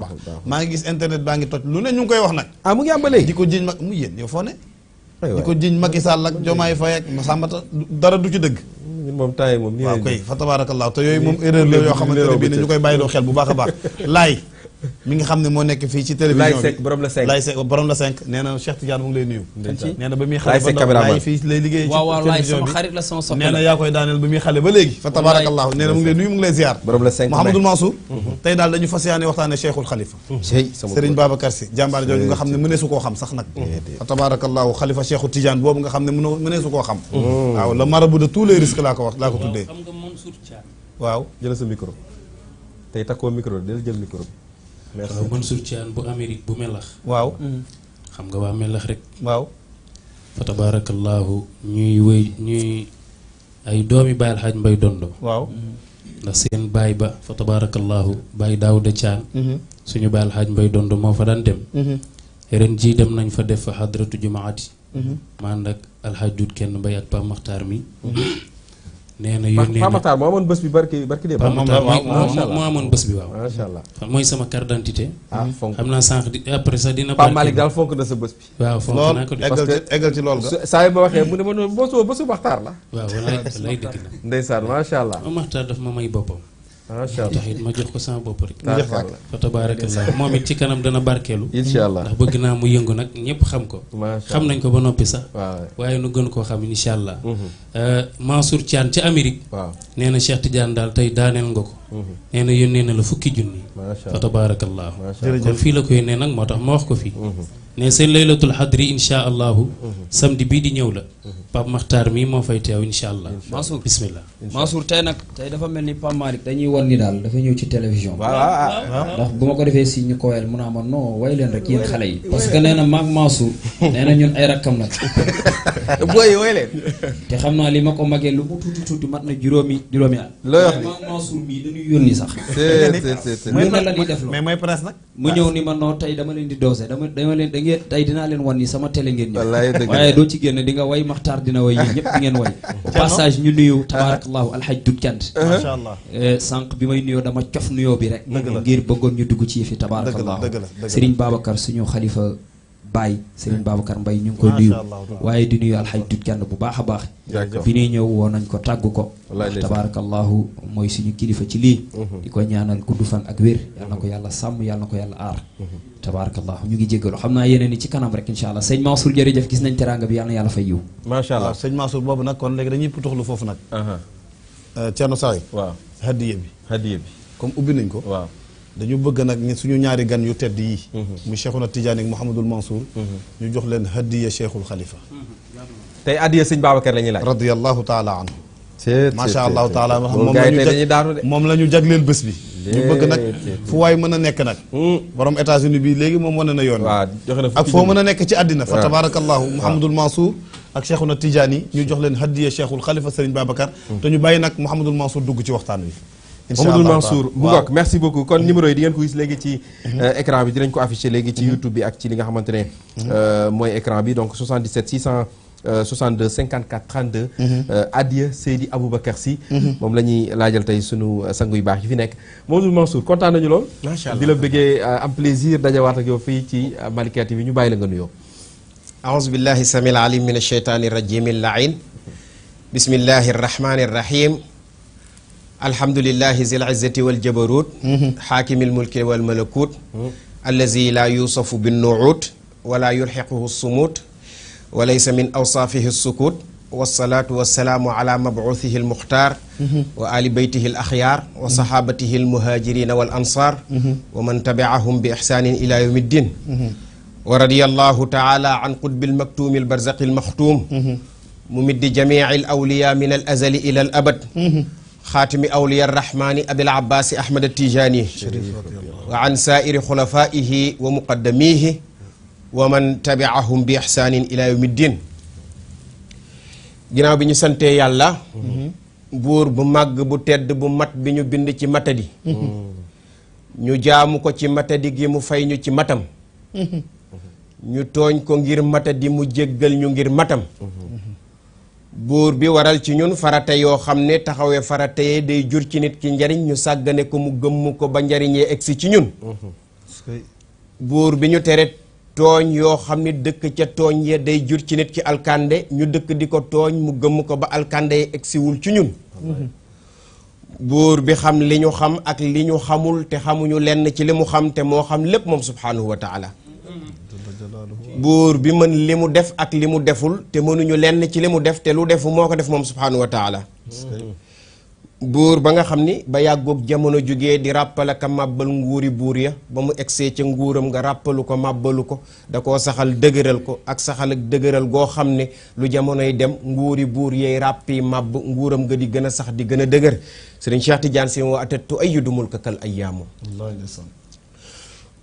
maa ngi gis internet baa ngi toj lu ne ñu ngi koy wax nag. ah mu ngi am ba léegi di ko jiñ mag mu yéen yow foo ne. di ko jiñ Macky Sall ak Diomaye Faye dara du ci dëgg. moom temps yi moom. waaw koy fa tabaarakallaa te yooyu moom erreur la yoo xamante ne bii ne ñu koy bàyyiloo xel bu baax a baax [LAUGHS] laay mi nga xam ne moo nekk fii ci télévision bi borom la 5 Laye Seck borom la 5 nee na Cheikh Tidiane mu ngi lay nuyu. nee na ba muy xale ba Laye fii lay liggéey. waaw waaw Laye sama xarit la sama soppe la nee na yaa koy daaneel ba muy xale ba léegi. fa tabarakallahu nee na mu ngi lay nuyu mu ngi lay ziar. borom la 5 Mouhamadou Mansour. tey daal dañu fas yaane waxtaanee Cheikhul Khalifa. Cheikh sama Serigne Babacar Sy jàmbaar jooju nga xam ne mëneesu koo xam sax nag. fa tabarakallahu Khalifa Cheikhu Tidiane boobu nga xam ne mëneesu koo xam. waaw le marabout de tous les risques laa ko wax laa ko tuddee. waaw jël sa micro tey takkoo micro del jël micro bi merci waaw Mansour Thiam bu Amérique waaw mm. xam nga waa melax rek waaw fa tabaarakallaahu ñuy wéy ñuy ay doomi Baye Alxaaj Mbay Dondo waaw mm. ndax seen baay ba fa tabaarakallaahu Baye Daawuda Thiam mm-hmm. suñu Baye Alxaaj Mbay Dondo moo fa daan dem mm-hmm. ren jii dem nañ fa def fa xadratu jumaati mm-hmm. maa alxaaj Duut kenn mbay ak Pape mi nee na yónnee na Pa Matar moo amoon bés bi barki barki démb. Pa Matar moo amoon bés bi waaw. macha allah mooy sama carte d' identité. ah xam naa sànq di après sax dina. Pa Malick daal fonk na sa bés bi. waaw fonk naa ko parce que eggal ci loolu nga. saa yu ma waxee mu ne ma noonu boo soo bésu Maxtaar la. waaw walaay walaay dëgg la. ndeysaan macha allah. Maxtaar daf ma may boppam. macha allah tax it ma jox ko sama bopp rek. fa tabaarakallah moom it ci kanam dana barkeelu. incha allah ndax bëgg naa mu yëngu nag ñëpp xam ko. xam nañ ko ba noppi sax. waaye nu gën koo xam incha allah. Mhm. Euh, Mansour ca Amérique. waaw nee na daal tey daaneel nga ko. Mhm. nee na yónnee na la fukki junni. macha allah fa tabaarakallah kon fii la koy nee nag moo tax ma wax ko fii. Mhm. ne sen laylatul hadri insha allahu mhm. samedi bi di ñew la mhm. pap Makhtar mi mo fay tew insha allah Mansour bismillah Mansour tay nak tay dafa melni pap malik dañuy wan ni dafa ñew ci télévision ndax buma ko defé si ñu ko wel muna ma non way len rek yeen xalé yi parce que nee mak Mansour ñun ay rakam nak [LAUGHS] boy way len te xamna li mako magge lu mu tuuti matna juromi juromi juróomi juróomi at Mansour dañuy yoni sax [LAUGHS] mu mais mooy presse mu ñew ni ma noo tay dama len di dama dama len ngeen tey dinaa leen wan ni sama télé ngeen ñëw waaye doo ci génn di nga way maxtaar dina way yéen ñëpp di ngeen way au [LAUGHS] passage ñu nuyu uh-huh. tabarakallahu alhaj dut cant uh-huh. masha allah eh, sànq bi may nuyoo dama cof nuyoo bi rek ngir bëggoon ñu dugg ci yëfi tabarakallahu sëriñ Babacar suñu xalifa Baye Serigne Babacar Mbaye ñu ngi koy nuyu waaye di nuyu alxaj dut jànn bu baax a baax bi ñuy ñëw woon nañ ko tàgg ko ndax tabaarakallaahu mooy suñu kilifa ci lii mhm. di ko ñaanal gudd fan ak wér yal na ko mhm. yàlla sàmm yal na ko yàlla aar mhm. tabaarakallaahu ñu ngi jéggalu xam naa yeneen ni ci kanam rek insha allah sëñ Mansour jërëjëf gis nañ teraanga bi yàlla fay yiw macha allah sëñ Mansour boobu nag kon léegi dañuy putuxlu foofu nag euh, Thierno Sarr bi hadiya dañu bëgg nak ñi suñu ñaari gan yu tedd yi mu Cheikhuna Tidiane ak Mouhamadul Mansour ñu jox leen hadiya Cheikhul Khalifa tay hadiya seigne babakar lañu ñuy laaj radiallahu taala anhu ma sha Allah taala moom la ñu jagleel bëss bi ñu bëgg nak fu way mëna a nekk nag borom États-Unis bi légui mom wane na yoon ak fo mëna a nekk ci adina fa tabarakallah Mouhamadul Mansour ak Cheikhuna Tidiane ñu jox leen hadiya Cheikhul Khalifa seigne babakar te ñu bàyyi nak Mouhamadul Mansour dugg ci waxtaan bi Mamadou Mansour mu merci beaucoup kon mm-hmm. numéro yi di ngeen ko gis légui ci euh, mm-hmm. écran bi dinañ ko afficher légui ci mm-hmm. YouTube bi ak ci li nga xamante euh moy écran bi donc 77 600 62 54 32. Adiya Seydi Aboubacar Si mom la ñuy tay suñu sunu euh, sangu yu baax yi fi nek Mamadou Mansour content nañu lool. macha allah di la bëggee euh, am plaisir wat ak yow fi ci malika TV ñu bayila la nga nuyoo. aouzu billahi samil alim min acheytaani rajim allahin. bismillahi rahmani rahim. الحمد لله ذي العزة والجبروت حاكم الملك والملكوت الذي لا يوصف بالنعوت ولا يلحقه الصموت وليس من أوصافه السكوت والصلاة والسلام على مبعوثه المختار وآل بيته الأخيار وصحابته المهاجرين والأنصار ومن تبعهم بإحسان إلى يوم الدين ورضي الله تعالى عن قطب المكتوم البرزق المختوم ممد جميع الأولياء من الأزل إلى الأبد xaatimi awliya rahmaani abil abbaasi ahmad attijaani wa an saairi xulafaihi wa muqaddamihi wa man tabiahum bi ixsaanin ila yawmi ddin bi ñu santee yàlla buur bu màgg bu tedd bu mat bi ñu bind ci matadi ñu jaamu ko ci matadi gi mu fay ñu ci matam mhm. ñu tooñ ko ngir matadi mu jéggal ñu ngir matam buur bi waral ci ñun farata yoo xam ne taxawee farata yee day jur ci nit ki njariñ ñu sàggane ko mu gëmm ko ba njariñee egsi ci ñun buur bi ñu tere tooñ yoo xam ne dëkk ca tooñ ya day jur ci nit ki alkande ñu dëkk di ko tooñ mu gëmm ko ba alkande yee egsiwul ci ñun buur bi xam li ñu xam ak li ñu xamul te xamuñu lenn ci li mu xam te moo xam lépp moom subhanahu wa taala bur bi man limu def ak limu deful te ñu lenn ci limu def te lu def moko def mom subhanahu wa taala bur ba nga xamni ba yàggoog jamono jógee di ràppal ak a nguri bur ya ba mu exé ci nguram nga ràppalu ko màbbalu ko da ko saxal degeural ko ak saxal ak degeural go xamni lu lu yi dem nguri bur yey rappi màbb nguram ga di gëna sax di gëna degeur serigne Cheikh Tidiane Sy wa ayyudumul ayyidu ayyamu kal ayyaamu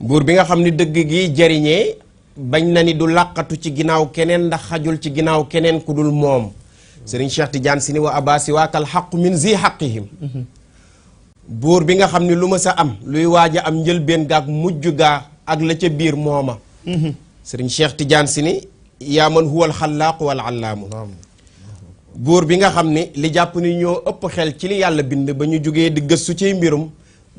bur bi nga xamni ni gi jariñee bañ na ni du làqatu ci ginnaaw keneen ndax xajul ci ginnaaw keneen ku dul moom sëriñ Cheikh Tidiane si ni wa abasi waakal xaqu min zi xaqihim buur bi nga xam ni lu ma am luy waaj a am njëlbeen gaak mujj gaa ak la ca biir mooma sëriñ Cheikh Tidiane si ni yaa man huwa alxalaaqu wal allaamu buur bi nga xam ni li jàpp ni ñoo ëpp xel ci li yàlla bind ba ñu jógee di gëstu ciy mbirum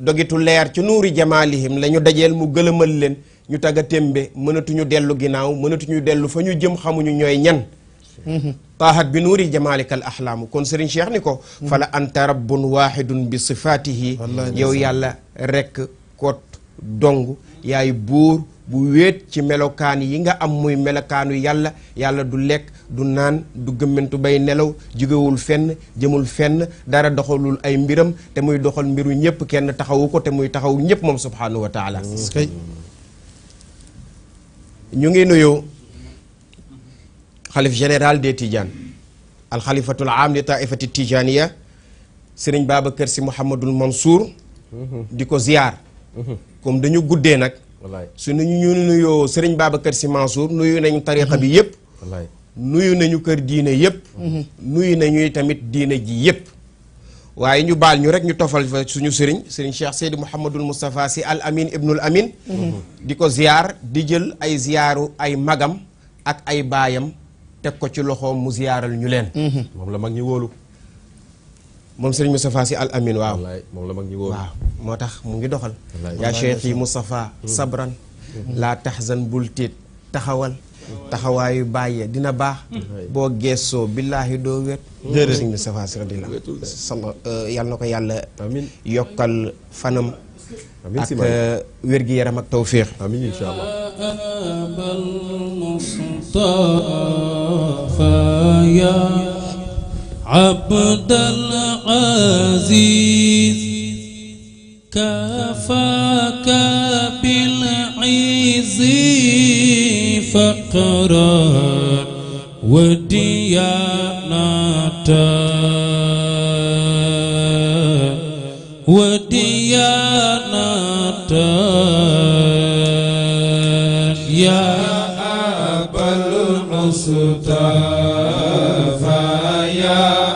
dogitu leer ci nuuri jamaalihim la ñu dajeel mu gëlëmal leen ñu tagga témbe mënatuñu dellu ginnaaw mënatuñu dellu fa ñu jëm xamuñu ñooy ñan taahat bi nuuri jamaalikal ahlaamu kon Serigne Cheikh ni ko fala anta rabbun wahidun bi sifaatihi yow yàlla rekk kot dong yaay buur bu wéet ci melokaan yi nga am muy melokaanu yàlla yàlla du lekk du naan du gëmmantu bay nelaw jógewul fenn jëmul fenn dara doxalul ay mbiram te muy doxal mbiru ñëpp kenn taxawu ko te muy taxaw ñëpp moom subhaanahu wa ñu ngi nuyoo xalif général des Tidjane alxalifatul am li taifati tijaniya sëriñ Babacar si Mouhamadul Mansour di ko ziar comme dañu guddee nag suñu ñu nuyoo sëriñ kër si Mansour nuyu nañu tariqa bi yëpp nuyu nañu kër diine yëpp mhm. nuyu nañuy tamit diine ji yëpp waaye ñu baal ñu rek ñu tofal suñu sëriñ sëriñ Cheikh Seydi Mouhamadul Moustapha si al amin ibnul amin mhm. di ko ziar di jël ay ziaru ay magam ak ay baayam teg ko ci loxoom mu ziyaaral ñu leen. Mhm. moom la mag ñi wóolu. moom sëriñ Moustapha si al amin waaw. moom la mag ñi wóolu moo tax mu ngi doxal. yaa Cheikh yi Moustapha mhm. sabran laa taxzan bul tiit taxawal. taxawaayu bàyyee dina baax boo geesoo billaahi doo wet euh, yàlla ko yàlla yokkal fanam ak euh, wér-gi-yaram ak tawfiix amiin insha allah عبد العزيز فقرا وديانة وديانة يا أبا المصطفى يا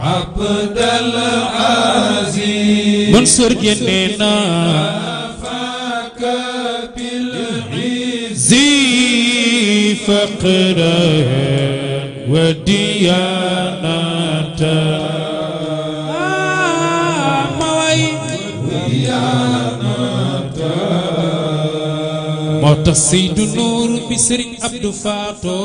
عبد العزيز منصور جنينا آخره ah, وديانته ah, moo tax Seydou Nour bi Serigne Abdou Fato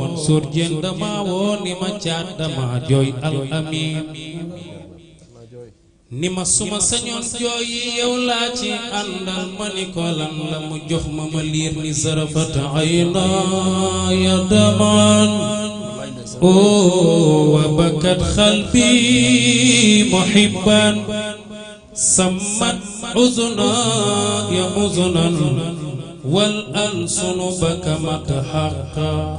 Mansour Dieng dama woo ni ma caat dama jooy al amin نما سما سنون جوي يولا تي اندال مانيكو لان لا مو جوخ زرفت عينا يا دمان او بكت خلفي محبا سمت حزنا يا حزنا والانسن بك متحقا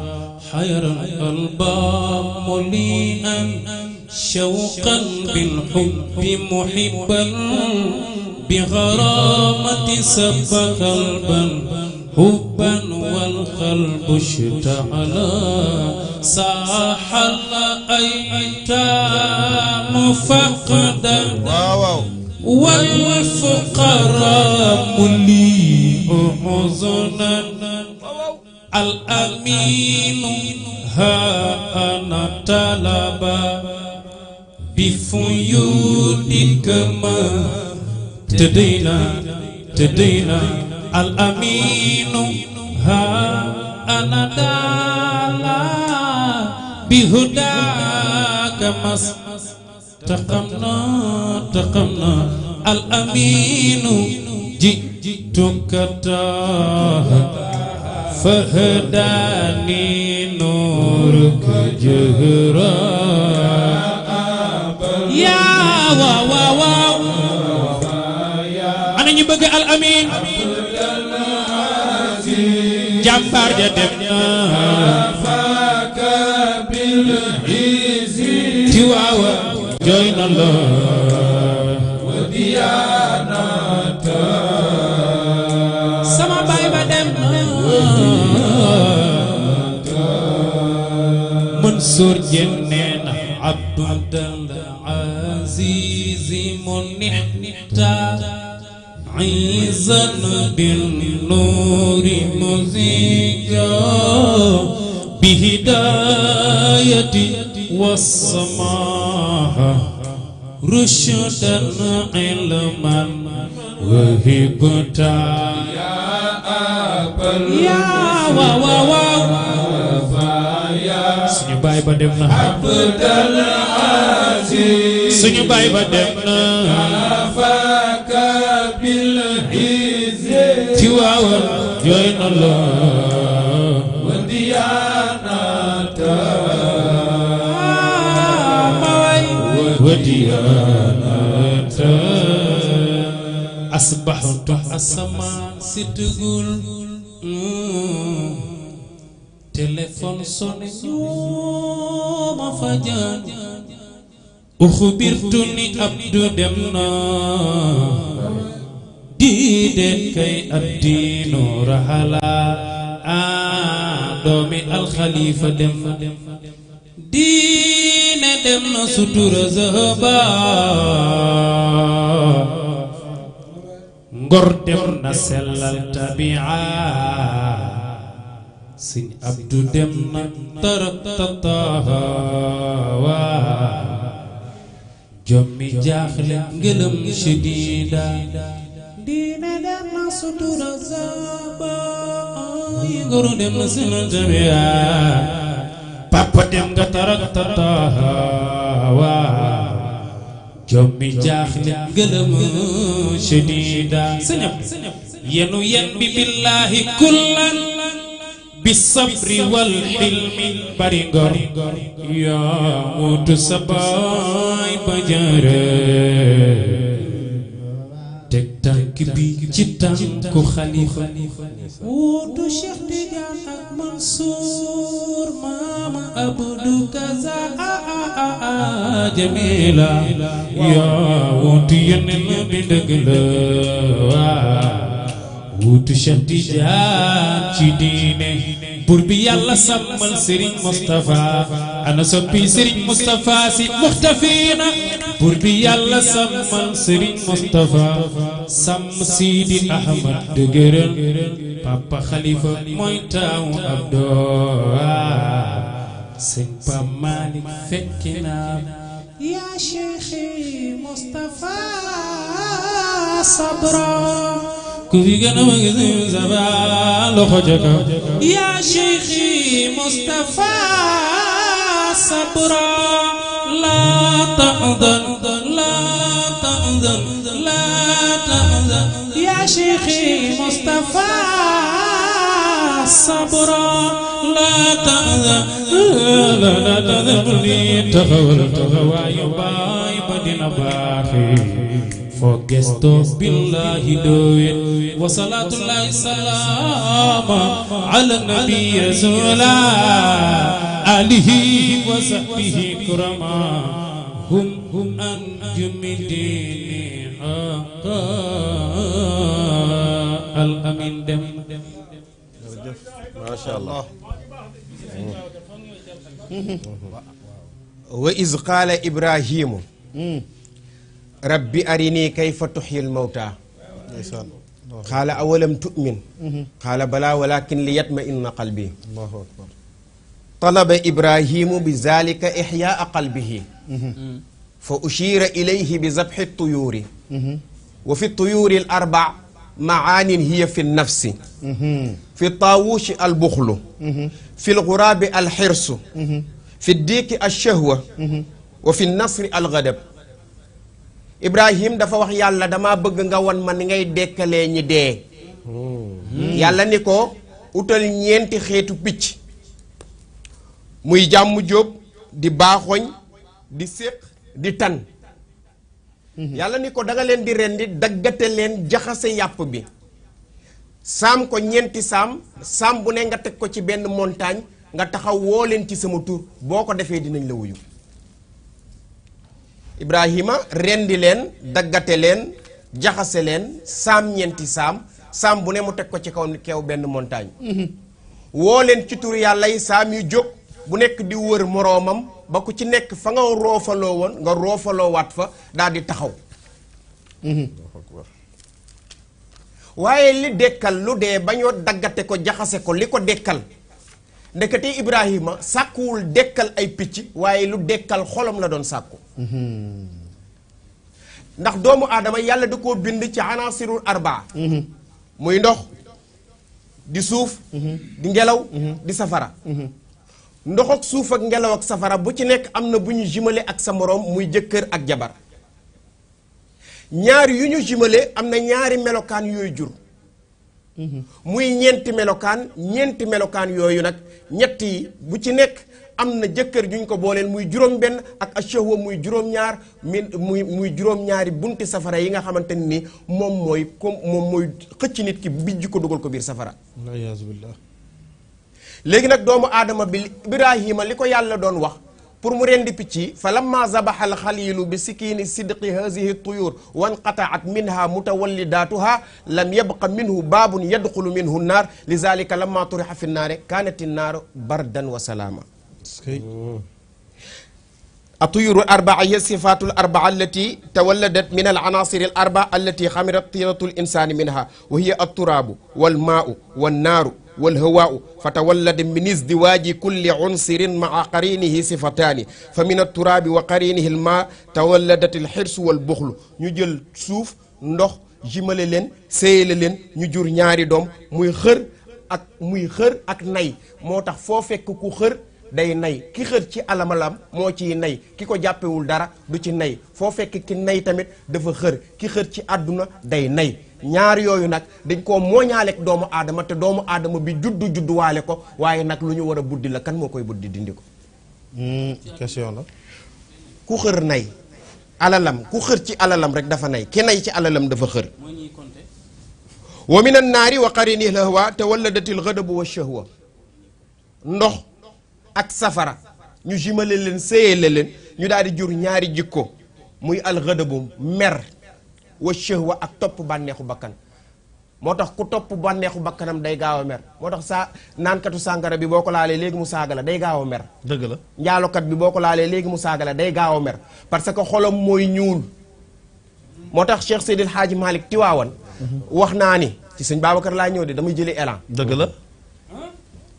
حيرا الباب مليئا شوقا بالحب محبا بغرامة سب قلبا حبا والقلب اشتعل صاح الأيتام فقدا والفقراء لي حزنا الأمين ها أنا طلبا bi fuyu dikma tadina tadina al aminu ha anadala بهداك مستقمنا تقمنا الأمين جئتك تاه فهداني نورك جهران yaa waaw waaw waaw ana ñu bëgg al amin jàmbaar ja dem na faka bil izi ci waaw jooy na la wa diyanata sama baay ba dem na Mansour jenne na abdou عيزا بالنور مزيكا بهداية والسماح رشدا علما وهبتا يا أبا يا واو suñu baay ba dem na. Abdul Aziz suñu baay ba dem na. join Allah with the anata with the anata asbahtu asaman situgul mm. téléphone sonne ñu ma fajan uxbirtu ni abdu dem na diideen kay addiinu raxala aa doomi alxalifa dem diine dem na sutura zahaba ngor dem na sellal tabia sëñ abdu dem na tarak tataaha waa jommi jaaxle ngëlëm shidida diine dem na sutura zaba ay ngoro dem na sinan jamiya papa dem nga tarak tatawa jommi jaaxle ngëlëm shidida sëñam yenu yen bi billahi kullan bi sabri wal xilmi bari ngor yaa muutu sa baay ba jaare teg tànk bi ci tànku xalifa wuutu Cheikh Tidiane ak Mansour maama Abdou Kaza Jamila yaa wuutu yeneen bi dëgg la wuutu Cheikh Tidiane ci diine bur bi yàlla sàmmal Serigne Mustapha ana soppi Serigne Mustapha si muxtafiina bur bi yàlla sàmmal Serigne Mustapha Sidi Ahmad dëgëral papa Khalifa mooy taawu Abdou sëñ Pa Malick fekki naa yaa Cheikh ku fi gën a mag Sëriñ Saba loxo ca kaw yaa Cheikhi Moustapha sabra la tahzan la tahzan la tahzan yaa Cheikhi Moustapha sabra la tahzan la tahzan ni taxawal taxawaayu baay ba dina baaxee foo gesto billahi dowet wa salaatullahi salaama ala nabi rasula alihi wa sahbihi kurama hum hum anjumidini haqa al amin dem jërëjëf masha allah wa iz qaala ibrahimu hmm. ربي أريني كيف تحيي الموتى قال أولم تؤمن قال بلى ولكن ليطمئن قلبي الله أكبر طلب إبراهيم بذلك إحياء قلبه فأشير إليه بذبح الطيور وفي الطيور الأربع معان هي في النفس في الطاووس البخل في الغراب الحرص في الديك الشهوة وفي النصر الغضب ibrahim dafa wax yalla dama bëgg nga won man ngay dekkalee ñi dé hmm. yalla ni ko utal ñenti xeetu picc muy jamm job di baxoñ di séq di tan hmm. yalla ni ko nga leen di rendi daggaté leen jaxase yap bi Sam ko ñenti sam sam bu ne nga tek ko ci benn montagne nga taxaw wo leen ci sama tour boko défé dinañ la wuyu Ibrahima rendi leen daggate leen jaxase leen saam ñeenti saam saam bu ne mu teg ko ci kaw kew benn montagne. Mhm. woo leen ci tur yàlla yi saam yu jóg bu nekk di wër moroomam ba ku ci nekk fa nga roofaloo woon nga roofaloo waat fa daal di taxaw. Mhm. waaye li dekkal lu dee bañoo daggate ko jaxase ko li ko dekkal ndekete Ibrahima sàkkuwul dekkal ay picc waaye lu dekkal xolom la doon sàkku. Mm-hmm. ndax doomu aadama yàlla di ko bind ci anaasirul arbaa mm-hmm. muy ndox di suuf mm-hmm. di ngelaw di safara ndox ak suuf ak ngelaw ak safara bu ci nekk am na bu ñu jumale ak sa moroom muy jëkkër ak jabar ñaar yu ñu jumale am na ñaari melokaan yooyu jur muy ñeenti melokaan ñeenti melokaan yooyu nag ñett yi bu ci nekk am na jëkkër juñ ko booleel muy juróom benn ak ashahwa muy juróom ñaar min muy muy juróom ñaari bunti safara yi nga xamante ni moom mooy comme moom mooy xëcc nit ki bijj ko dugal ko biir safara léegi nag doomu aadama bi ibrahima li ko yàlla doon wax pour mu rendi picc yi fa lamma zabaxa alxalilu bi sidq hadhihi hadihi tuyur wanqataat minha mutawallidatuha lam yabqa minhu babun yadkhulu minhu an nar zalika lamma turixa fi nar kanat nar bardan wa salama Hmm. الطيور الأربعة هي الصفات الأربعة التي تولدت من العناصر الأربعة التي خمرت طيرة الإنسان منها وهي التراب والماء والنار والهواء فتولد من ازدواج كل عنصر مع قرينه صفتان فمن التراب وقرينه الماء تولدت الحرص والبخل نجل سوف نخ jimale leen سيل leen نجور jur دوم doom خر اك ak خر اك ناي موتاخ فوفيك كو خر day nay ki xër ci alamalaam moo ciy nay ki ko jàppewul dara du ci nay foo fekk ki nay tamit dafa xër ki xër ci àdduna day nay ñaar yooyu nag dañ koo mooñaaleeg doomu aadama te doomu aadama bi juddu judduwaale ko waaye nag lu ñu war a buddi la kan moo koy buddi dindi ko hmm, question la ku xër nay alalam ku xër ci alalam rek dafa nay ki nay ci alalam dafa xër wa min an naari wa qarini lahwa te walladatil ghadabu wa shahwa ndox ak safara ñu jimale leen séyale leen ñu daal di jur ñaari jikko muy alxadabu mer wa shahwa ak topp bànneexu bakkan moo tax ku topp bànneexu bakkanam day gaaw a mer moo tax saa naankatu sàngara bi boo ko laalee léegi mu saaga la day gaaw a mer. dëgg la njaalokat bi boo ko laalee léegi mu saaga la day gaaw a mer parce que xolam mooy ñuul moo tax Cheikh Seydil Hadji Malick Tiwaawan mhm. wax naa ni ci sëñ Babacar laa ñëw de damay jëli élan. dëgg la.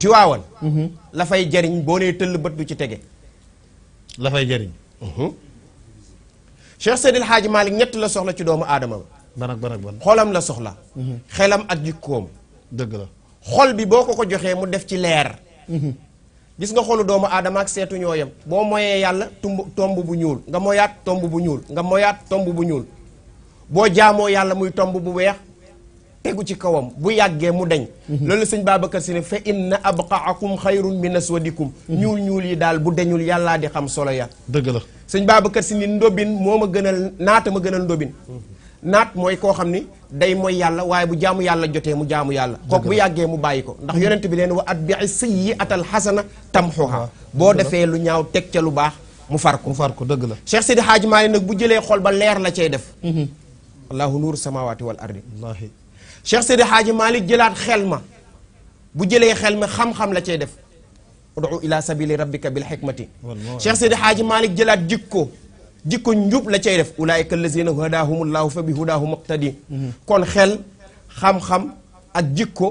tiwaawan mhm. la fay jariñ boo nee tëll bët du ci tege la fay jariñ mhm. Cheikh Seydil Hadji Malick ñett la soxla ci doomu aadama ba ban ak ban xolam la soxla mhm. xelam ak jikkoom dëgg la xol bi boo ko ko joxee mu def ci leer gis nga xolu doomu aadama ak seetu ñoo yem boo moyee yàlla tumb tomb bu ñuul nga moyaat tomb bu ñuul nga moyaat tomb bu ñuul boo jaamoo yàlla muy tomb bu weex tegu ci kawam bu yàggee mu deñ loolu sëñ Babacar Si ne fa inna abqaakum xayrun min aswadikum ñuul ñuul yi daal bu deñul yàlla di xam solo ya dëgg la sëñ Babacar Si ni ndobin moo ma gënal naata ma gënal ndobin naat mooy koo xam ni day mooy yàlla waaye bu jaamu yàlla jotee mu jaamu yàlla kooku bu yàggee mu bàyyi ko ndax yonent bi leen wa at bii sayyi atal xasana tamxuha boo defee lu ñaaw teg ca lu baax mu far ko mu ko dëgg la Cheikh Sidi Hadj Malick nag bu jëlee xol ba leer la cay def mhm. allahu nuuru Cheikh sidi haji malik jelat xel bu jëlee xel ma xam-xam la cay def udu ila sabili rabbika bil hikmati Cheikh sidi haji malik jelat jikko jikko njub la cay def ulaayka allazina hadahumullahu fa bi hudahum iqtadi kon xel xam-xam ak jikko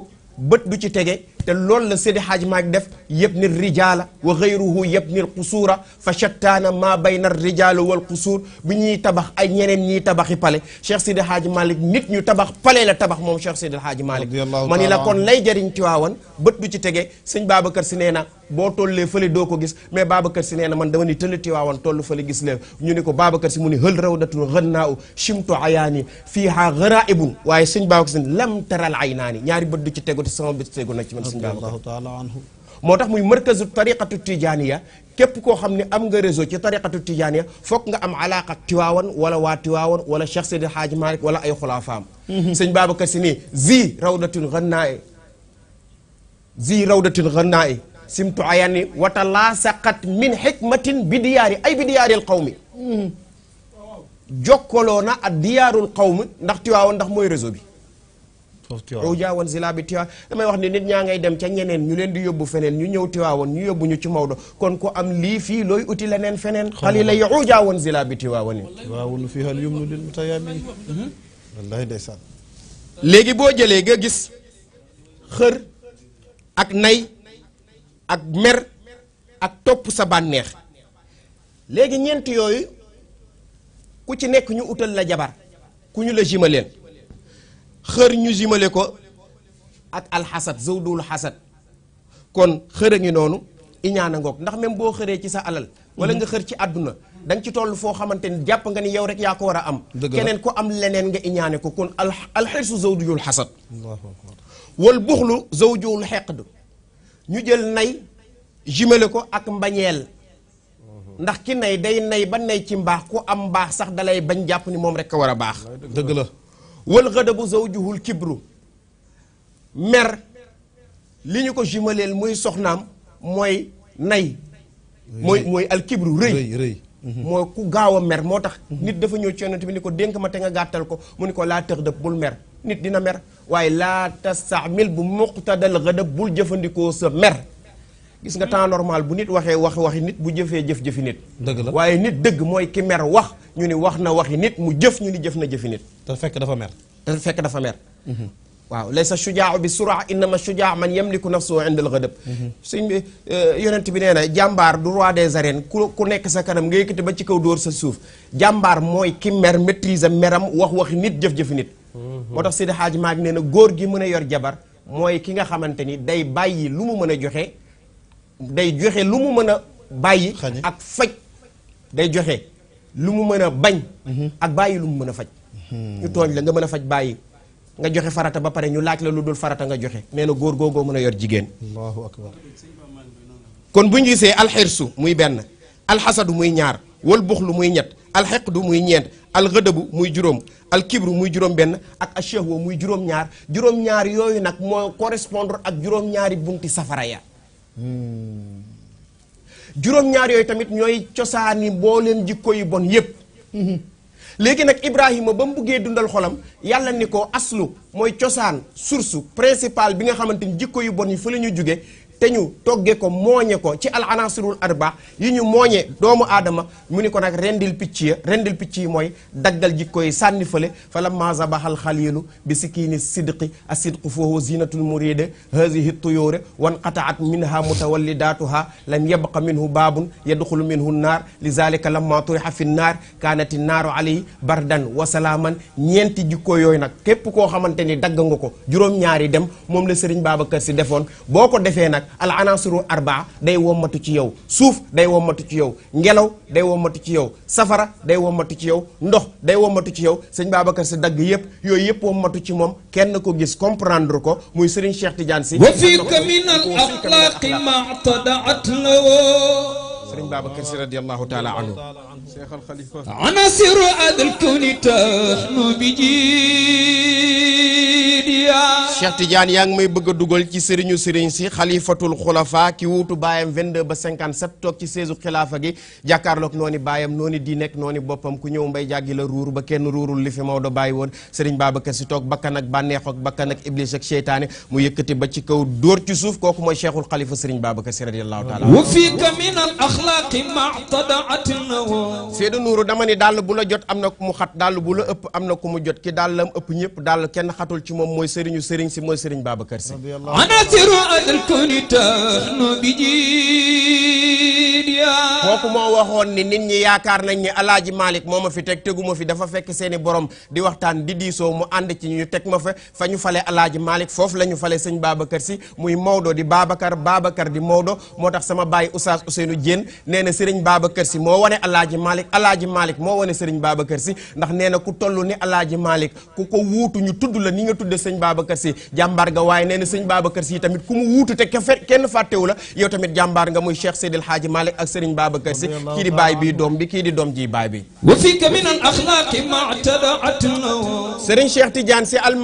bët du ci tege te loolu la Seydi Hadji Malick def yëpp yabni rijaala wa gayruhu yabni alqusuura fa shattaana maa bayna rijaala wal qusuur bu ñuy tabax ay ñeneen ñiy tabaxi pale Cheikh Seydi Hadji Malick nit ñu tabax pale la tabax moom Cheikh Seydi Hadji Malick ma ni la kon lay jëriñ Tiwaawan bët du ci tege sëñ kër si nee na boo tollee fële doo ko gis mais Babacar si nee na man dama ni tële Tiwaawan toll fële gis leen ñu ni ko Babacar si mu ni hël rawdatun xën naa u chimtu ayaani fiiha garaibun waaye sëñ Babacar si lam taral aynaani ñaari bët du ci tegu te sama bët tegu na ci man sëñ Babacar moo tax muy markazu tariqatu tijaniya képp koo xam ne am nga réseau ci tariqatu tijaniya foog nga am alaqa tiwaawan wala waa tiwaawan wala Cheikh Seydi Hadji Malick ay xulaafaam mhm. sëñ Babacar si nii zi rawdatun xën naa e zi rawdatun simtu ayani watalaasaqat min xikmatin bi diyaari ay bi diyaaril qawmi jokkaloo na ak diyaarul qawmi ndax Tiwaawan ndax mooy réseau bi ojaawoon si laa bi damay wax ne nit ñaa ngay dem ca ñeneen ñu leen di yóbbu feneen ñu ñëw tiwaawoon ñu yóbbu ñu ci Maodo kon ko am lii fii looy uti leneen feneen xali la yo ojaawoon si laa bi tiwaawoon tiwaawun fii hal yumnu lil mutayaami wallahi ndeysaan léegi boo jëlee nga gis xër ak nay ak mer ak topp sa bànneex léegi ñeent yooyu ku ci nekk ñu utal la jabar ku ñu la jimaleen xër ñu jimale ko ak alxasad zawdul xasad kon xër a ngi noonu iñaan a ngoog ndax même boo xëree ci sa alal wala nga xër ci àdduna da nga ci toll foo xamante ni jàpp nga ni yow rek yaa ko war am keneen ku am leneen nga iñaane ko kon alxirsu zawdul xasad wal buxlu zawdul xeqd ñu jël nay jumele ko ak mbañeel ndax ki nay day nay ba nay ci mbaax ku am mbaax sax dalay bañ jàpp ni moom rek a war a baax dëgg la wal xadabu zawjuhul kibru mer li ñu ko jumeleel muy soxnaam mooy nay mooy mooy al kibru rëy mhm. moo ku gaaw a mer moo tax mhm. nit dafa ñëw ci yonent bi ni ko dénk ma te nga gàttal ko mu ni ko laa tëx dëpp bul mer nit dina mer waaye laa tas tastaamil bu muqtadal gadab bul jëfandikoo sa mer gis nga temps normal bu nit waxee wax waxi nit bu jëfee jëf-jëfi nit dëgg la waaye nit dëgg mooy ki mer wax ñu ni wax na waxi nit mu jëf ñu ni jëf na jëfi nit te fekk dafa mer te fekk dafa mer mhm. waaw laysa shujaau bi sura innama shujaa man yamliku nafsuhu inda al ghadab mhm. suñ bi euh, yonent bi nee na jàmbaar du roi des arènes ku nekk sa kanam nga yëkkati ba ci kaw dóor sa suuf jàmbaar mooy ki mer maîtrise meram wax waxi nit jëf-jëfi moo tax Seydi Hadji Malick nee na góor gi mën a yor jabar mooy ki nga xamante ni day bàyyi lu mu mën a joxe day joxe lu mu mën a bàyyi ak faj day joxe lu mu mën a bañ mhm. ak bàyyi lu mu mën a faj mhm. ñu tooñ la nga mën a faj bàyyi nga joxe farata ba pare ñu laaj la lu dul farata nga joxe nee na góor googoo mën a yor jigéen allahu akbar kon bu ñu gisee muy benn alxasadu muy ñaar wal buxlu muy ñett alxeqdu muy ñeent alxadabu muy juróom alkibru muy juróom-benn ak ashahwa muy juróom-ñaar juróom-ñaar yooyu nag moo correspondre ak juróom-ñaari bunti safara ya hmm. juróom-ñaar yooyu tamit ñooy cosaani mbooleem jikko yu bon yëpp hmm. léegi nag Ibrahima ba mu buggee dundal xolam yàlla ni ko aslu mooy cosaan source principale bi nga xamante ni jikko yu bon yi fa la ñu jóge te ñu toggee ko mooñe ko ci al anasirul arba yi ñu mooñe doomu aadama mu ni ko nag rendil picc ya rendil picc yi mooy daggal jikko yi sànni fële fa lamma zabaxal xaliilu bi sikiini sidqi a sidqu foofu zinatul muride hazihi tuyóore wan qataat minha mutawallidaatuha lam yabqa minhu baabun yadxulu minhu naar lizalika lamma turiha fi naar kaanati naaru alayhi bardan wa salaaman ñeenti jikko yooyu nag képp koo xamante ni dagg nga ko juróom dem moom la Serigne Babacar Sy defoon boo ko defee nag al anasiru arbaa day wommatu ci yow suuf day wommatu ci yow ngelaw day wommatu ci yow safara day wommatu ci yow ndox day wommatu ci yow sëñ Babacar si dagg yëpp yooyu yëpp wommatu ci moom kenn ko gis comprendre ko muy Serigne Cheikh Tidiane si wa min al axlaaqi ma tadaat lawo sëriñ Babacar Si radiyallahu taala anhu seexal xalifa anasir adal kuni taxnu bi jiidiya Cheikh Tidiane yaa ngi may bëgg a dugal ci sëriñu sëriñ si xalifatul xulafa ki wuutu baayam 22 ba 57 toog ci seesu xilaafa gi jàkkaarloog nooni baayam nooni di nekk nooni boppam ku ñëw mbay jàggi la ruur ba kenn ruurul li fi Maodo bàyyi woon sëriñ Babacar Si toog bakkan ak bànneexu ak bakkan ak iblis ak seytaane mu yëkkati ba ci kaw dóor ci suuf kooku mooy cheikhul xalifa sëriñ Babacar Si radiyallahu taala الأخلاق مع طدعة النوى Seydou Nourou dama ni dàll bu la jot am na ku mu xat dàll bu la ëpp am na ku mu jot ki dàll lam ëpp ñëpp dàll kenn xatul ci moom mooy sëriñu sëriñ si mooy sëriñ Babacar Si. anasiru al kooku moo waxoon ni nit ñi yaakaar nañ ni alaaji Malick moo ma fi teg teguma fi dafa fekk seeni borom di waxtaan di diisoo mu ànd ci ñu teg ma fa fa ñu fale alaaji Malick foofu la ñu fale sëñ Babacar si muy Maodo di Babacar Babacar di Maodo moo tax sama baay Oustaz Ousseynou Diène nee na sëriñ Babacar si moo wane alaaji Malick alaaji Malick moo wane sëriñ Babacar si ndax nee na ku toll ni alaaji Malick ku ko wuutu ñu tudd la ni nga tudde sëñ Babacar si jàmbaar nga waaye nee na sëñ Babacar si tamit ku mu wuutu te kenn fàttewu la yow tamit jàmbaa nga muy Cheikh Seydil Hadji Malick ak sëriñ baba Si kii di bi dom bi kii di dom ji bay bi wa fika min al axlaaqi matadaatna sëriñ Cheikh Tidiane si al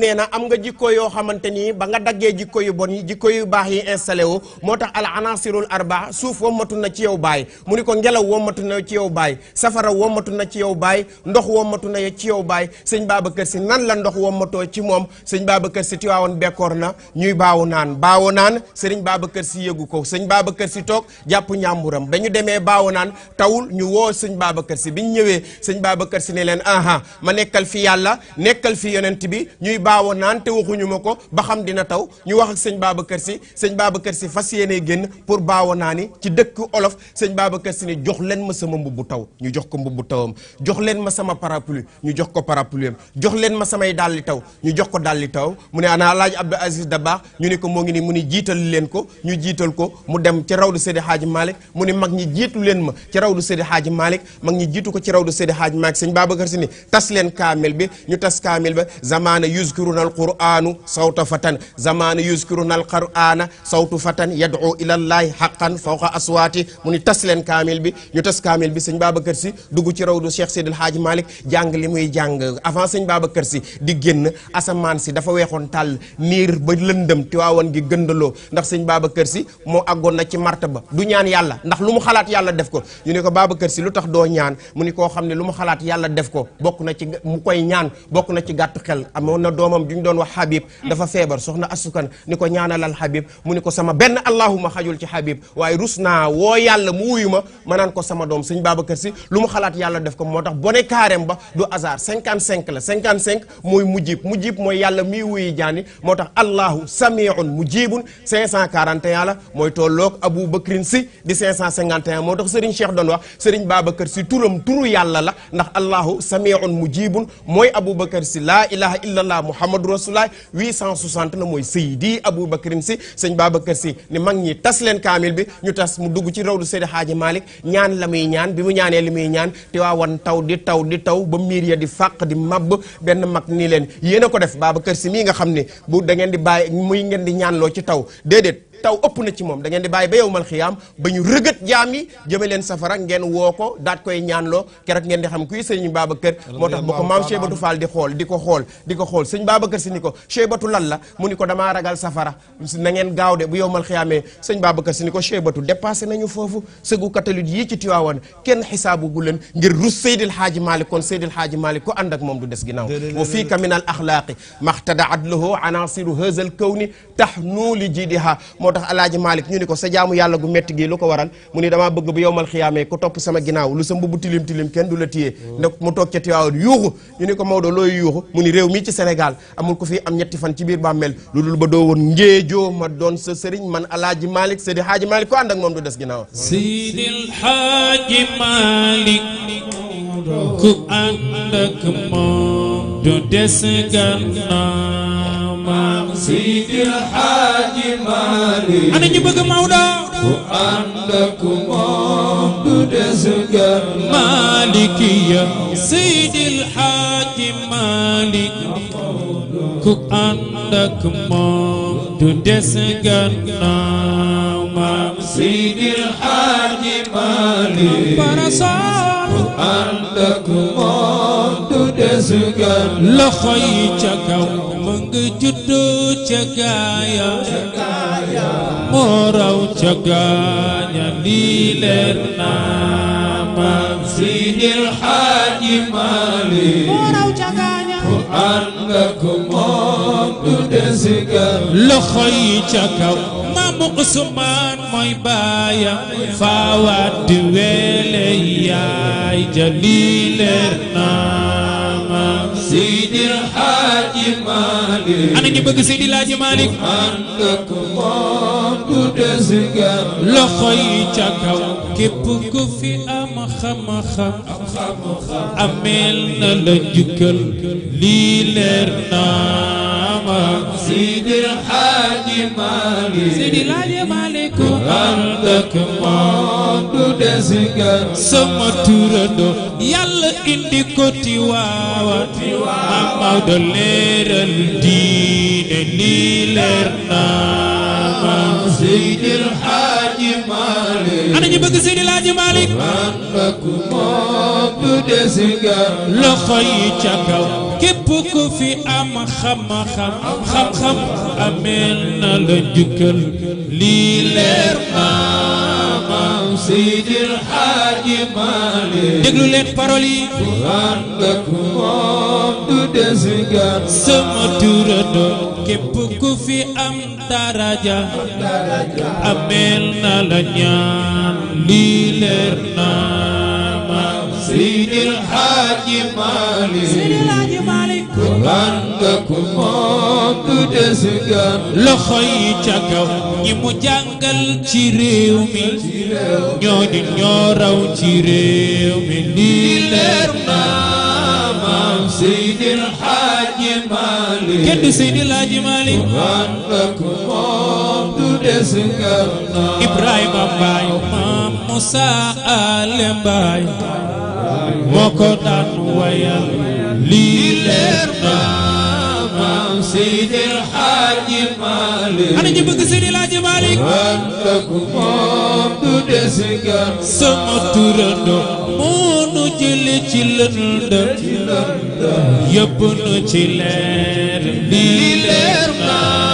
nee na am nga jikko yoo xamante nii ba nga daggee jikko yu bon yi jikko yu baax yi installé wo moo tax al anasirul arba suuf wommatu na ci yow baay mu ni ko ngelaw wommatu na ci yow baay safara wommatu na ci yow baay ndox wommatu na ci yow bay sëñ Babacar si nan la ndox wommatoo ci moom sëñ Babacar si tiwaawoon bekkoor na ñuy baawu naan bawo naan sëriñ Babacar si yëgu ko sëñ baba si tok jàpp ñàmbur parcours am ba ñu demee baawo naan tawul ñu woo sëñ Babacar si bi ñu ñëwee sëñ baaba si ne leen aha ma nekkal fi yàlla nekkal fi yonent bi ñuy baawu naan te waxuñu ma ko ba xam dina taw ñu wax ak sëñ Babacar si sëñ Babacar si fas yéenee génn pour baawu naa ni ci dëkk olof sëñ Babacar si ne jox leen ma sama mbubbu taw ñu jox ko mbubbu tawam jox leen ma sama parapluie ñu jox ko parapluie jox leen ma samay dàlli taw ñu jox ko dàlli taw mu ne ana Alaaji Abdou Aziz baax ñu ne ko moo ngi nii mu ni jiital leen ko ñu jiital ko mu dem ci rawdu Seydi Hadji Malick mu ni mag ñi jiitu leen ma ci rawdu Seydi Hadji Malick mag ñi jiitu ko ci rawdu Seydi Hadji Malick sëñ Babacar Si ni tas leen kaamil bi ñu tas kaamil ba zamana yuskiruna al quranu sawta fatan zamana yuskiruna al qurana sawtu fatan yad'u ila llahi haqqan fawqa aswaati mu ni tas leen kaamil bi ñu tas kaamil bi sëñ Babacar Si dugg ci rawdu Cheikh Seydi Hadji Malick jàng li muy jàng avant sëñ Babacar Si di génn asamaan si dafa weexoon tàll niir ba lëndëm waawan gi gëndaloo ndax sëñ Babacar Si moo àggoon na ci ba du ñaan yàlla ndax lu mu xalaat yàlla def ko ñu ne ko Babacar Sy lu tax doo ñaan mu ni koo xam ne lu mu xalaat yàlla def ko bokk na ci mu koy ñaan bokk na ci gàtt xel amoon na doomam ju ñu doon wax Habib dafa feebar soxna asukan ni ko ñaanalal Habib mu ni ko sama benn allahuma xajul ci Habib waaye rus naa woo yàlla mu wuyu ma ma naan ko sama doom sëñ Babacar Sy lu mu xalaat yàlla def ko moo tax bone kaarem ba du hasard 55 la 55 mooy mujjib mujjib mooy yàlla mi wuyu jaani moo tax allahu samiun mujibun 541 la mooy tolloog Abu Bakrin si di 5 1951 motax Serigne Cheikh don wax Serigne Babacar si turum turu yalla la ndax allahu samiun mujibun moy Abu si sila ilaha illallah Muhammad rasulullah 860 moy mooy Seydi Aboubacarin si serigne Babacar si ni mag ñi tas len kamil bi ñu tas mu dugg ci rawdu Seydi haji malik ñaan la muy ñaan bi mu ñaanee li muy ñaan te taw di taw di taw ba mir ya di faq di mab ben mag ni len yéen ko def Babacar si mi nga xamni bu da ngeen di bàyyi muy ngeen di lo ci taw dedet taw ëpp na ci moom da ngeen di bàyyi ba yowmal xiyaam ba ñu rëgët jaam yi jëme leen safara ngeen woo ko daat koy ñaanloo keroog ngeen di xam kuy sëñ Babacar moo tax bu ko maam Cheikh Batou di xool di ko xool di ko xool sëñ Babacar si ni ko Cheikh lan la mu ni ko damaa ragal safara na ngeen gaaw de bu yowmal xiyaamee sëñ Babacar si ni ko Cheikh Batou dépassé nañu foofu sëgu catholique yii ci Tiwaawan kenn xisaabu leen ngir rus Seydil Haaji Malick kon Seydil Haaji Malick ko ànd ak moom du des ginnaaw wa fiika min al axlaaqi maxtadaat lahu anasiru hazal kawni tax nuu li jiidiha moo tax alaaji Malick ñu ni ko sa jaamu yàlla gu metti gi lu ko waral mu ni damaa bëgg bu yowmal xiyaamee ku topp sama ginnaaw lu sa mbubb tilim tilim kenn du la téye ndax mu toog ca Tiwaawan yuuxu ñu ni ko Maodo looy yuuxu mu ni réew mii ci Sénégal amul ko fi am ñetti fan ci biir bàmmeel lu dul ba doo woon ngéejoo ma doon sa sëriñ man alaaji Malick Seydi Haaji Malick ko ànd ak moom du des ginnaaw Seydi Haaji Malick ku ànd ak moom du des gannaaw maam Seydi El Hadji Malick ana ñu bëgg Maodo ku ànd ak moom du des gar Malikiya Seydi El Hadji Malick ku ànd ak moom du des gannaaw maam Seydi El Hadji Malick ku ànd ak moom tësugal loxo yi ca kaw ma nga juddoo ca gaaya moo raw ca gaaya lii leer naa maam Sidil Xaaji Maalik moo raw ca gaaya ku ànd nga ko moom du tësugal loxo yi ca kaw maamu Usmaan mooy baaya faawaat di weele yaay ja lii leer naa Seydi El Hadji Malick ana ñu bëgg Seydi El Hadji Malick ànd ak moom du des gam loxo yi ca kaw képp ku fi am xam-xam ameel na la njukkal lii leer naa maam Seydi El Hadji Malick Seydi El Hadji Malick ku ànd indi ko Tiwaawan maam Maodo leeral diine lii leer naa maam Seydi El ana ñu bëgg Seydi Laaji Maalik man bëgg moom desi loxo yi ca kaw képp ku fi am xam-xam xam-xam ameel na la jukkal lii leer maamam Seydi Laaji Maalik déglu leen parole yi man bëgg moom du desi nga sama turandoo képp ku fi am daraja ameel na la ñaan loxo yi ca kaw ñi mu jàngal ci réew mi ñoo ñoo raw ci réew mi lii leer na maam Seydil Hadji Malick kenn du Seydil Hadji Malick Ibrahima Mbaay maam Musa Ale Mbaay moo ko daan wayal lii leer na maam Seydi El Hadji Malick ana ñu bëgg Seydi El Hadji Malick wantaku moom du des gar sama turando moo nu jële ci lëndëm yëpp nu ci leer lii leer na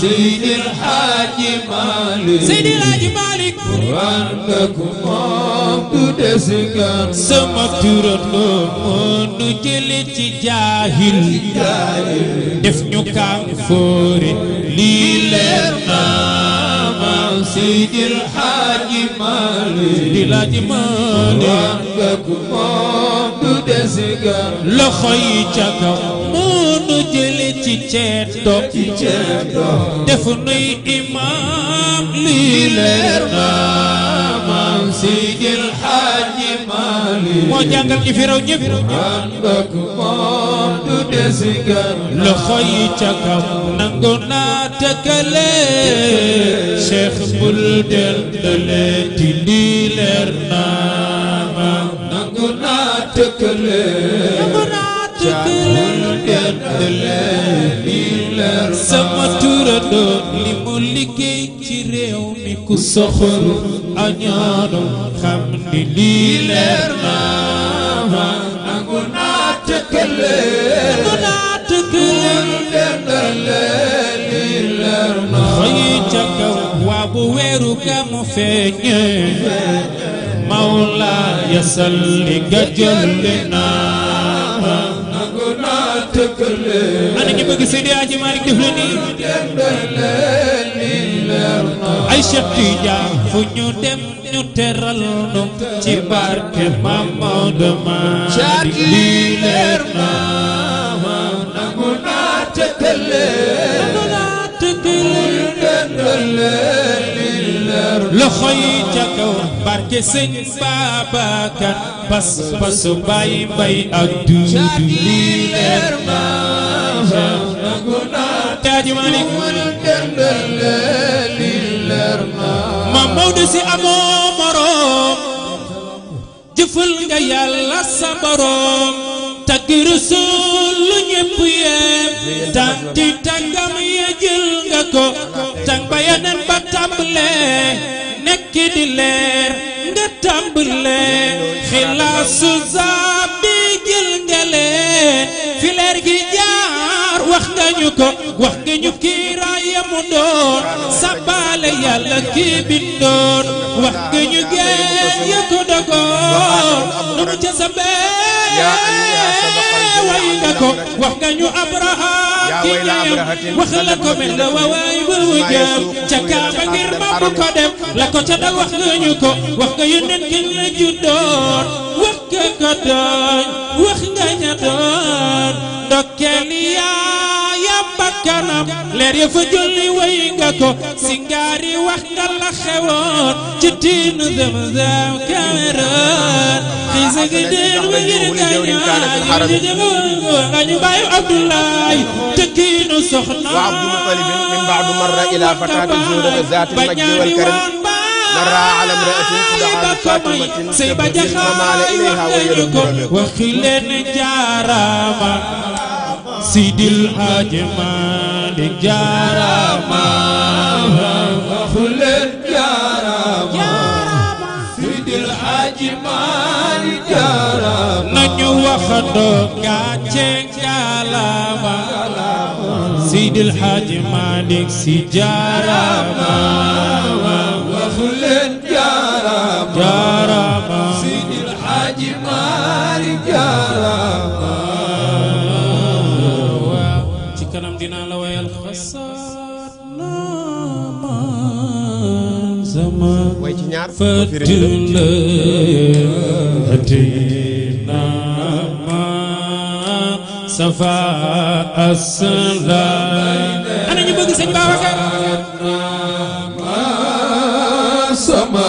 Seydi El Hadji Malick Seydi El Hadji Malick waan nga ku moom du des gan sama turandoo moo nu jële ci jaahil def ñu kaam foori lii leer naa maam Seydi El Hadji Malick Seydi El Hadji Malick waan nga ku moom du des gan loxo yi ca kaw moo nu jële ci ceddo def nuy imaam lii leer na maam Sidil Haaji Maalik moo jàngal ñi fi raw ñëpp ànd ak moom du desi gan loxo yi ca kaw nangu naa tëkkale Cheikh bul dendale ti lii leer na maam nangu naa tëkkale sama turandoo li mu liggéey ci réew mi ku soxoru añaanam xam ni lii leer naa tëkkalee nangu naa tëkkalee lii leer na xëy ca kaw waa bu weeru gamu feeñee mawlaaya salli nga naa ana ñu bëgg Seydi Aji Malick def la nii ay Cheikh Tidiane fu ñu dem ñu teral nu ci barke Mamadou Malick jaar lii leer ma nangu naa tëkkale nangu naa tëkkale loxo yi ca kaw barke sëñ Babacar pas pasu bay bay ak duudu lii leer maam nangu naa taaji Malik mën dendale lii leer maam maam Maodo si amoo moroom jëfal nga yàlla sa boroom tagg nekk di leer nga tàmbale xilaasu zaabi jël ngele fi leer gi jaar wax nga ko wax nga ñu raaya mu doon sabbaale yàlla kii bindoon wax nga ñu geen ya ko nu mu ca sabee way nga ko wax nga abraham jigéen wax la ko mel na wawaay bu jaam ca kaaba ngir mapp ko dem la ko ca dal wax nga wax nga yónneen kañ la juddoon wax nga ko doon leer ya fa ko si ngaari la xewoon ci tiinu zamzam Cameroon xiisa gi deen wa ngir gañaa ñu jëloon nga ñu bàyyi Abdoulaye soxna wa Abdul Muttalib min baadu marra ila fataati zuhra zaati majdi مرة على امرأة فاطمة سيبا جخاي وخيلن جاراما sidil haaji Maalik jaarama waxuleen jaarama sidil haaji Maalik jaarama nañu waxandoo gàcce gaalama sidil haaji Maalik si jaarama waxuleen jaarama ñaar safa asalaam ana ñu bëgg sëñ Babacar sama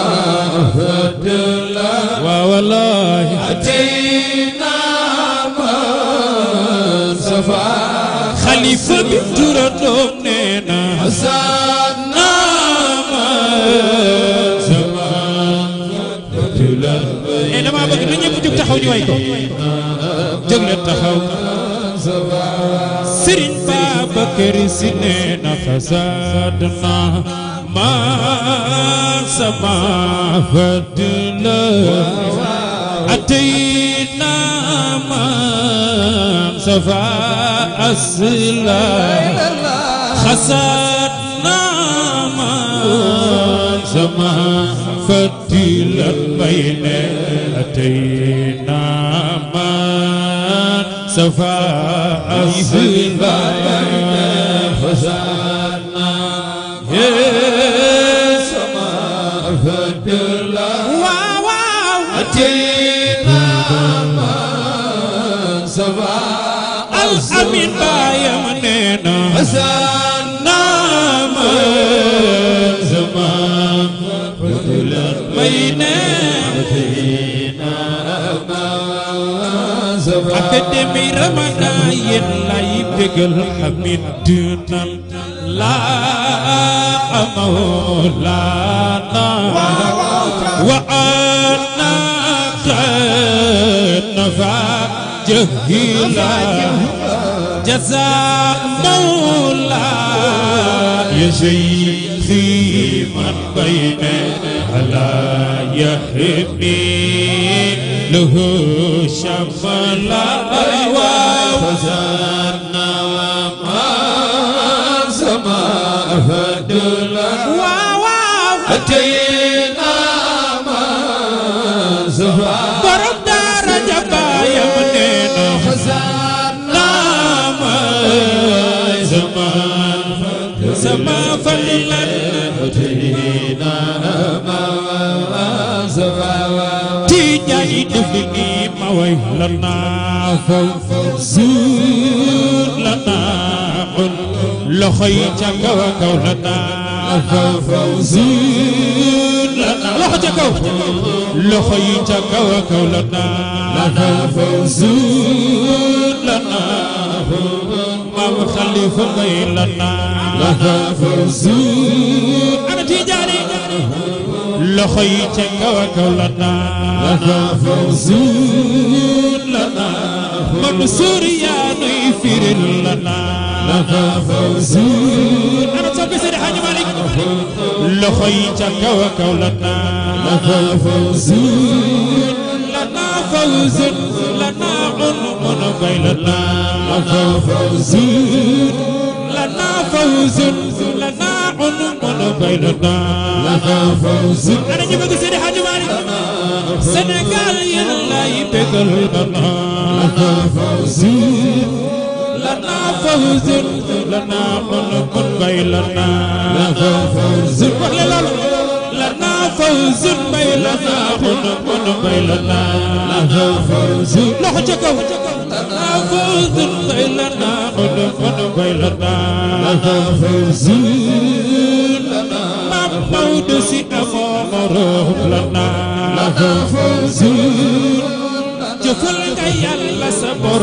hadla wa wallahi atina ma safa xalifa bi taxaw ñu way ko jóg leen taxaw Sëriñ Babacar Si nee na fasaad na maa sama fadla atay na maa safa asla xasaad na maa sama فتيلا بين أتينا من سفاء السبايا فزعنا يا سماء فتيلا أتينا من سفاء الأمين بايا مننا فزعنا te demi ramadan yéen lay bégal hamiduna la mawlana wa anna nafa jahila jaza mawla ya shaykhi man bayna ala yahmi له شمس الأبواب وي لنا فوزور لنا قل لخي جنك وكو لنا فوزور لنا لخي جنك لخي جنك وكو لنا لنا فوزور لنا مام خليف لنا لنا فوزور أنا تيجاني loxo yi ca kaw a kaw la naa la faw suur la naa man suur yaa nuy firil la naa la faw suur ana soppi Seydi Hadji Malick loxo yi ca kaw a kaw la naa la faw suur la naa faw suur la naa un un bay la naa la faw suur la naa faw suur la naa ana ñu bëgg Seydi Hadji Malick Sénégal yéen lay bégal lana fawzi lana fawzi lana mën a kon bay lana fawzi wax le loolu فوز بيننا كن كن بيننا لنا فوز لو جكو لنا فوز بيننا كن كن بيننا لنا فوز لنا ما بود سي امور لنا لنا فوز جفل يا الله صبر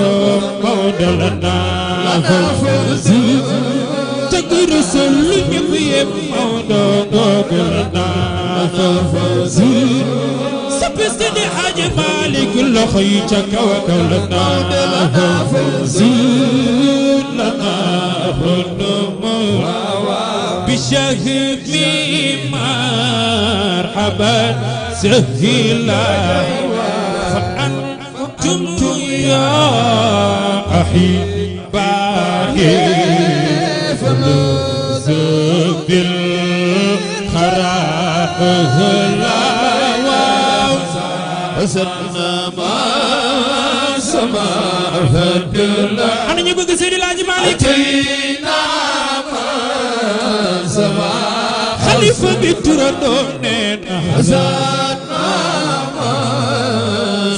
بود لنا لنا فوز ترسل لي موضوع قلنا سبستني حاج مالك لخي تكا وكولنا زين لنا هنم بشهد مرحبا سهلا فأنتم يا أحبائي ana ñu bëgg Seydi Laaji Maalik xalifa bi tura doon neen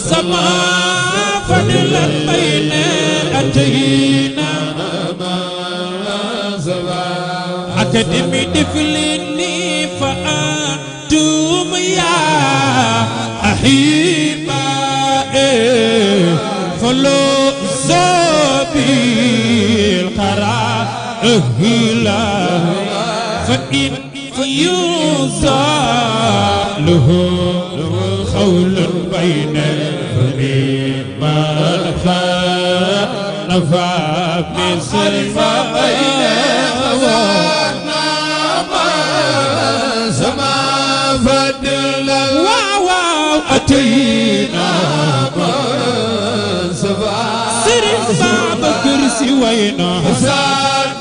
sama fadila bay neen atayna akademi defli لا فإن يزاله خول بين فإما نفى نفى بسلم بين سما فضل واو أتينا سبا سرم باب كرسي وينا حسان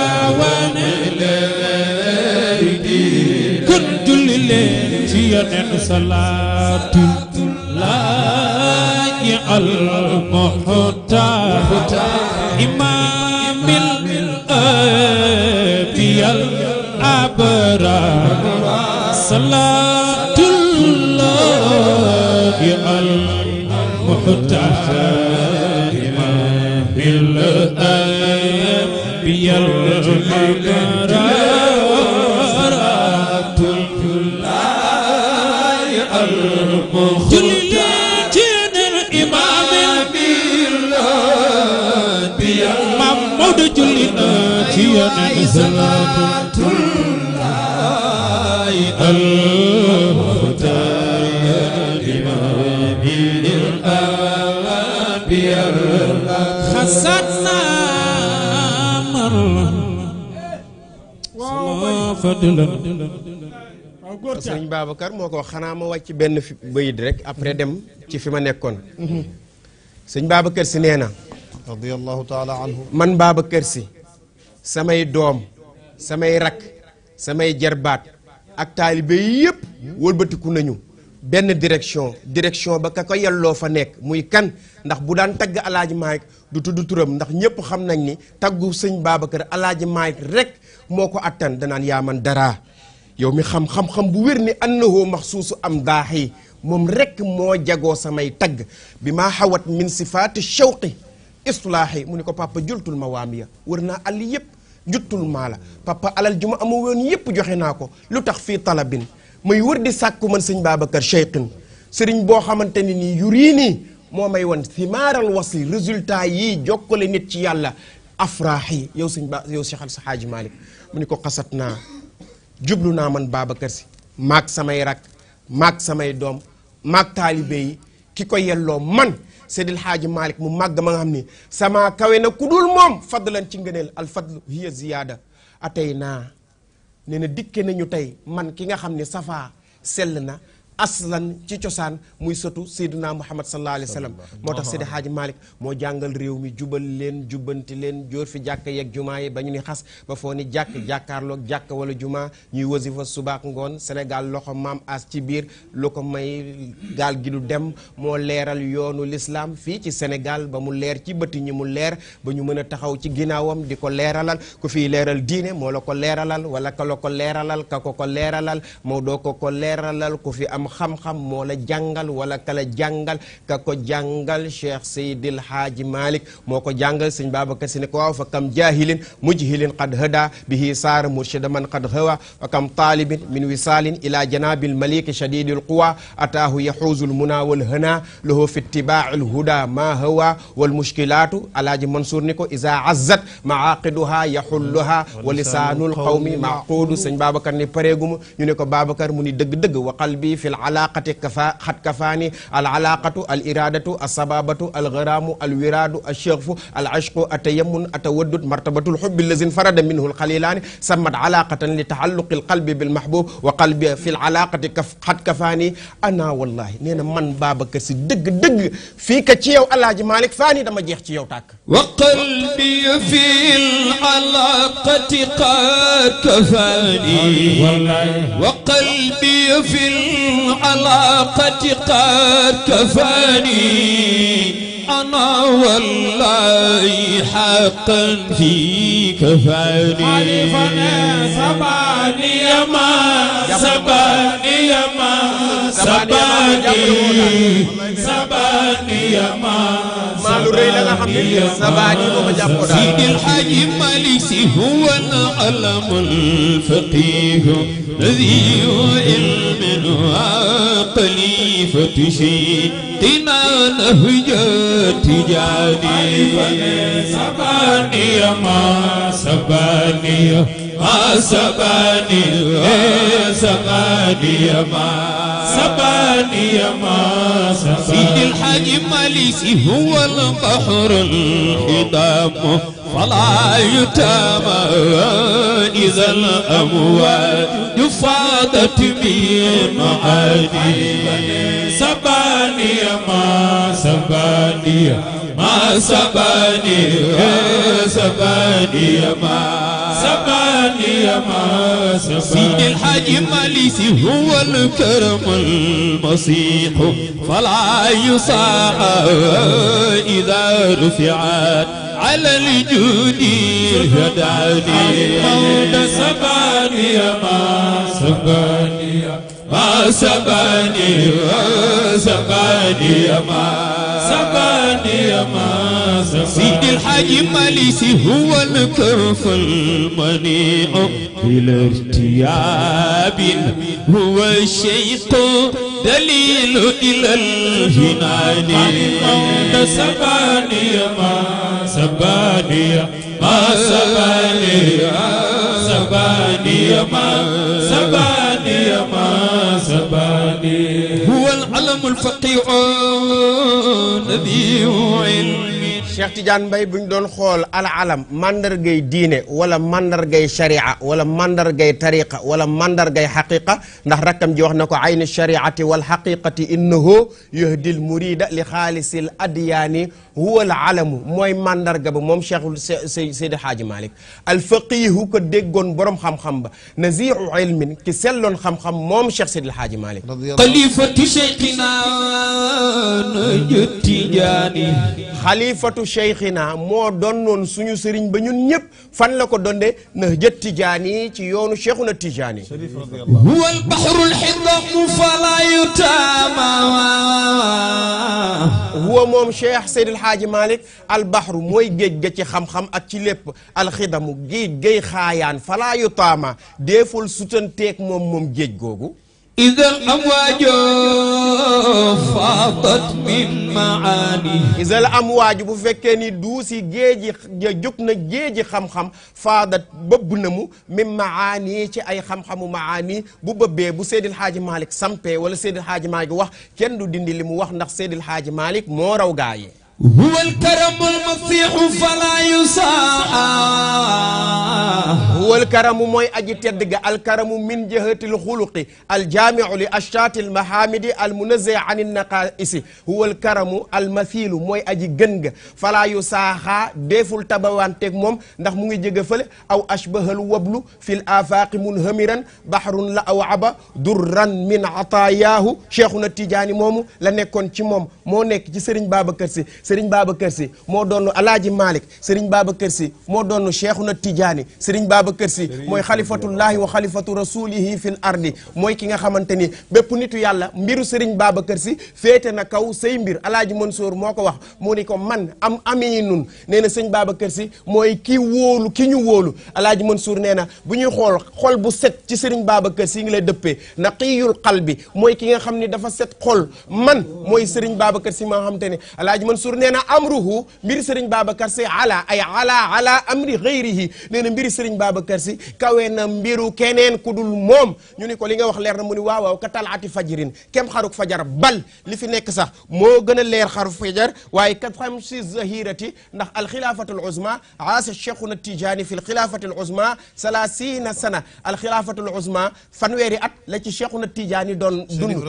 yoneen salaatu laaji al muxtaar imaamil abiyal abraar salaatu laaji al muxtaar imaamil abiyal abraar فضلا góor ca sëñ Babacar moo ko wax xanaa ma wàcc benn bayit rek après dem ci fi ma nekkoon. Mhm. sëñ Babacar si nee na. radiyallahu taala anhu man Babacar si. samay doom samay rakk samay jarbaat ak taalibe yëpp wëlbatiku nañu benn direction direction ba ka ko yelloo fa nekk muy kan ndax bu daan tagg alaaji Maalik du tudd turam ndax ñëpp xam nañ ni taggu sëñ Babacar alaaji Maalik rek moo ko attan danaan yaa man dara yow mi xam xam-xam bu wér ni annahu maxsuusu am daaxi moom rek moo jagoo samay tagg bi maa xawat min sifaati shawqi istilaahi mu ne ko papa jultul ma waamiya wër naa àll yëpp juttul maa la papa alal ju ma amu woon joxe naa ko lu tax fii talabin may wër di sàkku man sëñ Babacar Cheikhin sëriñ boo xamante ne nii yu rii nii moo may wan thimaaral wasli résultat yii jokkale nit ci yàlla afraax yi yow sëñ ba yow Cheikh Alsa Haaji Malick mu ne ko xasat naa jublu naa man Babacar Sy maag samay rak maag samay doom maag taalibe yi ki ko yelloo man Seydil Haaji Malick mu màgg ma nga xam ni sama kawe na ku dul moom fadlan ci ngëneel al fadlu hiya ziyaada atey naa nee na dikke nañu tey man ki nga xam ne safaa sell na aslan ci cosaan muy sëtu Seydina Muhammad sallallahu alayhi wa sallam moo tax Seydi Hadji Malick moo jàngal réew mi jubal leen jubbanti leen jóor fi jàkk yeeg jumaa yi ba ñu ni xas ba foo ni jàkk jàkkaarloog jàkk wala jumaa ñuy wasifa subaak ngoon Sénégal loxo maam as ci biir lu ko may gaal gi du dem moo leeral yoonu lislaam fii ci Sénégal ba mu leer ci bëtt ñi mu leer ba ñu mën a taxaw ci ginnaawam di ko leeralal ku fiy leeral diine moo la ko leeralal wala ko leeralal ko ko ko ko xam-xam moo la jàngal wala kala jàngal ka ko jàngal Cheikh Seydil Haaji Malick moo ko jàngal sëñ Babacar Si ne ko waaw fa kam jaahilin mujhilin qad hada bihi saara murshida man qad hawa fa kam taalibin min wisalin ila janabil maliki shadidil quwa wal hana lahu fi ittibaa'il huda ma hawa wal mushkilaatu alaaji Mansour ni ko iza azzat maaqiduha yahulluha wa lisaanul qawmi maquudu sëñ Babacar ni pareeguma ñu ne ko Babacar mu ni dëgg-dëgg wa qalbi fil العلاقة كفا خد كفاني العلاقة الإرادة الصبابة الغرام الوراد الشغف العشق التيمن التودد مرتبة الحب الذي انفرد منه القليلان سمت علاقة لتعلق القلب بالمحبوب وقلبي في العلاقة كف خد كفاني أنا والله نين من بابك سي دق دق فيك تشيو الحاج مالك فاني دم جيخ تشيو تاك وقلبي في العلاقة قد كفاني وقلبي في العلاقة العلاقة قد كفاني أنا والله حقا في كفاني خليفنا سبعني يا ما سبعني يا ما sabaani sabaani ya maa lu rëy la nga xam ne sabaani moo ko jàppoo daal Sidi El Hadj Malick Sy huwa al-alamul faqih الذي علم عقلي فتشيتنا نهجا تجاني سباني ما سباني ما سباني سباني ما سباني يا ما سيد الحاج ماليسي هو البحر الخطاب فلا يتامى إذا الأموات يفادت من معادي سباني يا ما سباني ما سباني سباني يا ما سباني ما سباني سيد الحاج ماليسي هو الكرم المصيح فلا يصاع إذا رفعت على الجود هداني مولى سباني ما سباني ما سباني ما سباني ما سباني ما سيد الحاج ماليسي هو الكرف المنيع في ارتياب هو الشيخ دليل إلى الجنان الموت سبانية ما سبانية ما سبانية سبانية ما سبانية ما سبانية هو العلم الفقيع علم Cheikh Tidiane Mbaye bu ñu doon xool al alam mandargay diine wala mandargay shari'a wala mandargay tariqa wala mandargay xaqiqa ndax rakkam ji wax na ko ayni shari'ati wal xaqiqati innahu yahdil murida li xaalisil adyaani huwa al alamu mooy mandarga ba moom Cheikhul Seydi Xaaji Malick al faqihu ko déggoon borom xam-xam ba naziru ilmin ki selloon xam-xam moom Cheikh Seydi Xaaji Malick xalifatu Cheikhina Tidiane xalifatu waritu cheikhina moo donnoon suñu sëriñ ba ñun ñëpp fan la ko donde na jët tijaani ci yoonu cheikhuna tijaani huwa albaxru alxidamu fala yutama huwa moom cheikh seydil haaji malik albaxru mooy géej ga ci xam-xam ak ci lépp alxidamu géej gay xaayaan fala yu taama deeful sutanteeg moom moom géej googu إذا الأمواج فاضت من معاني إذا الأمواج بفكني دوسي جيجي جي جيجي خم خم فاضت ببنمو من معاني تي أي خم خم معاني ببب بو سيد الحاج مالك سامبي ولا سيد الحاج مالك واه كندو دو ديندي لي مو سيد الحاج مالك مو راو هو الكرم المسيح فلا يساء هو الكرم موي اجي تدغ الكرم من جهه الخلق الجامع لاشات المحامد المنزه عن النقائص هو الكرم المثيل موي اجي گنغ فلا يساء ديفول تباوانتك موم ndax mu ngi jege fele aw ashbahal wablu fil afaq munhamiran bahrun la aw aba durran min atayahu cheikhuna tidiane momu la nekkon ci mom mo nek ci serigne babacar si Serigne Babacar Sy moo doon Alaaji Malick Serigne Babacar Sy moo doon Cheikhuna Tidiane Serigne Babacar Sy mooy xalifatullahi wa xalifatu rasulihi fil ardi mooy ki nga xamante ni bépp nitu yàlla mbiru Serigne Babacar Sy féete na kaw say mbir Alaaji Mansour moo ko wax mu ni ko man am aminun nee na sëñ Babacar Sy mooy ki woolu ki ñu wóolu Alaaji Mansour nee na bu ñuy xool bu set ci Serigne Babacar Sy ngi lay dëppee naqiyul qalbi mooy ki nga xam ni dafa set xool man mooy Serigne Babacar Sy maa xam te Alaaji Mansour nee na amruhu mbiri sëriñ Babacar si ala ay ala ala amri xëyrihi nee na mbiri sëriñ Babacar si kawe na mbiru keneen ku dul moom ñu ni ko li nga wax leer na mu ni waaw waaw ka talaati fajirin kem xaruk fajar bal li fi nekk sax moo gën a leer xaru fajar waaye kat xam si zahirati ndax alxilaafatu al uzma aasa cheikhuna tijaani fi alxilaafati al uzma salaasina sana alxilaafatu al uzma fanweeri at la ci cheikhuna tijaani doon dund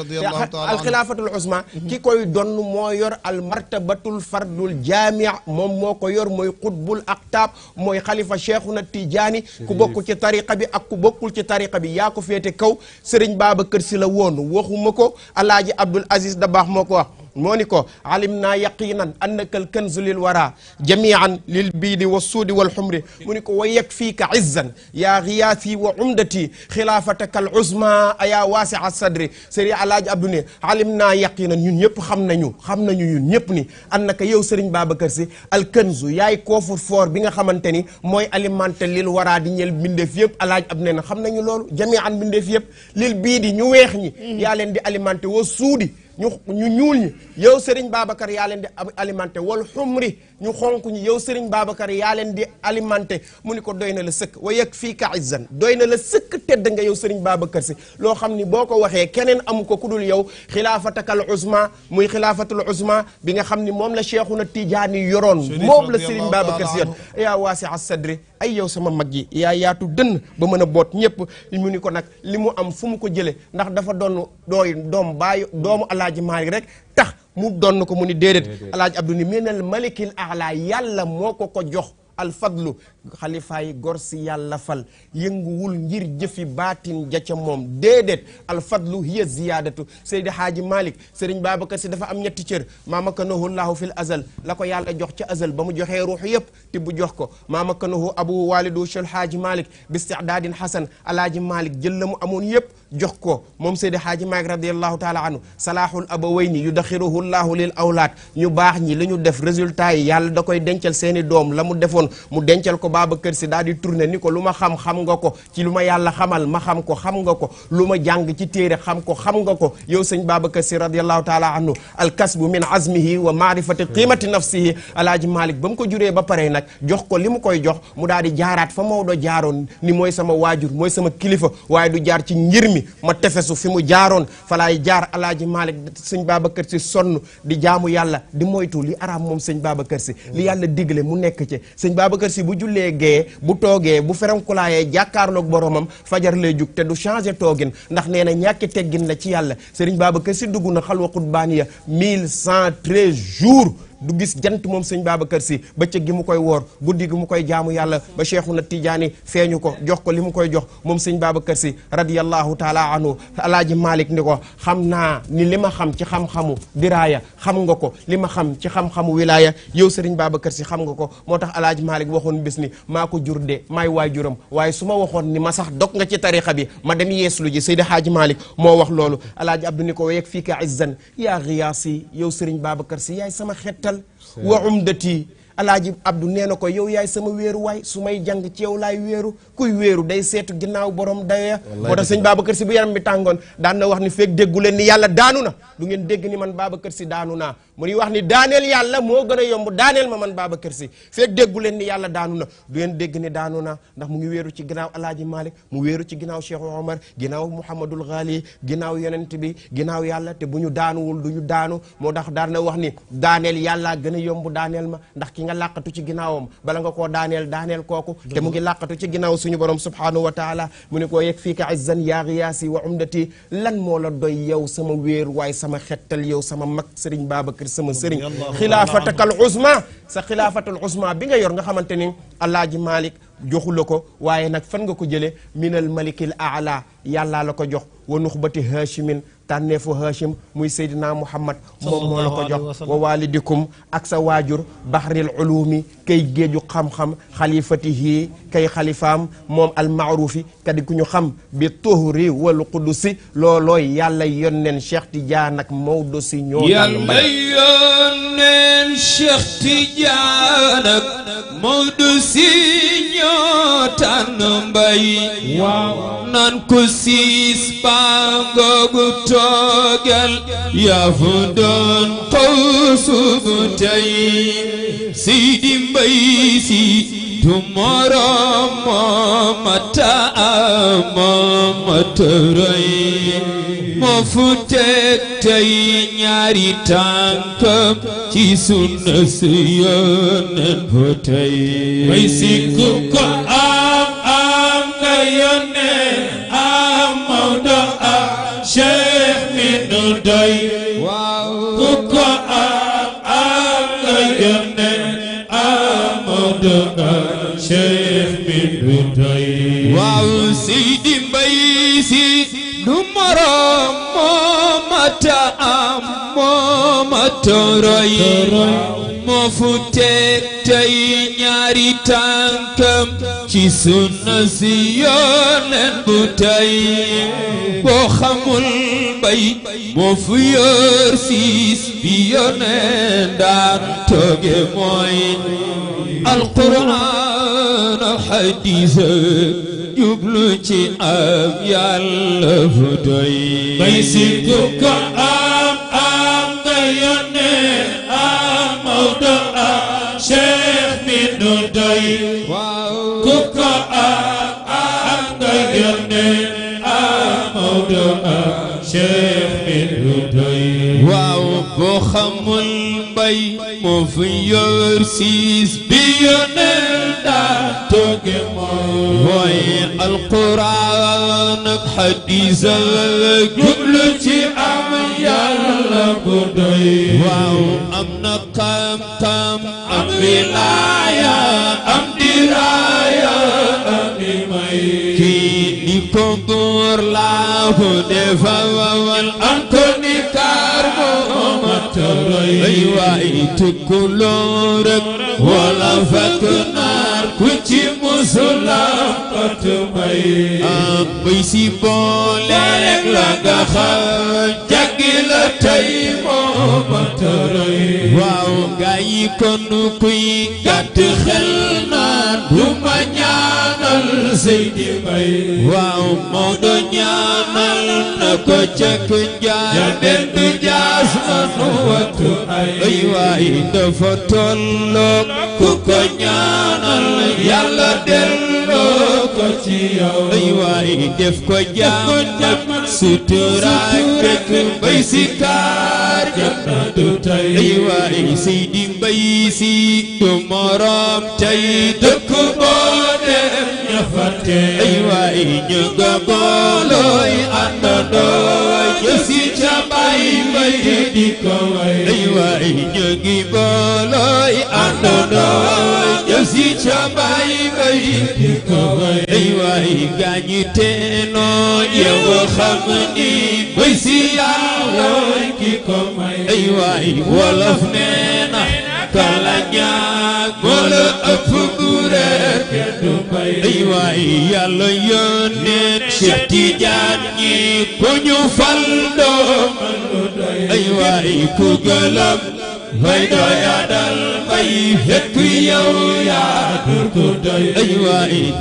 alxilaafatu al uzma ki koy doon moo yor al martabatu xalifatul fardul jaamic moom moo ko yor mooy xutbul aktaab mooy xalifa cheikhuna tijaani ku bokk ci tariqa bi ak ku bokkul ci tariqa bi yaa ko féete kaw sëriñ Babacar Si la woon waxuma ko Abdul Aziz Dabaax moo wax moo ni ko alim naa yaqinan annaka al kanzu lil wara jamian lil biidi wa suudi wal xumri mu ni ko wa yakfiika izzan yaa giyaasi wa umdati xilaafataka al uzma ayaa waasica sadri sëriñ alaaj abdu ne alim naa yaqinan ñun ñëpp xam nañu xam nañu ñun ñëpp ni annaka yow sëriñ babacar si al kanzu yaay koofur foor bi nga xamante ni mooy alimenté lil wara di ñel mbindeef yëpp alaaj abdu ne na xam nañu loolu jamian mbindeef yëpp lil biidi ñu weex ñi yaa leen di alimenté wa suudi ñu ñu ñuul ñi yow Serigne Babacar yaa leen di alimenté wal xumri ñu xonk ñu yow Serigne Babacar yaa leen di alimenté mu ni ko doy na la sëkk wa yëg fii ka izzan doy na la sëkk tedd nga yow Serigne Babacar si loo xam ni boo ko waxee keneen amu ko ku dul yow xilaafatakal usma muy xilaafatul usma bi nga xam ni moom la Cheikhuna Tijaani yoroon moom la Serigne Babacar si yoon yaa waasi as sadri ay yow sama mag yi yaa yaatu dënn ba mën a boot ñëpp mu ni ko nag li mu am fu mu ko jële ndax dafa doon dooy doom baayu doomu alaaji Maalik rek tax مودون نكو موني ديدت الحاج عبد الني من الملك الاعلى يالا موكو كو جوخ الفضل خليفه يي غورس يالا فال ييغوول نير جيفي باتين جاتا موم ديدت الفضل هي زياده سيد حاج مالك سيرن بابكر سي دا فا ام نيت تيير ماما كنه الله في الازل لاكو يالا جوخ تي ازل بامو جوخي روح ييب تي بو جوخ كو ماما كنه ابو والد شل حاج مالك باستعداد حسن الحاج مالك جيل امون ييب jox ko moom Seydi Xaaji Maalik radiallahu taala anhu salaaxul abawayni yu daxiruhu llahu lil awlaad ñu baax ñi li ñu def résultat yi yàlla da koy dencal seeni doom la mu defoon mu dencal ko Babacar Si daal di tourné ni ko lu ma xam xam nga ko ci lu ma yàlla xamal ma xam ko xam nga ko lu ma jàng ci téere xam ko xam nga ko yow sëñ Babacar Si radiallahu taala anhu alkasbu min azmihi wa maarifati qiimati nafsihi alaaji Maalik ba mu ko juree ba pare nag jox ko li mu koy jox mu daal di jaaraat fa Maodo jaaroon ni mooy sama waajur mooy sama kilifa waaye du jaar ci njir mi ma tefesu fi mu jaaroon falaay laay jaar alaaji Malick sëñ Babacar si sonn di jaamu yàlla di moytu li araam moom sëñ Babacar si li mm. yàlla digle mu nekk ci sëñ kër si bu jullee gee bu toogee bu ferenkulaayee jàkkaarloog boromam fajar lay jug te du changé toogin ndax nee na ñàkki teggin la ci yàlla sëriñ Babacar si dugg na xalwa xutbaaniya 1113 jours du gis jant moom sëñ Babacar Si bëccëg gi mu koy woor guddi gi mu koy jaamu yàlla ba Cheikhuna Tijaani feeñu ko jox ko li mu koy jox moom sëñ Babacar Si radiyallahu taala anhu alaaji Malik ni ko xam naa ni li ma xam ci xam-xamu diraaya xam nga ko li ma xam ci xam-xamu wilaaya yow sëriñ Babacar Si xam nga ko moo tax alaaji Malik waxoon bis ni maa ko jur de maay waajuram waaye su ma waxoon ni ma sax dog nga ci tarixa bi ma dem yeeslu ji Seydi Haaji Malik moo wax loolu alaaji Abdu ni ko wayeg fii ka izzan yow sëriñ Babacar Si yaay وعمدتي alaaji abdu nee na ko yow yaay sama wéeru waay su may jàng ci yow laay wéeru kuy wéeru day seetu ginnaaw borom dayoya moo tax sëñ Babacar si bu yaram bi tàngoon daan na wax ni feeg déggu leen ni yàlla daanu na du ngeen dégg ni man Babacar si daanu naa mu ni wax ni daaneel yàlla moo gën a yomb daaneel ma man Babacar si feeg déggu leen ni yàlla daanu na du ngeen dégg ni daanu naa ndax mu ngi wéeru ci ginnaaw alaaji Malick mu wéeru ci ginnaaw Cheikh Omar ginnaaw Mouhamadul Ghali ginnaaw yonent bi ginnaaw yàlla te bu ñu daanuwul du ñu daanu moo tax daan na wax ni daaneel yàlla gën a yomb daaneel ma ki nga làqatu ci ginnaawam bala nga koo daaneel daaneel kooku te mu ngi làqatu ci ginnaaw suñu borom subhanahu wa taala mu ne ko yeg fii ka izzan yaa riyaasi wa umdati lan moo la doy yow sama wéer waaye sama xettal yow sama mag sëriñ Babacar sama sëriñ xilaafatakal usma sa xilaafatul usma bi nga yor nga xamante ni alaaji Malik joxu la ko waaye nag fan nga ko jële minal malikil aala yàllaa la ko jox wa nuxbati hashimin tànneefu Hachim muy Seydina Muhammad moom moo la ko jox wa walidikum ak sa waajur bahril ulumi kay géeju xam-xam xalifatihi kay xalifaam moom almaarufi kadi ku ñu xam bi tuhri wal qudusi loolooy yàlla yónneen Cheikh Tidiane ak Maodo si ñoo yàlla naan ko siis paa googu dogal yaa fu doon xawsu tey Sidi Mbaye Sy du moroom moom mata moom mata roy moo fu teg tey ñaari tànkam ci sunna si yónneen ba tey way sikku ko am am nga yónneen doy ku ko am am du doy waaw Seydi Mbay Si du moroom fu teg tey ñaari tànkam ci sunna si yooneen bu tey boo mbay moo fu yor siis bi yoneen toge mooy alquran alxadis jublu ci am yàlla fu doy bay mbay moo fi yor siis bi yonel daa tooge mooy ak xadiis ak jublu ci am yàlla bu doy waaw am na xam-xam am wilaaya am diraaya am may kii di ko góor laa ko defal ay waay tukkuloo rek wala fekk naar ku ci musulam pat may am bay si boole rek la nga xam jaggi la tey moo ma tëray waaw nga yi kon kuy gàtt du ma ñaanal Seydi Bay waaw moo ñaanal na ko ku ko ñaanal yàlla delloo ko ci yow ay def ko jàmm suturaa kekk bay si kaar jannatu si di mbay du moroom tay dëkk boor fàtte ay waay ñu nga boolooy àndandoo jësi ca bay bay di ko way waay ñu ngi boolooy àndandoo jësi ca bay bay di ko way waay gaañi teenoo yow xam ni bay si yàlla ki ko may ay waay wolof nee na kala ñaar la ëpp buure kenn du bay ay waay yàlla yónnee ku ñu fal doom ay waay ku gëlëm bay doya dal bay fekk yow yaa du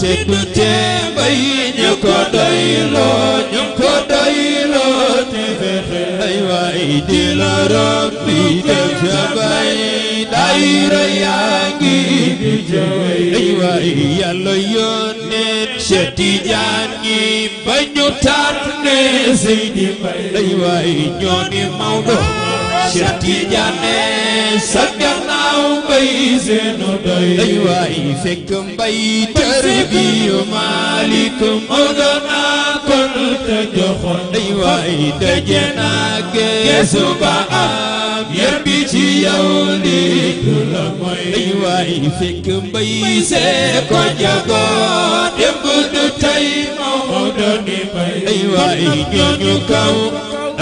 tee doy loo ñu ko doy loo te fexe ay waay di la rabbi def daayira yaa ngi di jooy ay waay yàlla yónneen Seex Tijaan gi ba ñu tànne Seydi Mbay ay waay ñoo ni Maodo Seex Tijaane sa gannaaw mbay seenu doy ay waay fekk mbay tarbiyu Maalik moo doon akol te joxoon ay waay daje naa geesu ba yépp ci yow nit du la mooy ay waay fekk mbay see ko jagoo démb du tey moo doon ni mbay ay waay kaw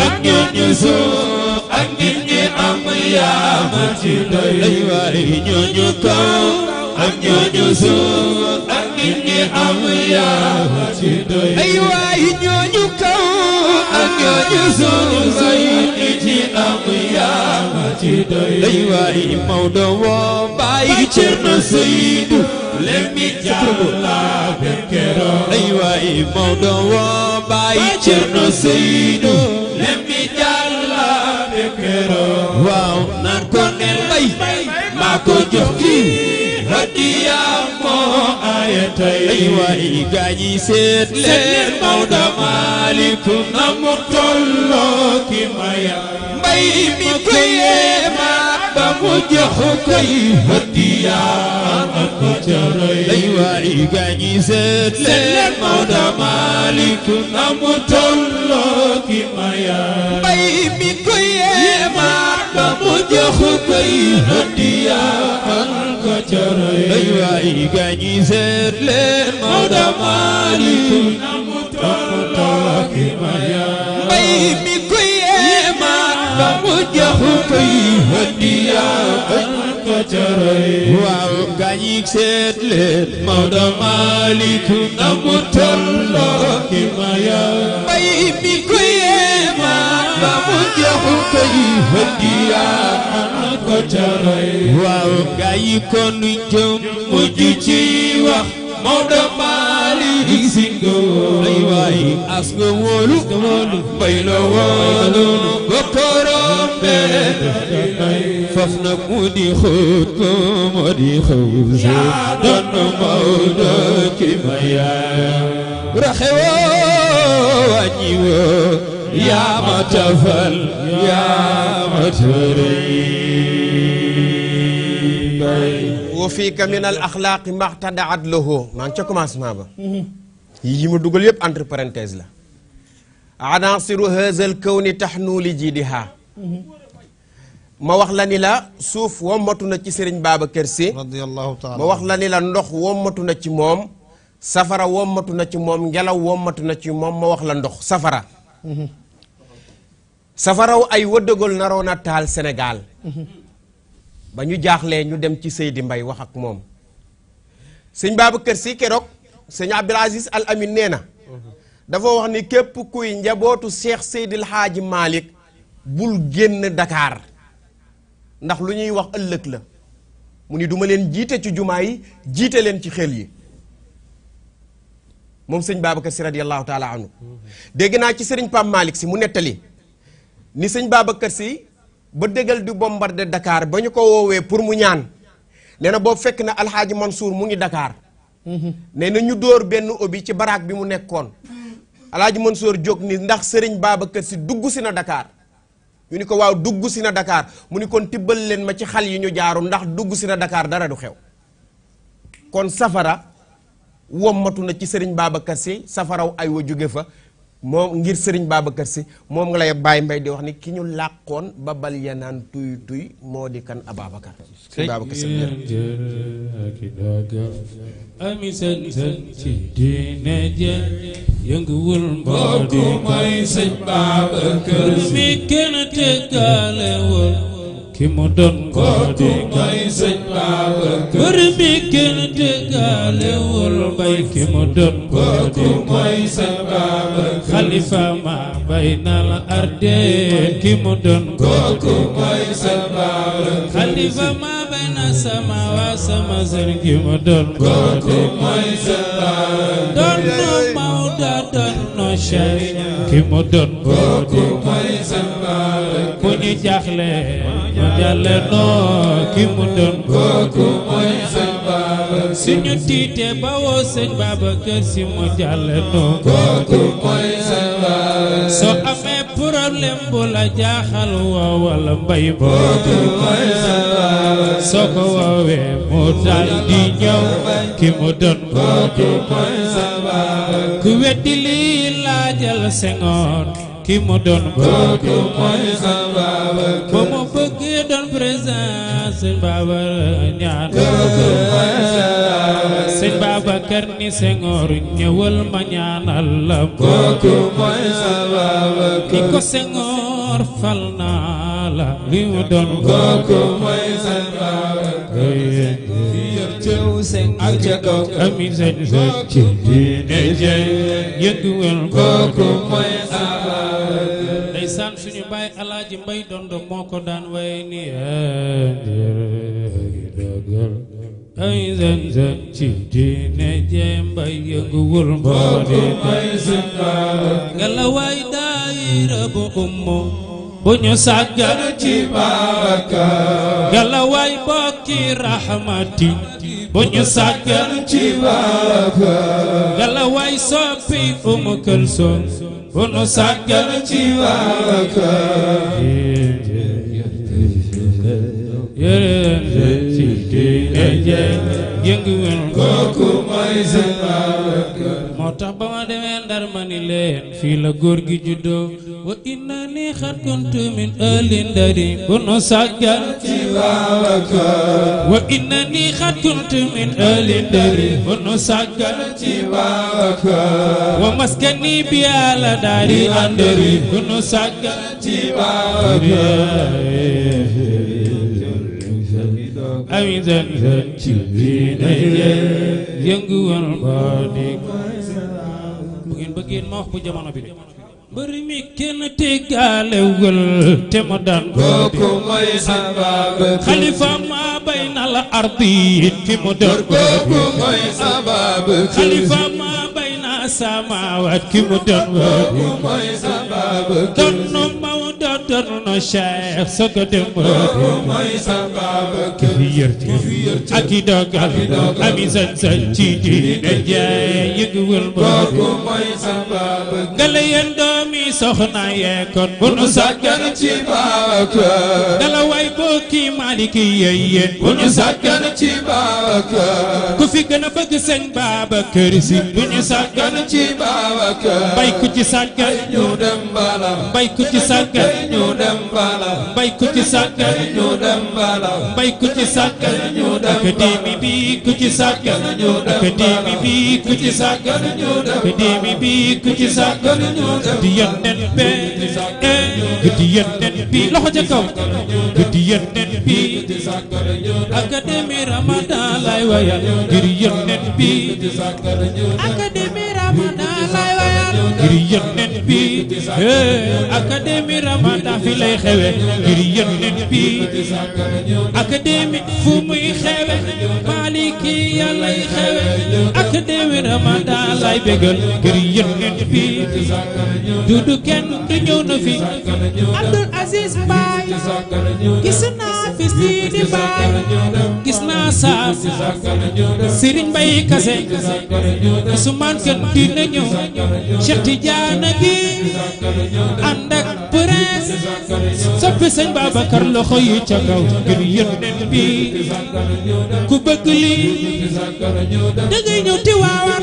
ak ñooñu suuf ak nit ñi am yaa ma ci doy ay waay ñooñu kaw ak ñooñu suuf ak nit ñi am يجوز الغيب القيامة داي واي موضوع باي تشرن سيد لمي جالا بكرو اي واي موضوع باي تشرن سيد لمي جالا بكرو واو نان كون باي ما كو جوكي hadiya moo aaye tey ay waay gaañ yi seet leen Maodo Maliku na mu tolloo maya ba mu jox kay hadiya ak ko caray ay waay gaañ yi seet leen Maodo Maliku na mu tolloo maya ba mu joxu koy hadiya an ko jaray ay waay gaañi seet leen moo damaali namu taaki maya mbay mi koy eemaat ba mu joxu koy hadiya an ko jaray waaw gaañi seet leen moo damaali namu taaki maya mbay mi koy hadiya ana ko jaray waaw gaa yi kon jëm mujj ci wax Maodo Malick Si Ngor ay waay as nga wóolu mbay la wóolu bokkorom bee faf na mu di xóot ko mu di xóot yaa doon Maodo ki ma yaa raxewoo wàññiwoo يا متفل يا متريب وفيك من الأخلاق ما اعتدعت له maa ngi ca commencement ba yi ma dugal yëpp entre parenthèse la anaasiru haazal kawni taxnu li jiidiha ma wax la ni la suuf wommatu na ci Serigne Babacar Sy radiyallahu ma wax la ni la ndox wommatu na ci moom safara wommatu na ci moom ngelaw wommatu na ci moom ma wax la ndox safara safaraw ay wëddëgal naroon a taal Sénégal ba ñu jaaxlee ñu dem ci Seydi Mbay wax ak moom sëñ kër Si keroog sëñ Abdul Aziz nee na dafa wax ni képp kuy njabootu Cheikh Seydil Haaji Malick bul génn dakaar ndax lu ñuy wax ëllëg la mu ni duma leen jiite ci jumaa yi jiite leen ci xel yi moom sëñ Babacar si radiyallahu taala anhu dégg naa ci sëriñ pam Malick si mu nettali ni sëñ Babacar si ba dégal di bombardé dakaar ba ñu ko woowee pour mu ñaan nee na boobu fekk na Alxaaji Mansour mu ngi dakaar nee na ñu dóor benn obi ci baraak bi mu nekkoon Alxaaji Mansour jóg ni ndax sëriñ Babacar si dugg si na dakaar ñu ni ko waaw dugg si na dakaar mu ni kon tibbal leen ma ci xal yi ñu jaaru ndax dugg si na dakaar dara du xew kon safara wommatu na ci sëriñ Babacar si safaraw ay wa jóge fa moom ngir sëriñ Babacar si moom nga lay bàyyi mbay di wax ni ki ñu làqoon ba bal yanaan tuy moo di kan Ababacar sëriñ Babacar Sy ami sën yënguwul mboo ko mooy sëñ Babacar ki mu doon koo di mooy sëñ Babacar bër mi kenn dëggaalewul bay ki mu doon koo di mooy sëñ Babacar xalifa ma bay na la arde ki mu doon kooku mooy sëñ Babacar xalifa ma bay na sama waa sama sër ki mu doon kooku mooy sëñ Babacar doon na Maodo doon na Cheikh ki mu doon kooku mooy sëñ Babacar ci soo amee problème bu la jaaxal woo wala mbay kooku soo ko woowee mu daal ñëw ki mu doon kooku mooy sëñ baaba ku sengoon ki mu doon bëgg mooy sëñ Babacar ba mu bëggee doon président sëñ Babacar ñaan sëñ Babacar ni Senghor ñëwal ma ñaanal la bëgg mooy sëñ Babacar ni ko Senghor fal naa la li mu doon bëgg mooy sëñ Babacar ak ca kaw amiin sëñ sëñ ci diine jëy yëg wel kooku mooy ndeysaan suñu baay alaaji mbay dondo moo ko daan ni gi dogal ay zan zan ci diine jee mbay yënguwul mboole nga la waay daayira bu ummu bu ñu sàggan ci baaka nga la waay bokki raxmati soppi umu këlsoon bu nu sàggal ci waa kër yëngu wen kooku mooy seen Babacar moo tax ba ma demee Ndar ma ni leen fii la góor gi juddoo wa innani xat kuntu min ahli Ndari wa nu sàggan ci Babacar wa maskani bi ala daari andari bu nu sàggan ci Babacar awi zan zan ci lii day yëngu woon ko dégg bu ngeen bëggeen ma wax bi de mooy sabab xalifa ma bayna al ardi mooy sabab xalifa ki mu dër kooku mooy sabab turno Cheikh soko dem mooy sababa ki fi yërti ak i dogal ak i sañ-sañ ci diine jaay yëguwul kooku mooy sababa nga la yéen doomi soxna yee kon bu nu sàggan ci baaka dala way bokki maliki yey yéen bu nu sàggan ci baaka ku fi gën a bëgg sëñ baaba kër si bu ñu sàggan ci baaka bay ku ci sàggan ñu dem bala bay ku ci sàggan ñu dem bala mbay ku ci sàkkal ñu dem bala mbay ku ci sàkkal ñu dem bala akademi bi ku ci sàkkal ñu dem bala akademi bi ku ci sàkkal ñu dem bala akademi bi ku ci sàkkal ñu dem bala eh, akademi ramadan lay wayal ngir yónneen bi akademi ngir yonent bi eh, académie Ramata fi lay xewe ngir yonent bi académie fu muy xewe ki yàllay xewe ak déwén ramadan lay bégal ngir yónnent bi dudu kenn te ñëw na fi Abdul Aziz Baay gis naa fi Sidi Baay gis naa Saar Serigne Mbaye Kase Ousmane Kane dina ñëw Cheikh Tidiane gi ànd ak lépp rek soppi sëñ Babacar loxo yi ca kaw ngir yónneen bi ku bëgg lii dangay ñëw Tiwaawan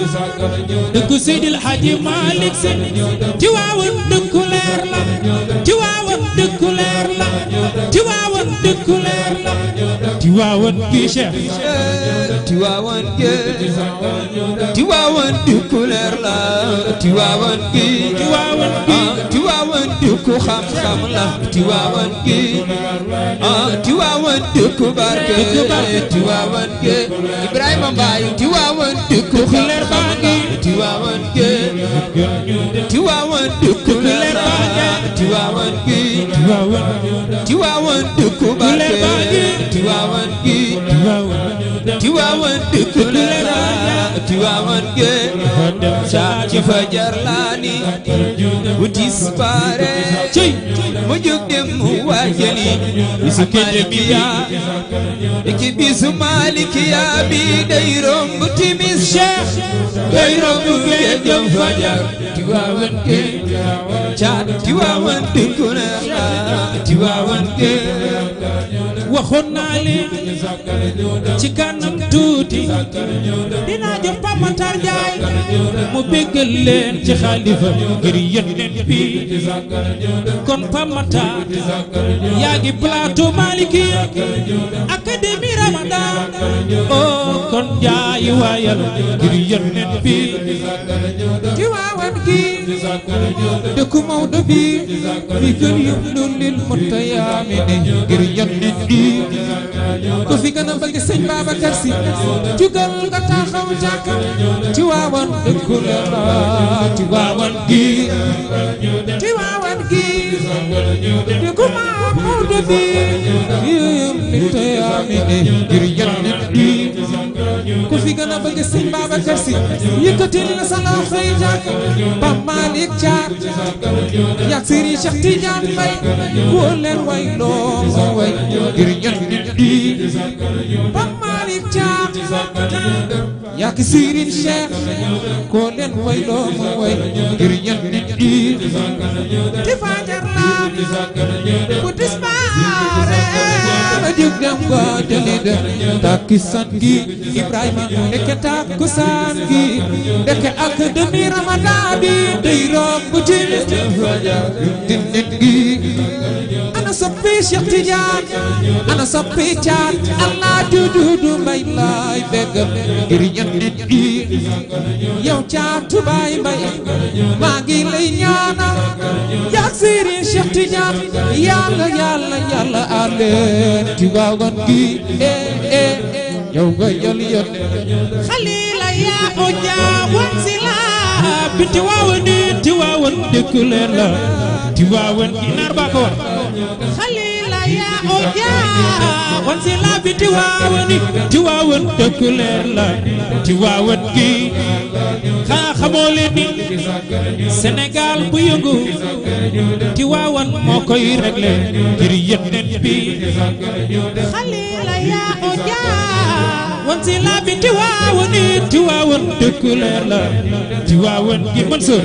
dëkku Seydil Hadji Malick Sy Tiwaawan dëkku leer la Tiwaawan dëkku leer la Tiwaawan dëkku leer la Tiwaawan gi Cheikh Tiwaawan gi Tiwaawan dëkku leer la Tiwaawan gi ah, ku xam-xam la Tiwaawan gi ah Tiwaawan dëkk barke Tiwaawan gi Ibrahima Mbaye Tiwaawan dëkk leer baa ngi Tiwaawan gi Tiwaawan dëkk leer baa ngi Tiwaawan gi Tiwaawan dëkk barke Tiwaawan gi Tiwaawan dëkk leer Tiwaawan gee caam ci fajar laa ni bu dispaare cey ma jóg dem waajali bisu malikiyaa ci bisu malikiyaa bi day romb timis Cheikh day romb gee jëm fajar Tiwaawan gee caam Tiwaawan dëkku na Tiwaawan gee waxoon naa leen ci kanam tuuti dinaa jox Pape Matar Ndiaye mu béggal leen ci xalifa ngir yónnent bi kon Pape Matar yaa ngi plateau Maliki académie Ramadan oh kon Ndiaye waayal ngir yónnent bi ci waawan gi dëkku Maodo bi fi gën yum lil mutayaamini ngir yónnent bi ku fi gën a bëgg sëñ Babacar Si jugal nga taxaw jàkka ci waawan dëkku la ci waawan gi ci waawan gi di ko maamoo defi yéem nit tey amine ngir yàlla nit ku fi gën a bëgg Sëñ Babacar Si yëkkati li la sa loo xëy jàkk Pape Malick Thiat yàgg Serigne Cheikh Tidiane Mbaye ku leen way loo ma way ngir yàlla nit Caam yàgg Serigne Cheikh koo leen way loo ma way ngir ñan nit yi. ba jug dem goo jëli dem takkusaan gi Ibrahima ndeke takkusaan gi ndeke ak demi Ramadan bi day romb ci din nit gi ana soppi Cheikh Tidiane ana soppi Thiat Allah jududu mbay lay begam ngir ñan nit gi yow Thiatou Baye Mbaye maa ngi lay ñaanal yak Serigne Cheikh Tidiane yàlla yàlla yàlla Tiwaawan gi eh eh e. yow nga jël yoon xalila yaa ko jaawoon du Tiwaawan di Tiwaawan dëkk leer la Tiwaawan ginaar baa ko wax yaa o yaa wan si laa bi Tiwaawan di Tiwaawan dëkk xaa xamoo leen ni Sénégal bu yëngu Tiwaawan moo koy réglé ngir yëg nen bi yaa Oja. wan si laa bi Tiwaawan yi Tiwaawan dëkk leer la Tiwaawan gi Mansour.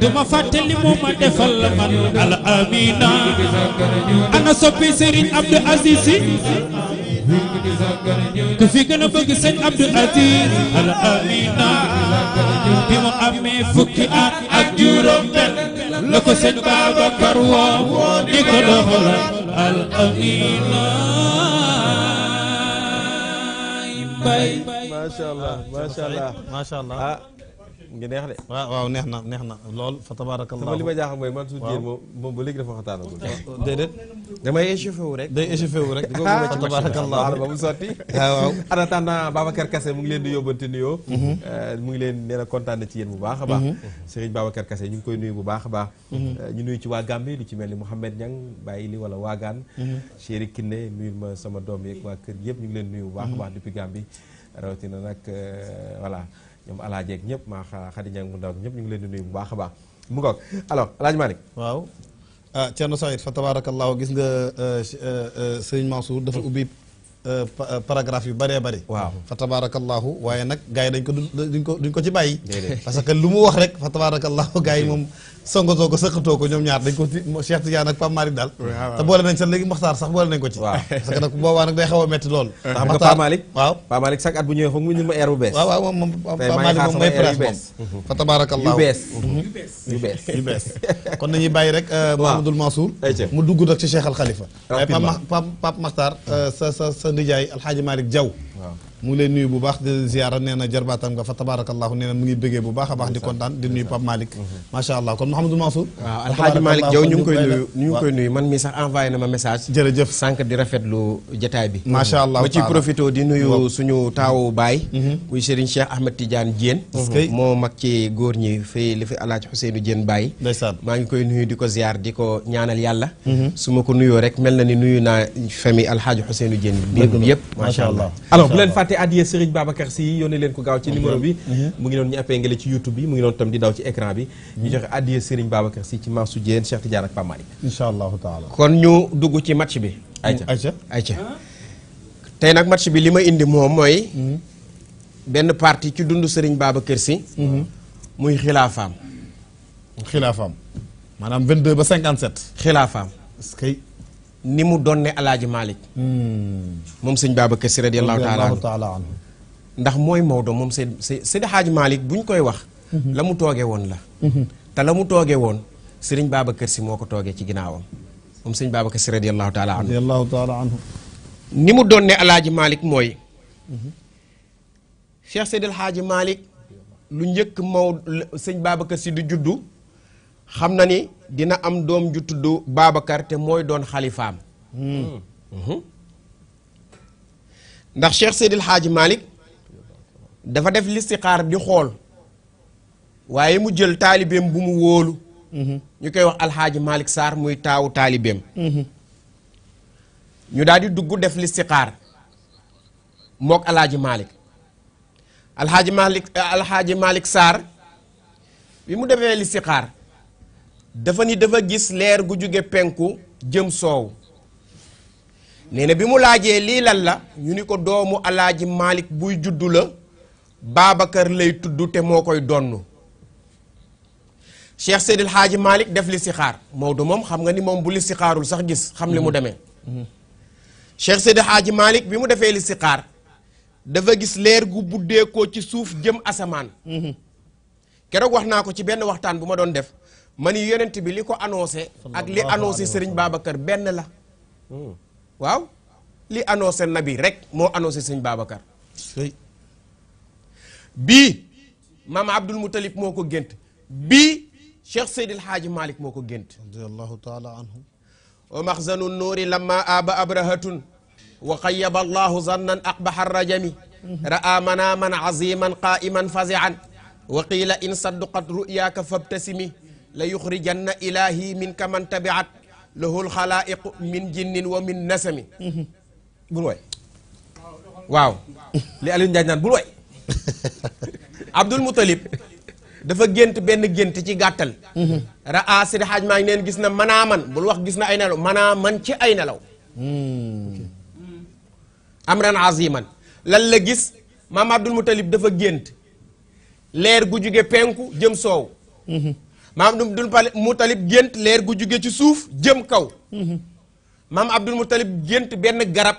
duma li mu ma defal la man al amina. ana soppi Serigne Abdou Aziz Sy. ku fi gën a bëgg sëñ Abdou Aziz al amina. bi mu amee fukki at ak juróom-benn. la ko sëñ Babacar woo. di ko doxalal al amina. bay macha allah macha allah macha allah ah, ngi neex de waaw waaw neex na neex na lool fa tabarakallah li ma jaaxal mooy man suñu jéem moom ba léegi dafa waxtaanagul déedéet damay échauffé wu rek day échauffé wu rek [LAUGHS] fa tabarakallah ba mu sotti [LAUGHS] waaw en attendant Babacar Kassé mu ngi leen di yóbbante nuyoo mhm. euh, mu ngi leen nee na kontaan na ci yéen bu baax a baax mhm. Serigne Babacar Kassé ñu ngi koy nuyu bu baax a mhm. euh, ñu nuyu ci waa Gambie lu ci mel ni Mouhamed Baye Ili wala Waagaan Chéri Kiné nuyul ma sama doom yeeg waa kër yëpp ñu ngi leen nuyu bu baax a baax depuis Gambie rawatina nag euh, voilà ñoom alaajeeg ñëpp maa xadi ñangu ndaw ñëpp ñu ngi leen di nuyu bu baax a baax mu ngoog alors alaaj Malick waaw ah Thierno Saïd fa tabaarakallaahu gis nga euh, euh, euh, sëriñ Mansour dafa ubbi paragraphe yu bare bëri waaw fa tabaarakallaahu waaye nag gaa yi dañ ko duñ ko duñ ko ci bàyyi parce que lu mu wax rek fa tabaarakallaahu gars yi moom songatoo ko sëqatoo ko ñoom ñaar dañ ko Cheikh Tidiane ak Pape Malick daal te boole nañ sax léegi Makhtar sax boole nañ ko ci waaw [LAUGHS] parce que nag boobaa nag day xaw a metti loolu [LAUGHS] ndax Makhtar Pape Malick waaw Pape Malick chaque at bu ñëwee foog mu ma air bu bees nañuy bàyyi rek euh, Mamadou Mansour mu dugg nag ci Cheikh Al Khalifa Pape Makhtar euh, sa sa sa ndijaay Alhaaji Malick Diaw mu ngi lay nuyu bu baax di ziara nee na jarbaatam nga fa tabarakallahu nee na mu ngi bëggee bu baax a baax di kontaan di nuyu Pape Malick mhm. macha allah kon Mouhamadou Mansour waaw alxaaji Malick Diaw ñu ngi koy nuyu ñu ngi koy nuyu man mii ma message jërëjëf sànq di rafetlu jataay allah ma ciy profité di nuyu suñu taawu baay mhm. muy Serigne Cheikh Ahmed Tidiane Diène moo maa ngi koy nuyu di ko ziar di ko ñaanal yàlla mhm. su ma ko nuyoo rek mel na ni nuyu naa famille alxaaji Ousseynou Diène bi yëpp macha allah alors bu jotaate addiya Serigne Babacar Sy yónnee leen ko gaaw ci numéro bi mu ngi doon ñu appee ngele ci youtube bi mu ngi doon tam di daw ci écran bi ñu joxe addiya Serigne Babacar Sy ci Mansour Diène Cheikh Tidiane ak Pape Malick incha kon ñu dugg ci match bi ayca ayca ayca tey nag match bi li ma indi moom mooy hmm. benn partie ci dund Serigne kër si hmm. muy xilaafaam xilaafaam maanaam 22 ba 57 xilaafaam est-ce que ni mu donne alaaji Malick hmm. moom sëñ Babacar Si radiyallahu taala anhu ndax mooy Maodo moom seen seen xaaji bu ñu koy wax mhm. la mu tooge woon la mhm. te la mu tooge woon sëriñ Babacar Si moo ko toogee ci ginnaawam moom sëñ Babacar Si radiyallahu taala anhu ni mu donne alaaji Malick mooy mhm. Cheikh Seydil Xaaji malik lu njëkk Maodo sëñ Babacar Si di juddu xam na ni dina am doom ju tudd Babacar te mooy doon xalifaam mhm. ndax Cheikh Seydil Hadji malik dafa def listixaar di xool waaye mu jël taalibeem bu mu wóolu mhm. ñu koy wax alxaaji Malick saar muy taawu taalibeem mhm. ñu daal di dugg def listixaar mook alxaaji malik alxaaji Malick alxaaji Malick bi mu defee listixaar dafa ni dafa gis leer gu jóge penku jëm soow nee na bi mu laajee lii lan la ñu ni ko doomu alaaji Malick buy juddu la kër lay tudd te moo koy donn Cheikh Seydil Hadji Malick def li si xaar moom xam nga ni moom bu li si xaarul sax gis xam li mu mhm. demee mhm. Cheikh Seydil Hadji Malick bi mu defee li si dafa gis leer gu buddee ci suuf jëm asamaan mhm. keroog wax naa ko ci benn waxtaan bu ma doon def ma ni yonent bi liko annoncer ak li annoncer Serigne Babacar ben la waw li annoncer nabi rek mo annoncer Serigne Babacar bi mam Abdul mutalib moko gént bi Cheikh seyd el hadji malik moko gént radiyallahu taala anhu wa maxzanu nur lamma aba abrahatun wa qayyaba allah zannan aqbaha rajami ra'a manaaman aziman qaa'iman fazi'an وقيل إن صدقت رؤياك فابتسمي la yuxrijanna ilaahi min ka man tabiat lahul xalaa'iq min jinnin wa min nasami bul way waaw li Aliou Ndiaye bul way [LAUGHS] Abdul Muttalib dafa gént benn gént ci gàttal mhm. ra'a Sidi maa ngi neen gis na manaa man bul wax gis na ay nelaw manaa man ci ay nelaw hmm. amran aziman lan la gis maam Abdul Muttalib dafa gént leer gu jóge penku jëm soow mhm. maam mu talib gént leer gu jóge ci suuf jëm kaw mhm. maam Abdul Mutalib gént benn garab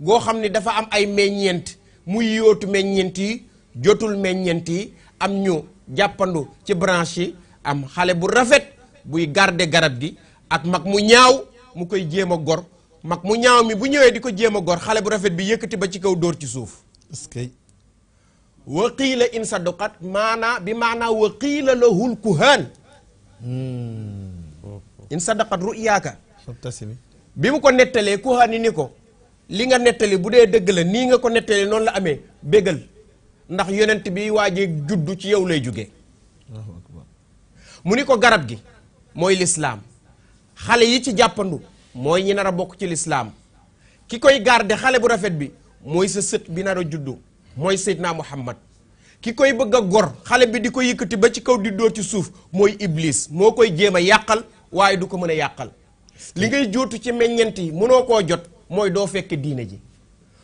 goo xam ni dafa am ay meññeent muy yootu meññeent yi jotul meññeent yi am ñu jàppandu ci branche am xale bu rafet buy garde garab gi ak mag mu ñaaw mu koy jéem a gor mag mu ñaaw mi bu ñëwee di ko jéem a gor xale bu rafet bi yëkkati ba ci kaw dóor ci suuf wa qiila in saduqat maanaa bi maanaa wa qiila lahul kuhaan Hmm. in sadaqat ruyaaka bi mu ko nettalee kuhaani ni ko li nga nettali bu dee dëgg la nii nga ko nettalee noonu la amee bégal ndax yonent bi waa waajee juddu ci yow lay jóge mu ni ko garab gi mooy lislaam xale yi ci jàppandu mooy ñi nar a bokk ci lislaam ki koy garde xale bu rafet bi mooy sa sët bi nar a juddu mooy Seydina Muhammad ki koy bëgg a gor xale bi di ko yëkkati ba ci kaw di doo ci suuf mooy iblis moo koy jéem a yàqal waaye du ko mën a yàqal li ngay jootu ci meññent yi mënoo koo jot mooy doo fekkee diine ji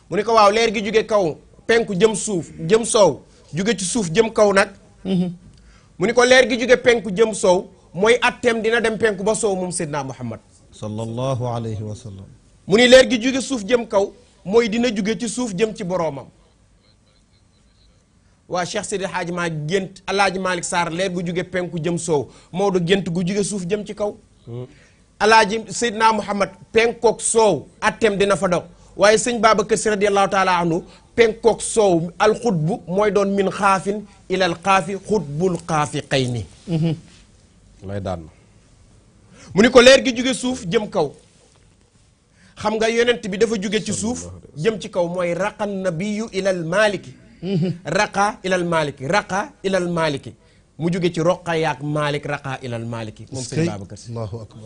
mu ne ko waaw leer gi jóge kaw penku jëm suuf jëm soow jóge ci suuf jëm kaw nag mhm. mu ni ko leer gi jóge penku jëm soow mooy atteem dina dem penku ba soow moom Seydina Muhammad sallallahu alayhi wa sallam mu ni leer gi jóge suuf jëm kaw mooy dina jóge ci suuf jëm ci boromam waa Cheikh Sidi Hadj maa gént alaaji Malick Sarr leer gu jóge penku jëm soow Maodo gént gu jóge suuf jëm ci kaw hmm. alaaji Seydina Mouhamad penkook soow attem dina fa dox waaye sëñ Babacar soow alxutbu mooy doon min xaafin ilal xaafi xutbul hmm. ni ko leer gi suuf jëm kaw xam nga yonent bi dafa jóge ci suuf jëm ci kaw mooy raqan nabiyu ilal maliki Mm-hmm. raqa ilal maliki raqa ilal maliki mu jóge ci roqa yaak malik raqa ilal maliki moom sëñ Babacar Si allahu akbar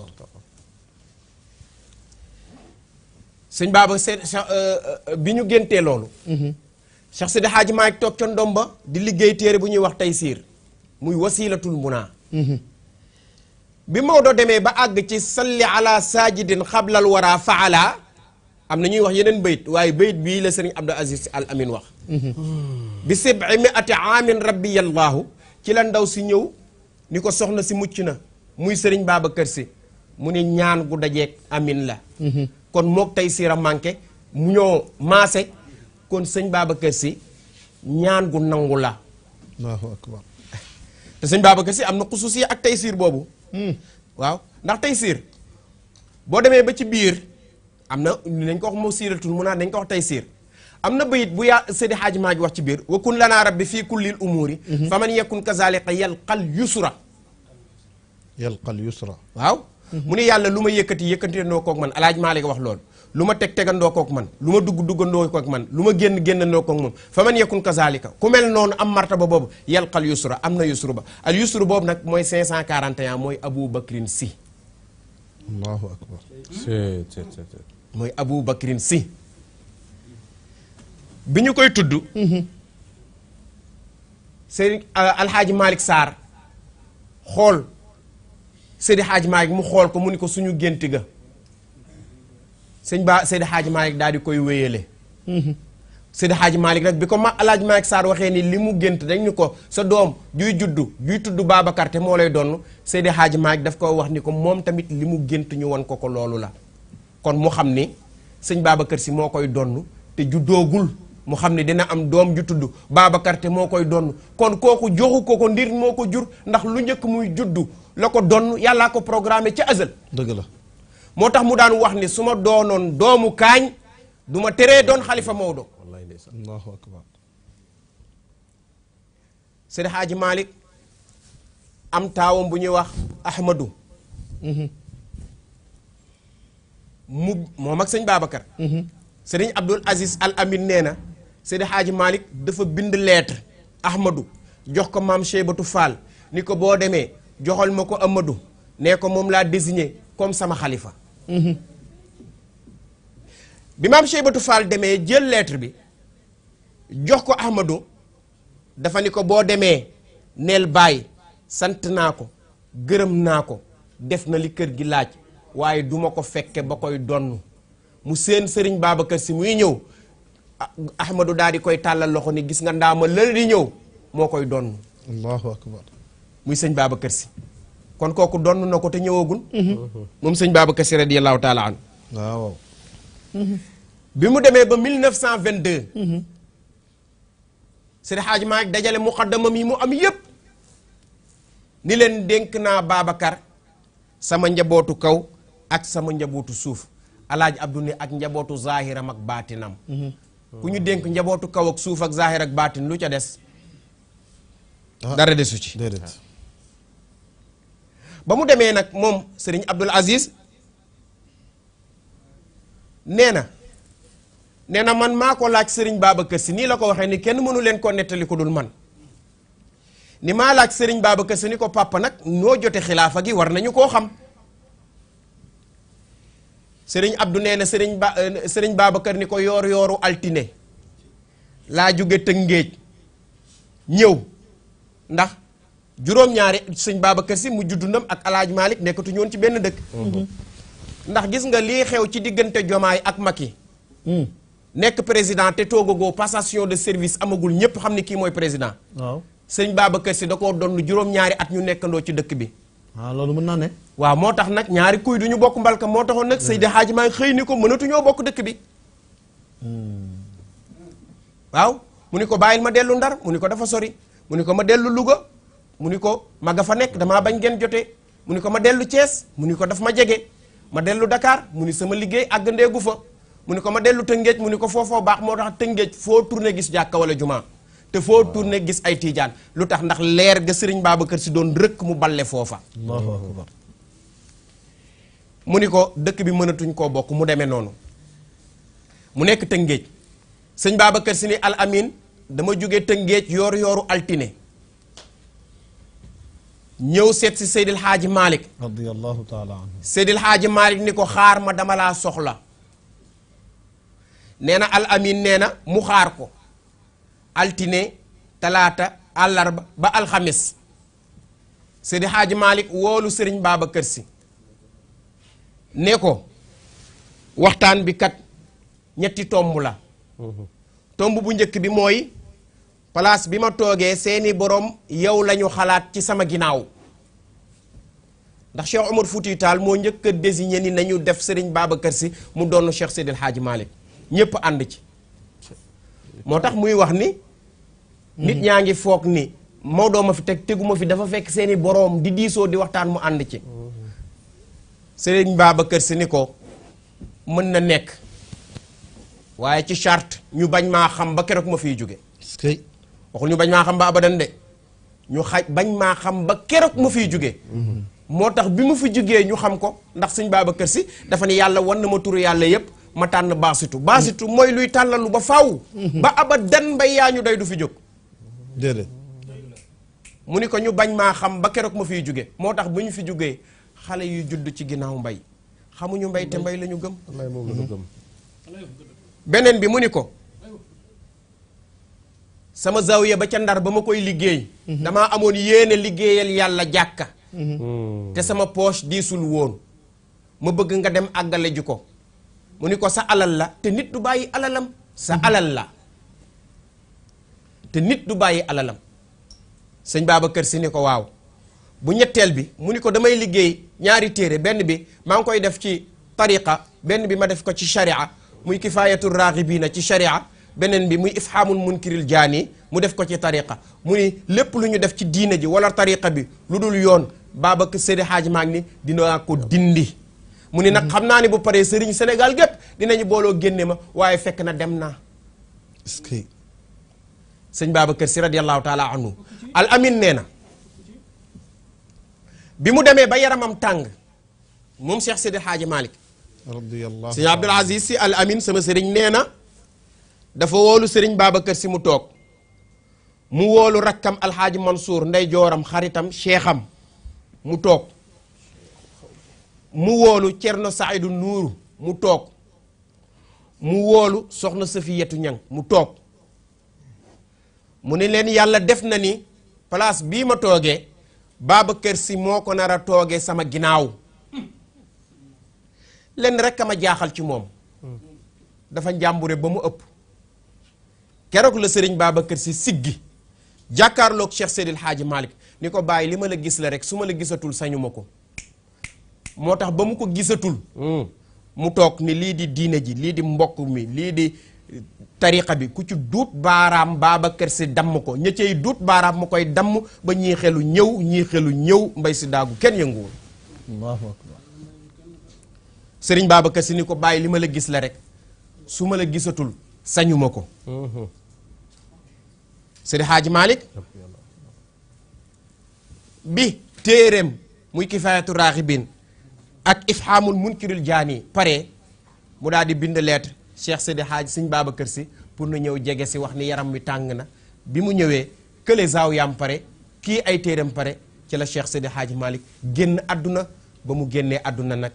seen euh, euh, bi ñu géntee loolu mm-hmm. Cheikh Sidi toog ca ndomba di liggéey téere bu ñuy wax tey siir muy wasilatul munaa mm-hmm. bi Maodo demee ba àgg ci salli ala saajidin xablal wara faala am na ñuy wax yeneen bayit waaye bayit bii la sëriñ Abdou Aziz Al Amin wax bi sibi mi ati amin rabbi ci la ndaw si ñëw ni ko soxna si mucc na muy sëriñ Babacar Si mu ne ñaan gu dajeeg amin la mhm. kon mook tey siira manqué mu ñoo maase kon sëñ Babacar Si ñaan gu nangu la allahu akbar [LAUGHS] te sëñ Babacar Si am na xusuus ak tey boobu hmm. waaw ndax tey siir boo demee ba ci biir amna na ko wax mo siratul munar naan ko wax taysir amna bayit bu ya sidi haji maji wax ci bir wa kun lana rabbi fi kulli al umuri faman yakun kazalika yalqal yusra yalqal yusra waw mu yàlla luma yekati yekati no koog man alhaji malik wax lol luma tek teg tegandoo koog man luma dug dugg duggandoo koog man luma genn génn no koog mom faman yakun kazalika ku mel non am martaba boobu yalqal yusra amna na al yusru bob nak moy 541 moy Abou Bakrin si الله اكبر allahu akbar mooy Abu Bakrin si bi ñu koy tudd mm-hmm. Serigne euh, Alxaaji Malick Sarr xool Seydi Xaaji Malick mu xool ko mu ni ko suñu gént ga sëñ ba Seydi Xaaji Malick daa di koy wéyale mm-hmm. Seydi Xaaji Malick rek bi ko ma Alxaaji Malick saar waxee ni li mu gént dañ ni ko sa doom juy juddu juy tudd Babacar te moo lay donn Seydi Xaaji Malick daf ko wax ni ko moom tamit li mu gént ñu won ko ko loolu la kon mu xam ni sëñ Babacar si moo koy donn te juddoogul mu xam ne dina am doom ju tudd Babacar te moo koy donn kon kooku joxu ko ko ndir moo ko jur ndax lu njëkk muy juddu la ko donn yàllaa ko programmé ca azal dëgg la moo tax mu daan wax ni su ma doonoon doomu kaañ du ma teree doon xalifa Maodo allahu akbar Seydi Haaji Malick am taawam bu ñuy wax Ahmadou mhm. mu moom ak sëñ Babacar. Mm-hmm. sëriñ Abdul Aziz Al Amin nee na sëriñ Xaaji Malick dafa bind lettre Ahmadou jox ko maam Cheybatu Fall ni ko boo demee joxal ma ko Amadou nee ko moom laa désigné comme sama xalifa. Mm-hmm. bi maam Cheybatu Fall demee jël lettre bi jox ko Ahmadou dafa ni ko boo demee neel bàyyi sant naa ko gërëm naa ko def na li kër gi laaj. waaye duma ko fekke ba koy donn mu seen sëriñ Babacar si muy ñëw ah, Ahmadou daal di koy tàllal loxo ni gis nga ndaama lële di ñëw moo koy donn muy sëñ Babacar si kon kooku donn na ko te ñëwagul mhm. moom sëñ Babacar si radiyallahu taala an mhm. bi mu demee ba mill 1922 mhm. Seydi Hadji Malick dajale mu muqaddamam yi mu am yépp ni leen dénk naa baabakar sama njabootu kaw ak sama njabootu suuf alaaj abdu ni ak njabootu zahiram ak baatinam mhm. ku ñu dénk njabootu kaw ak suuf ak zahir ak baatin lu ca des ah. dara desu ci ah. ba mu demee nag moom sëriñ abdul aziz nee na nee na man maa ko laaj sëriñ kës Si nii la ko waxee ni kenn mënu leen koo nettali ko dul man ni maa laaj sëriñ baaba Babacar Si ni ko papa nag noo jote xilaafa gi war nañu koo xam sëriñ Abdou nee na sëriñ ba euh, sëriñ ni ko yoor yooru altine laa jóge Tëngéej ñëw ndax juróom-ñaari sëñ Babacar si mujj dundam ak alaaj Malick nekkatuñu woon ci benn dëkk mm-hmm. ndax gis nga lii xew ci diggante Jomaay ak yi mm. nekk président te toogagoo passation de service amagul ñëpp xam ni kii mooy président waaw sëñ Babacar si da koo doon juróom-ñaari at ñu nekkandoo ci dëkk bi waaw ah, loolu mën naa ne waaw moo tax nag ñaari kuy du ñu bokk mbalka moo taxoon nag Seydi Hadji Malick xëy ni ko mënatuñoo bokk dëkk bi hmm. waaw mu ni ko bàyyil ma dellu ndar mu ni ko dafa sori mu ni ko ma dellu Louga mu ni ko ma ga nekk damaa bañ ngeen jote mu ni ko ma dellu Thiès mu ni ko daf ma jege ma dellu dakaar mu ni sama liggéey àgg ndeegu fa mu ni ko ma dellu Tëngéej mu ni ko foofoo baax moo tax Tëngéej foo tourné gis jàkka wala jumaa te foo tourné gis ay tiijaan lu tax ndax leer ga sëriñ Babacar si doon rëkk mu bale foofa mu ni ko dëkk bi mënatuñ koo bokk mu demee noonu mu nekk tëngéej sëñ Babacar si ni al amin dama jóge tëngéej yoor yooru altine ñëw seet si Seydil Hadji Malick radiyallahu taala anhu ni ko xaar ma dama laa soxla nee na al nee na mu xaar ko altine talaata àllarba ba alxamis Seydi Xaaji Malick woolu Sëriñ Babacar Si ne ko waxtaan bi kat ñetti tomb la mhm. tomb bu njëkk bi mooy place bi ma toogee seeni borom yow lañu xalaat ci sama ginnaaw ndax Cheikh Omar Fouti Tall moo njëkk a désigné ni nañu def Serigne Babacar Sy mu doon Cheikh Seydil Hadji Malick ñëpp ànd ci moo tax muy wax ni. nit ñaa ngi foog ni Maodo ma fi teg teguma fi dafa fekk seeni boroom di diisoo di waxtaan mu ànd ci. Serigne Babacar Sy ni ko mën na nekk waaye ci charte ñu bañ maa xam ba keroog ma fiy jóge waxul ñu bañ maa xam ba abadan de ñu xaj bañ maa xam ba keroog ma fiy jóge mm-hmm. moo tax bi mu fi jógee ñu xam ko ndax Serigne Babacar Sy dafa ne yàlla wan na ma turu yàlla yépp ma tànn baasitu baasitu mooy luy tàllalu ba faaw. ba abadan mbay yaa ñu day du fi jóg. mu ni ko ñu bañ maa xam ba keroog ma fiy jóge moo tax bu ñu fi jógee xale yu judd ci ginnaaw mbay xamuñu mbay te mbay lañu ñu gëm. beneen bi mu ni ko. sama zawiya ba ca ndar ba ma koy liggéey. damaa amoon yéene liggéeyal yàlla jàkka. Mm-hmm. te sama poche diisul woon. ma bëgg nga dem àggale ji ko. mu ni ko sa alal la te nit du bàyyi alalam sa mhm. alal la te nit du bàyyi alalam sëñ Babacar Si ni ko waaw bu ñetteel bi mu ni ko damay liggéey ñaari téere benn bi maa ngi koy def ci tariqa benn bi ma def ko ci sharia muy kifaayatu raaxibiina ci sharia beneen bi muy ifhaamul munkiril jaani mu def ko ci tariqa mu ni lépp lu ñu def ci diina ji wala tariqa bi lu dul yoon Babacar Seydi Hadj Maag ni dinaa ko dindi mu ni nag xam naa ne bu paree sëriñ Sénégal gépp dinañu booloo génne ma waaye fekk na dem naa. est-ce que. sëñ si radiyallahu taala anhu al amin nee na bi mu demee ba yaramam tàng moom Cheikh Sidi Hadji Malick. radiyallahu sëñ Abdul si al amin sama sëriñ nee na dafa woolu sëriñ baaba Babacar si mu toog mu woolu rakkam Alxaaji Mansour ndey jooram xaritam Cheikham mu toog. mu woolu Cerno Saidu Nuuru mu toog mu woolu soxna Safiyatu ñaŋ mu toog mu ne leen yàlla def na ni palaas bii ma toogee Babacar Si moo ko nar a toogee sama ginnaaw leen rek a ma jaaxal ci moom dafa njàmbure ba mu ëpp keroog la sëriñ Babacar Si siggi jàkkaarloog Cheikh Seydil Hadji Malick ni ko bàyyi li ma la gis la rek su ma la gisatul sañu ma ko moo tax ba mu ko gisatul hmm. mu toog ni lii di diine ji lii di mbokk mi lii di tariqa bi ku ci duut baaraam Babacar Sy damm ko ña duut baaraam mu koy damm ba ñii xelu ñëw ñii xelu ñëw mbay si daagu kenn yënguwul sëriñ Babacar Sy ni ko bàyyi li ma la gis la rek su ma la gisatul sañuma ko hmm. sëriñ Xaaji Malick bi téeréem muy kifaayatu raaxibiin ak ifhamul munkiril jaani pare mu daal di bind lettre Cheikh Sidi Hadj Sëñ kër Si pour nu ñëw jege si wax ni yaram wi tàng na bi mu ñëwee kële zaaw pare kii ay téeram pare ci la Cheikh Sidi Hadj Malick génn àdduna ba mu génnee àdduna nag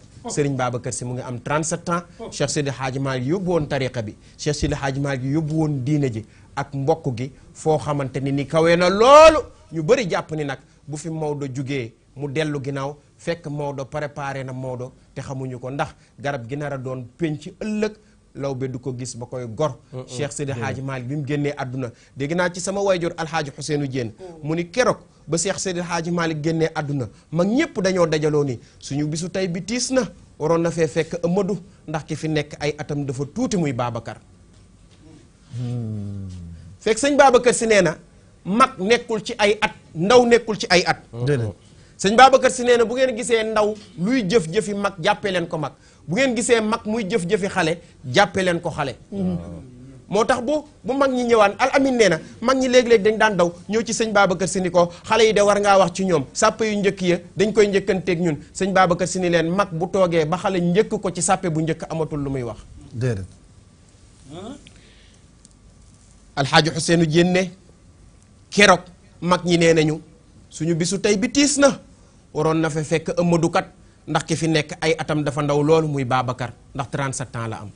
baaba kër si mu ngi am 37 ans oh. Cheikh Sidi Hadji Malick yóbbu woon tariqa bi Cheikh Sidi Hadji Malick yóbbu woon diine ji ak mbokk gi foo xamante ni ni kawee na loolu ñu bëri jàpp ni nag bu fi Maodo jugee mu dellu ginnaaw fekk Maodo préparé na Maodo te xamuñu ko ndax garab gi nar a doon penc ëllëg law du ko gis ba koy gor Cheikh Sidi Hadji Malick bi mu génnee àdduna dégg naa ci sama wayjur alxaaji Ousseynou Diène mm. mu ni keroog ba Cheikh Sidi Hadji Malick génnee àdduna mag ñëpp dañoo dajaloo ni suñu bisu tey bi tiis na waroon na fee fekk Amadou ndax ki fi nekk ay atam dafa tuuti muy Babacar mm. fekk sëñ Babacar si nee na mag nekkul ci ay at ndaw nekkul ci ay at sëñ Babacar si nee na bu ngeen gisee ndaw luy jëf-jëfi mag jàppee leen ko mag bu ngeen gisee mag muy jëf-jëfi xale jàppee leen ko xale mm-hmm. moo tax bu bu mag ñi ñëwaan al amin nee na mag ñi léeg-léeg dañ daan daw ñëw ci sëñ Babacar si ni ko xale yi de war ngaa wax ci ñoom sàppe yu njëkk ya dañ koy njëkkanteeg ñun sëñ Babacar si ni leen mag bu toogee ba xale njëkk ko ci sàppe bu njëkk amatul lu muy wax déedéet alxaaji Xuseenu Jénne keroog mag ñi nee nañu suñu bisu tey bi na waroon na fa fekk Amadou ndax ki fi nekk ay atam dafa ndaw loolu muy Babacar ndax 37 ans la am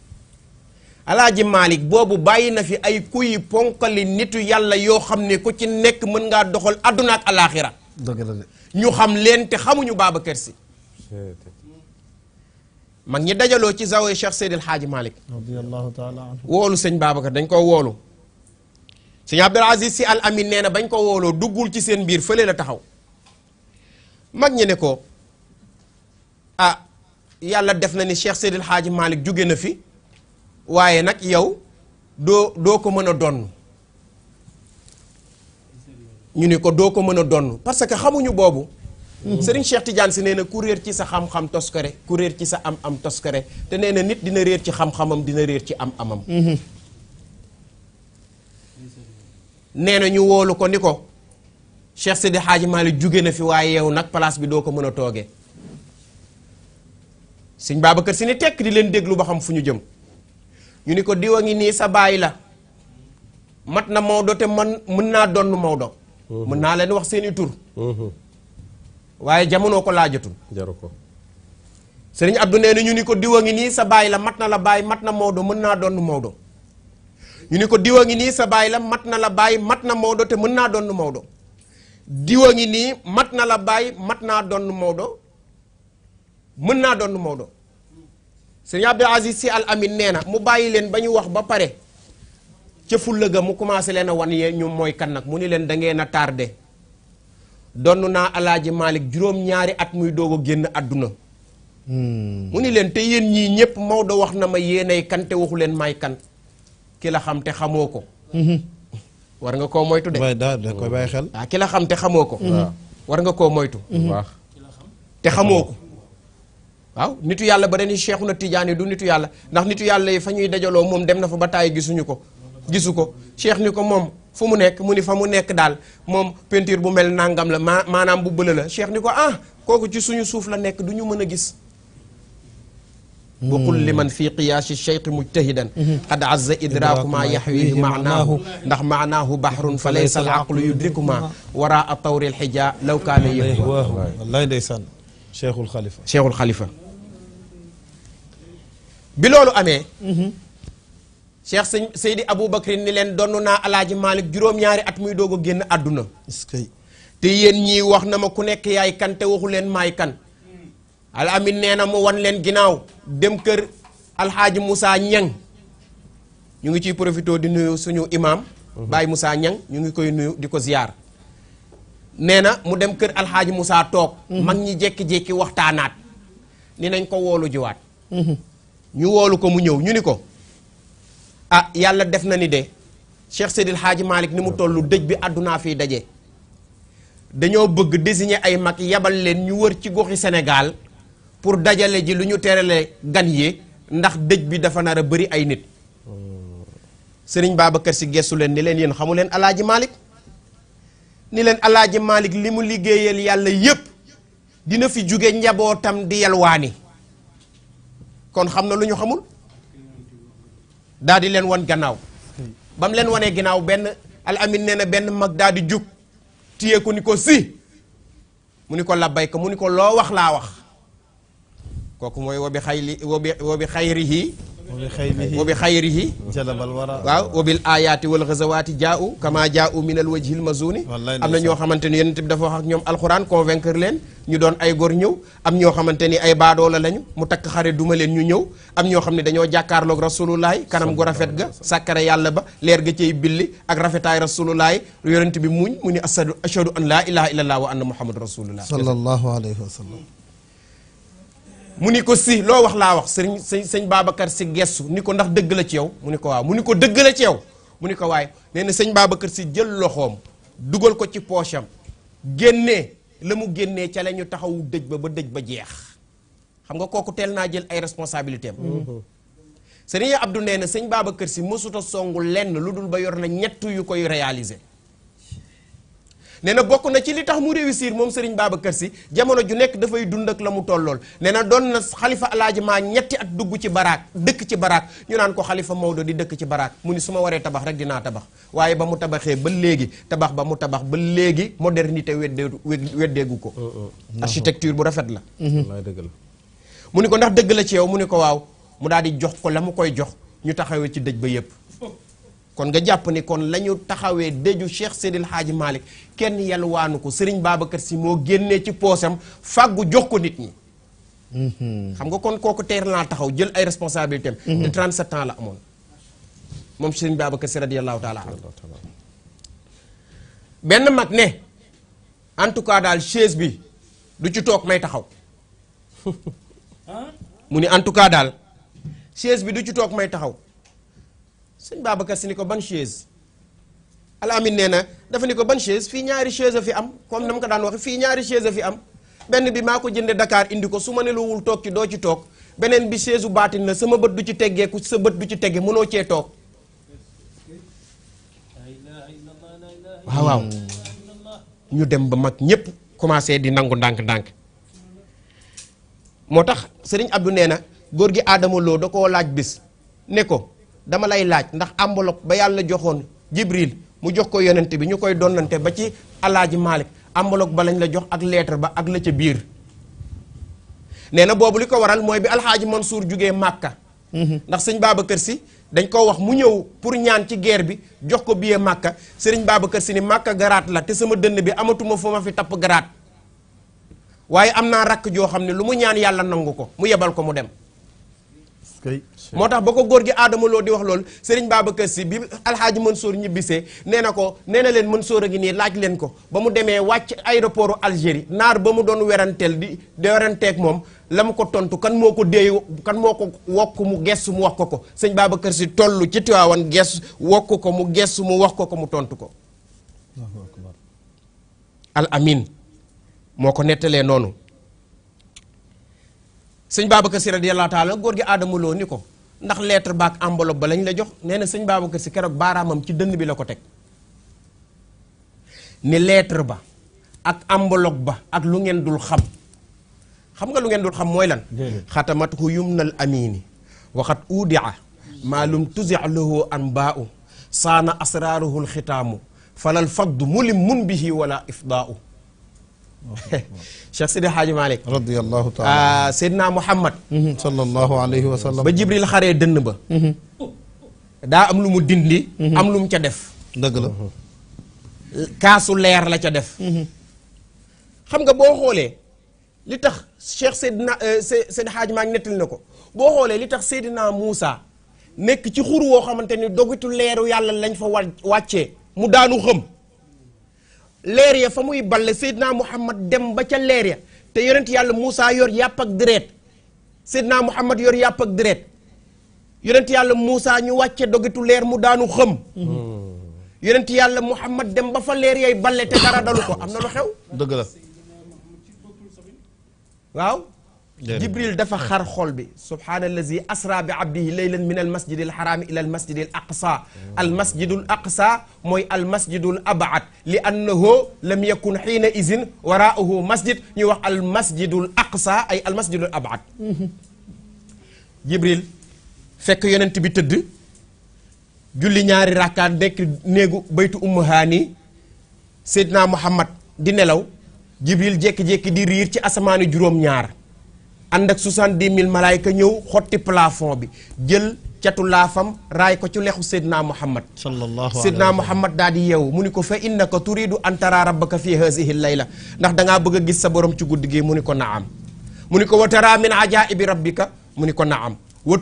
alaaji Malick boobu bàyyi na fi ay kuyi ponkali nitu yàlla yoo xam ne ko ci nekk mën ngaa doxal àdduna ak alaaxira ñu xam leen te xamuñu Babacar mag ñi dajaloo ci zawe Cheikh Seydil Hadji woolu sëñ Babacar dañ koo woolu sëñ Abdul Aziz si al amin nee na bañ ko wooloo duggul ci seen biir fële la taxaw mag ñi ne ko ah yàlla def na ni Cheikh Seydil Hadji Malick jóge na fi waaye nag yow doo doo ko mën a donn ñu ni ko doo ko mën a donn parce que xamuñu boobu Serigne Cheikh Tidiane si nee na ku réer ci sa xam-xam toskare ku réer ci sa am-am toskare te nee na nit dina réer ci xam-xamam dina réer ci am-amam mhm. nee na ñu woolu ko ni ko Cheikh Seydi Hadji Malick jóge na fi waaye yow nag place bi doo ko mën a toogee sëñ Babacar Si ni tekk di leen déglu ba xam fu ñu jëm ñu ni ko diwa ngi nii sa baay la mat na Maodo te man mën naa donn Maodo mhm. mën naa leen wax seeni tur mhm. waaye jamono ko laajatul jaru ko sëriñ Abdou nee na ñu ni ko diwa ngi nii sa baay la mat na la baay mat na Maodo mën naa donn Maodo ñu ni ko diwa ngi nii sa baay la mat na la baay mat na Maodo te mën naa donn Maodo a ngi nii mat na la bàyyi mat naa donn Maodo mën naa donn Maodo sëñ Abdou Aziz Sy Al Amin nee na mu bàyyi leen ba ñu wax ba pare ca fulla ga mu commencé leen a wan yee ñu mooy kan nag mu ni leen da ngeen a tardé donn naa alaaji Malick juróom-ñaari at muy doog a génn àdduna hmm. mu ni leen te yéen ñii ñëpp Maodo wax na ma yéenay kan te waxu leen may kan ki la xam te xamoo ko hmm. war nga koo moytu de. waaye daal da koy bàyyi xel. ah ki la xam te xamoo ko. war nga koo moytu. Mm-hmm. te xamoo ko. waaw nitu yàlla ba dañuy seexu na tijaan yi du nitu yàlla ndax nitu yàlla yi fa ñuy dajaloo moom dem na fa ba tàyyi gisuñu ko. gisu ko cheikh ni ko moom fu mu nekk mu ni fa mu nekk daal moom peinture bu mel nangam la maanaam bu bële la cheikh ni ko ah kooku ci suñu suuf la nekk du ñu mën a gis. وكل لمن في قياس الشيخ مجتهدا قد عز ادراك ما يحويه معناه نح معناه بحر فليس العقل يدركما وراء طور الحجاء لو كان يهواه الله ديسان شيخ الخليفه شيخ الخليفه بلولو امي شيخ سيدي ابو بكر نيلن دوننا الاج مالك جروم ياري ات موي دوغو ген ادنا تي يين ني واخنا ما كو نيك ياي كان تي واخولن ماي كان alamin nee na mu wan leen ginnaaw dem kër alxaaji Moussa Ñang ñu ngi ciy profité di nuyu suñu imaam mhm. Baye Moussa Ñang ñu ngi koy nuyu di ko ziyaar nee na mu dem kër alxaaji Moussa toog mhm. mag ñi jékki-jékki waxtaanaat ni nañ ko woolu jiwaat mhm. ñu woolu ko mu ñëw ñu ni ko ah yàlla def na ni de Cheikh Seydil Hadji Malick ni mu tollu dëj bi àddunaa fiy daje dañoo bëgg désigner ay mag yabal leen ñu wër ci goxi senegaal pour dajale ji lu ñu terale gan yi ndax dëj bi dafa nar bari ay nit sëriñ Babacar si geesu leen ni leen yéen xamu leen alaaji Malick ni leen alaaji Malick li mu liggéeyal yàlla yépp dina fi jóge njabootam di yalwaani kon xam na lu ñu xamul daal di leen wan gannaaw ba mu leen wanee gannaaw benn al amin nee na benn mag daal di jug téye ko ni ko si mu ni ko labbay ko mu ni ko loo wax laa wax kooku mooy wa bi xayli wa bi wa bi xayrihi wa bi xayrihi jalabal wara waaw wa bil ayaati wal xazawaati jaau kama jaau min al wajhil mazuni am na ñoo xamante ni yonent bi dafa wax ak ñoom alxuraan convaincre leen ñu doon ay góor ñëw am ñoo xamante ni ay baadoola lañu mu takk xare duma leen ñu ñëw am ñoo xam ne dañoo jàkkaarloog rasulullahi kanam gu rafet ga sàkkare yàlla ba leer ga cay billi ak rafetaay rasulullahi yonent bi muñ mu ni ashadu ashadu an laa ilaha illallah wa anna muhammad rasulullah sallallahu alayhi wa sallam mu ni ko si loo wax laa wax sëriñ sëñ sëñ Babacar si gestu ni ko ndax dëgg la ci yow mu ni ko waaw mu ni ko dëgg la ci yow mu ni ko waaye nee na sëñ Babacar si jël loxoom dugal ko ci poche am génnee la mu génnee ca la ñu taxawu dëj ba ba dëj ba jeex xam nga kooku teel naa jël ay responsabilité am mm-hmm. sëriñ Abdou nee na sëñ Babacar si mësuta songu lenn lu dul ba yor na ñett yu koy réaliser nee na bokk na ci li tax mu réussir moom baaba Babacar Sy jamono ju nekk dafay dund ak la mu tollool nee na doon na xalifa alaaji maa ñetti at dugg ci baraak dëkk ci baraak ñu naan ko xalifa Maodo di dëkk ci baraak mu ni su ma waree tabax rek dinaa tabax waaye ba mu tabaxee ba léegi tabax ba mu tabax ba léegi modernité weddeegu weddeegu ko oh, oh. architecture bu rafet mm-hmm. la mu ni ko ndax dëgg la ci yow mu ni ko waaw mu daal di jox ko la mu koy jox ñu taxawee ci dëj ba yépp kon nga jàpp ni kon la ñu taxawee dëju Cheikh Seydil Hadji Malick kenn yalwaanu ko Serigne Babacar si moo génnee ci poosam fàggu jox ko nit ñi. Mhm. xam nga kon kooku teer naa taxaw jël ay responsabilités am. de mhm. 37 la amoon moom Serigne Babacar Sy radiyallahu taala benn mag ne en tout cas daal chaise bi du ci toog may taxaw [LAUGHS] mu ni en tout cas daal chaise bi du ci toog may taxaw. sëñ Babacar si ni ko ban chaise Alamine nee na dafa ni ko ban chaise fii ñaari chaise fi am comme na ko daan waxe fii ñaari a fi am benn bi maa ko jënde Dakar indi ko su ma ne luwul toog ci doo ci toog beneen bi chaise u baatin la sama bët du ci teggeeku sa bët du ci tegge mënoo cee toog waaw waaw ñu dem ba mag ñépp commencé di nangu ndànk-ndànk moo tax sëriñ Abdou nee na góor gi Adama Lo da koo laaj bis ne ko dama lay laaj ndax enveloppe ba yàlla joxoon Jibril mu jox ko yonent bi ñu koy donnante ba ci alaaji Malick enveloppe ba lañ la jox ak lettre ba ak la ca biir nee na boobu li ko waral mooy bi alxaaji Mansour jugee Màkka mhm. ndax sëñ baaba kër Si dañ koo wax mu ñëw pour ñaan ci guerre bi jox ko billet Màkka sëriñ kër Si ni Màkka garaat la te sama dënn bi amatuma fu ma fi tapp garaat waaye am naa rakk joo xam ne lu mu ñaan yàlla nangu ko mu yebal ko mu dem moo tax ba ko góor gi aadama loo di wax loolu baaba Babacar Sy bi alxaaji soor ñibbisee nee na ko nee na leen soor a gi nii laaj leen ko ba mu demee wàcc aéroport Algérie naar ba mu doon weranteel di di moom la mu ko tontu kan moo ko déey kan moo ko wokk mu gestu mu wax ko ko sëñ Babacar Sy toll ci Tiwaawan gestu wokk ko mu gestu mu wax ko ko mu tontu ko al amiin moo ko nettalee noonu sëñ Babacar si radiyallahu taala góor gi aadama loo ni ko ndax lettre baak enveloppe ba lañ la jox nee na sëñ Babacar si keroog baaraamam ci dënn bi la ko teg ni lettre ba ak enveloppe ba ak lu ngeen dul xam xam nga lu ngeen dul xam mooy lan xatamat hu yumnal amini waxat uudia maalum tuzi lahu anbaau saana asraaruhu alxitaamu falal faddu mulim mun bihi wala ifdaau [LAUGHS] Cheikh Sidi Hadji Malick radiyallahu taala ah, Seydina Muhammad mhm, sallallahu alayhi wa sallam ba Jibril xaree dënn ba mhm. daa am lu mu dindi mhm. am lu mu ca def dëgg la kaasu leer la ca def xam nga boo xoolee li tax Cheikh Seydina eh, Seydi Hadji Malick nettali na ko boo xoolee li tax naa muusa nekk ci xur woo xamante ni dogitu leeru yàlla lañ fa wa wàccee mu daanu xëm leer ya fa muy balle Seydina Muhammad dem ba ca leer ya te yonent yàlla Moussa yor yàpp ak deret Seydina Muhammad yor yàpp ak deret yonent yàlla Moussa ñu wàcce dogitu leer mu daanu xëm yonent yàlla Muhammad dem ba fa leer yay balle te dara dalu ko am na lu xew dëgg la waaw جبريل دفع خر خلبي سبحان الذي أسرى بعبده ليلا من المسجد الحرام إلى المسجد الأقصى المسجد الأقصى موي المسجد الأبعد لأنه لم يكن حين إذن وراءه مسجد يوى المسجد الأقصى أي المسجد الأبعد جبريل فك يننت بتد جولي نياري راكا ديك نيغو بيت أم هاني سيدنا محمد دي نلو جبريل جيك جيك دي رير تي أسماني جروم نياري ànd ak 70000 malaayka ñëw xotti plafond bi jël catu laafam raay ko ci lexu Seydina Muhammad Seydina Muhammad daal di yeewu mu ni ko fa ko turidu an tara rabbaka fi hazihi la ndax dangaa bëgg a gis sa borom ci guddi gi mu ni ko am mu ni ko wa tara min ajaibi rabbika mu ni ko naam wa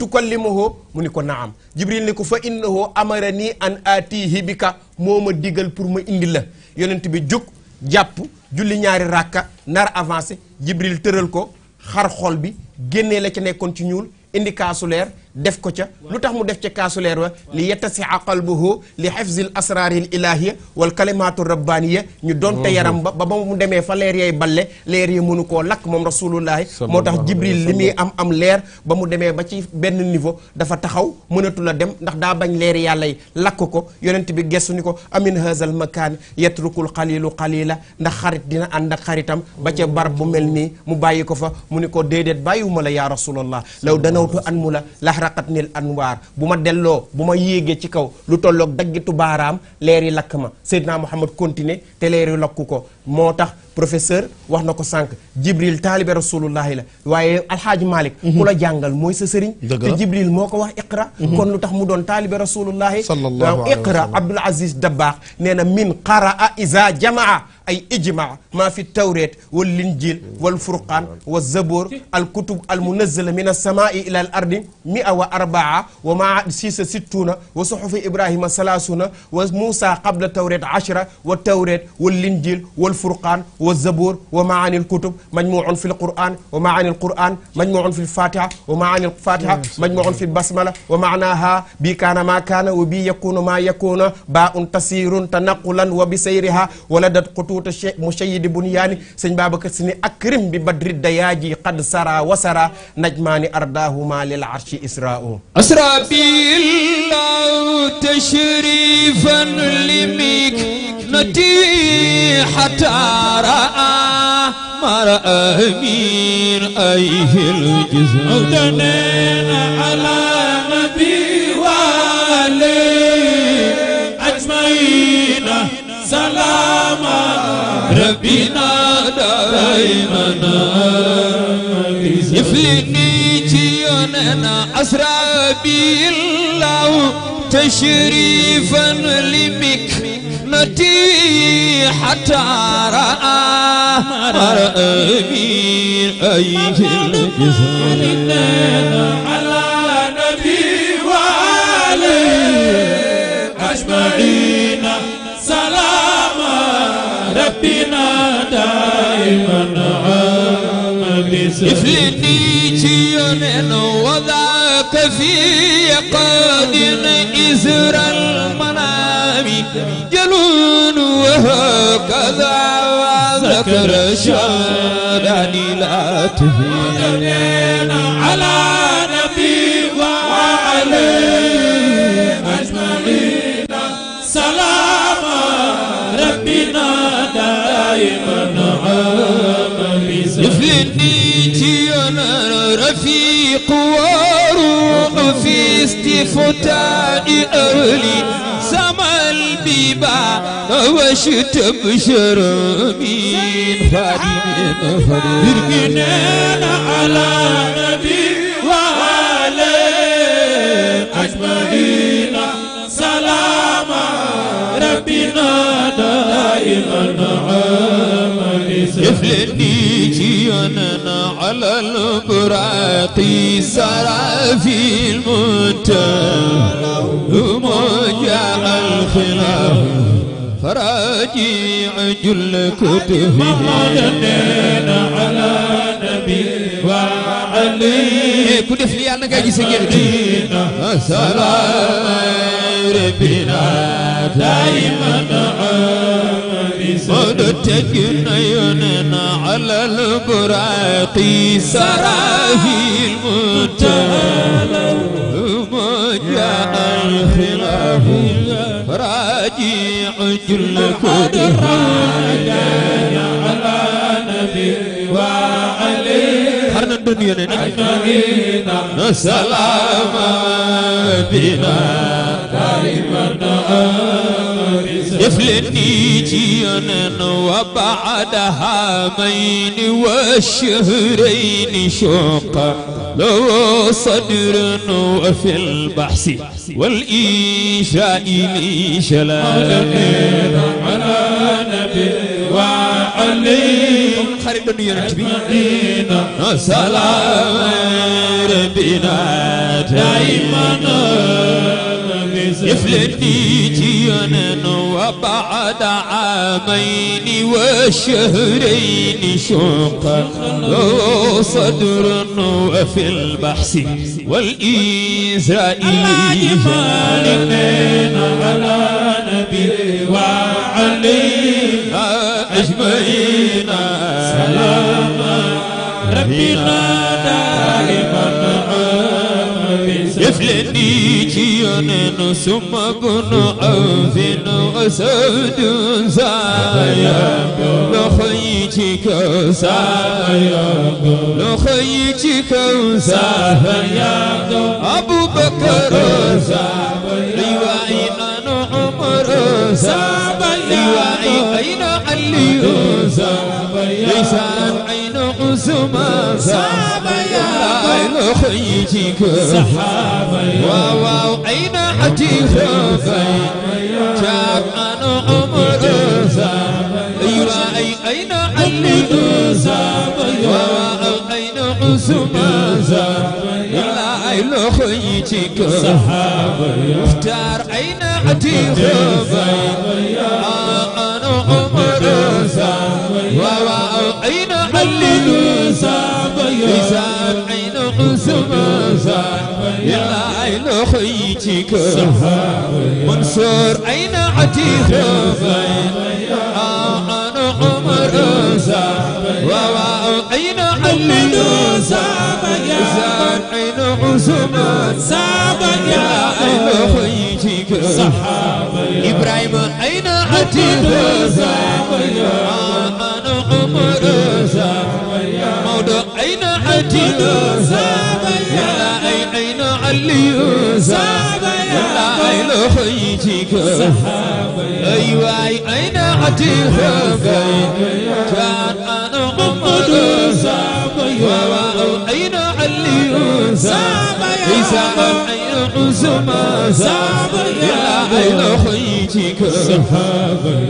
mu ni ko na am jibril ni ko fa innahu amara nii an aatihi bika moo ma digal pour ma indi la yonent bi jug jàpp julli ñaari ràkka nar avancé jibril tëral ko xar xol bi génnee la ci nekkoon ci ñuul indi kaasu leer def ko ca lu tax mu def ca kaasu leer wa li yettasia qalbuhu li xifzil asraaril ilaahiya wal kalimaatu rabbaaniya ñu doonte yaram ba ba ba mu demee fa leer yay balle leer yi mënu koo lakk moom rasulullahi moo tax jibril li muy am am leer ba mu demee ba ci benn niveau dafa taxaw mënatu la dem ndax daa bañ leer yàlla yi lakk ko yonent bi gestu ni ko amin hazal makaan yatrukul xalilu xalila ndax xarit dina ànd ak xaritam ba ca barab bu mel nii mu bàyyi ko fa mu ni ko déedéet bàyyiwuma la yaa rasulallah law axraqat nil anwaar bu ma delloo bu ma yéegee ci kaw lu tolloog daggitu baaraam leeri lakk ma Seydina Muhammad continué te leeri lakku ko moo tax professeur wax nako sank jibril talib rasulullah la waaye alxaaji malik kula jàngal moy sa serigne te jibril moko wax iqra kon lutax tax mu doon taalibe rasulullahi waaw iqra abdul aziz dabbaax nee min qaraa iza jamaa ay ijmaa maa fi tawreet wal linjil wal furqaan wa zaboor al kutub al munazala min alsamaai ila al ardi mia wa arbaa wa maa siisa sittuuna wa suxufi ibrahima salaasuuna wa muusa qabla tawreet ashra wa tawreet wal linjil wal furqaan والزبور ومعاني الكتب مجموع في القرآن ومعاني القرآن مجموع في الفاتحة ومعاني الفاتحة مجموع في البسملة ومعناها بي كان ما كان وبي يكون ما يكون باء تسير تنقلا وبسيرها ولدت قطوط مشيد بنياني سن بابك سني أكرم ببدر الدياجي قد سرى وسرى نجمان أرداهما للعرش إسراء أسرى بالله تشريفا لميك ابنتي حتى رأى مرأة أمين أيه الجزاء ودنينا على نبي والي أجمعين سلام ربنا دائما يفلني جيوننا أسرى بالله تشريفا نتي حتى رأى رأى امين أيه أجمعين سلام ربنا دائما عام بسلام إفلني جيون وذاك في جنون وهكذا ذكر شاني لا تهين على نبي وعليه أجمعين سلام ربنا دائما في النيتي أنا رفيق واروح في استفتاء أهلي حبيبا وشتبشر من فريد فريد على نبي وعلى أجمعين سلام ربنا دائما نعم يفلني جيانا على البراق سرافي المنتهى ومجع الخلاف فراجع جل كتبه مضينا على نبي وعلي كنت في لي انا جاي سجلتي سلام ربنا دائما عاد ونتكن عيوننا على البراق سراهي المتعالى ما جاء الخلاف راجع جل قد راجعنا على نبي وعلي حرنا الدنيا نسلام بنا نيجينا وبعدها مين والشهرين شوقا لو صدر وفي البحث والإنشاء لي شلالا على نبي وعلي خريب الدنيا نتبينا سلام ربنا دائما فلنيتي أنا وبعد عامين وشهرين شوقا وصدر وفي البحث والإسرائيل على نبي وعليها أجمعين سلام ربنا دائما لجيان ثم ابن عوف وسعد سايا لخيتك سايا لخيتك سايا أبو بكر سايا وعين عمر سايا وعين علي سايا ما أين عتيق جاب أين علي أيوة، صاب أين عثمان صاب أين عتيق أنا إسان عين قسم عين خيتك منصور عين عتيق آن عمر وواو عين علي إسان عين قسم يلا عين خيتك إبراهيم عين عتيق آن عمر موضوع عين عدي يوسف يا عين علي يوسف يا عين خيتك أيوة عين عدي كان أنا محمد يوسف وعين علي يوسف عيسى عزما يا أي خيتك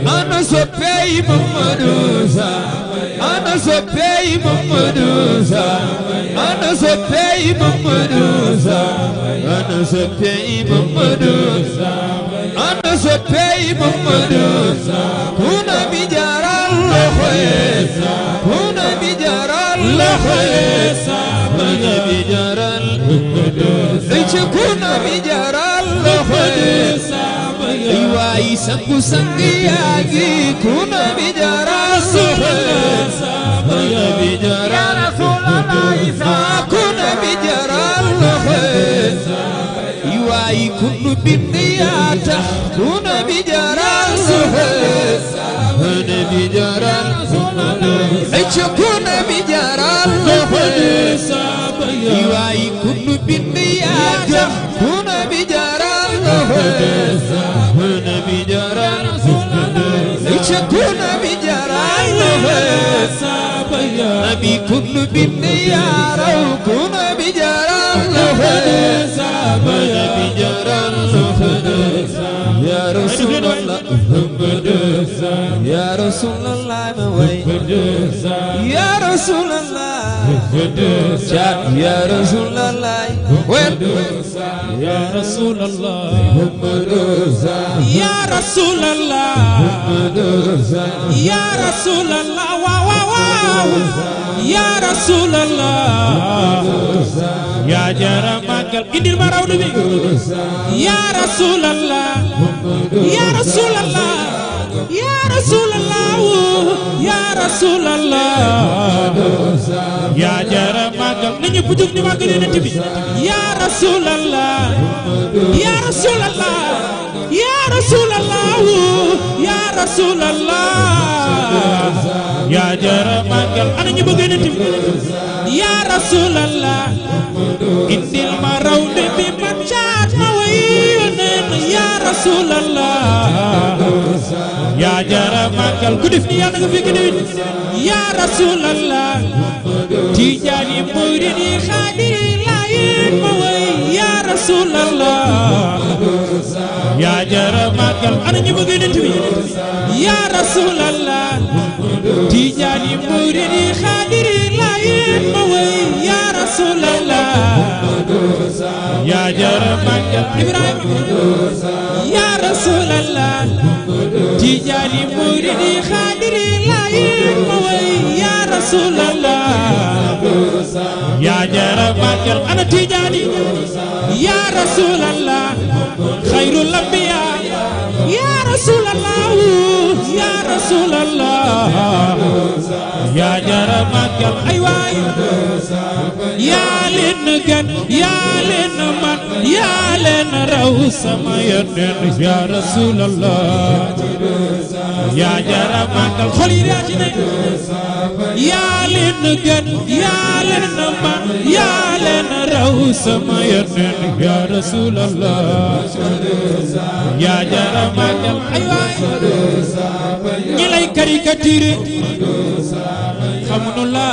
أنا سبح soppey Mamadou Sall ana soppey Mamadou Sall ana soppey Mamadou Sall ana soppey Mamadou Sall ana soppey Mamadou Sall kuna bi jaral loxo yee Sall kuna bi jaral loxo yee Sall kuna bi jaral ay sangu sang yaa ngi ku na bi jara ay kun bind yaa tax ku na bi jaral loxo ay kun bind yaa tax أبي كن بالنيار أو كن بجرى النخل بجرى يا رسول الله يا رسول الله يا رسول الله قدوس يا رسول الله قدوس يا رسول الله قدوس يا رسول الله قدوس يا رسول الله واو واو يا رسول الله يا جرمك قدير براود بي يا رسول الله يا رسول الله يا رسول الله yaa rasulallah yaa jara màggal na ñëpp jóg ñu màggal yonent bi yaa rasulallah yaa rasulallah yaa rasulallah yaa rasulallah yaa jara màggal ana ñu bëgg yonent bi yaa rasulallah ma raw de bi ma rasulallah yaa jara màggal ku def ni yàlla nga fekk déwén yaa rasulallah tijaan yi murid yi xaadir ma way yaa rasulallah yaa jara màggal ana ñu bëgg yonent bi yaa rasulallah tijaan yi murid yi xaadir yaa jar màggal Ibrahima yaa rasulallah tijaani muridi xaadiri laayin ma way yaa rasulallah yaa jar màggal ana tijaani yaa rasulallah xayrul lambi يا رسول الله يا رسول الله يا جرمك أيوة يا لنجن يا لنمن يا لنروس ما يدن يا رسول الله yaa jara màggal xol yi raati nañ yaa leen gën yaa leen man yaa leen raw sama yonent yaa rasulallah yaa jara màggal ay waay ñi lay caricature xamuñu la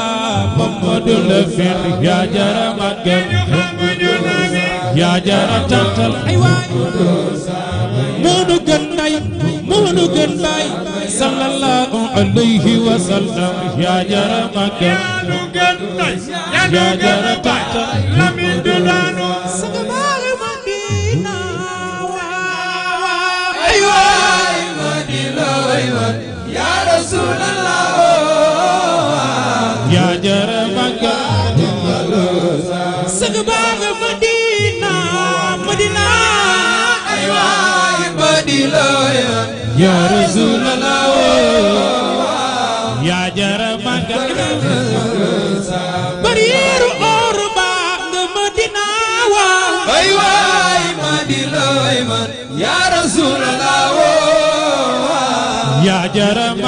Mamadu la fen yaa jara màggal yaa jara tantal ay waay lu gën baay sallallahu alayhi wa sallam yaa jara Makka yaa lu gën baay yaa lu gën baay lamin du daanu sagamaru Madina waay waay Madina waay waay yaa rasulallah oh. يا رسول الله يا جرم برير أربع مدينة واي واي مدينة يا رسول الله يا جرم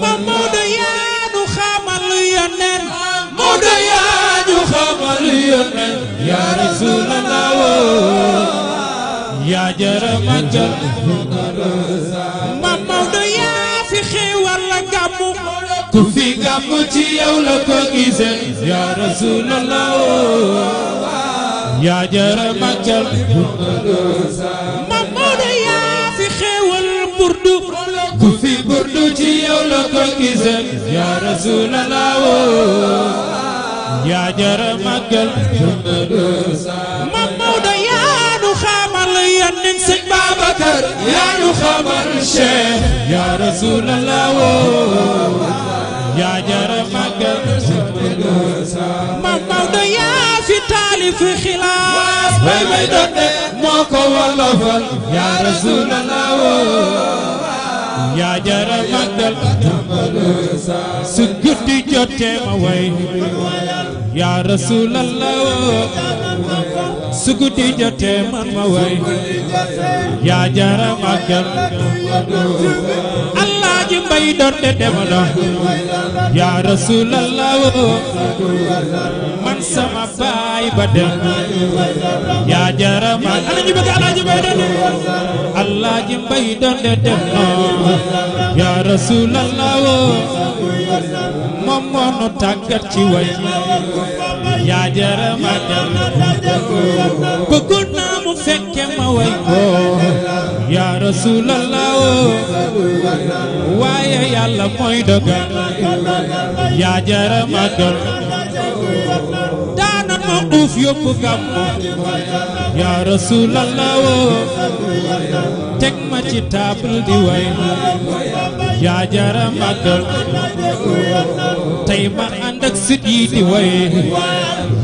محمود يا نخمل ينن محمود يا نخمل ينن يا رسول الله yaa jërë màggal maam Maodo yaa fi xéewal la gàmmu ku fi gàmmu ci yow la ko gisee yaa rasulallah yaa jërë màggal maam Maodo yaa fi xéewal burdu ku fi burdu ci yow la ko gisee yaa rasulallah yaa jërë màggal بكر يا نخام الشيخ يا رسول الله يا جرى مكر ممدو يا في تالف خلاف بمدد موكو والله يا رسول الله يا jara màggal sukkuti jotee ma way yaa rasuulallah sukuti jote man ma way yaa jara màggal allah ji mbay doon de dem na yaa rasuulallah man sama baay ba dem yaa jara màggal allah ji bëgg doon de dem na yaa rasuulallah nu tàggat mu fekke ma way ko oh. mooy dogal yaa jara ma dem daana ma yóbbu gàmmu yaa rasulallah oh. teg ma ci table di way yaa jara ma dem tey ma ànd ak sut yi di way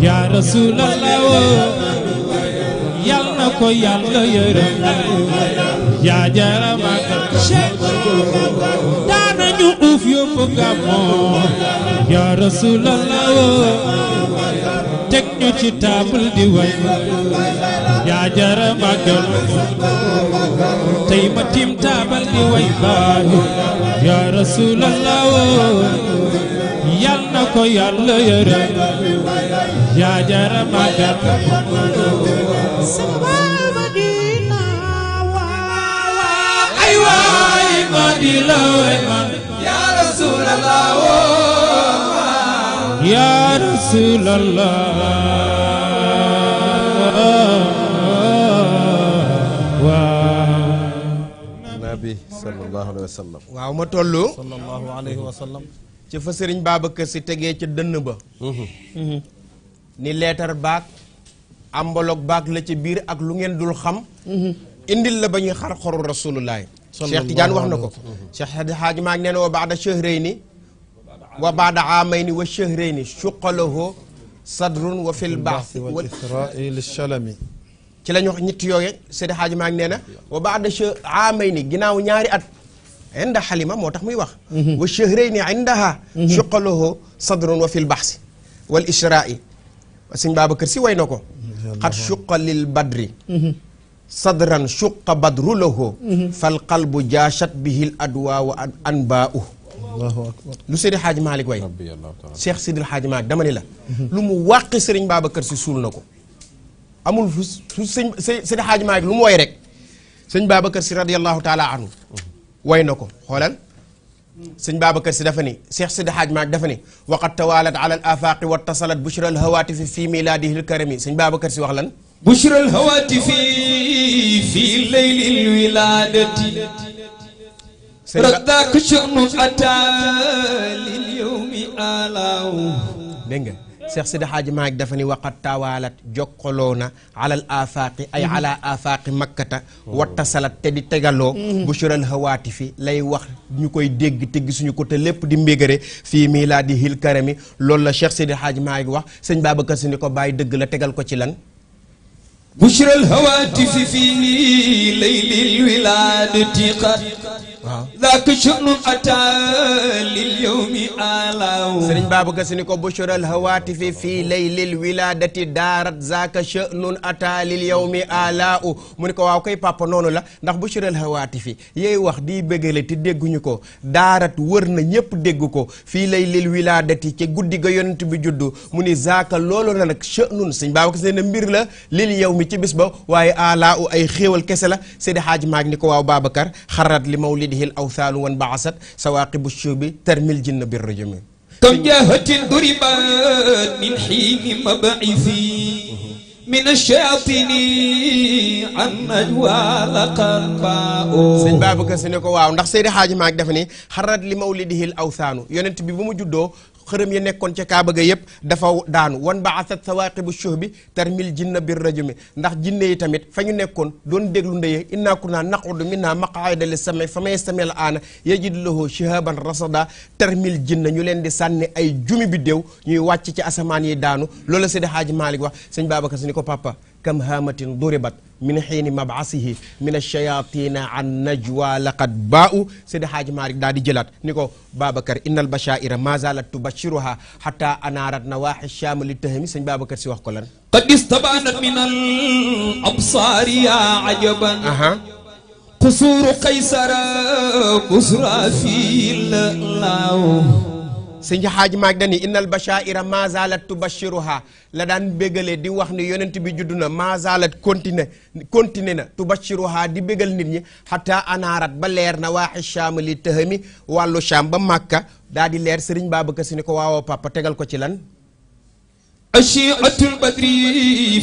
yaa rasulallah yal na ko yàlla yërëm yaa jara tiim taabal di way baay yaa rasulallah yal na ko yàlla yërëm yaa jara màggal Madina waa ay waay Madina yaa Rasulallah oh, oh, oh. yaa Rasulallah sallallahu alayhi wa sallam waaw ma toll sallallahu alayhi wa sallam ca fa sëriñ Babacar si tegee ca dënn ba mhm. Mhm. ni leetar baag ambaloog baag la ca biir ak lu ngeen dul xam mhm. indil la ba ñuy xar xoru rasulullahi Cheikh Tidiane wax na ko Cheikh Hadj Maag nee na wa baada shahrayni wa baada aamayni wa shahrayni suqalahoo sadrun wa fil baasi wa israil shalami ci la ñu wax ñett yooyu Seydi Hadj Maag nee na wa baada ni ginnaaw ñaari at عند حليمه موتاخ مي واخ والشهرين عندها شقله صدر وفي البحث والاشراء سين بابا كرسي وينكو نكو قد شق للبدر صدرا شق بدر له فالقلب جاشت به الادواء وانباء الله اكبر لو سيدي حاج مالك وين ربي الله تعالى شيخ سيدي الحاج مالك دمني لا لو مو واخ سيرين بابا كرسي سول نكو امول سيدي حاج مالك لو موي رك سيدي بابا كرسي رضي الله تعالى عنه وينكو خولال سن بابكر سدفني شيخ سيد حاج ماك دفني وقد توالت على الافاق واتصلت بشرى الهواتف في ميلاده الكرمي سن بابكر سي وخلان بشرى الهواتف في الليل الولاده رداك شؤن اتى لليوم الاو دينغا Seex Sidi Xaaji Maalik dafa ni waqat tawaalat jokkaloo na alal afaaqi ay mhm. ala afaaqi makkata watta salat te di tegaloo mhm. bu sural hawaati fi lay wax ñu koy dégg te gisuñu ko te lépp di mbégare fii miilaadi hil karami lool la Seex xaaj ma Maalik wax sëñ Babacar Si ni ko bàyyi dëgg la tegal ko ci lan bu sural hawaati fi fii nii laylil wilaadati ذاك شأن أتى لليوم آلاو سرين بابك سنكو بشر الهواتف في ليل الولادة دارت ذاك شأن أتى لليوم آلاو منكو واوكي بابا نونو لا ndax bu shiral hawaati fi yey wax di bëggale te dégguñu ko daarat wër na ñëpp dégg ko fii lay lil wilaadati ca guddi ga yonent bi juddu mu ni zaaka loolu la nag sha'nun sëñ Babacar Sy ne mbir la lil yow mi ci bis ba waaye alaa u ay xéewal kese la Seydi Hadj Maag ni ko waaw Babacar هذه الأوثان وانبعثت سواقب الشوب ترمي الجن بالرجم كم جاهة ضربت من حين مبعثي من الشياطين عن نجوى لقلباء سيد بابك سنكو واو ndax seydi haaji maak def ni xarat li mawlidihi al مجدو xërëm yi nekkoon ca kaaba ga yëpp dafa daanu wan ba asat sawaaqibu shuhbi tarmil jinna bir rajumi ndax jinne yi tamit fa ñu nekkoon doon déglu ndeye inna kunna naqudu minna maqaayida li sami fa may yastamil aana yajidu lahu shihaban rasada tarmil jinna ñu leen di sànni ay jumi bi déew ñuy wàcc ci asamaan yi daanu loolu la Seydi Hadji Malick wax sëñ Babacar si ni ko papa kam haamatin duribat min xiini mabasihi min alchayatina an najwa laqad baau Seydi Haaji Maalik daal di jëlaat ni ko Babacar inna albashaira ma zalat tubashiruha xata anaarat nawaaxi chaama li tahami sëñ Babacar si wax ko lan qad istabaanat min al absaari ya ajaban qusuuru qaysara busra fi laaw sëñ xaaj maag dani innal bashaira mazalat tubashiruha la daan bégalee di wax ni yonent bi juddu na mazalat continue continue na tubashiruha di bégal nit ñi xata anaarat ba leer na waaxi chaam li tëhami wàllu chaam ba màkka daa di leer sëriñ Babacar Sy ni ko waawoo papa tegal ko ci lan أشيعة البدر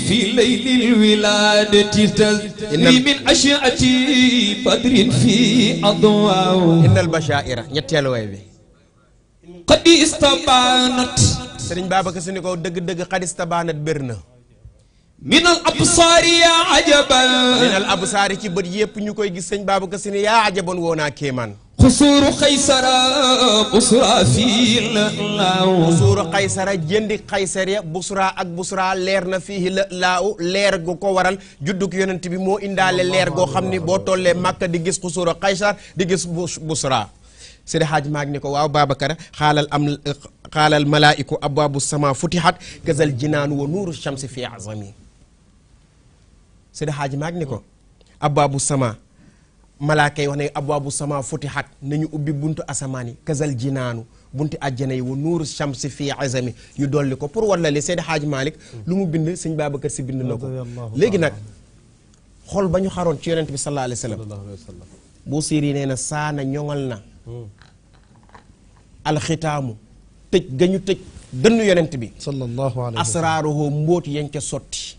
في ليل الولادة تزري من أشيعة بدر في أضواء إن xadi istabaanat dëgg-dëgg xadi istabaanat na minal absaari yaa ajaban minal absaari ci bët yëpp ñu koy gis sëñ Babacar Sy ni ajaban woo naa kéemaan xusuuru xaysara busra fii la laaw leer na fii la laaw ko waral juddug yonent bi moo indaale leer goo xam ni boo tollee Màkka di gis xusuuru xaysar di gis busra Seydi Hadj Maag ni ko waaw Babacar xaalal am xaalal malaa'iku abwaabu sama futihat kazal jinaanu wa nuuru shamsi fi azami Seydi Hadj Maag ni ko abwaabu sama malaaka yi wax ne abwaabu sama futihat nañu ubbi bunt asamaani yi kazal jinaanu bunt àjjana yi wa nuuru shamsi fi azami yu dolli ko pour walla li Seydi Hadj Malick lu mu bind sëñ Babacar si bind na ko léegi nag xol ba ñu xaroon ci yonent bi sallallahu alayhi wa sallam bu siiri nee na saana ñoŋal na Hmm. alxitaamu tëj ga ñu tëj dënn yonent bi sallallahu alayhi asraaruhu mbóot yañ ca sotti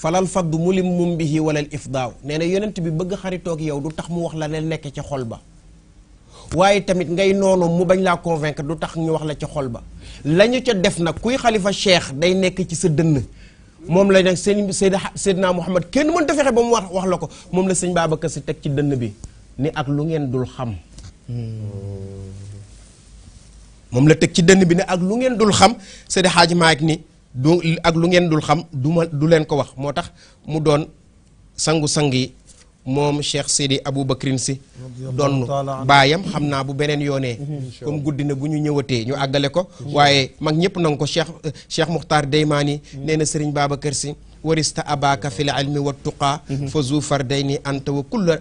falal faddu mulim mum bihi walal ifdaaw nee na yonent bi bëgg xaritoog yow du tax mu wax la ne nekk ca xol ba waaye tamit ngay noonu mu bañ laa convaincre du tax ñu wax la ca xol ba lañu ca def nag kuy xalifa cheikh day nekk ci sa dënn moom la nag sëñ naa Muhammad kenn mënta fexe ba mu wax wax la ko moom la sëñ Babacar Si teg ci dënn bi ni ak lu ngeen dul xam hmm. moom la teg ci dënn bi ne ak lu ngeen dul xam Seydi Hadji Malick ni du ak lu ngeen dul xam du ma du leen ko wax moo tax mu doon sangu-sang yi moom Cheikh Seydi Aboubacrin si doon baayam xam naa bu beneen yoonee mhm. comme guddi na bu ñu ñëwatee ñu àggale ko waaye mag ñëpp nanga ko Cheikh Cheikh Muxtaar Deymaani mhm. nee na Sëriñ Babacar si warista abaka fil ilmi wa tuqa mhm. fa zu day nii wa kullu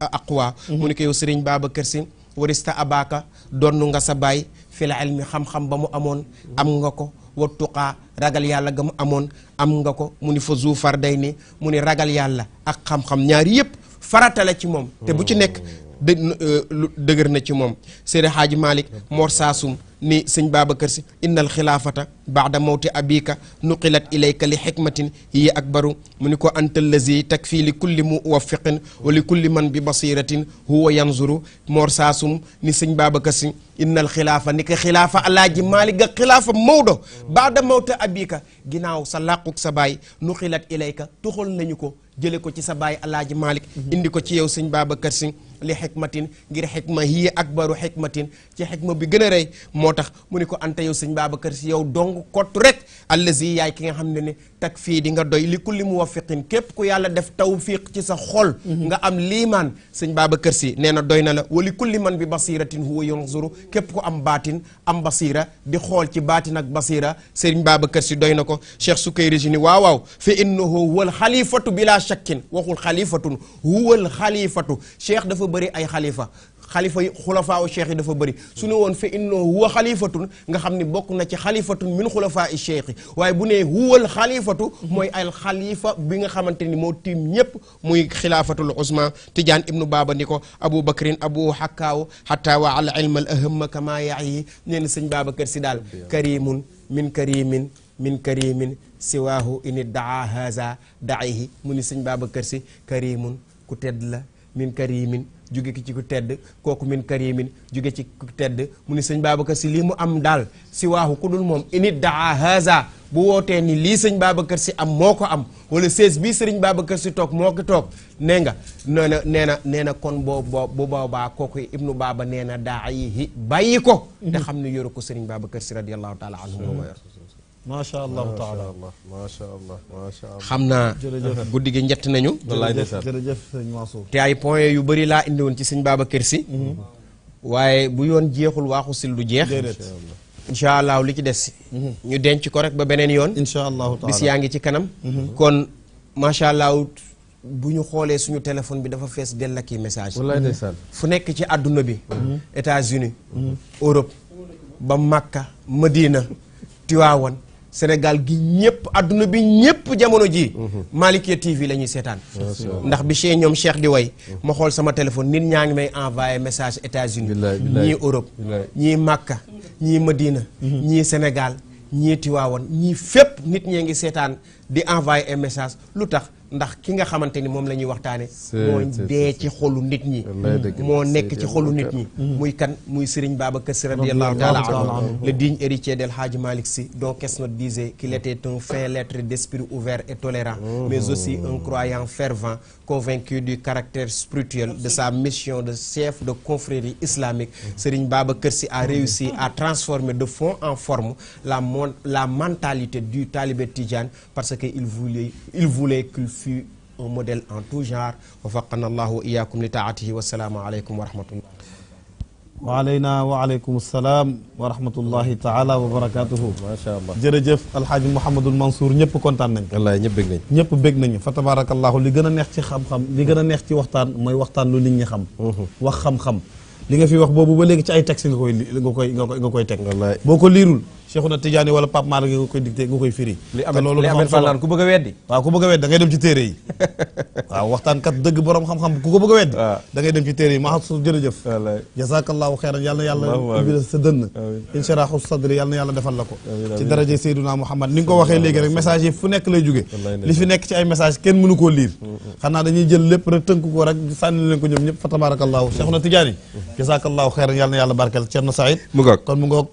aqwa mhm. mu ne ko yow sëriñ Babacar Si warista abaka donn nga sa baay fil ilmi xam-xam ba mu amoon am nga ko wa tuqaa ragal yàlla ga mu amoon am nga ko mu ni fa day fardayni mu ni ragal yàlla ak xam-xam ñaari yëpp faratale ci moom te bu ci nekk oh. dë euh, dëgër na ci moom Seydi Hadji Malick Mor Sassoum ni sëñ baaba Si innal xilaafata baada mawti abika nuqilat ilayka li xikmatin hiya akbaru mu ni ko anta allazi takfi li kulli muwaffiqin wa li kulli man bi basiratin huwa yanzuru moor saasum ni sëñ baaba Si innal xilaafa ni ko xilaafa alaaji Maalik ga xilaafa Maodo baada mawti abika ginnaaw sa làquk sa baay nuqilat ilayka tuxal nañu ko jële ko ci sa baay alaaji Maalik indi ko ci yow sëñ baaba Si li xikmatin ngir xikma hiya akbaru xikmatin ci xikma bi gën a rey moo tax mu ni ko anta yow sëñ Babacar si yow dong kott rek allazi yaay ki nga xam ne ni tak fii di nga doy li kulli muwaffiqin kep ku yàlla def tawfiq ci sa xol nga am liimaan sëñ Babacar Sy nee na doy na la wali kulli man bi basiratin huwa yanzuru kep ku am batin am basira di xol ci batin ak basira seigne baba Sy doy na ko Cheikh soukay rejini wa wa fi innahu wal khalifatu bila shakkin waxul huwa al khalifatu Cheikh dafa beuri ay khalifa khalifa yi xulafaawu cheikh yi dafa bëri sunu won woon fa innoo huwa xalifatun nga xamni bokku na ci xalifatun min xulafaa i cheikh yi waaye bu nee huwal xalifatu mooy al khalifa bi nga xamanteni mo tim ñep moy muy xilaafatul usman tijaan ibnu baba niko ko abou bacrin abou hakkaaw hatta wa al ilm al ahamm kama ya'i neen na baba babacar si dal karimun min karimin من كريم سواه إن daa هذا دعيه من سن sëñ babacar كريم karimun min miin jóge ki ci ku tedd kooku kër min karimin jóge ci ku tedd mu ni sëñ Babacar si lii mu am daal si waaw ku dul moom init daa haza bu wootee ni lii sëñ baaba kër si am moo ko am wala sees bii sëriñ Babacar si toog moo ko toog nee nga nee na nee na nee na kon boo boo bu boobaa kooku ibnu baaba nee na daa yi bàyyi ko te xam ni yoru ko sëriñ Babacar si radiallahu taala anhu moo ko yor macha xam naa. guddi gi njett nañu. wallaay jërëjëf te ay points yu bëri laa indi woon ci baaba kër Sy. Mhm. waaye bu yoon jeexul waaxu sil lu jeex. incha allah li ci des. Mhm. ñu denc ko rek ba beneen yoon. incha bis yaa ngi ci kanam. Mhm. kon macha allah bu ñu xoolee suñu téléphone bi dafa fees dell ak i message fu nekk ci àdduna bi. États-Unis Europe. ba Makka Medina Tiwaawan. Sénégal gi ñëpp adduna bi ñëpp jamono ji mhm. Malikia TV la ñuy seetaan ndax bi chez ñoom Cheikh di way ma xool sama téléphone nit ñaa ngi may envoyé message États-Unis ñii Europe ñii Makka ñii Madina mhm. ñii Sénégal ñii Tiwaawan ñii fépp nit ñee ngi seetaan di envoyé un message lu tax ndax ki nga xamante ni moom la ñuy waxtaane moo dee ci xolu nit ñi mm. moo nekk ci xolu nit ñi muy kan muy Serigne Babacar Sy radiallahu taala anhu le digne héritier del Hadji malik Sy dont Quesnot disait qu'il était un fin lettre d'esprit ouvert et tolérant oh. mais aussi un croyant fervent convaincu du caractère spirituel de sa mission de chef de confrérie islamique, Serigne Baba a réussi à transformer de fond en forme la, mentalité du talibé tijan parce qu'il voulait, qu'il fût un modèle en tout genre. وعلينا وعليكم السلام ورحمة الله تعالى وبركاته ما شاء الله جرجف الحاج محمد المنصور نيب كونتان نانك الله نيب بيك نيب نيب بيغ نيب فتبارك الله لي غنا نيه سي خام خام لي غنا نيه سي وقتان موي وقتان لو نيت ني خام وخ خام خام ليغا في وخ بوبو با ليغي سي اي تيكس نغا كوي نغا كوي نغا كوي تيك والله بوكو ليرول Cheikhouna Tidiane wala Pape Malick nga koy dicté nga koy firi. li Ahmed Fall naan ku bëgg a weddi. waaw ku bëgg a weddi da dem ci téere yi [LAUGHS] waaw waxtaan dëgg borom xam-xam ku ko bëgg a weddi. da dem ci téere yi maa xam jërëjëf. wallaay jazakallahu xeyran yal yàlla. ubbil sa dënn. insharahu na yàlla la ko. ko waxee léegi rek message yi fu nekk lay jóge li fi nekk ci ay kon mu ngoog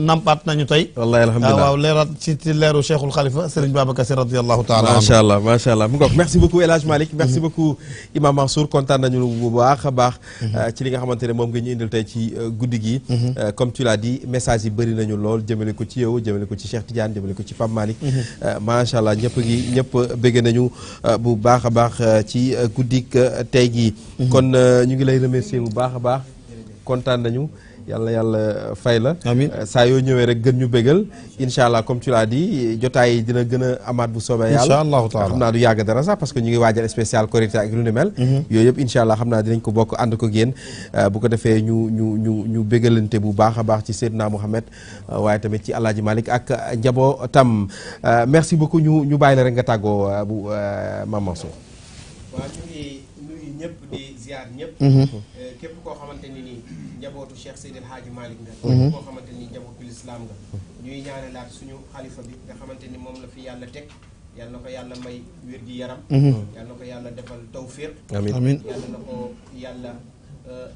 nampaat nañu tey wallahi alhamdulilah ah, waaw leeraat ci ci leeru cheikhul xalifa Serigne Babacar Sy radiallahu taala macha allah macha allah mu ngoog merci beaucoup El Hadj Malick merci mhm. beaucoup Imam Mansour kontaan nañu bu baax a baax mhm. euh, ci li nga xamante ne moom nga ñu indil tey ci euh, guddi gi mhm. euh, comme tu l'as dit message yi bëri nañu lool jëmale ko ci yow jëmale ko ci Cheikh Tidiane jëmale ko ci Pape Malick macha allah ñëpp gi ñëpp bëgg nañu bu baax a baax ci guddik tey gii kon ñu ngi lay remercier bu baax a baax kontaan nañu yàlla yàlla fay la. amiin euh, saa yoo ñëwee rek gën ñu béggal incha allah comme tu l'as dit jotaay yi dina gën a amaat bu soobee yàlla. incha xam naa du yàgg dara sax parce que ñu ngi waajal spécial korité ak lu ni mel. Mhm. yooyu yëpp incha allah xam naa dinañ ko bokk ànd ko yéen. Euh, bu ko defee ñu ñu ñu ñu bégalante bu baax a baax ci Seydina Mouhamed euh, waaye tamit ci El malik ak njaboo njabootam merci beaucoup ñu ñu bàyyi la rek nga tàggoo bu Mame Mansour. waaw Cheikh Seydil Hadji Malick nga mhm. koo xamante ni njabootu lislaam nga ñuy ñaanalaat suñu xalifa bi nga xamante ni moom la fi yàlla teg yàlla na ko yàlla may wér gi yaram mhm. yàlla na ko yàlla defal tawfiq amiin yàlla na ko yàlla euh,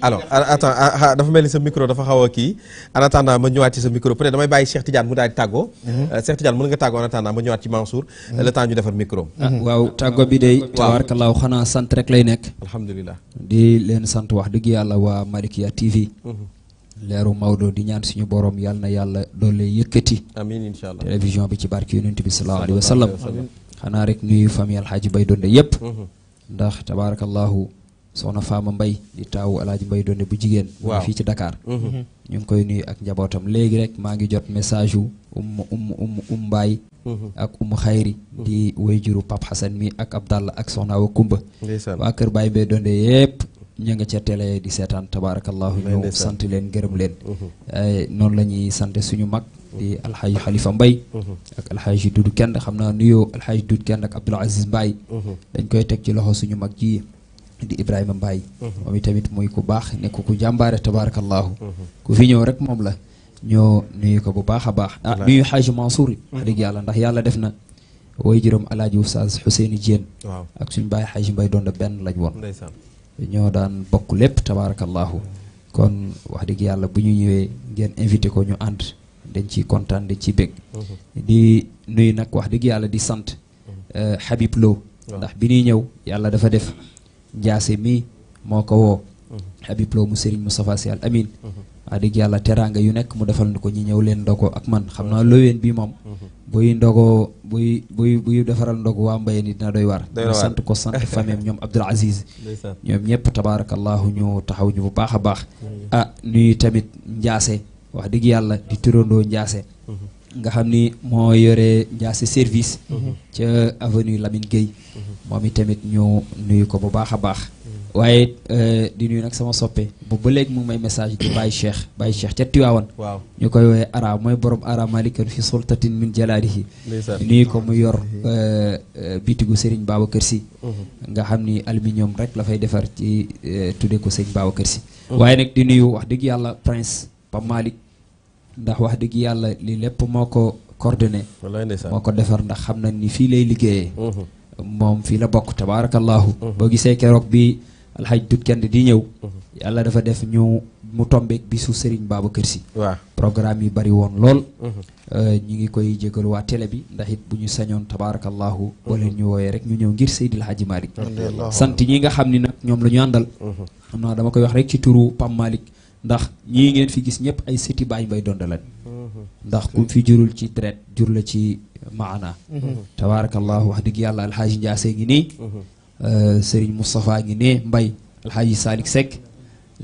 alors attends dafa mel ni sa micro dafa xaw a kii en attendant ma ñëwaat ci sa micro peut-être damay bàyyi Cheikh Tidiane mu daal di tàggoo mhm. euh, Cheikh Tidiane mën nga tago en attendant ma ñëwaat ci Mansour mhm. euh, le temps ñu micro ah, mhm. waaw bi day rek lay di leen sant wax ala yàlla waa TV leeru Maodo di ñaan suñu borom yal na yàlla doole Amin amiin allah télévision bi ci barke yonent bi sallallahu alayhi wa sallam rek nuyu famille Alxaaji Bay ndax soxna Faama Mbay di taawu alaaji Mbay doone bu jigéen waaw fii ci Dakar mhm. ñu ngi koy nuy ak njabootam léegi rek maa ngi jot message yu um um um um mbaay mhm. ak um xayri mhm. di wayjuru Pape Xasan mi ak Abdallah ak soxna wa Kumba waa kër Baay Mbay doone yëpp ñu nga ca di seetaan tabaarakallahu ñu sant leen gërëm leen noonu la ñuy sant suñu mag di alxaaji xalifa mbay ak alxaaji dudu kenn xam naa nuyoo alxaaji dudu kenn ak Abdul Aziz Mbaay dañ koy teg ci loxo suñu mag ji di Ibrahima Mbaye mhm. moom itamit muy ku baax nekk ku jàmbaare tabaarakallaahu mhm. ku fi ñëw rek moom la ñoo nuyu ko bu baax a baax ah nuyu xaaji Mansour mhm. wax dëgg yàlla ndax yàlla def na way juróom alaaji Oustaz Ousseynou Diène ak suñu bàyyi xaaji Mbaye doon da benn lañ woon ñoo daan bokk lépp tabaarakallaahu kon wax dëgg yàlla bu ñu ñëwee ngeen invité ko ñu ànd dañ ci kontaan dañ ci bég di nuyu nag wax dëgg yàlla di sant euh, Habib Lo ndax bi ñuy ñëw yàlla dafa def Jaase mi moo ko woo Habib Lo mu Serigne Moustapha Sy Al Amin waa dëgg yàlla teraanga yu nekk mu defal ni ko ñi ñëw leen ndogo ak man xam naa loween bi moom buy ndogo buy buy buy defaral ndogu waa Mbaye ni dina doy waar sant ko sant famem ñoom Abdoul Aziz ñoom ñëpp tabaarakallaahu ñu taxaw bu baax a baax ah nuyu tamit Njaase wax dëgg yàlla di turandoo Njaase nga xam ni moo yore Ndiassé service. Mhm. ca avenue Lamine Gueye. Mhm. moom itamit ñu nuyu ko bu baax a baax. Mhm. waaye euh, di nuyu nag sama soppee bu ba léegi mu may message di Baye Cheikh Baye Cheikh ca Tiwaawan. waaw ñu koy woowee ara mooy borom ara malikan fi sultatin min jalaalihi. nuyu ko mu yor euh, euh, bitigu Serigne Babacar Sy. nga xam ni aluminium rek la fay defar ci tuddee ko Serigne Babacar Sy. waaye nag di nuyu wax dëgg yàlla prince Pape Malick. ndax wax dëgg yàlla li lépp moo ko coordonné moo ko defar ndax xam na ni fi lay liggéeyee mhm. moom fii la bokk tabaarakallaahu mhm. boo gisee keroog bi alxaj dut kenn di ñëw mhm. yàlla dafa def ñu mu tombeek bisu Serigne Babacar Sy waaw programme yi bari woon lool euh, ñu ngi koy jégal waa bi ndax it bu ñu sañoon tabaarakallaahu boo leen ñu wooyee rek ñu ñëw ngir Seydil Hadji Malick sant ñi nga xam ni nag ñoom la ñu àndal xam naa dama koy wax rek ci turu Pam Malick ndax ñii ngeen fi gis ñëpp ay sëti baay mbay donda lañ mhm. ndax ku fi jurul ci deret jur la ci maana mhm. tabaarakallahu wax dëgg yàlla alxaaji Njaase ngi nii mhm. euh, sëriñ Moustapha ngi ne mbay alxaaji Salik Seck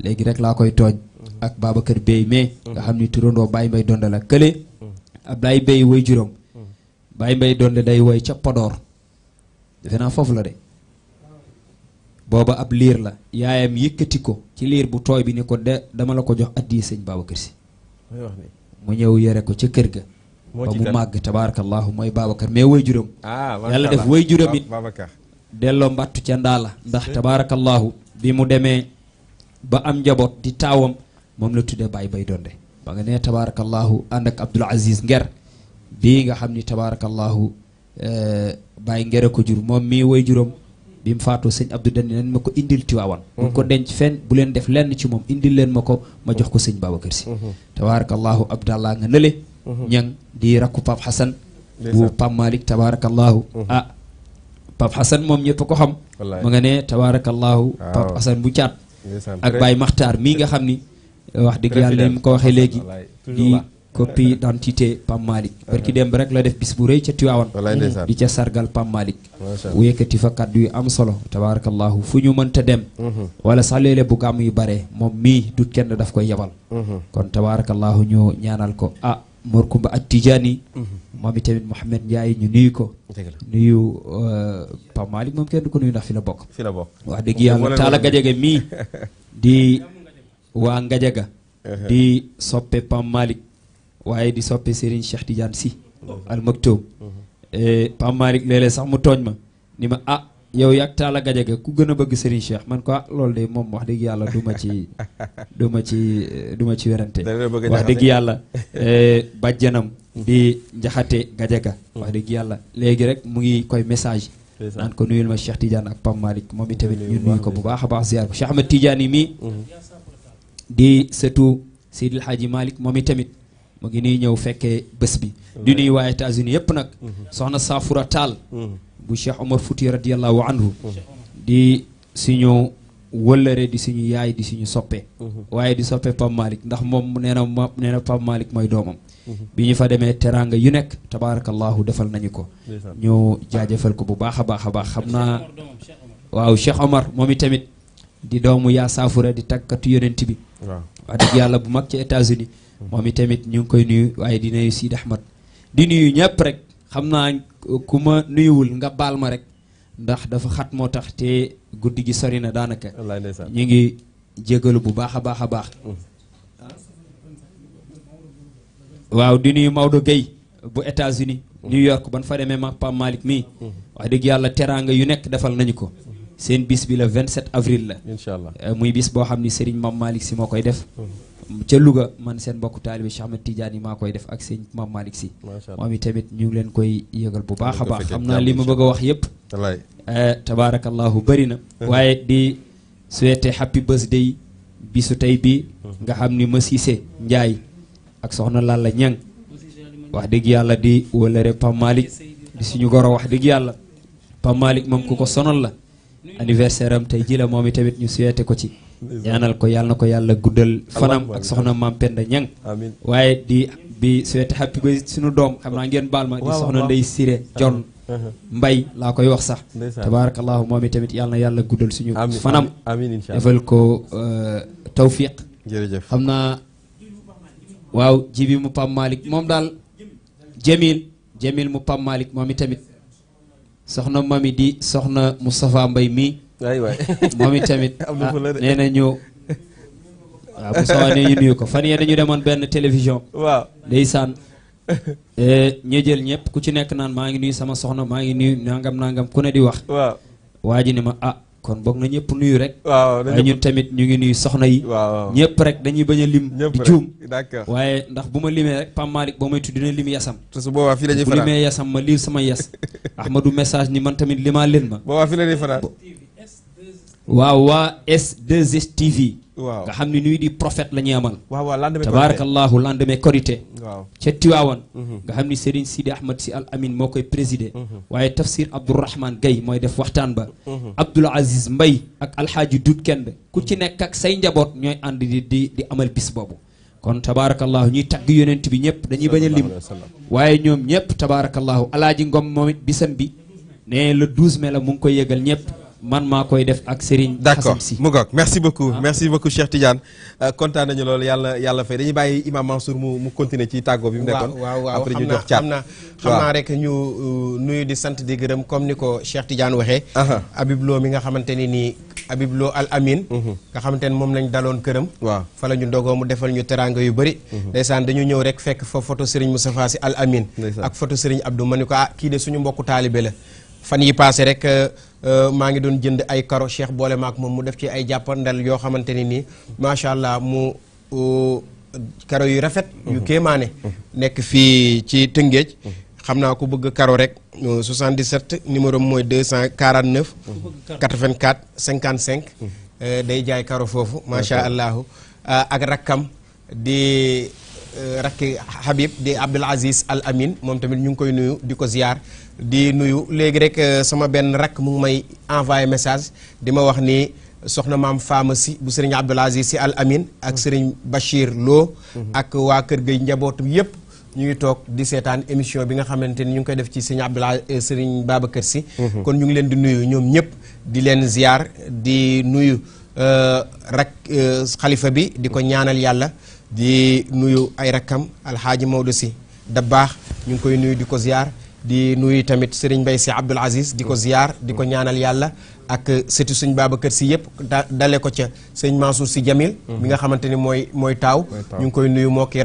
léegi rek laa koy tooj ak kër Bey mais nga xam ni turandoo baay mbay donda la kële Ablaye Bey way juróom baay mbay donda day woy ca Podor defe naa foofu la de booba ab liir la yaayam yëkkati ko ci liir bu tooy bi ni ko de dama la ko jox addi sëñ Babacar si mu ñëw yore ko ca kër ga ba mu màgg tabaarakallahu mooy Babacar mais way juróom ah, yàlla def way juram it delloo mbàttu ca ndaa la ndax tabaarakallahu bi mu demee ba am njaboot di taawam moom la tuddee Baye Bay Donde ba nga nee tabaarakallahu ànd ak Abdoul Aziz Nger bi nga xam ni tabaarakallahu eh, Baye Ngere ko jur moom mii way juram Bim fatu seigne Abdou den len mako indil Tiwaawan. Mhm. bu ko denc fen bu len def len ci mom indil len mako ma jox ko seigne babakar si. Mhm. tabarakallah Abdallah nga nele mhm. ñang di rakku pap hasan bu pap malik tabarakallah ah pap hasan mom ñepp ko xam. ma nga ne tabarakallah pap hasan bu ciat ak Baye Makhtar mi nga xamni wax deug yalla lim ko waxe legi Kopi dan Pam pamalik barki dem rek la def bis bu rëy ci tiwawon di ci sargal Pam malik wu yekati fa kaddu yu am solo tabarakallahu fu ñu mënta dem wala salele bu gam yu bare mom mi du kenn daf koy yabal kon tabarakallahu ñu ñaanal ko ah Mor Kumba mhm. Mami Tijaani moom itamit Ndiaye ñu nuyu ko nuyu eh, Pam malik mom kenn du ko nuyu ndax fi la bok fi la bok wax gajege mi [LAUGHS] di wa ngajega di soppe Pam malik waaye di soppe Serigne Cheikh Tidiane Sy al Maktoum eh, Pape Malick léeg-léeg sax mu tooñ ma ni ma ah yow yàgg Talla Gadiaga ku gën a bëgg Serigne Cheikh man ko ah loolu de moom wax dëgg yàlla duma ci du ma ci du ma ci werante wax dëgg yàlla eh, bàjjanam di njaxate Gadiaga wax dëgg yàlla léegi rek mu ngi koy message naan ko nuyul ma Cheikh Tidiane ak Pape Malick moom itamit ñu nuyu ko bu baax a baax ziar ko Cheikh Ahmed Tidiane yi mii di sëtu Seydil Hadji Malick moom itamit mu ngi nii ñëw fekkee bés bi di nuyu waa États-Unis yëpp nag soxna Saafura Taal bu Cheikh Omar Fouti radiallahu anhu di suñu wëllëre di suñu yaay di suñu soppee waaye di soppe Pape Malick ndax moom nee na malik mooy doomam bi ñu fa demee teraanga yu nekk tabaarakallahu defal nañu ko ñu jaajëfal ko bu baax a baax a baax xam naa waaw Cheikh Omar moom itamit di doomu yaa saafura di tàkkatu yonent bi wax dëgg yàlla bu mag ci États-Unis moom itamit ñu ngi koy nuyu waaye dina nuyu Sidi Ahmad di nuyu ñëpp rek xam naa ku ma nuyuwul nga baal ma rek ndax dafa xat moo tax te guddi gi sori na daanaka. ñu ngi jégalu bu baax a baax a baax. Mm. waaw di nuyu Maodo Gueye bu États-Unis mm. New York ban fa demee ma Pam Malick mii. Mm. wax dëgg yàlla teraanga yu nekk defal nañu ko. seen bis bi la 27 avril la. incha allah muy bis boo xam ni Serigne Mame Malick si moo koy def. ca Louga man seen mbokk taalibe Cheikh Ahmed Tidiane yi maa koy def ak sëñ Mame si Sy moom i tamit ñu ngi leen koy yëgal bu baax a baax xam naa li ma bëgg a wax yëpp eh, tabaarakallahu bëri na waaye di souhaiter happy birthday bisu tey bi nga xam ni Massise Ndiaye ak soxna Lalla wax dëgg yàlla di walëre Pam Malick goro wax dëgg yàlla Pam Malick moom ku ko sonal la anniversaire am tey ji la moom i tamit ñu souhaiter ko ci ñaanal ko yàlla na ko yàlla guddal fanam ak soxna maam Penda Ñang waaye di bi souhaité happy ba suñu doom xam naa ngeen baal ma di soxna Ndey Siré Jon Mbay laa koy wax sax tabaarakallaahu moom i tamit yàlla yàlla guddal suñu fanam defal ko euh, tawfiq jërëjëf xam naa waaw jibi mu Pam Malick moom daal Jamil Jamil mu Pam Malick moom i tamit soxna mami di soxna Moustapha Mbay mii waay [LAUGHS] waay moom it tamit [LAUGHS] ah, nee na ñu waaw bu sawa ne ñu nuyu ko fan yee ñu demoon benn télévision waaw ndeysaan [LAUGHS] eh, ñi jël ñëpp ku ci nekk naan maa ngi nuyu sama soxna maa ngi nuyu nangam nangam ku ne di wax waaw waa ji ni ma ah kon boog na ñëpp nuyu rek waaye tamit ñu ngi nuyu soxna yi ñëpp rek dañuy bañ a lim di juum waaye ndax bu ma limee rek Pape Malick boo may tudd dina lim yasam te su boobaa fii la ñuy fanaan bu limee yasam ma lim sama yas Ahmadou message ni man tamit limaa ma boobaa waaw waa S2STV. waaw nga xam ni nuy di profet la ñuy amal. waaw waaw lendemain tabaarakallaahu lendemain korité. waaw ca Tiwaawan. Mhm. nga xam ni Serigne Sidi Ahmed si al Amin moo koy présider. Mhm. waaye tafsir Abdourahman Gaye mooy def waxtaan ba. Mhm. Abdoul Aziz Mbay ak Alxaaji Dut Kende ku ci nekk ak say njaboot ñooy ànd di di amal bis boobu. kon tabaarakallaahu ñuy tagg yonent bi ñëpp dañuy bañ a lim. waaye ñoom ñëpp tabaarakallaahu Alaaji Ngom moom it bisam bi. ne le 12 mai la mu ngi koy yëgal ñëpp. man maa koy def ak Serigne. d'accord mu goog merci beaucoup ah. merci beaucoup Cheikh Tidiane euh, kontaan nañu loolu yàlla yàlla fay dañuy bàyyi Imam Mansour mu mu continuer ci tàggoo bi mu nekkoon. waaw waaw après ñu jox caat xam naa xam naa rek ñu euh, nuyu di sant di gërëm comme ni ko Cheikh Tidiane waxee. Habib Lo mi nga xamante ni nii Habib Lo Al Amin. Mhm. nga xamante ni moom lañ daloon këram. waaw fa la ñu dogoo mu defal ñu teranga yu bëri. Mhm. ndeysaan dañu ñëw rek fekk fa photo Serigne Moustapha Sy Al Amin. ak photo Serigne Abdou ma ni ko ah kii de suñu mbokku taalibe la fan yi passé rek. Euh, Euh, maa ngi doon jënd ay karo cheikh boole ak moom mu def ci ay jàppandal yoo xamante ne nii macha allah mu karo yu rafet. yu kéemaane. nekk fii ci Tëngéej. xam naa ko bëgg karo rek 77 numéro mooy cent 249. cinquante 55. day jaay karo foofu macha allah euh, ak rakkam di euh, rakki Habib di Abdul Aziz Al Amin moom tamit ñu ngi koy nuyu di ko ziar. di nuyu léegi rek euh, sama benn rakk mu ngi may envoyé message di ma wax ni soxna maam Fama si bu sëriñ Abdoul Aziz si Al Amin ak mm-hmm. sëriñ Bachir loo mm-hmm. ak waa kër gay njabootu yëpp. ñu ngi toog di seetaan émission bi nga xamante ni ñu ngi koy def ci sëriñ Abdoulaye euh, sëriñ Babacar si. Mm-hmm. kon ñu ngi leen di nuyu ñoom ñëpp di leen ziar di nuyu euh, rak xalifa bi di ko ñaanal yàlla di nuyu ay rakkam alxaaji Maodo si da baax ñu ngi koy nuyu di ko ziar. di nuyu tamit Serigne mbay si abdul Aziz di koziar mm. ziar di mm. ñaanal yalla ak setu serigne Babacar Sy yëpp da dale ko ci serigne Mansour si Jamil mm-hmm. mi nga xamanteni moy moy taw ñu koy nuyu moo ki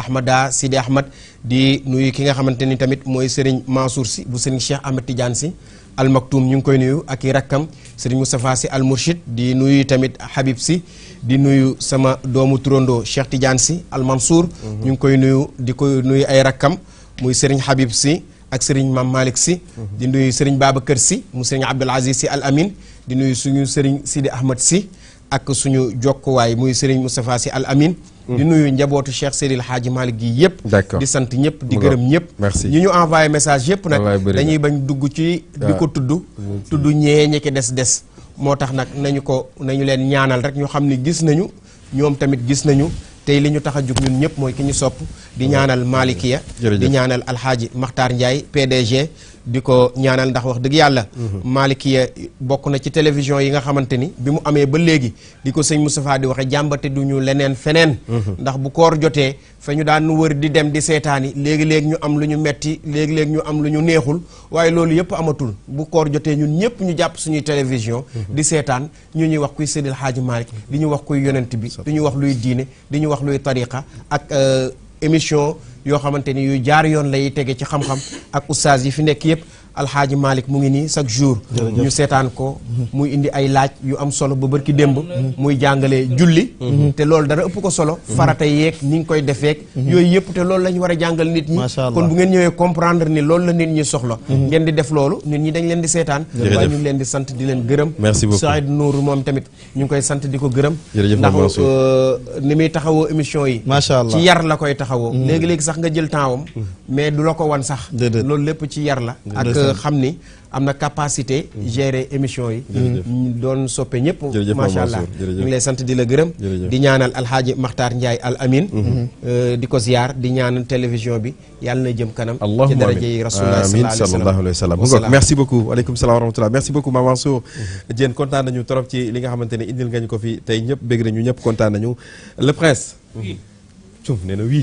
Ahmada Sidi Ahmad di nuyu ki nga xamanteni tamit moy Serigne Mansour si bu Serigne Cheikh Ahmed Tidiane si al maktum ñu koy nuyu ak i rakkam sëriñ si al murshid di nuyu tamit Habib si di nuyu sama doomu turandoo Cheikh Tidiane si al Mansour. Mm-hmm. ñu koy nuyu di koy nuyu ay rakam muy serigne Habib si. ak sëriñ Maam Malick si mhm. di nuyu sëriñ kër si mu sëriñ Abdoul Aziz si Al Amin di nuyu suñu sëriñ Sidi Ahmad si ak suñu jokkuwaay muy sëriñ Moustapha si Al Amin di mhm. nuyu njabootu Cheikh Seydil Hadji Malick gi yëpp di sant ñëpp di gërëm ñëpp ñu ñu envoyé message yëpp nag dañuy bañ dugg ci di ko ah. tudd tudd ñee ñi ki des des moo tax nag nañu ko nañu leen ñaanal rek ñu xam ni gis nañu ñoom tamit gis nañu tey li ñu tax a jug ñun ñëpp mooy ki ñu sopp di ñaanal Malikiya di ñaanal Alxaaji Maxtaar Ndiaye PDG di ko ñaanal ndax wax dëgg yàlla mhm. Malikia bokk na ci télévision yi nga xamante ni bi mu amee ba léegi di ko sëñ Moustapha di waxe jàmbate du ñu leneen feneen mhm. ndax bu koor jotee fa ñu daan wër di dem di seetaani léegi-léegi ñu am lu ñu metti léegi-léegi ñu am lu ñu neexul waaye loolu yëpp amatul bu koor jotee ñun ñëpp ñu jàpp suñuy télévision mhm. di seetaan ñu ñuy wax kuy Seydil Hadji Malick di ñu wax kuy yonent bi di ñu wax luy diine di ñu wax luy tariqa ak euh, émission yoo xamante ni yu jaar yoon lay tege ci xam-xam ak ustaas yi fi nekk yëpp alxaaji Malick mu ngi nii chaque jour ñu seetaan ko muy indi ay laaj yu am solo ba bërki démb muy jàngale julli te loolu dara ëpp ko solo farata yeeg ni nga koy defeek yooyu yëpp te loolu lañ war a jàngal nit ñi kon bu ngeen ñëwee comprendre ni loolu la nit ñi soxla ngeen di def loolu nit ñi dañ leen di seetaan waaye ñu ngi leen di sant di leen gërëm merci beaucoup Saïd Nour moom tamit ñu ngi koy sant di ko gërëm ndax euh, ni muy taxawoo émission yi macha allah ci yar la koy taxawoo mm. léegi-léegi sax nga jël temps wam mm. mais du la ko wan sax loolu lépp ci yar la xamni amna capacité gérer émission yi doon soppé ñep machallah ñu ngi lay sant di la gërëm di ñaanal alxaaji Maxtaar ndjay al amin mhm. euh, di ko ziar di ñaan télévision bi yalla na jëm kanam ci daraje yi rasulullah sallallahu alayhi wa sallam merci beaucoup wa aleykum salaam wa rahmatullah merci beaucoup Mame Mansour jeen kontaan nañu torop ci li nga xamante ne indil nga ko fi tay ñep bégg nañu ñep kontaan nañu le prince cum nee wi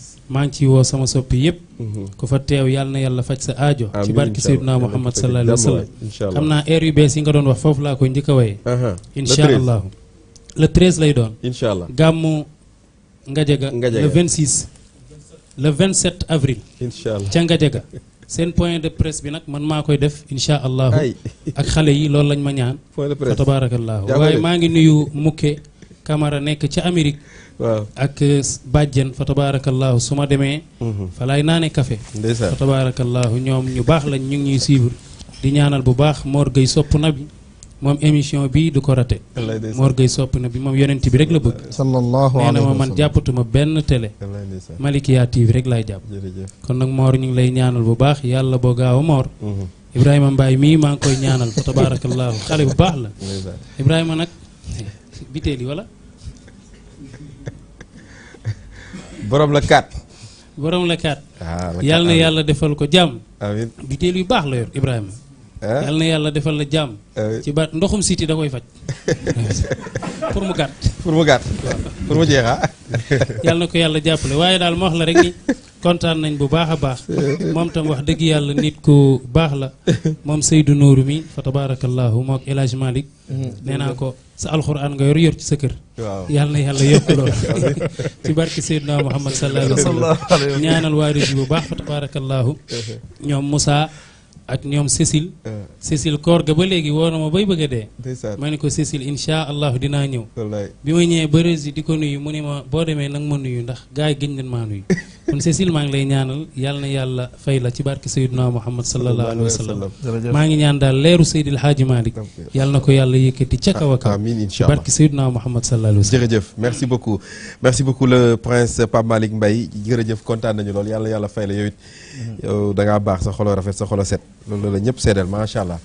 maa ngi ciy woo sama soppi yëpp mhm. ku fa teew yàlla na yàlla faj sa aajo ci barki sayyidina Muhammad sallallahu alayhi wa sallam xam naa heure yu bees yi nga doon wax foofu laa koy njëkk a waye incha allahu le 13 lay doon incha allah gàmmu Ngadiaga le 26 le 27 avril incha allah ca Ngadiaga seen point de presse bi nag man maa koy def incha allahu ak xale yi loolu lañ ma ñaan fa tabarakallahu waaye maa ngi nuyu mukke Camara nekk ca Amérique waaw ak bàjjen fa tabaarakallaahu su ma demee mhm. fa naa ne café fa tabaarakallaahu ñoom ñu baax lañ ñu ngi ñuy suivre di ñaanal bu baax moor Gueye sopp na bi moom émission bii du ko raté Mor Gueye sopp na bi moom yonent bi rek la bëgg sallallahu nee na man jàppatuma benn télé Malikia rek laay jàpp kon nag Mor ñu ngi lay ñaanal bu baax yàlla boo gaaw a Mor mhm. Ibrahima Mbaye mii maa ngi koy ñaanal fa tabaarakallaahu xale bu baax la Ibrahima nag biteel yi wala boroom la kaat borom la ah, yàlla na yàlla defal ko jàmm amiin butéel yu baax la yor Ibrahima ah? yàlla na yàlla defal la jàmm ci baat ndoxum siti da koy faj [LAUGHS] pour mu gàtt pour mu jeexa ah. [LAUGHS] yàlla na ko yàlla jàppale waaye daal ma wax la rek ni kontaan nañ bu baax a baax moom tam wax dëgg yàlla nit ku baax la moom Seydou Nourou mi fa tabaarakallaahu mook El Hadj Malick mm-hmm. nee naa ko sa alxuraan nga yor yor ci sa kër. waaw yàlla na yàlla yokk lool [LAUGHS] [LAUGHS] ci barke Seydina Muhammad sallallahu alayhi wa ñaanal waaris yi baax fa tabaarakallaahu [LAUGHS] ñoom Moussa. ak ñoom Cécile. Eh. Cécile koor ga ba léegi woo na ma bay bëgg a dee. ma ne ko Cécile incha allah dinaa ñëw. bi ma ñëwee ba Rési di ko nuyu mu ne ma boo demee nag ma nuyu ndax gars yi gëj nañ maa nuyu. [LAUGHS] kon Cécile maa ngi lay ñaanal yal na yàlla fay la ci barke Seydina Muhammad sallallahu alayhi wa sallam. maa ngi ñaan daal leeru Seydil Hadji Malick. yal na ko yàlla yëkkati ca kaw a kaw. amiin incha allah barke Seydina Muhammad sallallahu alayhi wa merci beaucoup merci beaucoup le prince Pape Malick Mbaye jërëjëf kontaan nañu lool yàlla yàlla fay la yow yow da ngaa baax sa xolo rafet sa xolo set loolu la ñëpp seedeel macha allah.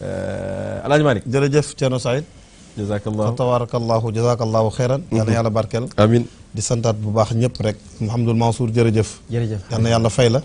Euh, Alaaji Malick jërëjëf Thierno Saïd. jazakallahu tabaarakallahu jazakallahu xeeran mhm. yal na yàlla barkeel amin di santaat bu baax ñëpp rek Mouhamadul Mansour jërëjëf jërëjëf yal na yàlla fay la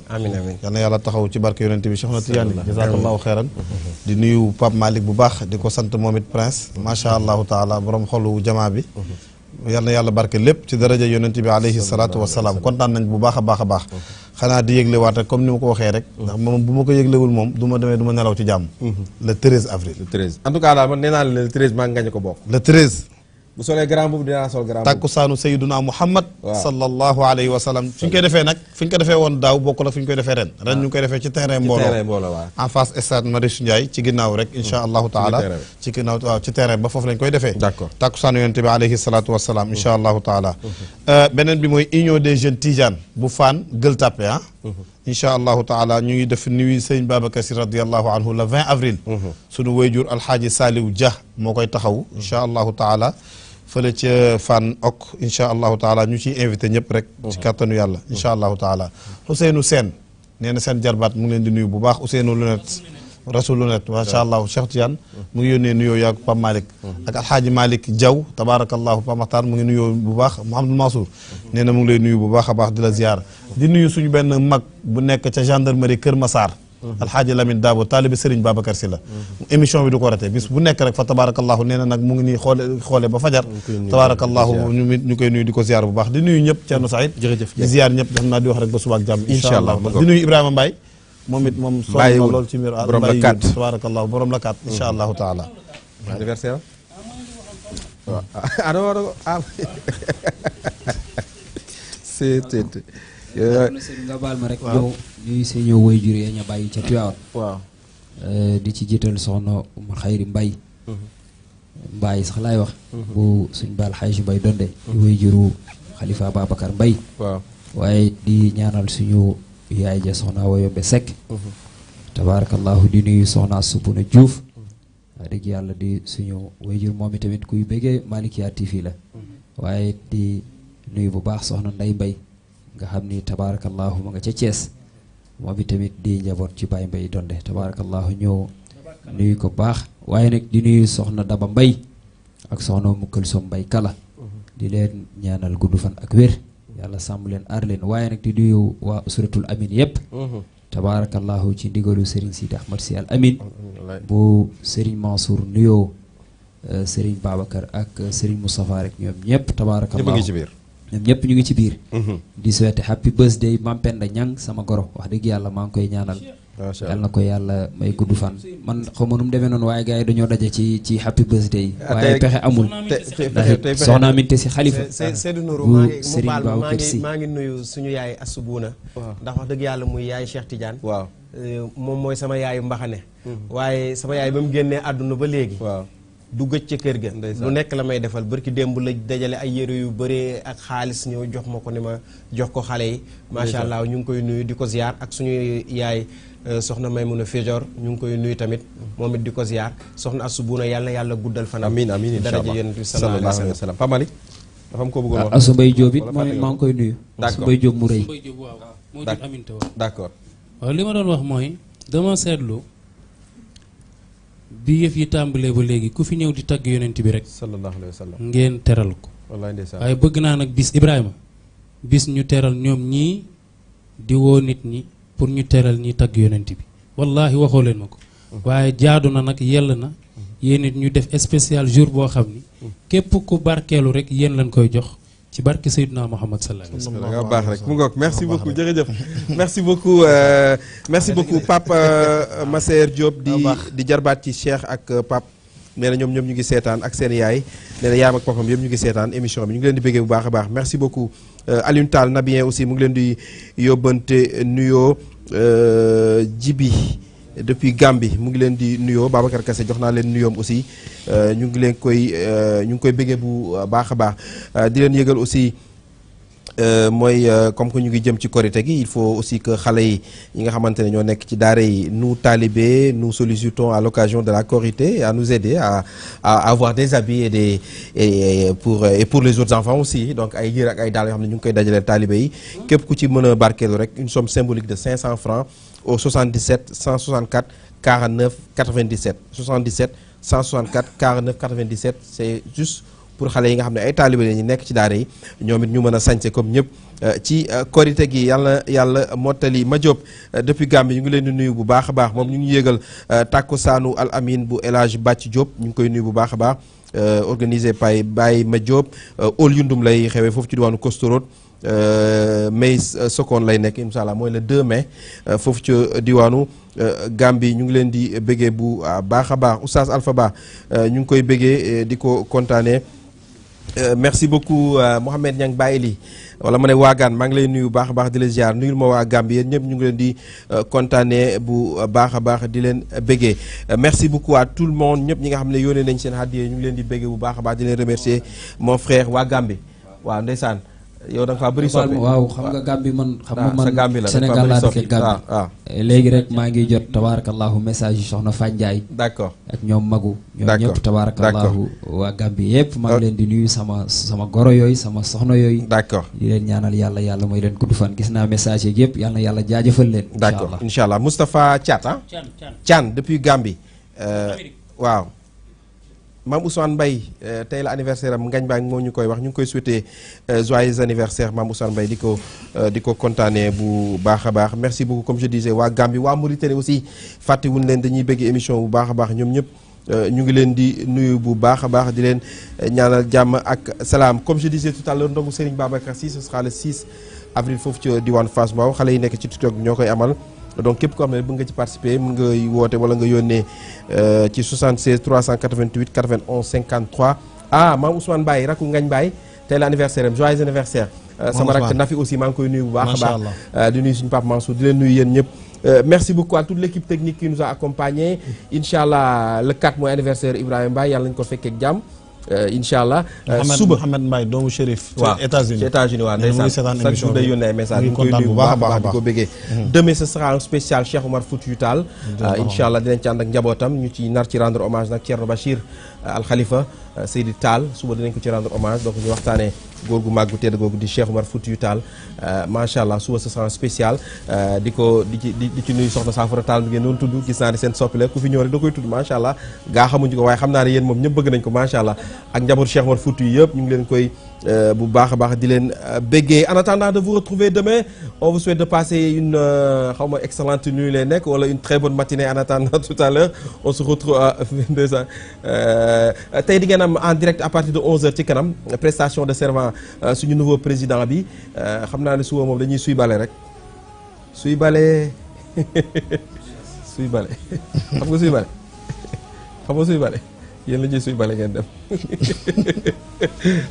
na yàlla taxaw ci barke yonente bi Cheikh na Tidiane jazakallahu xeeran mhm. di nuyu Pape Malick bu baax di ko sant moom it prince macha allahu taala borom xolu jamaa bi mhm. yal na yàlla barke lépp ci daraja yonente bi alayhi salaatu wasalaam kontaan nañ bu baax a baax a xanaa di yëglewaat rek comme ni ma ko waxee rek. ndax moom bu ma ko yëglewul moom du ma demee du ma ci jàmm. Mhm. le 13 avril. le 13 en daal man nee naa le maa ngi gañ ko bokk. le 13. bu solee grand boobu dinaa sol grand tàkkusaanu sayyiduna muhammad sallallahu alayhi wa sallam fi ñu koy defee nag fi ñu ko defee woon daaw bokk la fi ñu koy defee ren ren ñu ngi koy defee ci terrain mbooloo en face stade Marius Ndiaye ci ginnaaw rek insha allahu taala ci ginnaaw waaw ci terrain ba foofu lañ koy defee d'accord tàkkusaanu yonent bi alayhi salatu wasalaam insha allahu taala beneen bi mooy union des jeunes tidiane bu Fann Gueule Tapée ah incha allahu taala ñu ngi def nuyu sëñ Babacar si radiallahu anhu le 20 avril sunu wayjur alxaaji Saliou Dia moo koy taxaw incha allahu taala fële ca Fann ok incha allahu taala ñu ci invité ñëpp rek. Mhm. ci kàttanu yàlla mhm. incha allahu taala. Ousseynou Sène nee na seen jarbaat mu ngi leen di nuyu bu baax Ousseynou Lunette rasul Lunette macha allah Cheikh Tidiane mhm. mu ngi nee nuyoo yaag Pape Malick. ak alxaaji Malick Diaw tabaarakallahu Pape Makhtar mu ngi nuyoo bu baax Mouhamadou Mansour. nee na mu ngi lay nuyu bu baax a baax di la ziar. di nuyu suñu benn mag bu nekk ca gendarmerie Kër Massar. alxaaji Lamine Daabo taalibe Serigne Babacar Sylla émission bi du ko rate bis bu nekk rek fa tabarakallahu nee na nag mu ngi nii xoole xoole ba fajar tabarakallahu ñu ñu koy nuyu di ko ziar bu baax di nuyu ñëpp Thierno Saïd di ziar ñëpp xam naa di wax rek ba subaak jàmm incha allah di nuyu Ibrahima Mbaye moom it moom sonn na lool ci miir Mbaye tabarakallahu borom la kaat incha allahu taala anniversaire waaw ada war a si si nga baal ma rek yow yooyu see ñëw way jur yañ a bàyyi ca Tiwaawan waaw eh, di ci jiital soxna Umu Xayri Mbay mhm. Mbaay sax laay wax mhm. bu suñ baal xaaji Mbay donde di way juru Xalifa Babacar Mbay waaye di ñaanal suñu yaay ja soxna Woyombe Seck mhm. tabarakallahu di nuyu soxna Subuna Juuf yàlla di suñu wayjur moom itamit kuy bëggee Malikia TV la waaye di nuyu bu baax soxna Nday Mbay nga xam ni tabarakallahu ma nga ca Cees moom tamit di njaboot ci Baye Mbaye Donde tabaarakallaahu ñëw nuyu ko baax waaye nag di nuyu soxna Daba Mbay ak soxna Mukkal Som Mbay Kala di leen ñaanal gudd fan ak wér yàlla sàmm leen aar leen waaye nag di nuyu waa usratul amin yëpp mhm. tabaarakallaahu ci ndigalu Serigne Sidi Ahmad si al amin bu Serigne Mansour nuyoo euh, Serigne Babacar ak euh, Serigne Moustapha rek ñoom ñëpp tabaarakallaahu ñoom ñëpp ñu ngi ci biir. Mm-hmm. di souhaité happy birthday Mampenda Niang sama goro wax dëgg yàlla maa ngi koy ñaanal. macha na ko yàlla may gudd fan. man xaw ma nu mu demee noonu waaye gars yi dañoo daje ci ci happy birthday. Ah, waaye pexe amul. soxna Aminte si xalifa. Seydou Nourou maa ngi mu baal maa ngi maa ngi nuyu suñu yaay Asubuna. ndax wax dëgg yàlla muy yaay Cheikh Tidiane. waaw euh, moom mooy sama yaayu mbaxane. Mm-hmm. waaye sama yaay ba mu génnee àdduna ba léegi. du gëj ca kër ga lu nekk la may defal barki démb la dajale ay yére yu bëree ak xaalis ñëw jox ma ko ni ma jox ko xale yi macha allah ñu ngi koy nuyu di ko ziar ak suñu yaay euh, soxna Maymuna Féjor ñu ngi koy nuyu tamit moom it di ko ziar soxna Asubuna yàlla na yàlla guddal fanam amiin amiin daraja yonent bi sallallahu alayhi wa sallam Pamali dafa am koo bëggoon wax ah, Asubay bay it moom it maa ngi koy nuyu Asubay Jóob mu rëy d'accord waaw li ma doon wax mooy dama seetlu bi yëf yi tàmbalee ba léegi ku fi ñëw di tagg yonent bi rek. sallallahu alayhi wa sallam ngeen teral ko. wallaay ndeysaan waaye bëgg naa nag bis Ibrahima bis ñu teral ñoom ñii di woo nit ñi pour ñu teral ñi tagg yonent bi wallahi waxoo leen ma ko. waaye jaadu na nag yell na. Mhm. yéen it ñu def spécial jour boo xam ni. Mhm. képp ku barkeelu rek yéen lañ koy jox. ci barke Seydina Mohamed Salah. da nga baax rek mu ngoog merci beaucoup jërëjëf. [LAUGHS] merci beaucoup euh, merci beaucoup Pape euh, Massaer job di di jarbat ci Cheikh ak euh, Pape. nee ñom ñom ñu ngi sétane ak seen yaay nee na yaam ak papam yëm ñu ngi sétane émission bi ñu ngi leen di bëggee bu baax baax merci beaucoup Alioune Tall Nabien aussi mu ngi leen di yobante nuyo euh Jibi depuis Gambie mu ngi leen di nuyo Babacar kasse jox naa leen aussi euh, ñu ngi len koy euh, ñu ngi koy bëggee bu baax baax euh, di len yëgal aussi. Euh, moy comme que ñu ngi jëm ci korite gi il faut aussi que xalé yi yi nga xamante ñoo ci daara yi nous Talibé, nous sollicitons à l'occasion de la korité à nous aider à, à avoir des habits et des et, pour et pour les autres enfants aussi donc ay yër ak ay dal ñu ngi koy dajalé talibé yi képp ku ci mëna barké barkeelu rek une somme symbolique de 500 francs au 77 164 49 97 77 164 49 97 c'est juste pour xale yi nga xam ay taalibe la ñu euh, ci comme nous ci korite gi yalla yalla motali ma euh, depuis Gambie ñu ngi leen nuyu bu baax ñu ngi euh, al amin bu nous ñu koy nuyu bu organisé pay bay ma yundum lay euh, mais euh, Sokone lay nek inshallah moy le 2 mai euh, fofu ci diwanu Gambie ñu ngi len di bëggee bu baax a baax Oustaz Alpha Ba ñu ngi koy bëggee diko ko merci beaucoup Mouhamed ñang bayili wala ma ne waagaan maa ngi lay nuyu baax a baax di la ziar nuyul ma wa Gambie ñepp ñu ngi len di kontaanee bu baax a baax di len bëggee merci beaucoup à tout le monde ñepp ñi nga xamné yone nañ seen hadiyé ñu ngi len di bëggee bu baax a baax di len remercier mon frère wa Gambie wa ndeysaan yow da nga faa bëri soppi waaw xam nga Gambie man xam nga ah, man Sénégal laa dëkkee Gambie ah, ah. eh, waaw léegi rek maa ngi jot tabarakallahu message yi soxna Fatou Ndiaye d'accord ak ñoom Magu ñoom ñëpp tabarakallahu waa Gambie yëpp maa leen di nuyu sama sama goro yooyu sama soxna yooyu d'accord di leen ñaanal yàlla yàlla mooy leen gudd fan gis naa message yeeg yëpp yal na yàlla jaajëfal leen d'accord incha allah Moustapha Thiat ah Thian depuis Gambie euh, waaw maam Ousmane Mbaye euh, tey la anniversaire am ngañ baa moo ñu koy wax ñu ngi koy souhaiter euh, joyeux anniversaire maam Ousmane mbay di ko euh, di ko kontaanee bu baax a baax merci beaucoup comme je disais waa Gambie waa Mauritanie aussi fàttewuñ leen dañuy bëgg émission bu baax a baax ñoom ñëpp ñu ngi leen di nuyu bu baax a baax di leen ñaanal jàmm ak salaam comme je disais tàll à l'heure ndogu Serigne Babacar Sy ce sera le 6 avril foofu ci diwaan Fass Mbaw xale yi nekk ci TikTok ñoo koy amal donc képp ko xam ne bëgg nga ci participer wala nga euh, ci 76 388 91 53 ah maam Ousmane Mbaye rakku Ngagne Mbaye tey l'anniversaire anniversaire joyeux anniversaire euh, sama rak Nafi aussi maa koy bu baax baax di merci beaucoup à toute l'équipe technique qui nous a accompagnés Inch'Allah, le 4 e anniversaire Ibrahim Bay yàlla nañu ko fekkee ak jàmm Euh, incha allah. Euh, suba Mouhamed Mbaye doomu Chérif. waa États-Unis États-Unis waaw ndeysaan chaque jour day yónnee ay message ñu koy nuyu bu baax a baax di ko bëggee demain ce sera un spécial Cheikh Omar Foutiyou Tall incha allah euh, dinañ ci ànd ak njabootam ñu ci nar ci rendre hommage nag Thierno Bachir alxalifa euh, Seydi taal suba dinañ ko ci rendre hommage donc ñu waxtaanee góor gu màgg gu tedd googu di Cheikh Oumar Foutiyou Tall euh, macha allah suba sa sens spécial euh, di ko di ci di ci nuyu soxna Saafara Tall bi ngeen doon tudd gis naa ne seen soppi ku fi ñëw rek da koy tudd macha allah gaa xamuñu ko waaye xam naa ne yéen moom ñëpp bëgg nañ ko macha allah ak njabootu Cheikh Oumar Foutiyou yëpp ñu ngi leen koy Euh, bu baax Dylan euh, en attendant de vous retrouver demain on vous souhaite de passer une euh, excellente nuit les a une très bonne matinée en attendant [LAUGHS] tout à l'heure on se retrouve à 22h [LAUGHS] en direct à partir de 11h prestation de sur le nouveau président bi je sais que vous dañuy suy suis rek suy Suis [LAUGHS] suy bale suis balé. [LAUGHS]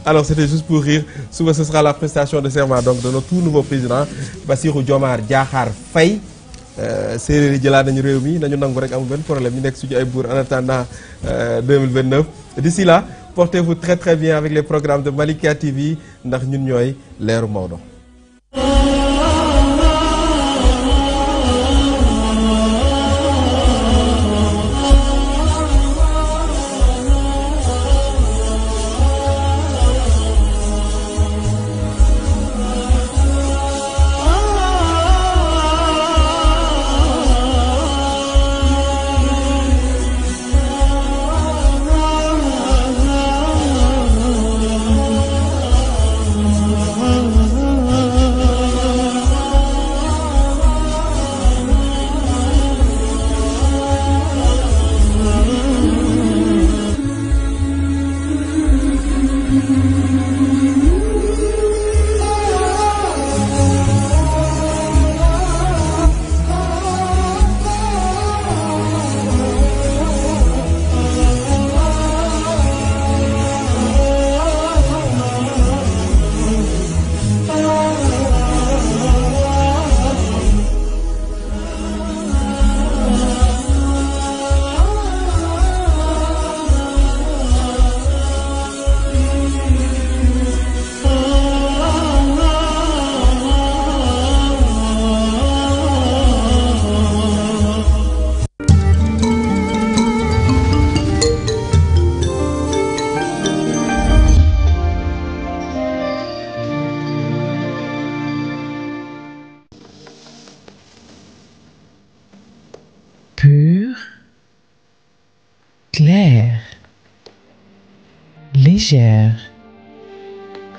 alors c'était juste pour rire Souvent ce sera la prestation de serment donc de notre tout nouveau président Bassirou Diomar Diakhar Faye C'est euh, le jëlaat nañu Nous mi nañu nangu rek problème ñu nekk suñu ay en attendant 2029 euh, d'ici là portez-vous très très bien avec les programmes de Malika TV ndax ñun ñooy l'air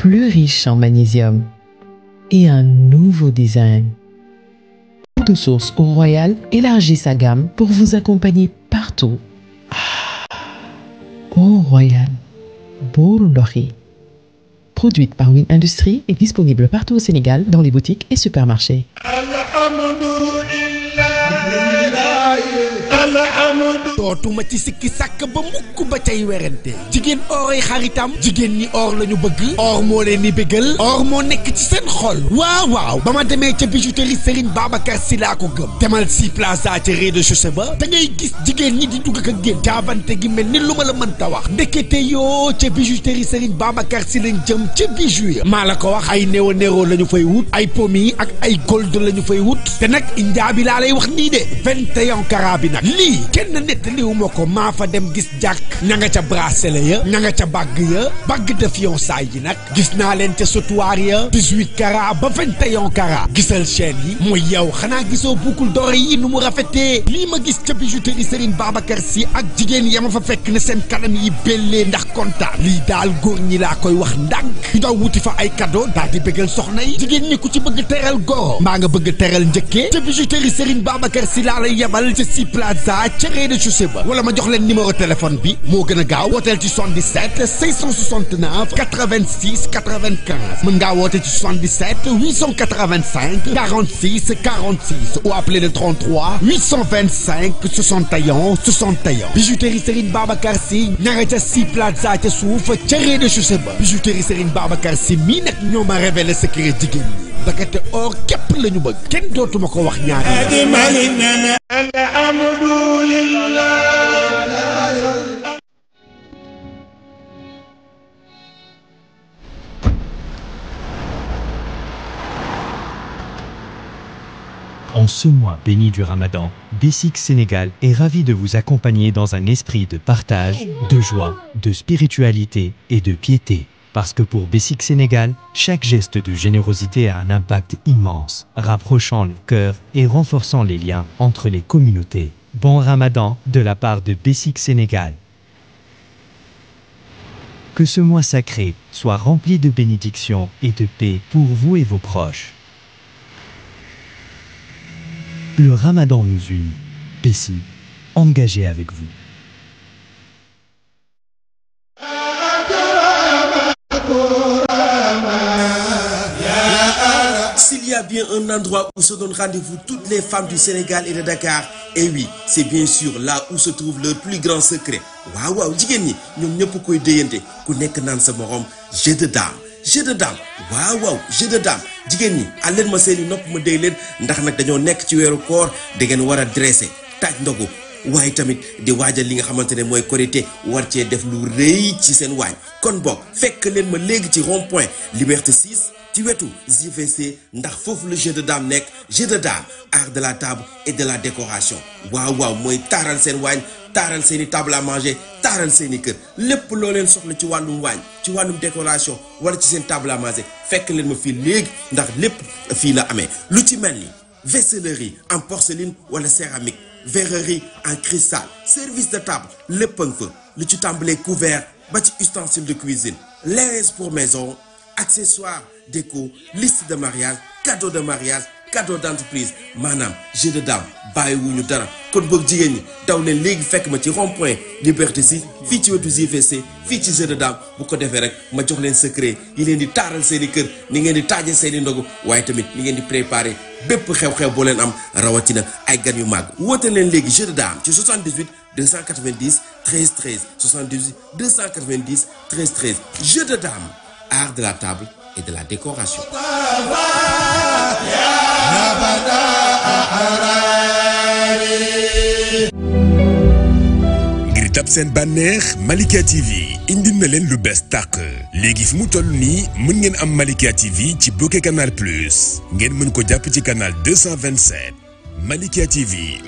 plus riche en magnésium et un nouveau design. de source au Royal élargit sa gamme pour vous accompagner partout. Eau ah, Royal Borulori. Produite par Win Industries et disponible partout au Sénégal dans les boutiques et supermarchés dootuma ci sikki sàkk ba mukk ba cay werante jigéen or xaritam jigéen ñi or lañu bëgg or moo leen ni bëggal or moo nekk ci seen xol waaw waaw ba ma demee ca bijouterie Serigne Babacar si laa ko gëm demal si plaza ca rez-de-chaussée ba da ngay gis jigéen ñi di dugg ak a génn jaabante gi mel ni lu ma la mënta wax ndekete yoo ca bijouterie Serigne Babacar si lañ jëm ca bijou ya maa la ko wax ay néo néro lañu fay wut ay pomi ak ay gold lañu fay wut te nag injaa bi laa lay wax nii de 21 carat bi nag lii kenn nett indiwuma ko maa fa dem gis jàkk ña nga ca bracelet ya ña nga ca bàgg ya bàgg de fiançailles yi nag gis naa leen ca sautoir ya 18 carats ba 21 carats gisal chaîne yi mooy yow xanaa gisoo boucle d'oreille yi nu mu rafetee lii ma gis ca bijouterie Serigne Babacar si ak jigéen yama fa fekk ne seen kanam yi bellee ndax kontaan lii daal góor ñi laa koy wax ndànk ñu wuti fa ay cadeau daal di bëggal soxna yi jigéen ñi ku ci bëgg teral goro mbaa nga bëgg teral njëkkee ca bijouterie Serigne Babacar Sy laa Voilà, je wala ma jox le numéro téléphone bi mo gëna gaaw 77 569 86 95 mën nga woté ci 77 885 46 46 ou appeler le 33 825 61 61 bijouterie Sérine Babacar Sy N'arrêtez si plaza ca suuf de chaussée bijouterie Sérine Babacar Sy ma révélé secret en ce mois béni du Ramadan, Bessic Sénégal est ravi de vous accompagner dans un esprit de partage, de joie, de spiritualité et de piété. Parce que pour Bessic Sénégal, chaque geste de générosité a un impact immense, rapprochant le cœur et renforçant les liens entre les communautés. Bon ramadan de la part de Bessic Sénégal. Que ce mois sacré soit rempli de bénédictions et de paix pour vous et vos proches. Le ramadan nous unit. Bessie, engagé avec vous. y a bien un endroit où se donnent rendez-vous toutes les femmes du Sénégal et de Dakar et oui c'est bien sûr là où se trouve leur plus grand secret Waouh, waouh, jigéen ni, ñoom ñëpp koy déyante ku nekk naan sa morom jeu de dame jeu de dame waouh waouh, jeu de dame jigéen ñi àlleen ma seen i nopp ma déy leen ndax nag dañoo nekk ci weeru koor da ngeen war a dressé taaj ndogu tamit di waajal li nga xamante moy korité war ci def lu reuy ci sen waañ kon bok fekk len ma léegi ci rond point liberté 6 ci wetu JVC ndax foofu le jeu de dame nek jeu de dame art de la table et de la décoration waaw waaw moy taral sen wagne taral sen i table à manger taral sen i kër lépp loo leen soxla ci walum wagne ci walum décoration wala ci sen table à manger fekk len ma fi léegi ndax lepp fi la amé lu ci melni ni en porcelaine wala céramique verrerie en cristal service de table lepp a ngi fa lu ci tàmbalee couvert bâti ustensiles de cuisine linge pour maison accessoires déco liste de mariage cadeaux de mariage cadeaux d'entreprise manam jeu de dame bàyyiwuñu dara kon bok jigéen ñi daw leen léegi fekk ma ci rond point liberté si fii ci wetu JVC fii ci de dame bu ko defee rek ma jox leen secret il leen di taral seen i kër ni ngen di taaje seen ndogu waaye tamit ni ngen di préparer bépp xew-xew bo len am rawatina ay gan yu mag wote len léegi jeu de dame ci 78 290 13 13 78 290 13 13 jeu de dames art de la table et de la décoration ngir banner Malika TV indil na bestac lu bees tak mu toll am Malika TV ci bloqué canal plus ngeen ko ci canal 227 Malika TV